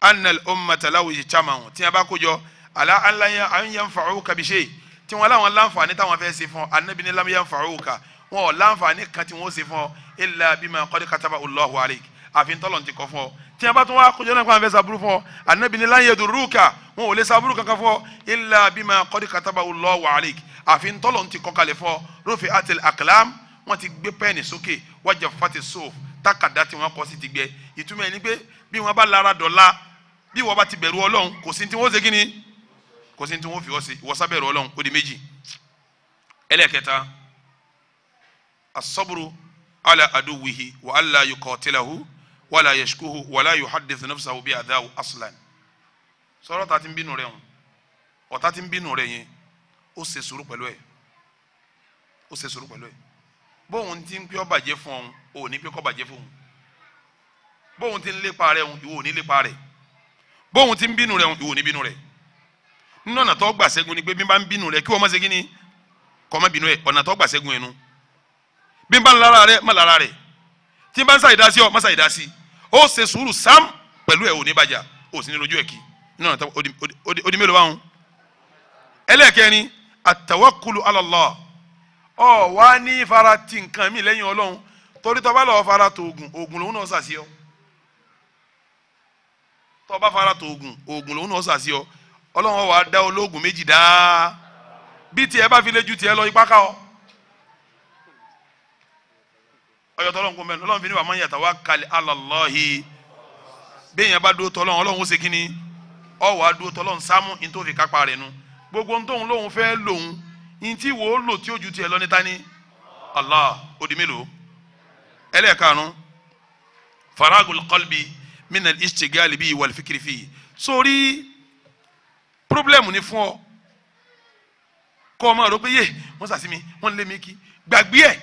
annal ummata láwùjọ chaman tí a bá kó jọ àlá aláya àyànfàáwùkà bí ṣe tí wọn láwọn láǹfààní táwọn fẹ́ ṣe fún ọ anabi ní lámúyànfàáwùkà wọn ò kan tí wọn ó ṣe fún ọ illa bima qad kataba Allahu alayk àfi ń ti kọ fún ọ tí a bá tún wá kójọ náà kó àwọn fẹ́ sàbúrú fún ọ anabi ni láyé duruka wọn ò lè sàbúrú kankan fún ọ illa bima qad kataba Allahu alik àfi ntọ́lọ̀ ti kọ́kalẹ̀ fún ọ rufi atil aklam wọn ti gbé pẹ́ẹ́nì sókè wájà fati sof takada tí wọn kọ́ sí ti gbẹ ìtumọ̀ ẹni pé bí wọn bá lára dọ̀la bí wọn bá ti bẹ̀rù ọlọ́run kò sí tí wọn ó ni kò sí tí wọn fi ọ sí ìwọ sábẹ̀rù ọlọ́run di méjì ẹlẹ́kẹta asọ́bùrù ala aduwihi wa alla yuqatilahu wala yashkuhu wala yuhaddith nafsahu bi adhahu aslan sọ̀rọ̀ ta ti ń bínú rẹ̀ hùn ọ̀tá ti ń bínú rẹ̀ yẹn ó ṣe sùúrù pẹ̀lú ẹ̀ ó ṣe sùúrù pẹ̀lú ẹ̀ bóun ti ń pé ó bàjẹ́ fún ọ̀hún ò ní pé kó bàjẹ́ fún òun bóun ti ń lépa rẹ̀ hùn ìwọ ò ní lépa rẹ̀ bóun ti ń bínú rẹ̀ hùn ìwọ ò ní bínú rẹ̀ nínú ọ̀nà tó gbà ṣẹ́gun ni pé bí n bá ń bínú rẹ̀ kí wọ́n má ṣe kí ni kọ́ má bínú ẹ̀ ọ̀nà tó gbà ṣẹ́gun ẹ̀ nu bí n bá ń lára rẹ̀ má lára rẹ̀ tí n bá ń sàyè dá sí ọ má sàyè dá ó ṣe sùúrù sam pẹ̀lú ẹ̀ ò ní bàjá ó sì ní lójú ẹ̀ kí iná náà ó di mélòó báwọn. ẹlẹ́ẹ̀kẹrin àtàwọ́kùlù alọ́lọ́ ọ wá ní fara ti nǹkan mi lẹ́yìn ọlọ́run torí tọ́ bá lọ́ọ́ fara tó oògùn oògùn lòun náà sàṣì ọ tọ́ bá fara tó oògùn oògùn lòun náà sàṣì ọ ọlọ́run wàá dá olóògùn méjì dáa bí tiẹ̀ bá fi lé tiẹ̀ lọ ipá ká ọ. ọyọtọ Ọlọ́run kò mẹnu Ọlọ́run fi ní wàá yatawakkal ala Allahi bẹ́ẹ̀ yẹn bá dúró tọ́lọ́run Ọlọ́run ó ṣe kínní ọwọ́ á dúró tọ́lọ́run sámú ní tó fi kápá rẹ̀ nu gbogbo ntóhun lóhun fẹ́ lòun ní tí lò tí ó ju lọ níta ní Allah odi mélòó ẹlẹ́ẹ̀karùn faragul qalbi minna istigali bi wal fikiri fi sórí pírọ́blẹ́mù ni fún ọ kọ́ ọ máa rò pé yé wọ́n sàsí mi lé mi kí gbàgbé ẹ̀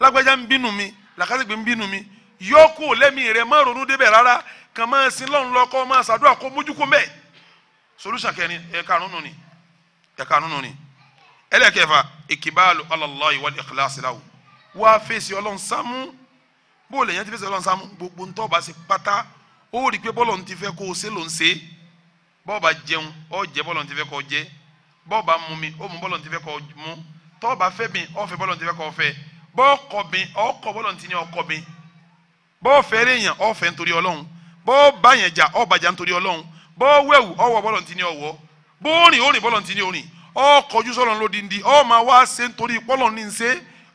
lágbájá ń bínú mi làkàtúgbè ń bínú mi yọ kó lẹ́mí rẹ má ronú débẹ̀ rárá kàn máa sin lọ́run lọ́kọ́ máa ṣàdúrà kó mójú kó mẹ́ẹ̀ solution kẹrin ẹ̀ka nínú ni ẹ̀ka nínú ni ẹlẹ́kẹ̀fà ìkìbáàlù alallahi wal ikhlasi lahu wá fèsì ọlọ́run sámú bó lè yẹn ti fèsì ọlọ́run sámú gbogbo ń tọ́ba sí pátá ó rí i pé bọ́lọ̀ ń ti fẹ́ kó o ṣe ló ń ṣe bọ́ọ̀ba jẹun ó jẹ bọ́lọ̀ ń ti fẹ́ kó o jẹ bọ́ọ̀ba mumi ó mu bọ́lọ̀ ń ti fẹ́ kó o mu tọ́ọ̀ba fẹ́ mi ó fẹ́ bọ́lọ̀ ń ti fẹ́ kó fẹ́ bọ́ọ̀ kọ̀bìn ọkọ̀ bọ́ọ̀lọ̀ ti ní ọkọ̀bìn bọ́ọ̀ fẹ́rẹ̀ yàn ọ̀fẹ́ nítorí ọlọ́run bọ́ọ̀ báyẹn jà ọ̀bàjà nítorí ọlọ́run bọ́ọ̀ wẹ̀wù ọwọ́ bọ́ọ̀lọ̀ ti ní ọwọ́ bóòrìn òrìn bọ́ọ̀lọ̀ ti ní òrìn ọkọ̀jú sọ̀rọ̀ lódìndí ọ̀ máa wá ṣe nítorí pọ́lọ̀ ní ṣe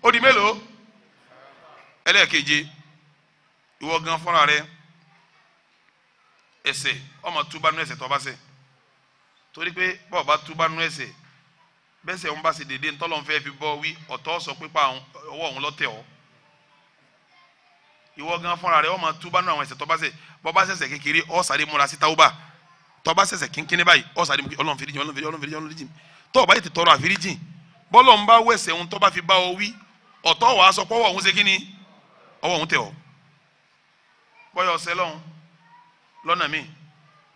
ó di mélòó ẹlẹ́ẹ̀keje ìwọ gan fúnra rẹ ẹ̀ṣẹ̀ ọmọ túbánú ẹ̀ṣẹ̀ tó bá ṣẹ̀ torí pé bọ́ọ̀ bá túbánú ẹ̀ṣẹ̀ bẹ́sẹ̀ òun bá ṣe dédé ntọ́lọ́n fẹ́ fi bọ́ wí ọ̀tọ́ sọ pípa ọwọ́ òun lọ́tẹ̀ ọ́ ìwọ gan fúnra rẹ ọmọ túbá nínú àwọn ẹ̀ṣẹ̀ tó bá ṣẹ̀ bọ́ bá ṣẹ̀ṣẹ̀ kékeré ọ́ sáré múra sí táwọ́bà tó bá ṣẹ̀ṣẹ̀ kínkínní báyìí ọ́ sáré ọlọ́run fìdíjì ọlọ́run fìdíjì ọlọ́run fìdíjì ọlọ́run fìdíjì tó o bá yìí ti tọrọ àfiríjì bọ́lọ̀ ń bá wẹ̀sẹ̀ òun tó bá fi bá ọ wí ọ̀tọ́ wàá sọ pé ọwọ́ òun ṣe kí ni ọwọ́ òun tẹ̀ ọ́ bọ́yọ̀ ọ̀sẹ̀ lọ́hùn lọ́nà míì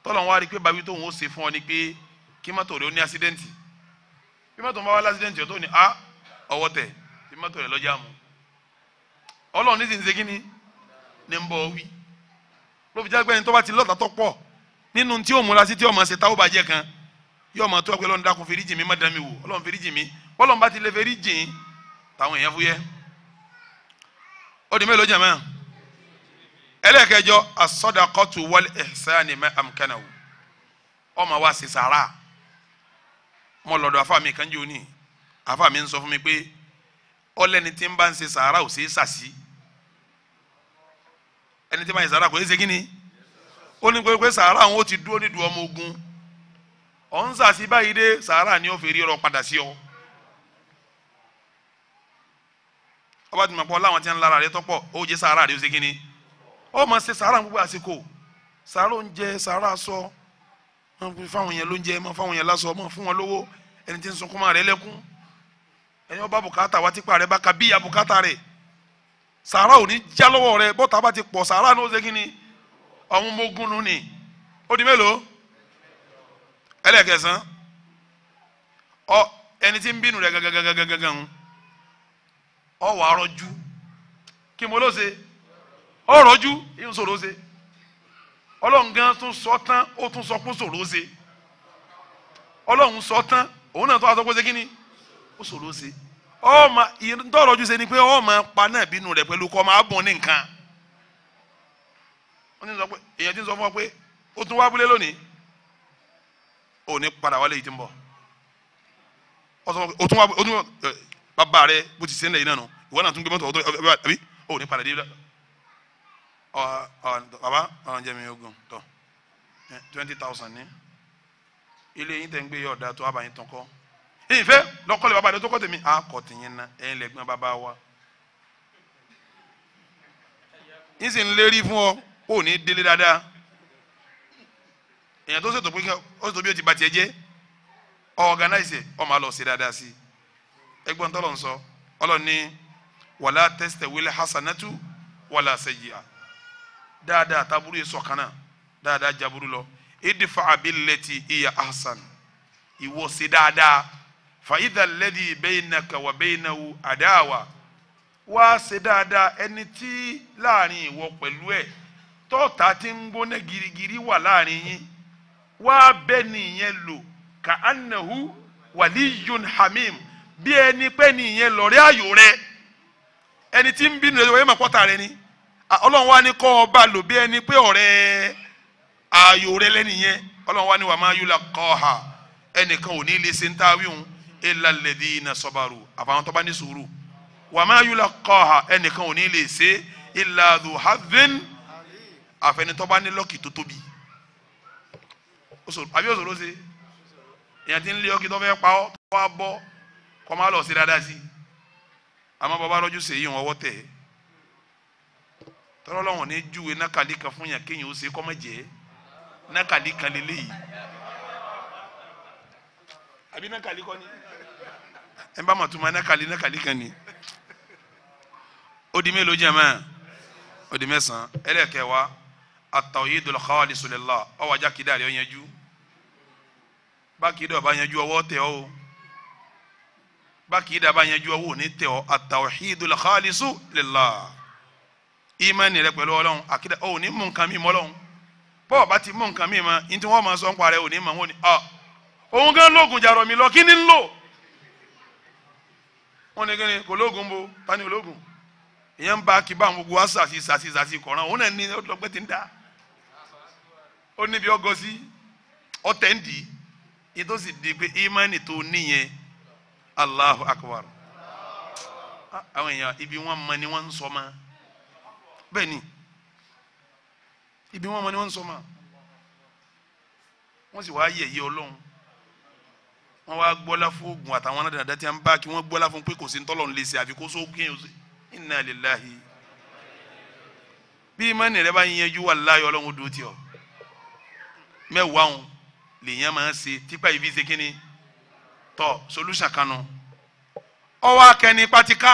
tọ́lọ́hún wá rí i pé bàbí tóun ó ṣe fún ọ ni pé kí mọ́tò rẹ ó ní ásídẹ́ǹtì bí mọ́tò ń bá wá lásìdẹ́ǹtì ọ̀tọ̀ ni a ọwọ́ tẹ̀ bí mọ́tò rẹ̀ lọ́jà mu ọlọ́run ní ti ń ṣe kíni ní ń bọ̀ wí ló fi jágbẹ́ni tó bá ti lọ́ta tó pọ̀ nínú tí ó múra sí tí ọmọ ṣe táwọn bàjẹ́ kan yóò máa tó ọpẹ́ lọ́nà dákun fèrè jìn mí má dán mi wò ọlọ́run fèrè jìn mí ọlọ́run bá ti lè fèrè jìn táwọn èèyàn fúyẹ́ ó di mélòó jẹ̀mọ́ ẹlẹ́ẹ̀kẹjọ asọ́dakọ́tù wọlé ẹ̀sán ni mẹ́ amkẹ́nà wò ọmọ wa sì sàrà mo lọ́dọ̀ afa mi kan jẹ́ òní afa mi ń sọ fún mi pé ọlẹ́ni tí ń bá ń ṣe sàárà ò ṣe é sàṣì ẹni tí ń bá ń ṣe sàárà kò ṣe ni ó ní pé sàárà òun ó ti dúró nídùú ọmọ ogun ọ̀ ń sàṣì báyìí dé sàárà ni ó fi rí ọ̀rọ̀ padà sí ọ. ọba tí mo pọ láwọn tí ń lára rẹ tọpọ ó jẹ sàárà rẹ ó ṣe kí ni ó máa ṣe sàárà gbogbo àsìkò sàárà oúnjẹ sàárà aṣọ. So wọn fi fáwọn yẹn lóúnjẹ máa fáwọn yẹn lásọ máa fún wọn lówó ẹni tí ń sunkún máa rẹ lẹkún ẹni ọba bùkátà wa tipa rẹ bá ka bukata rẹ sàárà ò ní já lọ́wọ́ rẹ bọ́tà bá ti pọ̀ sàárà ní ó ṣe kíni mélòó ọ ẹni tí ọlọ́run gan tún sọ tán ó tún sọ pé sòrò ṣe ọlọ́run sọ tán òun náà tó wá sọ pé ṣe kíni ó ṣe ọmọ ojú ṣe ni pé ọmọ pa náà bínú pẹ̀lú kọ́ máa bùn ní nǹkan èèyàn ti ọ pé ó tún wá lónìí ò ní padà wálé yìí ti ń bọ̀ ó sọ pé ó tún wá bàbá rẹ bó ti ṣe ń lẹ̀ yìí náà nù ìwọ náà tún gbé mọ́tò baba ọ̀ràn jẹ́ ogun tọ̀ twenty thousand ní ilé yín tẹ̀ ń gbé yọ̀ ọ̀dà tó àbáyín tán kọ́ ìfẹ́ lọ́kọ́lẹ̀ bàbá rẹ tó kọ́ tèmi a kọ̀ ná ẹ̀yin lẹ́gbọ́n bàbá wa yín sì ń lérí fún ọ kó o ní délé dáadáa èèyàn tó ṣètò pé ó ṣètò bí o ti bàtì ẹ ọ̀gánáìsì ọmọ àlọ́ ṣe dáadáa sí ẹgbọ́n tọ́lọ̀ ń sọ ọlọ́ni wàlá tẹ́sítẹ̀ wílẹ̀ hasanatu wàlá sẹ́yìá dáadáa taburu yẹ sọ̀kanna dáadáa jaburu lọ idfa billati iya ahsan iwo ṣe dáadáa fa ida idha alladhi baynaka wa baynahu adawa wa ṣe dáadáa ẹni tí láàrin ìwọ pẹ̀lú ẹ̀ tọ́ọ̀tà ti ń gbóná girigiri wà láàrin yín wá bẹ́ẹ̀ nìyẹn lò ka annahu waliyun hamim bí ẹni pẹ́ nìyẹn lọ́rẹ́ ayò rẹ ẹni tí ń bínú rẹ wọ́n yẹ́ mọ̀ pọ́ta rẹ ni. Ah, ọlọ́run wá ní kọ́ ọba lò bí ẹni pé ọ̀rẹ́ ààyò rẹ lẹ́nìyẹn ọlọ́run wá ní wàá máa yúlà kọ́ ha ẹnìkan ò ní lè ṣe ń ta wíhun ilà lẹ́dí iná sọ́bàrù àfàwọn tó bá ní sùúrù wàá máa yúlà kọ́ ha ẹnìkan ò ní lè ṣe ilà dù àfẹnitọ́ bá ní lọ́ọ̀kì tó tóbi àbí òṣòro ṣe èèyàn ti ń lé ọkì tó fẹ́ pa ọ́ tó wá bọ́ kọ́ máa lọ sí dáadáa sí àmọ́ bàbá rọ́jú ṣèyí wọn ọwọ́ tẹ̀ ẹ́ tọ́lọ́ lọ́wọ́n ní júwe nákàlí kan fún yàn kéèyàn ó ṣe kọ́ mọ́ jẹ́ nákàlí kan lélẹ́yìí àbí nákàlí kọ́ ni ẹ bá mọ̀ tó ma nákàlí nákàlí kan ni ó di mélòó jẹ́ mọ́ ó di mẹ́sàn-án ẹlẹ́kẹ̀wá at-tawhidul khalisu lillah ó wá jákèjá rẹ̀ ó yanjú bákìí bá yanjú ọwọ́ tẹ̀ ọ́ o bá yanjú ọwọ́ ò ní tẹ̀ ọ́ at-tawhidul khalisu lillah. ìmánì rẹ pẹ̀lú ọlọ́run àkídà ọ ní mú nǹkan mímọ́ ọlọ́run bọ́ ọba ti mú nǹkan mímọ́ ní tí wọ́n máa sọ ń parẹ́ ọ ní mọ̀ wọ́n ni ọ òun gan lóògùn jàrọ̀ mi lọ kí ni lò wọ́n ní kí ni kò lóògùn bo tani ìyẹn ń bá gbogbo wa sàṣì sàṣì sàṣì kọ̀ọ̀ràn òun náà ti ń ó ọgọ sí ọtẹ ń dì í tó sì di pé tó níyẹn Allahu akbar àwọn èèyàn ibi wọn mọ ni wọn ń sọ máa. bẹ́ẹ̀ ni ibi wọn mọ ni wọn ń sọ ma wọn sì wáá yẹ̀yẹ́ ọlọ́run wọn wáá gbọ́lá fún oògùn àtàwọn aládàáda tí wọn bá kí wọn gbọ́lá fún pé kò sí ntọ́lọ̀ ń lè ṣe àfi kó sóògùn yẹn ṣe inna lillahi bí imáni rẹ bá yẹnjú wà láyọ̀ ọlọ́run ó dúró tiọ̀ mẹ́wàá òun lèèyàn máa ń ṣe tipa ìfi ṣe kínni tọ solution kanu ọwọ́ akẹni pátíká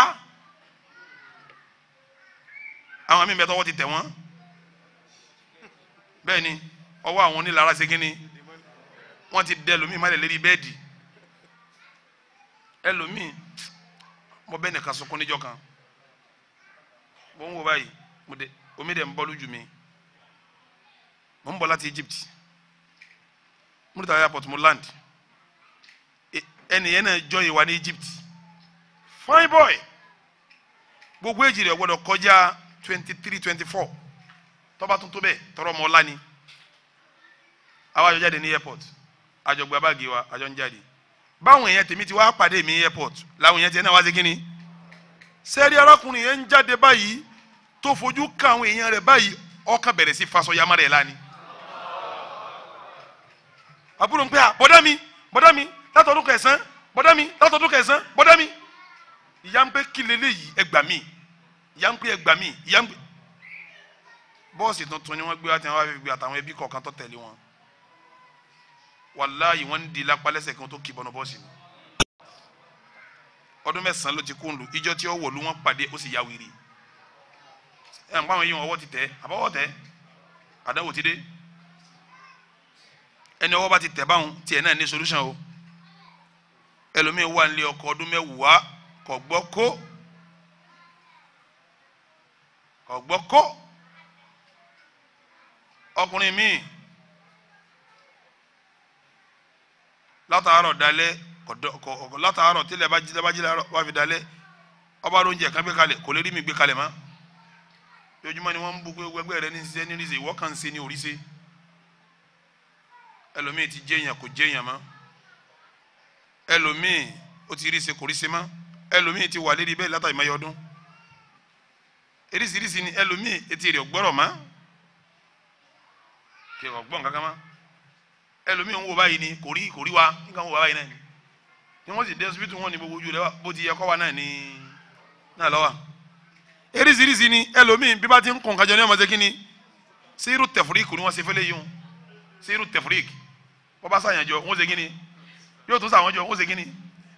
àwọn míì bẹ tọwọ́ ti tẹ̀ wọ́n bẹ́ẹ̀ ni ọwọ́ àwọn onílára ṣe kínní wọ́n ti dẹ ẹlòmíì mọ́lẹ̀ lérí bẹ́ẹ̀dì ẹlòmíì mo bẹ́ẹ̀ nìkan sunkún níjọ́ kan mo ń wo báyìí omi dẹ̀ ń bọ́ lójú mi mo ń bọ̀ láti Egypt Murtala airport mo land e, ẹnìyẹn náà jọ ìwà ní Egypt fine boy gbogbo èjì rẹ̀ gbọ́dọ̀ kọjá twenty three twenty four tọ́ba tuntun bẹ́ẹ̀ tọrọ ọmọ ọlá ni àwa àjọ jáde ní airport àjọ gba báàgì wa àjọ ń jáde báwọn èèyàn tèmi ti wá pàdé mi airport làwọn èèyàn tiẹ̀ náà wá sí kínni sẹ́ẹ̀rí arákùnrin yẹn ń jáde báyìí tó fojú ka àwọn èèyàn rẹ̀ báyìí ọkàn bẹ̀rẹ̀ sí fasọ yamá rẹ̀ lánìí. àbúrò ń pẹ́ à bọ́dá mi bọ́dá mi látọ̀dún kẹsàn-án bọ́dá mi látọ̀dún kẹsàn-án bọ́dá mi ìyá ń pẹ́ kí leléyìí ẹgbàá mi yankun yẹ gbà mí yankun bọ́ọ̀sì tuntun ni wọ́n gbé àti àwọn àfẹ́fẹ́ àtàwọn ẹbí kọ̀ọ̀kan tó tẹ̀lé wọn wàláyé wọ́n ń di lápálẹ́sẹ̀ kan tó kì bọ́nu bọ́ọ̀sì ni ọdún mẹ́sàn-án ló ti kún lu ìjọ tí ó wọ̀lú wọn pàdé ó sì ya wèrè ẹ̀ ń pàwọn yìí wọn ọwọ́ ti tẹ̀ àbọ̀wọ́ tẹ̀ àdáwò ti dé ẹni ọwọ́ bá ti tẹ̀ báwọn tiẹ̀ náà ní solution o ẹlòmíín wà nílé ọkọ̀ ọdún mẹ́wàá kọ̀ gbọ́ kó ọ̀gbọ́ kó ọkùnrin míì látàárọ̀ dalẹ́ kọ̀ látàárọ̀ tílẹ̀ bá jí lábájí wá fi dalẹ́ ọba ló ń jẹ kán gbé kalẹ̀ kò lè rí mi gbé kalẹ̀ mọ́ lójúmọ́ ni wọ́n ń bu pé gbẹgbẹ́ rẹ ní ṣiṣẹ́ ní ríṣe ìwọ́ kan ń ṣe ní oríṣe ẹlòmíì ti jẹ́yàn kò jẹ́yàn mọ́ ẹlòmíì ó ti ríṣe kò ríṣe mọ́ ẹlòmíì ti wà lérí bẹ́ẹ̀ látàrí mẹ́yọ́dún eríṣiríṣi ni ẹlòmíì etí rẹ̀ gbọ́rọ̀ mọ́ kí ọ̀ gbọ́n kankan mọ́ ẹlòmíì ń wo báyìí ni kò rí kò rí wa nǹkan wo báyìí náà ni ni wọ́n sì dé hospital wọn ni gbogbo ojú rẹ̀ bó ti yẹ kọ́ wa náà ni náà lọ́wọ́ eríṣiríṣi ni ẹlòmíì bí bá ti ń kùn kájọ ní ọmọ ṣe kí ni sírù tẹ̀fúríkì ni wọ́n ṣe fẹ́lẹ́ yìí sírù tẹ̀fúríkì bọ́bá sàyànjọ wọ́n ṣe kí ni yóò tún sàwọn jọ wọ́n ṣe kí ni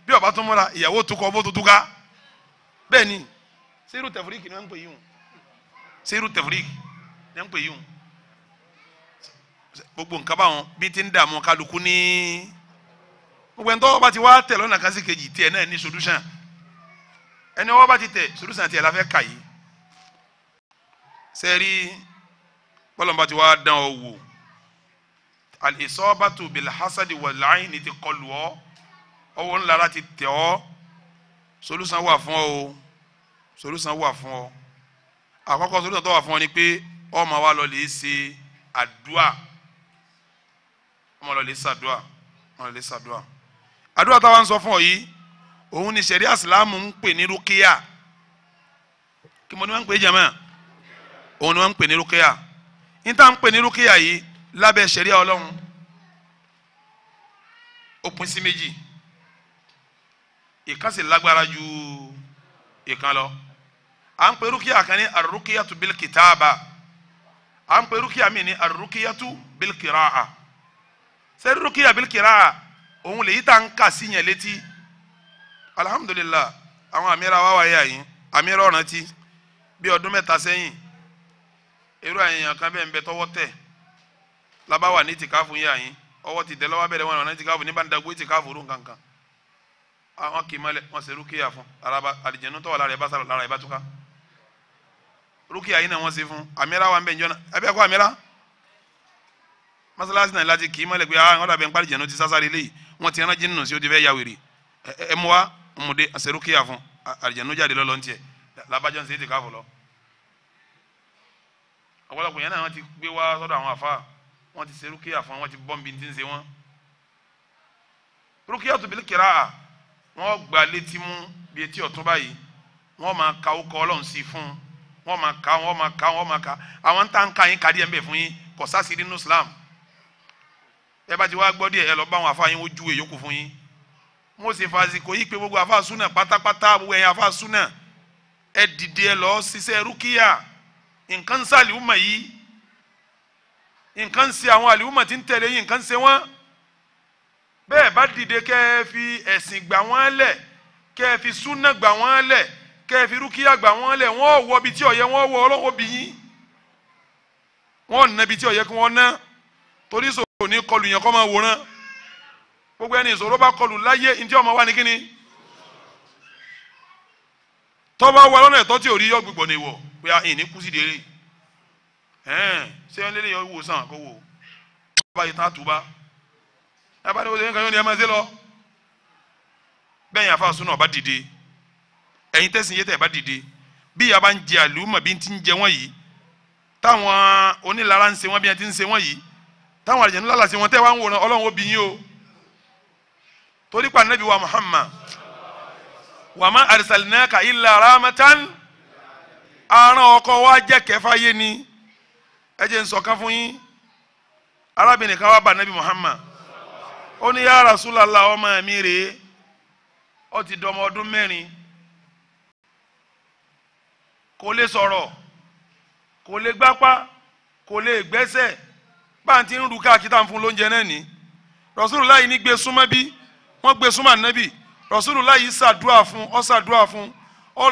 bí ọba tún múra ìyàwó tukọ̀ bó tuntun ká sẹ́rù tẹ̀fúríkì ni wọ́n ń pè yìí hùn sẹ́rù tẹ̀fúríkì ni wọ́n ń pè yìí hùn gbogbo nǹkan báwọn bí ti ń dààmú kálukú ní gbogbo ẹni tọ́wọ́ bá ti wá tẹ̀ lọ́nà kan sí kejì tiẹ̀ náà ní solution ẹni ọwọ́ bá ti tẹ̀ solution tiẹ̀ la fẹ́ kà yìí sẹ́rí bọ́lọ̀mbà ti wá dán ọ wò al-isabatu bil-hasadi ti kọlù ọ ti tẹ̀ ọ solution wà fún o solution wà fún ọ àkọ́kọ́ solution tó wà fún ọ ni pé ọmọ wa lọ lè ṣe àdúà ọmọ lọ lè ṣàdúà ọmọ lọ lè ṣàdúà àdúà táwa ń sọ fún ọ yìí òun ni sẹ̀rí àsìlámù ń pè ní rúkìá kí mo ní wọ́n ń pè jẹ́mọ́ òun ni wọ́n ń pè ní rúkìá níta ń pè ní rúkìá yìí lábẹ́ sẹ̀rí ọlọ́run ó sí méjì ìkan ju ìkan lọ à ń pe rúkìá kan ní arúkìyàtú bilkitaaba à ń pe rúkìá mi ní bil bilkiraa ṣé rúkìá bilkiraa òun lèyí tá à ń kà sí yẹn létí alihamudulilayi àwọn àmìra wa wáyé àyín àmìra ọ̀ràn ti bí ọdún mẹ́ta sẹ́yìn irú àyẹ̀yàn kan bẹ́ẹ̀ ń bẹ tọwọ́ tẹ̀ labawa ní tìkáfù yé àyín ọwọ́ ti tẹ̀ lọ́wọ́ abẹ́rẹ́ wọn ní tìkáfù ní bandago tìkáfù rú nǹkan kan àwọn kì í mọ́lẹ̀ wọ́n ṣerú kíyà fún araba àlìjẹ̀nu lára ẹ̀ bá sára lára ẹ̀ bá túká rúkìá yìí náà wọ́n ṣe fún àmìlá wa ń bẹ̀ ń jọ́nà ẹ bẹ́ẹ̀ kọ́ àmìlá masalasi náà láti kì í mọ̀lẹ́ pé ah ọ̀dà bẹ́ẹ̀ ń parí jẹ̀nu ti sásáré léyìí wọ́n ti ẹran jìnnà sí o ti fẹ́ ya wèrè ẹ mú wa ọmọdé àṣẹ rúkìá fún àjẹ̀nu jáde lọ́lọ́ tiẹ̀ labajọ́ ń ṣe é ti káfọ́ lọ. ọ̀pọ̀lọpọ̀ yẹn náà wọ́n ti gbé wá sọ́dọ̀ àwọn àfa wọ́n ti ṣe rúkìá fún wọ́n ti bọ́m̀bì ti ń ṣe wọ́n. rúkìá tó bìlí kìrá wọ́n gbà létí mú bí etí ọ̀tún báyìí wọ́n máa wọ́n máa ka wọ́n máa ka wọ́n máa ka àwọn tá à ń ka yín kárí ẹ̀ ń bẹ̀ fún yín kò sásìrì nínú Islam ẹ bá ti wá gbọ́ díẹ̀ ẹ lọ bá àwọn afáyín wọ́n ju èyókù fún yín mo sì fàsìkò yìí pé gbogbo àfa súnà pátápátá gbogbo ẹ̀yin àfa súnà ẹ dìde ẹ lọ ṣiṣẹ́ rúkìá nǹkan ń sàlìwù mọ̀ yìí nǹkan ń ṣe àwọn àlìwù tí ń tẹ̀lé yìí nǹkan ń ṣe wọ́n bẹ́ẹ̀ bá dìde kẹ́ fi ẹ̀sìn gbà wọ́n lẹ̀ kẹ́ fi súnà gbà wọ́n lẹ̀ kẹfìrú kí àgbà wọn lẹ wọn wọ bi tí ọyẹ wọn wọ ọlọwọ bí yín wọn nà bi tí ọyẹ kí wọn ná torí sòrò ní kọlù yẹn kọ́ máa wòran gbogbo ẹni ìṣòro bá kọlù láyé ntí ọmọ wa ní kíni tọ́ba wa lọ́nà ẹ̀tọ́ tí ò rí yọ gbogbo ni wọ̀ pé a ìní kú sí délé ẹ̀ẹ́n ṣé ẹ lélẹ̀ yọ wò sàn kó wò bá yìí tán àtúbá ẹ bá dé wọ́n ṣe yóò ní ẹ máa ṣe lọ bẹ́ẹ̀ yẹn afa sunna ọba dìde ẹ̀yin tẹ̀sìn yé tẹ̀ bá dìde bí yaba ń jẹ àlùmọ̀ bí ti ń jẹ wọ́n yìí táwọn onílára ń ṣe wọ́n bí wọ́n ti ń ṣe wọ́n yìí táwọn àlejò ńlá làṣẹ wọn tẹ́ wá ń wòran ọlọ́run obì yín o torí pa nàbí wa Muhammad wa ma arsalnaka illa ramatan aràn ọkọ wa jẹ́ kẹfàyé ni ẹ jẹ́ ń sọ̀kan fún yín arábìnrin kan wá bá nàbí Muhammad ó ní ya Rasulallah ọmọ mi rèé ó ti dọmọ ọdún mẹ́rin. kò lè sọ̀rọ̀ kò lè gbápá kò lè gbẹ́sẹ̀ báńtí ń ru káàkiri tá à ń fún lóúnjẹ náà ní Rasulullahi ní gbé súnmọ́ bí wọ́n gbé súnmọ́ ànábì ṣàdúrà fún ọ ṣàdúrà fún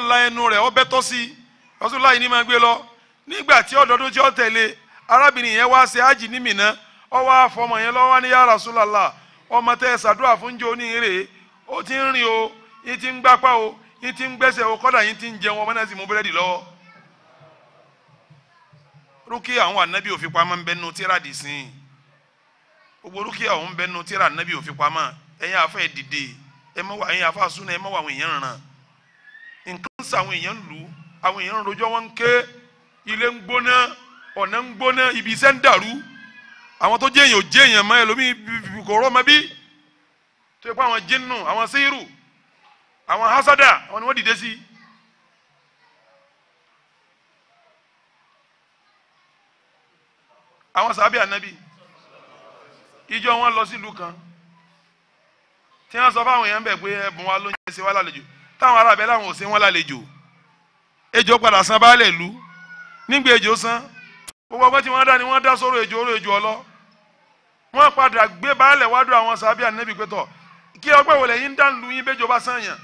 la ẹnu rẹ̀ ọ bẹ́tọ́ sí i Rasulullahi ní máa gbé lọ nígbà tí ọ̀dọ́dún tí ó tẹ̀lé arábìnrin yẹn wá ṣe ájì ní Mínà ọ wá fọmọ yẹn lọ́wọ́ ní ya Rasulallah ọmọ tẹ́ ṣàdúrà fún ó ti ń o yín ti ń gbápá yín ti ń gbẹ́sẹ̀ o kọ́dà yín ti ń jẹun ọmọ náà sì mú búrẹ́dì lọ́wọ́ rúkìá àwọn ànábì òfin pamọ́ ń bẹnu tíra dì sí i gbogbo rúkìá òun bẹnu tíra ànábì òfin pamọ́ ẹ̀yin afẹ́ dìde ẹ mọ́ ẹ̀yin afẹ́ asúnà ẹ mọ́ àwọn èèyàn ràn nǹkan ń sa àwọn èèyàn lù ú àwọn èèyàn rojọ́ wọn ké ilé ń gbóná ọ̀nà ń gbóná ibi iṣẹ́ ń dàrú àwọn tó jẹ́ ò jẹ́ èèyàn mọ́ ẹlòmíì kò rọ́ ọmọ bí tó yẹ pé àwọn jinnu àwọn síírù àwọn hasada àwọn ni wọ́n dìde sí. àwọn sàbí ànábì ìjọ wọn lọ sílùú kan tí wọ́n sọ fáwọn èèyàn bẹ̀ pé ẹ̀bùn wa ló ń ṣe wá lálejò táwọn ará abẹ́ làwọn ò ṣe wọ́n lálejò ejò padà san baálẹ̀ ìlú nígbà ejò san gbogbo ọgbẹ́ tí wọ́n dá ni wọ́n dá sóró ejò oró ejò ọlọ́ wọ́n padà gbé baálẹ̀ wádùn àwọn sàbí ànábì pé tọ̀ kí ọgbẹ́ wọlé yín dá lu yín bẹ́jọba sàn yàn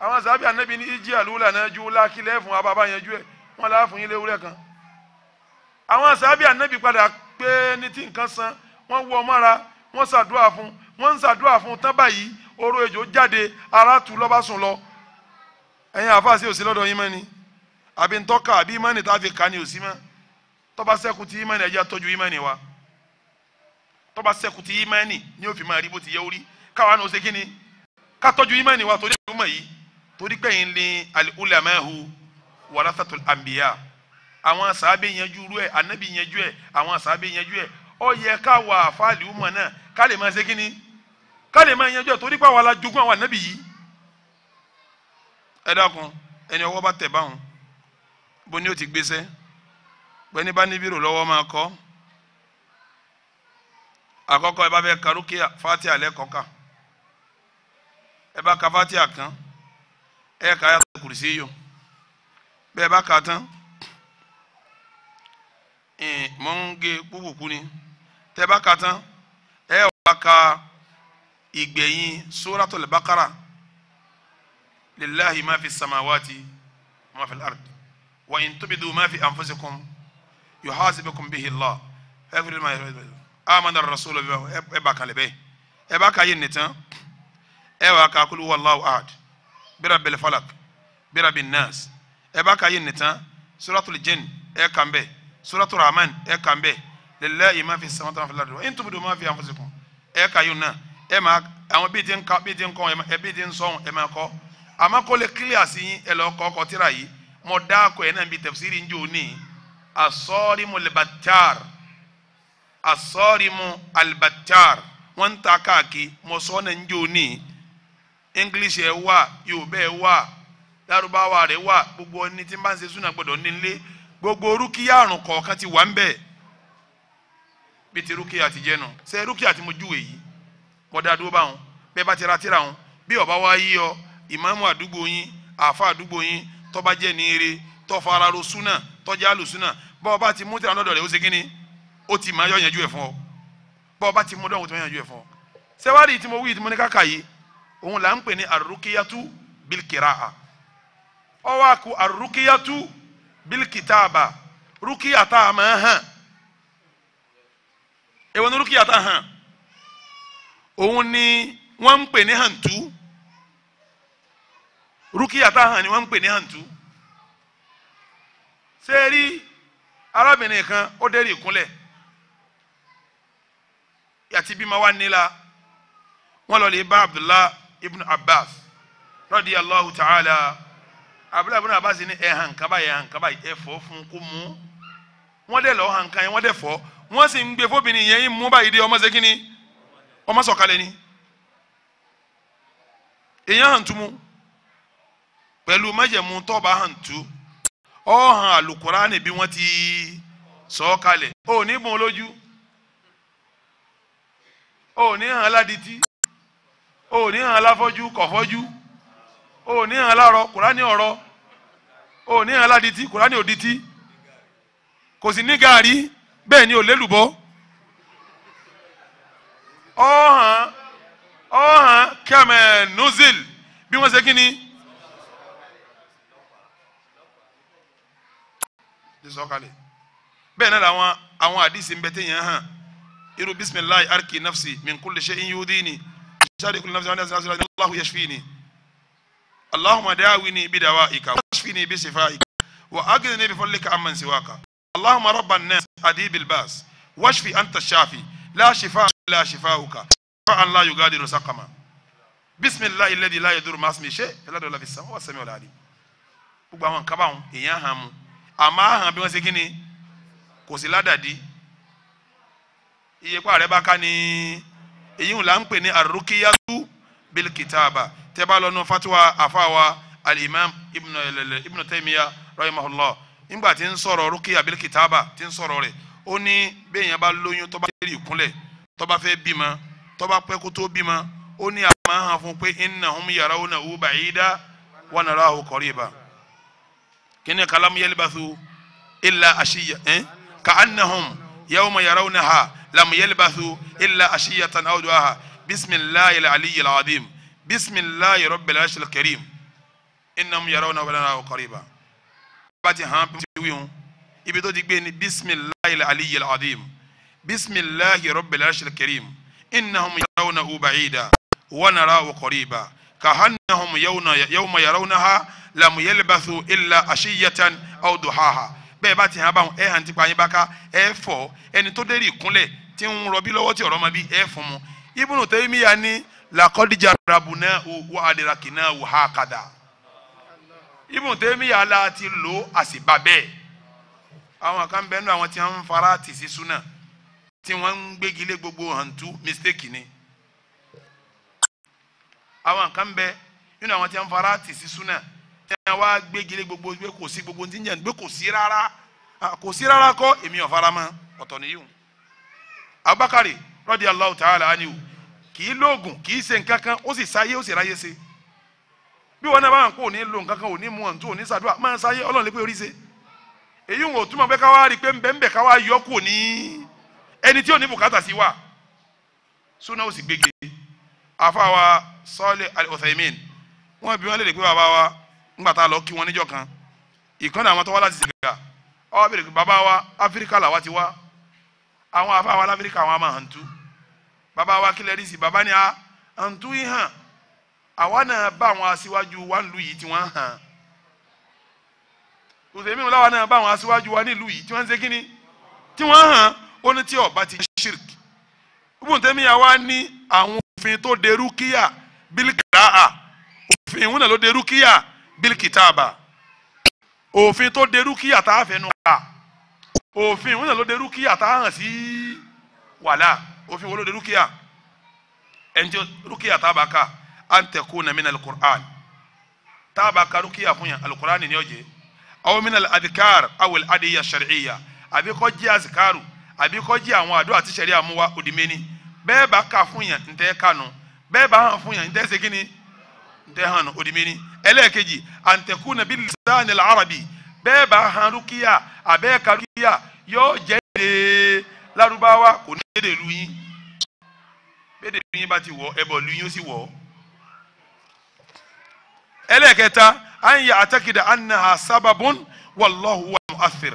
àwọn sábẹ́ anabi ní ìjì àlùlà náà ju lákìlẹ̀ fún ababa yẹn ju ẹ̀ wọn là á fún yín léwúrẹ́ kan àwọn sábẹ́ anabi padà pé ní tí nǹkan san wọ́n wọ mọ́ra wọ́n ṣàdúrà fún wọ́n ń ṣàdúrà fún tán báyìí oró ejò jáde ara tù lọ́ba sùn lọ ẹ̀yin àfàṣe òsì lọ́dọ̀ yín mọ́ni àbí ntọ́ka àbí ìmọ̀nì tá a fi kà ní òsì mọ́ tọ́ba sẹ́kù ti ìmọ̀nì ẹ̀jẹ̀ tọ́jú ìmọ̀nì wa tọ́ba sẹ́kù ti ìmọ̀nì ni ó fi máa rí bó ti yẹ orí káwa ní ó ṣe kí ni ká tọ́jú ìmọ̀nì wa torí ẹ̀rú yìí torí gbẹ̀yìn ní al-ulama'u warathatul anbiya àwọn sàábé yanjú rú ẹ̀ anabi yanjú ẹ̀ àwọn sàábé yanjú ẹ̀ ó yẹ ká wà fáàlì umma náà ká lè máa ṣe kínní ká lè máa yanjú ẹ̀ torí pé àwọn alájogún àwọn anabi yìí ẹ dákun ẹni ọwọ́ bá tẹ̀ báwọn bó ni ó ti gbéṣẹ́ gbẹ́ni bá ní bírò lọ́wọ́ máa kọ́ àkọ́kọ́ ẹ bá fẹ́ ka rúkìá fatia lẹ́kọ̀ọ́ka ẹ bá ka fatia kan ẹ kà á yàtọ̀ kùrìsí yìí o bẹ́ẹ̀ bá kà á tán mọ̀ ń gé kúkúkú ni tẹ́ bá kà á tán ẹ wá ka ìgbẹ̀yìn suratul baqara lillahi ma fi samawati ma fi al-ard wa in tubdu ma fi anfusikum yuhasibukum bihi Allah ẹ fi lè ma yẹ amana rasul ẹ bá kan lẹ bẹ́ẹ̀ ẹ bá ka yìí nìtàn ẹ wá ka kul huwallahu ahad birabil falak birabin nas ẹ b'a ka ye nin tan suratul jinn ẹ kàn bẹ suratul rahman ẹ kàn bẹ lillahi ma fi samawati wa fil ardi in tubdu ma fi anfusikum ẹ ka yun na ẹ ma àwọn bíi ti ka bíi ti ń kọ ẹ bíi ti ń sọ̀n ẹ ma kọ àmọ́ kó lè kílíà sí yín ẹ lọ kọ́ ọkọ tíra yìí mo dáko ẹ̀ náà bíi tafsiri ń jò ní asọ́rìmù libatar asọ́rìmù alibatar wọ́n ta káàkiri mo sọ́ ọ́ náà ń jò english ẹ wà yorùbá ẹ wà lárúbáwá rẹ wà gbogbo ẹni tí n bá ń ṣe súnà gbọ́dọ̀ nílé gbogbo orúkíyà àrùn kọ̀ọ̀kan ti wà ń bẹ bí ti rúkíyà ti jẹ́ nù ṣe rúkíyà ti mo júwe yìí mo dúró báwọn bẹ́ẹ̀ bá ti ra tíra wọn bí ọba wa yí ọ ìmáàmù àdúgbò yín àáfà àdúgbò yín tọ́ba jẹ́ ní eré tọ́fọ ara ro súnà tọ́jà àlù súnà bọ́ọ̀ bá ti mú tíra lọ́dọ̀ rẹ̀ ó ṣe kí ni ó ti máa yọ yanjú ẹ̀ fún ọ bọ́ọ̀ bá ti mú dọ́wọ́ tó máa yanjú ẹ̀ fún ọ ṣẹ́wárì tí mo wí tí mo ní káka yìí òun là ń pè ní arukiyatu bilkiraa ọwọ́ àkú arukiyatu bilkitaaba rukiyata àmọ́ hàn èwo ni rukiyata hàn òun ni wọ́n ń pè ní hàǹtú rukiyata hàn ni wọ́n ń pè ní hàǹtú sẹ́ẹ̀rí arábìnrin kan ó dẹ́rì ìkúnlẹ̀ àti bímọ wa nílá wọ́n lọ lè bá Abdullah ibn abbas radiyallahu ta'ala abdullahi ibn abbas ní ẹ hàn kaba yẹ hàn kaba ẹ fọ fún kó mú wọn dẹ lọ hàn kan yẹn wọn dẹ fọ wọn sì ń gbé fóbìnrin yẹn mú báyìí dé ọmọ segin ni ọmọ sọ̀kalẹ̀ ni èyàn hàn tumu pẹ̀lú májẹ̀mú tọ́ba hàn tu ọ hàn àlùkùránì bí wọ́n ti sọ̀kalẹ̀ ò ní bùn lójú ò ní hàn aládìtì o ní hàn láfọ́jú kọ̀fọ́jú o ní hàn lárọ kùránì ọ̀rọ̀ o ní hàn ládìtì kùránì òdìtì kò sì ní gàárì bẹ́ẹ̀ ni ò lélùbọ́ ọ̀hàn ọ̀hàn kẹ́mẹ̀ nuzil bí wọ́n ṣe kí ni. sọ̀kalẹ̀ bẹ́ẹ̀ náà làwọn àwọn àdìsí ń bẹ tẹ̀yìn hàn irú bisimilayi arki nafsi min kulli shay'in شر كل نفس الله يشفيني اللهم داويني بدوائك واشفني بشفائك واغنني بفضلك عمن سواك اللهم رب الناس اديب الباس واشفي انت الشافي لا شفاء الا شفاؤك شفاء لا يغادر سقما بسم الله الذي لا يضر مع اسمه شيء فلا دولة في السماء والسميع العليم gbogbo àwọn nǹkan báwọn èèyàn hàn mu àmọ́ àhàn bí wọ́n ṣe kí ni kò sí ládàdí iye pa rẹ bá ká ní èyí ń là ń pè ní arukiyatu bilkitaba tẹ́bà lọ́nu fatiwa afawa alimam ibn ibn taymiya rahimahullah nígbà tí ń sọ̀rọ̀ rukiya bilkitaba tí ń sọ̀rọ̀ rẹ̀ ó ní bẹ́ẹ̀yàn bá lóyún tó bá ìkúnlẹ̀ tó fẹ́ bímọ tó pẹ́ kó tó bímọ ó ní àmọ́ hàn fún pé innahum yarawnahu ba'ida wa narahu qariba kíni kalamu yalbathu illa ashiya eh? ka annahum yawma yarawnaha. لم يلبثوا إلا أشية أو دعاها بسم الله العلي العظيم بسم الله رب العرش الكريم إنهم يرون ولنا قريبا bati han wiun ibi tó ti gbé ni bisimilahi aliyu aladim bisimilahi rabbil arshil karim innahum yarawna u ba'ida wa nara u qariba ka annahum yawma yarawnaha lam yalbathu illa ashiyatan aw duhaha bẹ́ẹ̀ bá ti hàn báwọn ẹ̀ hàn tipa yín bá ká ẹ̀ fọ̀ ẹni tó dérí ìkúnlẹ̀ tí ń rọbí lọ́wọ́ tí ọ̀rọ̀ ma bí ẹ̀ fún mu Ibnu Taymiya ní làkọ́díjà rabu náà wà àdìrakì náà wò ha kàdà Ibnu Taymiya la ti lò àsìbà bẹ́ẹ̀ àwọn kan bẹ́ẹ̀ nù àwọn tí wọ́n ń fara tì sí súnà tí wọ́n ń gbégi lé gbogbo hàntú mistake ni àwọn kan bẹ́ẹ̀ nínú àwọn tí wọ́n ń fara tì sí súnà tí wọ́n wá gbogbo pé kò sí gbogbo níjà pé kò sí rárá kò sí rárá kọ́ èmi ò ọ̀tọ̀ nìyíwò Abubakari radiyallahu ta'ala anhu kì í lóògùn kì í ṣe nǹkan kan ó sì sáyé ó sì ráyé ṣe bí wọn náà bá wọn kó ní lo nǹkan kan ò ní mu ọ̀n tó ò ní sàdúrà máa ń sáyé ọlọ́run lè pé orí ṣe èyí wọn ò túmọ̀ pé káwá rí i pé ńbẹ́ ńbẹ́ káwá yọ kù ní ẹni tí ò ní bùkátà sí wà súná ó sì gbége àfáwa Salih Al-Uthaymin wọn bí wọn lè rí pé bàbá wa nígbà tá a lọ kí wọn níjọ́ kan ìkan náà àwọn tó wá láti sèkà ọ bèrè pé bàbá wa áfíríkà làwa ti wá àwọn afa wa láfíríkà àwọn àmà hàntú bàbá wa kílẹ̀ rí sí bàbá ni a hàntú yìí hàn àwa náà bá àwọn aṣíwájú wa nílùú yìí tí wọ́n hàn òsèmí wọn làwa náà bá àwọn aṣíwájú wa nílùú yìí tí wọ́n ń ṣe kínní tí wọ́n hàn ó ní tí ọba ti ṣírk ibùntẹ́mi àwa ní àwọn òfin tó de rúkìá bílíkìlá à òfin ìwúnà ló de rúkìá bilkitaba òfin tó de rúkìá tá a fẹnu kà òfin òun náà ló de rúkìá tá a hàn sí wàhálà òfin wo ló de rúkìá ẹnjẹ rúkìá tá kà á ń tẹ̀kú na mina alukur'an tá a bá kà rúkìá fún alukur'an ni ó jẹ awo mina adikar awel adiya sariya àbí kọ́ jẹ́ azikaru àbí kọ́ jẹ́ àwọn àdó àti sariya mu wa òdìmẹ́ni bẹ́ẹ̀ bá kà fún yàn ntẹ́ kànú bá hàn fún yàn segin ni ntẹ́ hàn òdìmẹ́ni. ẹlẹ́ẹ̀kejì àǹtẹ̀kùnà bíi lisani arabi bẹ́ẹ̀ bá han rúkìá àbẹ́ẹ̀ka rúkìá yóò jẹ́ èdè lárúbáwá kò ní èdè lu yín bẹ́ẹ̀ dè lu yín bá ti wọ̀ ẹ̀bọ̀ lu yín ó sì wọ̀ ọ́ ẹlẹ́ẹ̀kẹta an yà àtàkìdá annaha sábàbùn wàlọ́hu wà mu'athir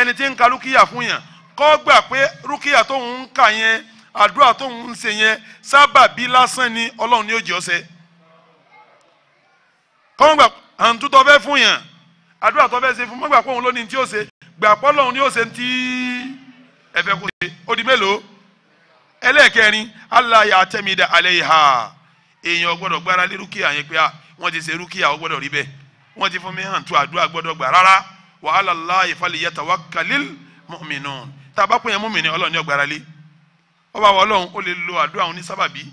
ẹni tí ń ka rúkìyà fún yàn kó gbà pé rúkìyà tó ń kà yẹn àdúrà tó ń ṣe yẹn sábàbí lásán ni ọlọ́run ni ó jẹ́ ọ́ sẹ́ẹ́. kọ́mọ́ gbà àǹtú tó fẹ́ fún yàn àdúrà tó fẹ́ ṣe fún mọ́gbà kóhun lónìí tí ó ṣe gbà pọ́lọ́hun ni ó ṣe ti ẹ̀fẹ́ kò ṣe ó di mélòó ẹlẹ́ẹ̀kẹrin Allah ya tẹ́mídà alẹ́ ìhà èèyàn gbọ́dọ̀ gbára lé rúkìá yẹn pé ah, wọ́n ti ṣe rúkìá ó gbọ́dọ̀ rí bẹ́ẹ̀ wọ́n ti fún mi hàn àdúrà gbọ́dọ̀ gbà rárá wa ala Allahi falyatawakkalil mu'minun tá a bá pè yẹn mu'mini ọlọ́run ni ó gbára lé ọba wọlọ́run ó lè lo àdúrà òun ní sábàbí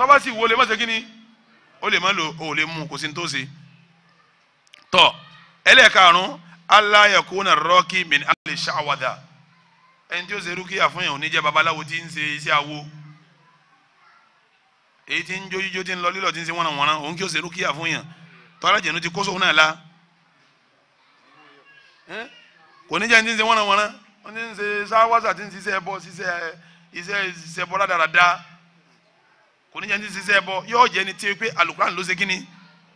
tọ́ba sì wo lè má ṣe kí ni ó lè má lò ó lè mú kò sí ní tó ṣe tọ́ ẹlẹ́ẹ̀karùn-ún aláyẹ̀kúnà rọ́ọ̀kì min alẹ́ ṣàwádà ẹni tí ó ṣe rúkìá fún yẹn ò ní jẹ́ babaláwo tí ń ṣe iṣẹ́ awo èyí tí ń jó tí ń lọ lílọ tí ń ṣe wọ́nàwọ́nà òun kí ó ṣe rúkìá fún yẹn tọ́lá jẹ̀nu ti kó sóhun náà la kò ní jẹ́ ẹni tí ń ṣe wọ́nàwọ́nà wọ́n ti ń ṣe sáwásà tí ń ṣiṣẹ́ ẹbọ ṣiṣẹ́ iṣẹ́ ìṣẹ́bọ rádaràda kò ní jẹ́ ní ṣiṣẹ́ bọ yóò jẹ́ ní tí pé alukuran ló ṣe kíni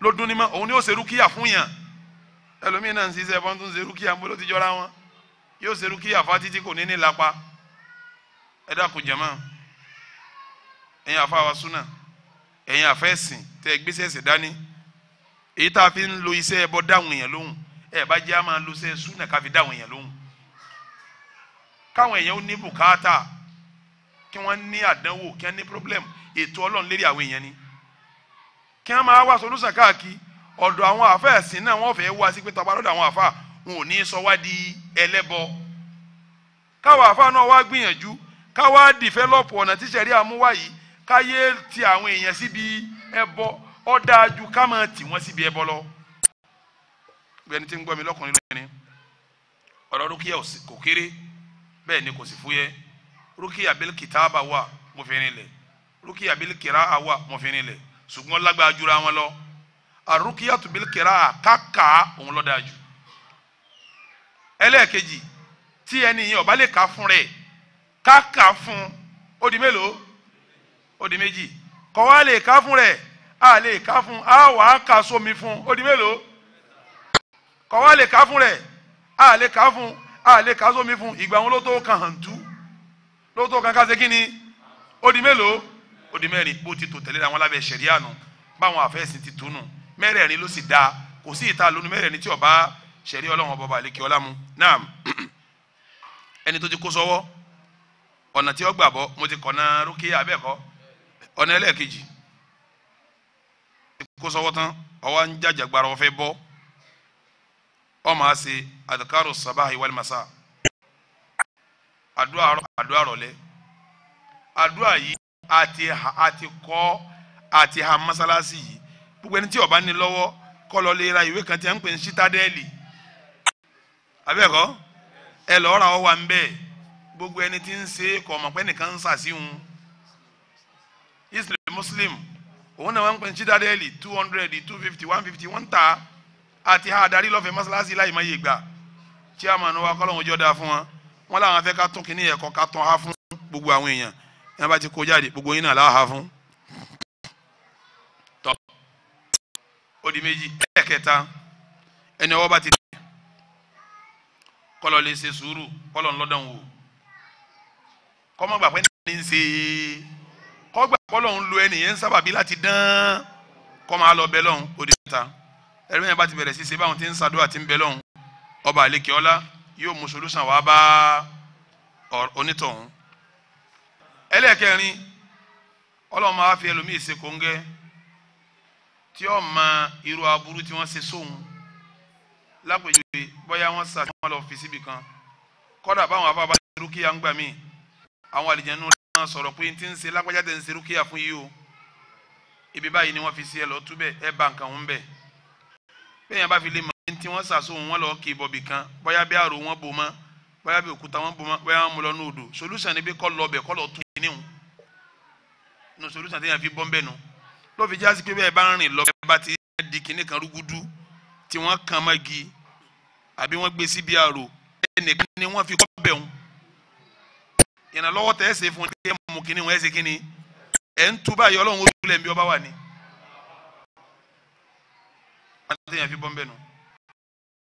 ló dún ní mọ́ òun ni ó ṣe rúkìá fún yàn ẹlòmíín náà ń ṣiṣẹ́ bọ́ tó ń ṣe rúkìá ń bọ́ ló ti jọra wọn yóò ṣe rúkìá fa títí kò ní ní lápá ẹ dákun jẹ̀mọ́ ẹ̀yin àfa wa súnà ẹ̀yin àfẹ́ ẹ̀sìn tẹ́ ẹ gbéṣẹ́ ẹ̀sìn dání èyí tá a fi ń lo iṣẹ́ ẹbọ dáhùn èèyàn lóhùn ẹ bá jẹ́ a máa lo iṣẹ́ súnà ká dáhùn èèyàn lóhùn káwọn èèyàn ó ní bùkátà kí wọ́n ní àdánwò kí wọ́n ní pírọ́blẹ́mù ètò ọlọ́run lérí àwọn èèyàn ni kí wọ́n máa wá solúsàn káàkiri ọ̀dọ̀ àwọn àáfàá ẹ̀sìn náà wọ́n fẹ́ẹ́ wá sí pé tàbá lọ́dọ̀ àwọn àáfàá wọn ò ní sọ wá di ẹlẹ́bọ káwọn àáfàá náà wá gbìyànjú káwá dìfẹ́lọ́pù ọ̀nà tíṣẹ̀rí àmúwá yìí káyé ti àwọn èèyàn síbi ẹbọ ó dáa jù ká máa tì wọ́n síbi ẹbọ lọ. gbẹni tí ń gbọ́ mi lọ́kùnrin lóbìnrin ọ̀rọ̀ rúkìá kò kéré bẹ́ẹ̀ ni kò sì fúyẹ́ rúkìá bẹ́ẹ̀ kìtàbà wà mo fi rin lẹ̀ rukiya bil qira'a wà wọn fi nílẹ̀ ṣùgbọ́n lágbára jura wọn lọ arukiya tu bil qira'a kàkà òun ló dáa jù ẹlẹ́ẹ̀kejì tí ẹni yẹn ọba lè kà fún rẹ̀ kàkà fún ó di mélòó ó di méjì kọ́ wa lè kà fún rẹ̀ a lè kà fún a wà á kà sómi fún ó di mélòó kọ́ wa lè kà fún rẹ̀ a lè kà fún a lè kà sómi fún ìgbà wọn ló tó kàn hàn tú ló tó kàn ká ṣe kí ni di mélòó. ó di mẹ́rin bó ti tò tẹ̀lé ra wọn lábẹ́ ṣẹ̀ríà nù báwọn àfẹ́sìn ti tù mẹ́rẹ̀ẹ̀rin ló sì dáa kò sí ìta lónú mẹ́rẹ̀ẹ̀rin tí ọba ṣẹ̀rí ọlọ́run ọba àlekè ọlámu náà ẹni tó ti kó sọ́wọ́ ọ̀nà tí ó mo ti kọ̀nà rókè abẹ́ẹ̀kọ́ ọ̀nà ẹlẹ́ẹ̀kejì kó sọ́wọ́ tán ọwọ́ ń jàjàgbara ọ̀fẹ́ bọ́ ọ máa ṣe adhkaru sabahi wal masa àdúrà àrọ̀lẹ́ àdúrà yìí àti àti kọ́ àti ha masalasi yìí gbogbo ẹni tí ó bá ní lọ́wọ́ kó lọ lè ra ìwé kan tí a ń pè ní sitadeli abẹ́ẹ̀kọ́ ẹ lọ́ọ́ ra ọ wa ń bẹ́ẹ̀ gbogbo ẹni tí ń ṣe kọ̀ ọ̀mọ̀ pé nìkan ń sàṣìhun Islam Muslim òun náà wọ́n ń pè ní sitadeli two hundred two fifty one fifty one ta àti ha adarí lọ́fẹ̀ẹ́ masalasi láì má yé gbà chairman wa kọ́ lóun jọ́ da fún wọn yẹn bá ti kó jáde gbogbo yín náà láha fún tọ ó di méjì ẹ̀ẹ̀kẹta ẹni ọwọ́ bá ti tẹ̀ kọlọ lè ṣe sùúrù kọlọ ńlọdọ̀ wò kọ́mọ́gbà pé ní ń ṣe kọ́gbà kọlọ ń lo ẹnìyẹn ń sábàbí láti dán kọ́ máa lọ bẹ lọ́hùn ó di mẹ́ta ẹ̀rí yẹn bá ti bẹ̀rẹ̀ sí ṣe báwọn ti ń ṣàdúrà ti ń bẹ lọ́hùn ọba àlekè ọlá yóò mú solúsàn wá bá onítọ̀hún ẹlẹ́ẹ̀kẹrin ọlọ́run máa fi ẹlòmíì ṣe kóńgẹ́ tí ó mọ irú aburú tí wọ́n ṣe sóhun lápèjúwe bóyá wọ́n sà tí wọ́n lọ fi síbi kan kọ́dà báwọn afábá ṣe rúkìá ń gbà mí àwọn àlìjẹnú rẹ̀ máa sọ̀rọ̀ pé tí ń ṣe lágbájá tẹ̀ ń ṣe rúkìá fún yìí o ibi báyìí ni wọ́n fi sí ẹ lọ túbẹ̀ ẹ bá nǹkan ń bẹ̀ bẹ́ẹ̀ yẹn bá fi lè mọ̀ tí wọ́n sà sóhun wọ́n lọ kì í bọ̀bì kan bóyá bí àrò wọn bò mọ́ báyà bí òkúta wọn bọ báyà wọn mú lọ ní odò solution ni bí kọ́ lọ bẹ̀ kọ́ lọ tún ní wọn nù solution ti yàn fi bọ́m̀bẹ̀ nù ló fi jásí pé bẹ́ẹ̀ bá ń rìn lọ bẹ́ẹ̀ bá ti di kinní kan rúgúdú tí wọ́n kàn má gi àbí wọ́n gbé síbi àrò ẹnìkan ni wọ́n fi kọ́ bẹ̀ wọn ìrànlọ́wọ́ tẹ̀ ẹ́ ṣe fún ẹ mú kinní wọn ẹ ṣe kinní ẹ̀ ń tu báyìí ọlọ́run ó dúlẹ̀ ń bí ọba wà ní. wọ́n ti yàn fi bọ́m̀bẹ̀ nù.